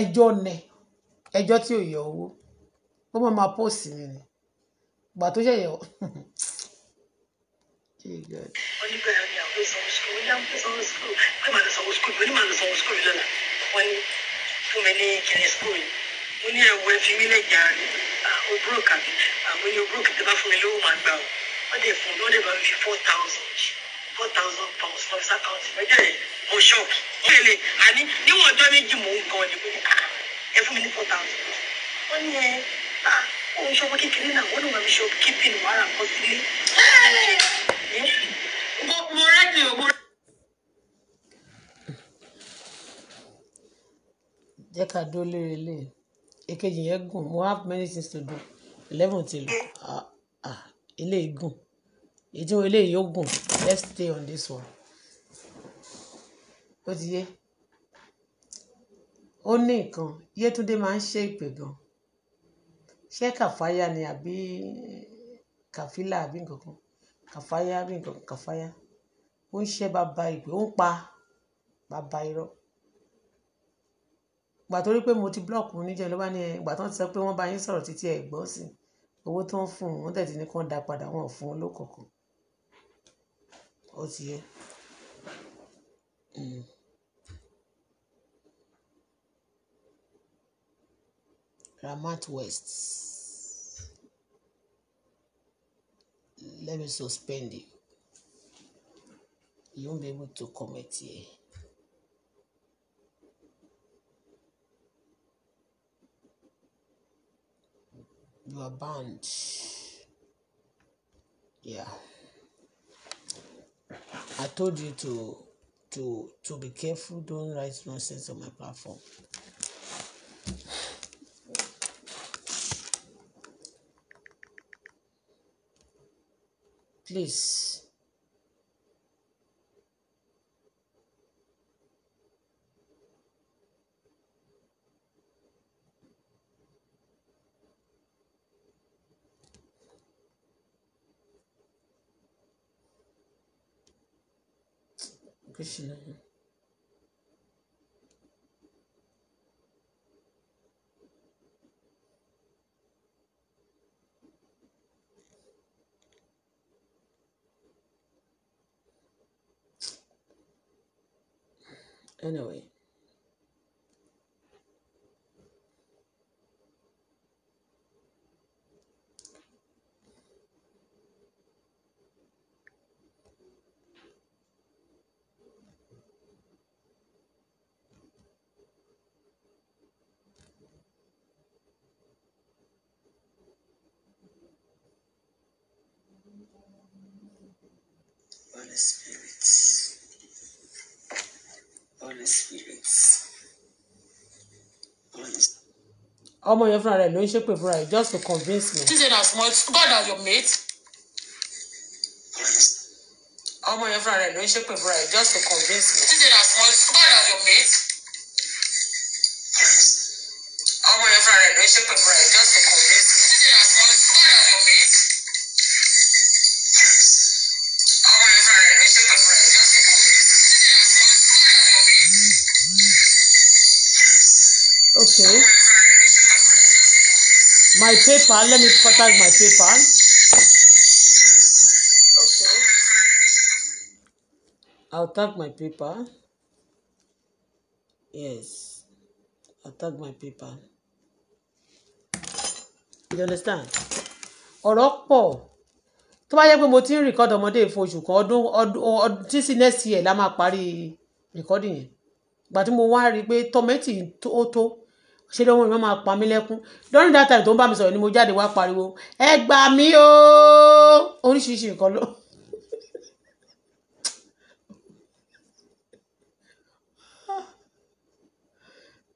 ẹjọ́ nẹ ẹjọ́ tí ò yọ owó ó mọ̀ máa póòsì mi ni ìgbà tó ṣẹ̀yẹ̀ ọ́. onígbà yẹn ni àwọn ìsanwó sukùl ní àwọn ìsanwó sukùl pé màá lọ sanwó sukùl pé màá lọ sanwó sukùl lọ́la wọ́n ní fún mi ní kìnìún sukùl mo ní ẹ̀wọ́ ẹ fi mí lẹ́jà òbúrò kàbí àwọn ní òbúrò kìtẹ́ bá fún mi lówó màá gbà ó wọ́n dẹ̀ fún mi wọ́n dẹ̀ bá mi fi four thousand four thousand pounds for his account ẹjọ́ yẹn mo ṣọ́ọ̀kì mo lè àní níwọ̀n ọjọ́ méjì mò ń gan ni mo ẹ fún mi ní four thousand wọ́n ní ẹ ah, òun ṣọmọ kékeré náà wọ́n ní wọ́n fi ṣe kípìn wàrà nǹkan sílé. mo rẹ́dì o mo. jẹ́ ká dúró lérè lé èkejì yẹn gùn mo have many things to do eleven ti lò ah, ah, eléyìí gùn èyí tí mo eléyìí yóò gùn let's stay on this one ó ti yé ó ní nǹkan Yétúndé máa ń ṣe ìpè gan ṣé kàfáyà ni àbí kàfílà àbí nǹkan kan kàfáyà àbí nǹkan kàfáyà ó ń ṣe bàbá ìpè ó ń pa bàbá irọ́ gbà torí pé mo ti block mo níjẹ ló bá ní ìgbà tó ń sọ pé wọ́n bá yín sọ̀rọ̀ títí ẹ gbọ́ sí owó tó ń fún un wọ́n tẹ̀sí ní kàn dá padà wọn fún un lókọ̀ọ̀kan ó ti yẹ. Mm-hmm. Ramat West. Let me suspend you. You won't be able to commit here. You are banned. Yeah. I told you to to to be careful. Don't write nonsense on my platform. please. Krishna. Anyway. Holy Spirit. Holy Spirit. Holy Spirit. ọmọ yẹn fúnra rẹ̀ ló ń ṣépè fúnra rẹ̀ just to convince me. she say na small God na your mate. ọmọ yẹn fúnra rẹ̀ ló ń ṣépè fúnra rẹ̀ just to convince me. she say na small God na your mate. my paper. Let me tag my paper. Okay. I'll tag my paper. Yes. I'll tag my paper. You understand? Ọ̀rọ̀ pọ̀ tó bá yẹ pé mo ti ń record ọmọdé fún oṣù kan ọdún ọdún tí sí next year la máa parí recording yẹn gbà tí mo wá rí i pé tọ́mẹ́tì ó tó ṣé lọ́wọ́ ìwọ́n máa pa mí lẹ́kún during that time tó ń bá mi sọ̀rọ̀ ni mo jáde wá pariwo ẹ gbà mí o oríṣiríṣi nǹkan lọ.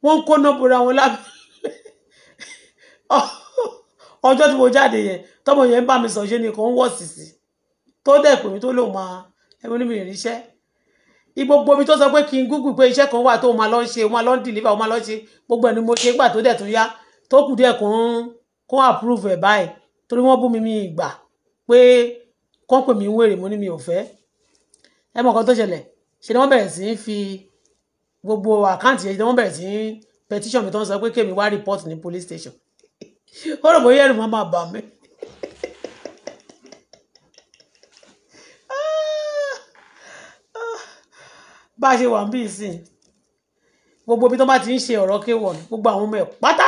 wọ́n ń kóná bora wọn lábẹ́ ọjọ́ tí mo jáde yẹn tọ́mọ yẹn ń bá mi sọ̀rọ̀ ṣe nìkan ń wọ̀ sí sí tó dẹ̀ pè mí tó lòun máa ẹ̀mí onímìrì níṣẹ́ gbogbo omi tó sọ pé kí n google pé iṣẹ́ kan wà tó máa lọ ń ṣe máa lọ ń deliver máa lọ ń ṣe gbogbo ẹni mo ṣe nígbà tó dẹ̀ tún yá tó kù díẹ̀ kún kún approve ẹ̀ báyìí torí wọ́n bú mi mi ìgbà pé kán pè mí ń wèrè mo ní mi ò fẹ́ ẹ mọ̀ kan tó ṣẹlẹ̀ ṣe ni wọ́n bẹ̀rẹ̀ sí fi gbogbo àkáǹtì yẹn ṣe ni wọ́n bẹ̀rẹ̀ sí í petition mi tó ń sọ pé kémi wá report ní police station ó rò bóyá ẹ̀rù máa bà mí bá a ṣe wà ń bí ìsìn gbogbo ibi tó bá ti ń ṣe ọ̀rọ̀ kéwọ̀n gbogbo àwọn ọmọ ẹ̀ pátá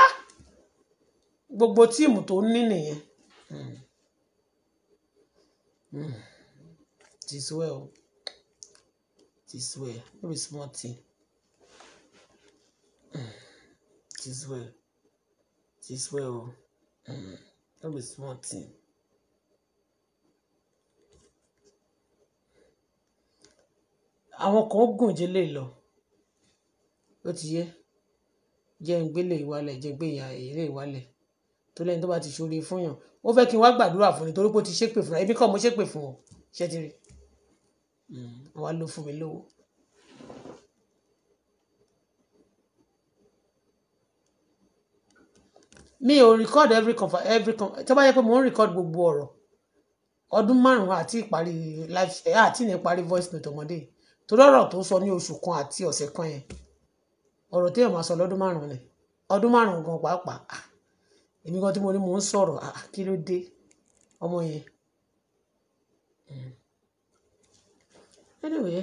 gbogbo tíìmù tó ń ní nìyẹn. Tis well, tis well, no be small thing. Tis well, tis well, no be small thing. àwọn kan gùn jẹ lè lọ ó ti yé jẹ́ gbélé ìwalẹ̀ jẹ́ gbé ìyá èrè ìwalẹ̀ tó lẹ́ni tó bá ti ṣoore fún ó fẹ́ kí n wá gbàdúrà fún ni torí pé ó ti ṣépè fúnra ẹbí kọ́ mo ṣépè fún ọ ṣé ti rí wọ́n mm, wá ló fún mi lówó. mi ò record every conf every conf tó bá yẹ pé mo ń record gbogbo ọ̀rọ̀ ọdún márùn-ún àti ìparí live àti ìparí voice note ọmọdé yìí torí ọ̀rọ̀ tó sọ ní oṣù kan àti ọ̀sẹ̀ kan yẹn ọ̀rọ̀ téèyàn máa sọ lọ́dún márùn-ún ni ọdún márùn-ún gan pàápàá èmi gan tí mo ní mò ń sọ̀rọ̀ kí ló dé ọmọ yẹn hmm. anyway.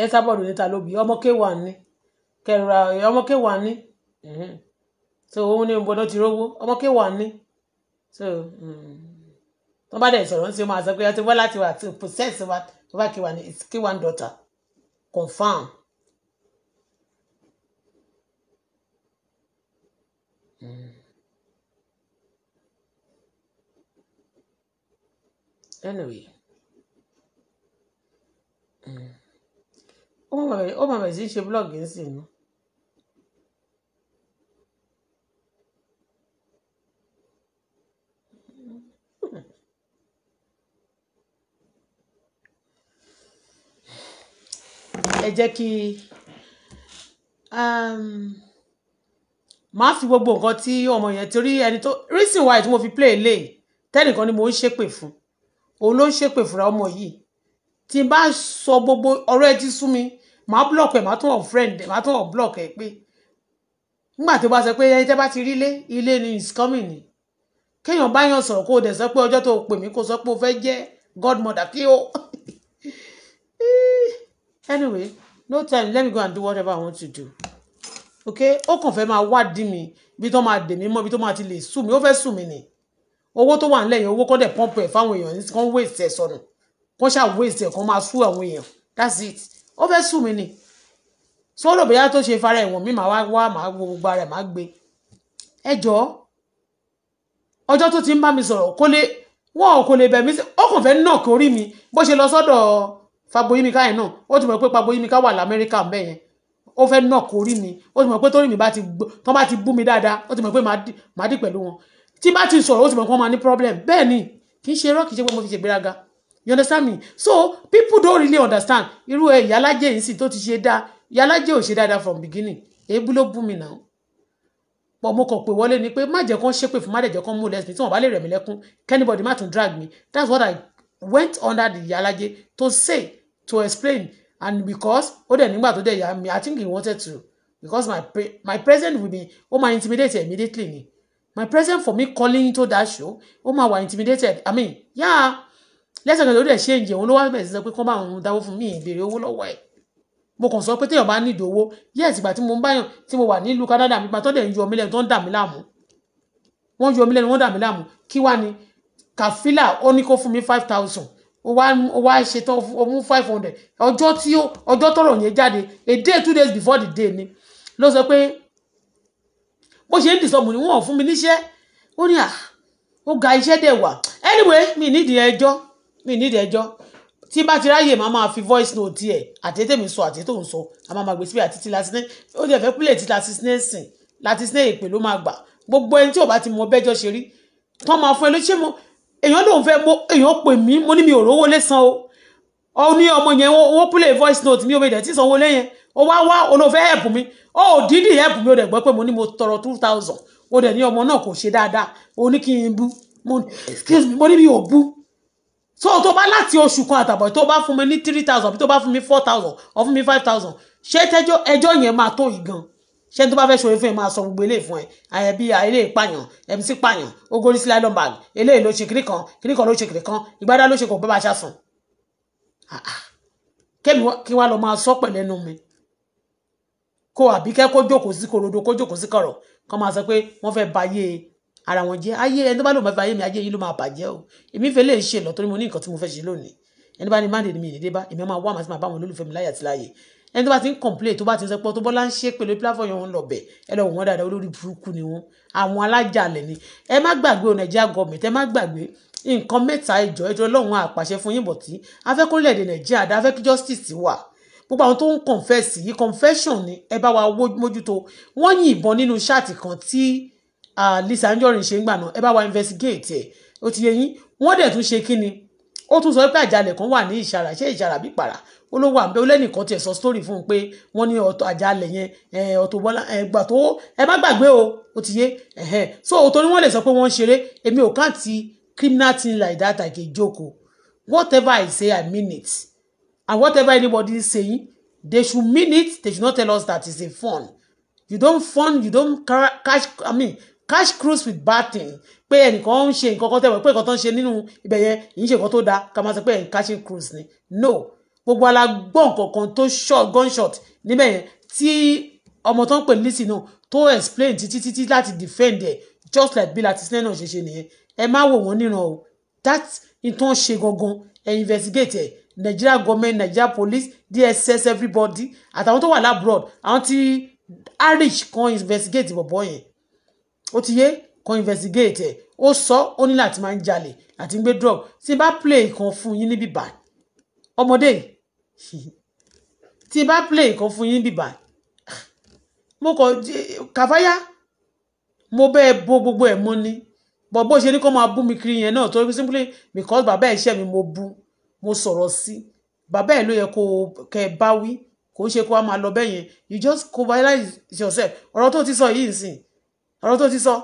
ẹ sábọ̀dù níta ló bí ọmọ kéwàá ní kẹrìnra ọmọ kéwàá ní so òun ní gbọdọ̀ ti rówó ọmọ kéwàá ní so mm. tó bá dẹ̀ sọ̀rọ̀ ń ṣe máa sọ pé ọtí bọ́lá ti wà tí process wa tó bá kéwàá ní it's kéwàá daughter confam. Mm. Anyway. Mm ó mọ̀ bẹ̀rẹ̀ sí ṣe blog ń sìn ní. ẹ jẹ́ kí máa um, fi gbogbo nǹkan tí ọmọ yẹn torí ẹni tó reason why tí mo fi play lè tẹ́nìkan ni mo ń ṣépè fún òun ló ń ṣépè fúnra ọmọ yìí tí n bá sọ gbogbo ọ̀rọ̀ ẹ ti sú mi màá block ẹ̀ màá tún friend. ẹ̀ màá tún block ẹ̀ pé nígbà tó bá sọ pé ẹni tẹ́ bá ti rí ilé ilé ni is coming ni kéèyàn báyàn sọ̀rọ̀ kó o dẹ̀ sọ pé ọjọ́ to o pè mí kó o sọ o fẹ́ jẹ́ godmother kí o anyway no time let me go and do whatever I want to do ok ó kàn fẹ́ máa Di mi ibi tó máa dè mí mọ́ ibi tó máa ti lè sùn mí ó fẹ́ sùn mí ni owó tó wà nílẹ̀ yẹn owó kọ́ dẹ̀ pọ́ǹpù ẹ̀ fáwọn èèyàn kan waste ẹ̀ sọnù kan ṣáà waste ẹ̀ kan máa sú àwọn èèyàn that's it ó fẹ́ sùn mí ni tí wọ́n rò bóyá tó ṣe fara ẹ̀wọ̀n mi màá wá wá màá wo gbogbo ara ẹ̀ màá gbé ẹ jọ ọjọ́ tó ti ń bá mi sọ̀rọ̀ kó lè wọ́n kò lè bẹ̀ mí sí ó kàn fẹ́ náà kórí mi bó ṣe lọ sọ́dọ̀ Fábóyímíká yẹn náà ó ti mọ̀ pé Fábóyímíká wà l'Amẹ́ríkà ń bẹ̀ yẹn ó fẹ́ náà kórí mi ó ti mọ̀ pé torí mi bá ti tán bá ti bú mi dáadáa ó ti mọ̀ pé màá dì pẹ̀lú wọn tí bá ti sọ̀rọ̀ ó ti mọ̀ pé wọ́n máa ní problem bẹ́ẹ̀ ni kì í ṣe irọ́ kì ṣe pé mo fi ṣègbéraga you understand me so people don't really understand irú ẹ ìyálájẹ yìí sì tó ti ṣe dá ìyálájẹ ò ṣe dáadáa from beginning èébú ló bú mi náà pọ̀ mo kàn pé wọlé ni pé má jẹ́ kán ṣépè fún má jẹ́ kán mú lẹ́sìn tí wọ́n bá lè rẹ̀ mí lẹ́kún kẹ́nìbọ̀dì má tún drag me that's what i went under the ìyálájẹ to say to explain and because ó dẹ̀ nígbà tó dẹ̀ yà mí i think he wanted to because my pre my present with me ó máa intimidate immediately ni my present for me calling into that show ó máa wà intimidated i mean yeah lẹ́sẹ̀kẹsẹ̀ ló dẹ̀ ṣe ìjẹ òun ló wá bẹ̀rẹ̀ sí sọ pé kán bá òun dáwó fún mi ìbèrè owó lọ́wọ́ ẹ̀ mo kàn sọ pé téèyàn bá nídìí owó yes ìgbà tí mo ń báyàn tí mo wà nílùú Canada mi gbà tó dẹ̀ ń yọ mí lẹ́nu tó ń dà mí láàmú wọ́n yọ mí lẹ́nu wọ́n dà mí láàmú kí wá ni kàfílà ó ní kó fún mi five thousand ó wá ó wá ṣetán ó mú five hundred ọjọ́ tí ó ọjọ́ tọrọ yẹn jáde a day two days before the day ni ló sọ pé bó ṣe ń dìsọmù ni wọ́n fún mi níṣẹ́ ó ní à ah, ó ga iṣẹ́ dẹ̀ wà anyway mi nídìí ẹjọ́ mi ní ìdẹ́jọ́ tí bá ti ráyè máa máa fi voice note ẹ̀ àti mi sọ àti tó ń sọ a máa máa gbé síbẹ̀ àti ti latinẹ́ ó dẹ̀ fẹ́ pílẹ̀ ti latinẹ́ sìn latinẹ́ èpè ló máa gbà gbogbo ẹni tí ò bá ti mọ bẹ́jọ́ ṣe rí tán máa fún ẹ lóṣè mo èèyàn lòun fẹ́ mo èèyàn pè mí mo ní mi ò rówó lé san o ó ní ọmọ yẹn wọ́n pílẹ̀ voice note mi ò bẹ̀rẹ̀ tí sanwó lẹ́yìn ó wá wá olófẹ́ help mi ó dídì help mi ó dẹ̀ gbọ́ pé mo ní mo tọrọ two thousand ó dẹ̀ ní ọmọ náà kò ṣe dáadáa ó ní kí n bú mo ní mi ò bú so tó bá láti oṣù kan àtàbọ̀ tó bá fún mi ní three thousand tó bá fún mi four thousand ó fún mi five thousand ṣé tẹ́jọ́ ẹjọ́ yẹn máa tó yìí gan ṣé tó bá fẹ́ ṣòro fún ẹ máa sọ gbogbo eléyìí fún ẹ àyẹ̀ bíi àìlè pààyàn mc pààyàn ogori sí nylon bag eléyìí ló ṣe kiri kan kiri kan ló ṣe kiri kan ìgbádá ló ṣe kò bẹ́ẹ̀ bá ṣá sùn kémi kí wàá lọ máa sọ pẹ̀lẹ́nu mi kó àbíkẹ́ kó jókòó sí korodo kó jókòó sí kọ̀rọ̀ kó máa sọ pé wọ́n fẹ́ bayé ara wọn jẹ́ ayé ẹni tó bá lò máa fi ayé mi ayé yìí ló máa bàjẹ́ o èmi fẹ́ lè ṣe lọ torí mo ní nǹkan tí mo fẹ́ ṣe lónìí ẹni bá ní máa dèmí ìdílé bá èmi máa wá màá sí máa bá wọn olólùfẹ́ mi láyé àti láyé ẹni tó bá ti ń complain tó bá ti ń sọ pé tó bọ́lá ń ṣe pẹ̀lú platform yẹn ń lọ bẹ̀ ẹ lọ wọn dáadáa olórí burúkú ni wọn àwọn alájàlẹ̀ ni ẹ má gbàgbé o nàìjíríà gọọmẹ̀ntì ẹ má gbàgbé nǹkan mẹ́ta ìjọ ẹjọ́ lọ́hùn àpàṣẹ fún yín bọ̀ tí afẹ́kọ́lẹ̀dẹ̀ nàìjíríà dá afẹ́kí justice wà gbogbo àwọn tó ń confess yìí confession ni ẹ bá wa mójútó wọ́n yìnbọn nínú ṣáàtì kan tí Lisa Anjorin ṣe ń gbà náà ẹ bá wa investigate ẹ̀ ó ti yẹ yín wọ́n dẹ̀ tún ṣe kí ni ó tún sọ pé àjálẹ̀ kan wà ní ìṣàrà ṣé ìṣàrà bí pàrà ó ló wà ó lẹ́nìkan tiẹ̀ sọ story fún un pé wọ́n ní ọ̀tọ̀ àjálẹ̀ yẹn ọ̀tọ̀ bọ́lá ẹgbà tó ẹ má gbàgbé o ó ti yé so òtọ́ ni wọ́n lè sọ pé wọ́n ń ṣeré èmi ò kàn ti criminal thing like that I can joke o whatever I say I mean it and whatever anybody is saying they should mean it they should not tell us that it's a fun you don fun you don cash. I mean cash cruise with bad thing pé ẹnìkan ń ṣe nǹkan kan tẹ̀wọ̀ pé nǹkan tó ń ṣe nínú ibẹ̀ yẹn kì í ṣe nǹkan tó dáa ká máa sọ pé cash cruise ni no gbogbo ala gbọ́ nǹkan short tó shot gunshot níbẹ̀ yẹn tí ọmọ tó ń pè Lizzy náà tó explain títí títí láti defend ẹ̀ just like Bill láti sinẹ́ náà ṣe ṣe nìyẹn ẹ má wò wọ́n níran o that ìtàn ṣe gangan ẹ investigate ẹ̀ Nigeria government Nigeria police DSS everybody àtàwọn tó wà labroad àwọn tí Irish kan investigate bọ̀bọ̀ yẹn ó ti yé kan investigate ẹ̀ ó sọ ó ní láti máa ń jalè àti ń gbé drug tí bá play kan fún yín níbí bá ọmọdé tí bá play kan fún yín níbí bá mo kọ kàfáyà mo bẹ́ẹ̀ bo gbogbo ẹ̀ mọ́ ni bọ̀ bó ṣe ní kó máa bú mi kiri yẹn náà torí pé simply because bàbá ẹ̀ ṣẹ́ mi mo bú mo sọ̀rọ̀ sí bàbá ẹ̀ ló yẹ kó kẹ́ ẹ bá wí kò ń ṣe kó a máa lọ bẹ́ẹ̀ yẹn you just coveralize yourself ọ̀rọ̀ tó ti sọ yìí nsìn ọ̀rọ̀ tó ti sọ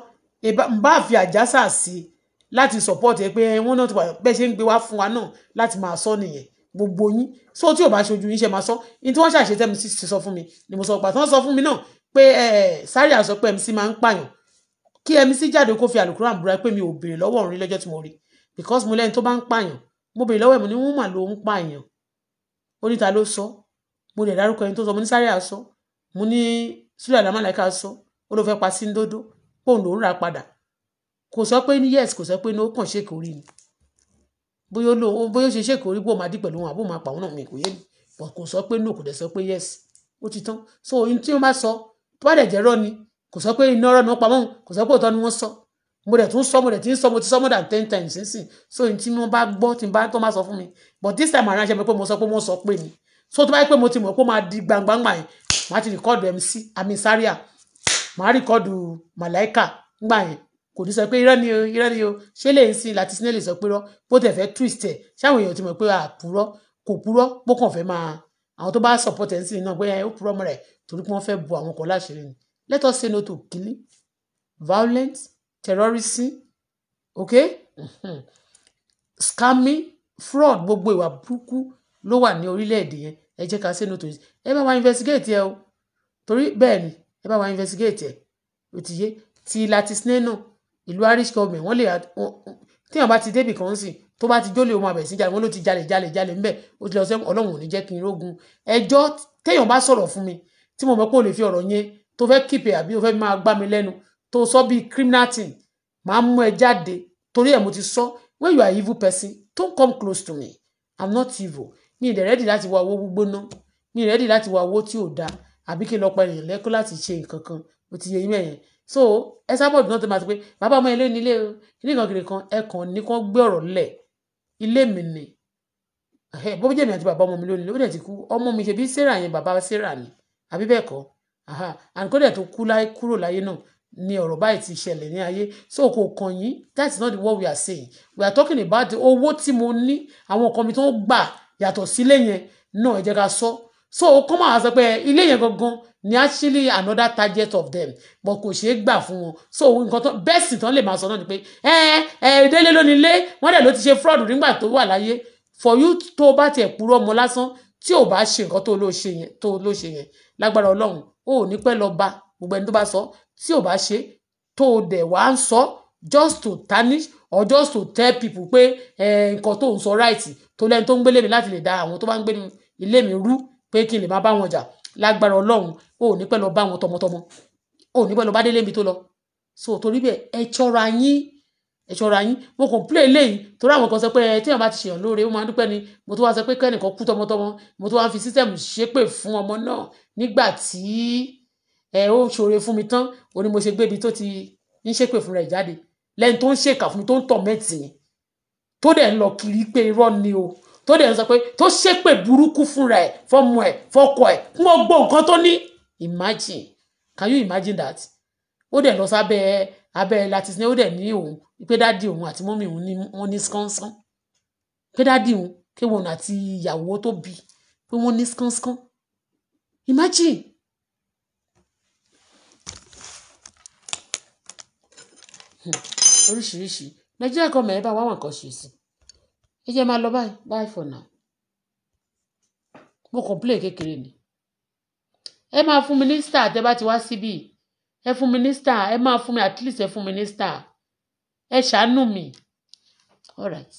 n bá fi àjásà sí láti support ẹ pé wọ́n náà ti wà bẹ́ẹ̀ ṣe ń gbé wá fún wa náà láti máa sọ nìyẹn gbogbo yín so tí ò bá ṣojú yín ṣe máa sọ ní tí wọ́n ṣàṣe tẹ́mi sí ti sọ fún mi ni mo sọ pàtó sọ fún mi náà pé sáré àsọ pé MC máa ń pààyàn kí MC jáde kó fi àlùkùrọ̀ àbúrà pé mi ò béèrè lọ́wọ́ òun rí lọ́jọ́ tí mo rí because mo lẹ́ni tó bá ń pààyàn mo béèrè lọ́wọ́ ẹ̀ mo ní wọ́n mà ló ń pààyàn oníta ló sọ mo lè dárúkọ ẹni tó sọ mo ní sáré àsọ mo ní sílẹ̀ àdámàlẹ́ká sọ ó ló fẹ́ pa sí ńdódó póun ló ń ra padà kò sọ pé ní yes kò sọ pé ní ó kàn ṣèkò rí ni bóyá ó bóyá ó ṣe ṣèkò rí bó máa dí pẹ̀lú wọn àbó máa pa òun náà mi kò yé mi but kò sọ pé no kò dẹ̀ sọ pé yes ó ti tán so ohun tí wọ́n bá sọ tó bá dẹ̀ jẹ́ rọ́ ni kò sọ pé iná rọ́ ni wọ́n pamọ́ kò sọ pé òótọ́ ni wọ́n sọ mo dẹ̀ tún sọ mo dẹ̀ ti ń sọ mo ti sọ more than ten times sínsìn so ohun tí wọ́n bá gbọ́ tí bá tó máa sọ fún mi but this time around ṣe mi pé mo sọ pé wọ́n sọ pé ni so tó bá yẹ pé mo ti mọ̀ pé ó máa di gbangbangba yẹn màá ti record mc amin saria màá rìkọ́dù màláìkà ńgbà yẹn kò ní sọ pé irọ́ ni o irọ́ ni o ṣé lè ń sin láti sinẹ́ lè sọ pé irọ́ bó tẹ̀ fẹ́ twist ẹ̀ ṣáwọn èèyàn ti mọ̀ pé àpúrọ́ kò púrọ́ bó kàn fẹ́ máa àwọn tó bá support ẹ̀ ń sìn náà pé ó púrọ́ mọ́ rẹ̀ torí pé wọ́n fẹ́ bo àwọn kan láṣìírí ni let us say no to killing violence terrorism okay scamming fraud gbogbo ìwà burúkú ló wà ní orílẹ̀-èdè yẹn ẹ jẹ́ ká say no to it ẹ bá wa investigate yẹ o torí bẹ́ẹ̀ ni ẹ bá wa investigate ẹ̀ ó ti yé ti latisne náà ìlú irish government wọ́n lè téèyàn bá ti débì kan sí tó bá ti jólè ọmọ àbẹ̀sí jalè wọ́n ló ti jalè jalè jalè ńbẹ̀ ó ti lọ sẹ́wọ̀n ọlọ́run ò ní jẹ́ kí n rógun ẹjọ́ téèyàn bá sọ̀rọ̀ fún mi tí mo mọ̀ pé ò lè fi ọ̀rọ̀ yẹn tó fẹ́ kìpè àbí ó fẹ́ máa gbá mi lẹ́nu tó sọ bíi criminal thing máa mú ẹ jáde torí ẹ̀ mo ti sọ when you are evil person don't come close to me i'm not evil mi ìdẹ̀ rẹ́dì láti wá owó gbígbóná mi ready láti wá owó tí ò dáa àbí kí n lọ pa ènìyàn lẹ́kọ́ láti ṣe nǹkan kan bó ti yẹ yín mẹ́yẹn so ẹ sábà dùn náà tó máa ti pé bàbá ọmọ ilé nílé o ilé kan kiri kan ẹ kàn ní kán gbé ọ̀rọ̀ lẹ̀ ilé mi ni bó jẹ́ mi àti bàbá ọmọ mi lónìí ó dẹ̀ ti kú ọmọ mi ṣe bí sarah yẹn bàbá sarah ni àbí bẹ́ẹ̀ kọ́ àǹkódẹ̀ tó kú láì kúrò láyé náà ni ọ̀rọ̀ báyìí ti ṣẹlẹ̀ ní ayé so kò kàn yín that is not the word we are saying we are talking about owó tí mo ní àwọn nǹkan mi tó ń gbà yàtọ̀ sílé yẹn náà ẹ jẹ́ ká sọ so kọ́ máa wá sọ pé ilé yẹn gangan ni actually another target of them but kò ṣeé gbà fún wọn so nǹkan tó bẹ́ẹ̀ sì tán lè máa sọ náà ni pé ẹ ẹ délé lónìí lé wọ́n dẹ̀ ló ti ṣe fraud nígbà tó wà láyé for you tó bá tiẹ̀ purọ́ ọmọ lásán tí ò bá ṣe nǹkan tó ló ṣe yẹn tó ló ṣe yẹn lágbára ọlọ́run ó ní pẹ́ lọ bá gbogbo ẹni tó bá sọ tí ò bá ṣe tó dẹ̀ wá ń sọ just to tarnish or just to tell people pé nǹkan tó ń sọ right tó lẹ́ni tó ń gbélé mi láti lè da àwọn tó bá ń gbé ilé mi rú pé kí n lè máa bá wọn jà lágbára ọlọ́run o ò ní pẹ́ lọ bá wọn tọmọtọmọ ò ní pẹ́ lọ bá délé mi tó lọ so torí bẹ́ẹ̀ ẹ ṣọ́ra yín ẹ ṣọ́ra yín mo kàn play eléyìí torí àwọn kan sọ pé ẹ téèyàn bá ti ṣèyàn lóore ó máa ń dúpẹ́ ni mo tún wá sọ pé kẹ́nìkan kú tọmọtọmọ mo tún wá fi sísẹ́mù ṣépè fún ọmọ náà nígbà tí ẹ ó ṣoore fún mi tán ó ní mo ṣe gbébi tó ti ń ṣépè fún rẹ̀ jáde lẹ́ni tó ń ṣèkà fún mi tó ń tọ̀ mẹ́tì mi tó dẹ̀ ń lọ kiri pé irọ́ ni o tó dẹ̀ sọ pé tó ṣépè burúkú fúnra ẹ̀ fọmọ ẹ̀ fọkọ ẹ̀ fún ọgbọ́n nǹkan tó ní imagine can you imagine that ó dẹ̀ lọ sábẹ́ abẹ́ latin ó dẹ̀ ní òun pé dáàdi òun àti mọ́mí òun ní wọ́n ní skánskán pé dáàdi òun kéwọn àti ìyàwó tó bí pé wọ́n ní skánskán imagine. Hmm. oríṣiríṣi nàìjíríà gọọmẹ ẹ bá wá wọn kàn ṣe sí i ẹ jẹ́ máa lọ báyìí bye for now mo kàn play kékeré ni ẹ máa fún mi ní star tẹ bá ti wá síbí ẹ fún mi ẹ máa fún mi at least ẹ fún mi ní star ẹ ṣàánú mi all right.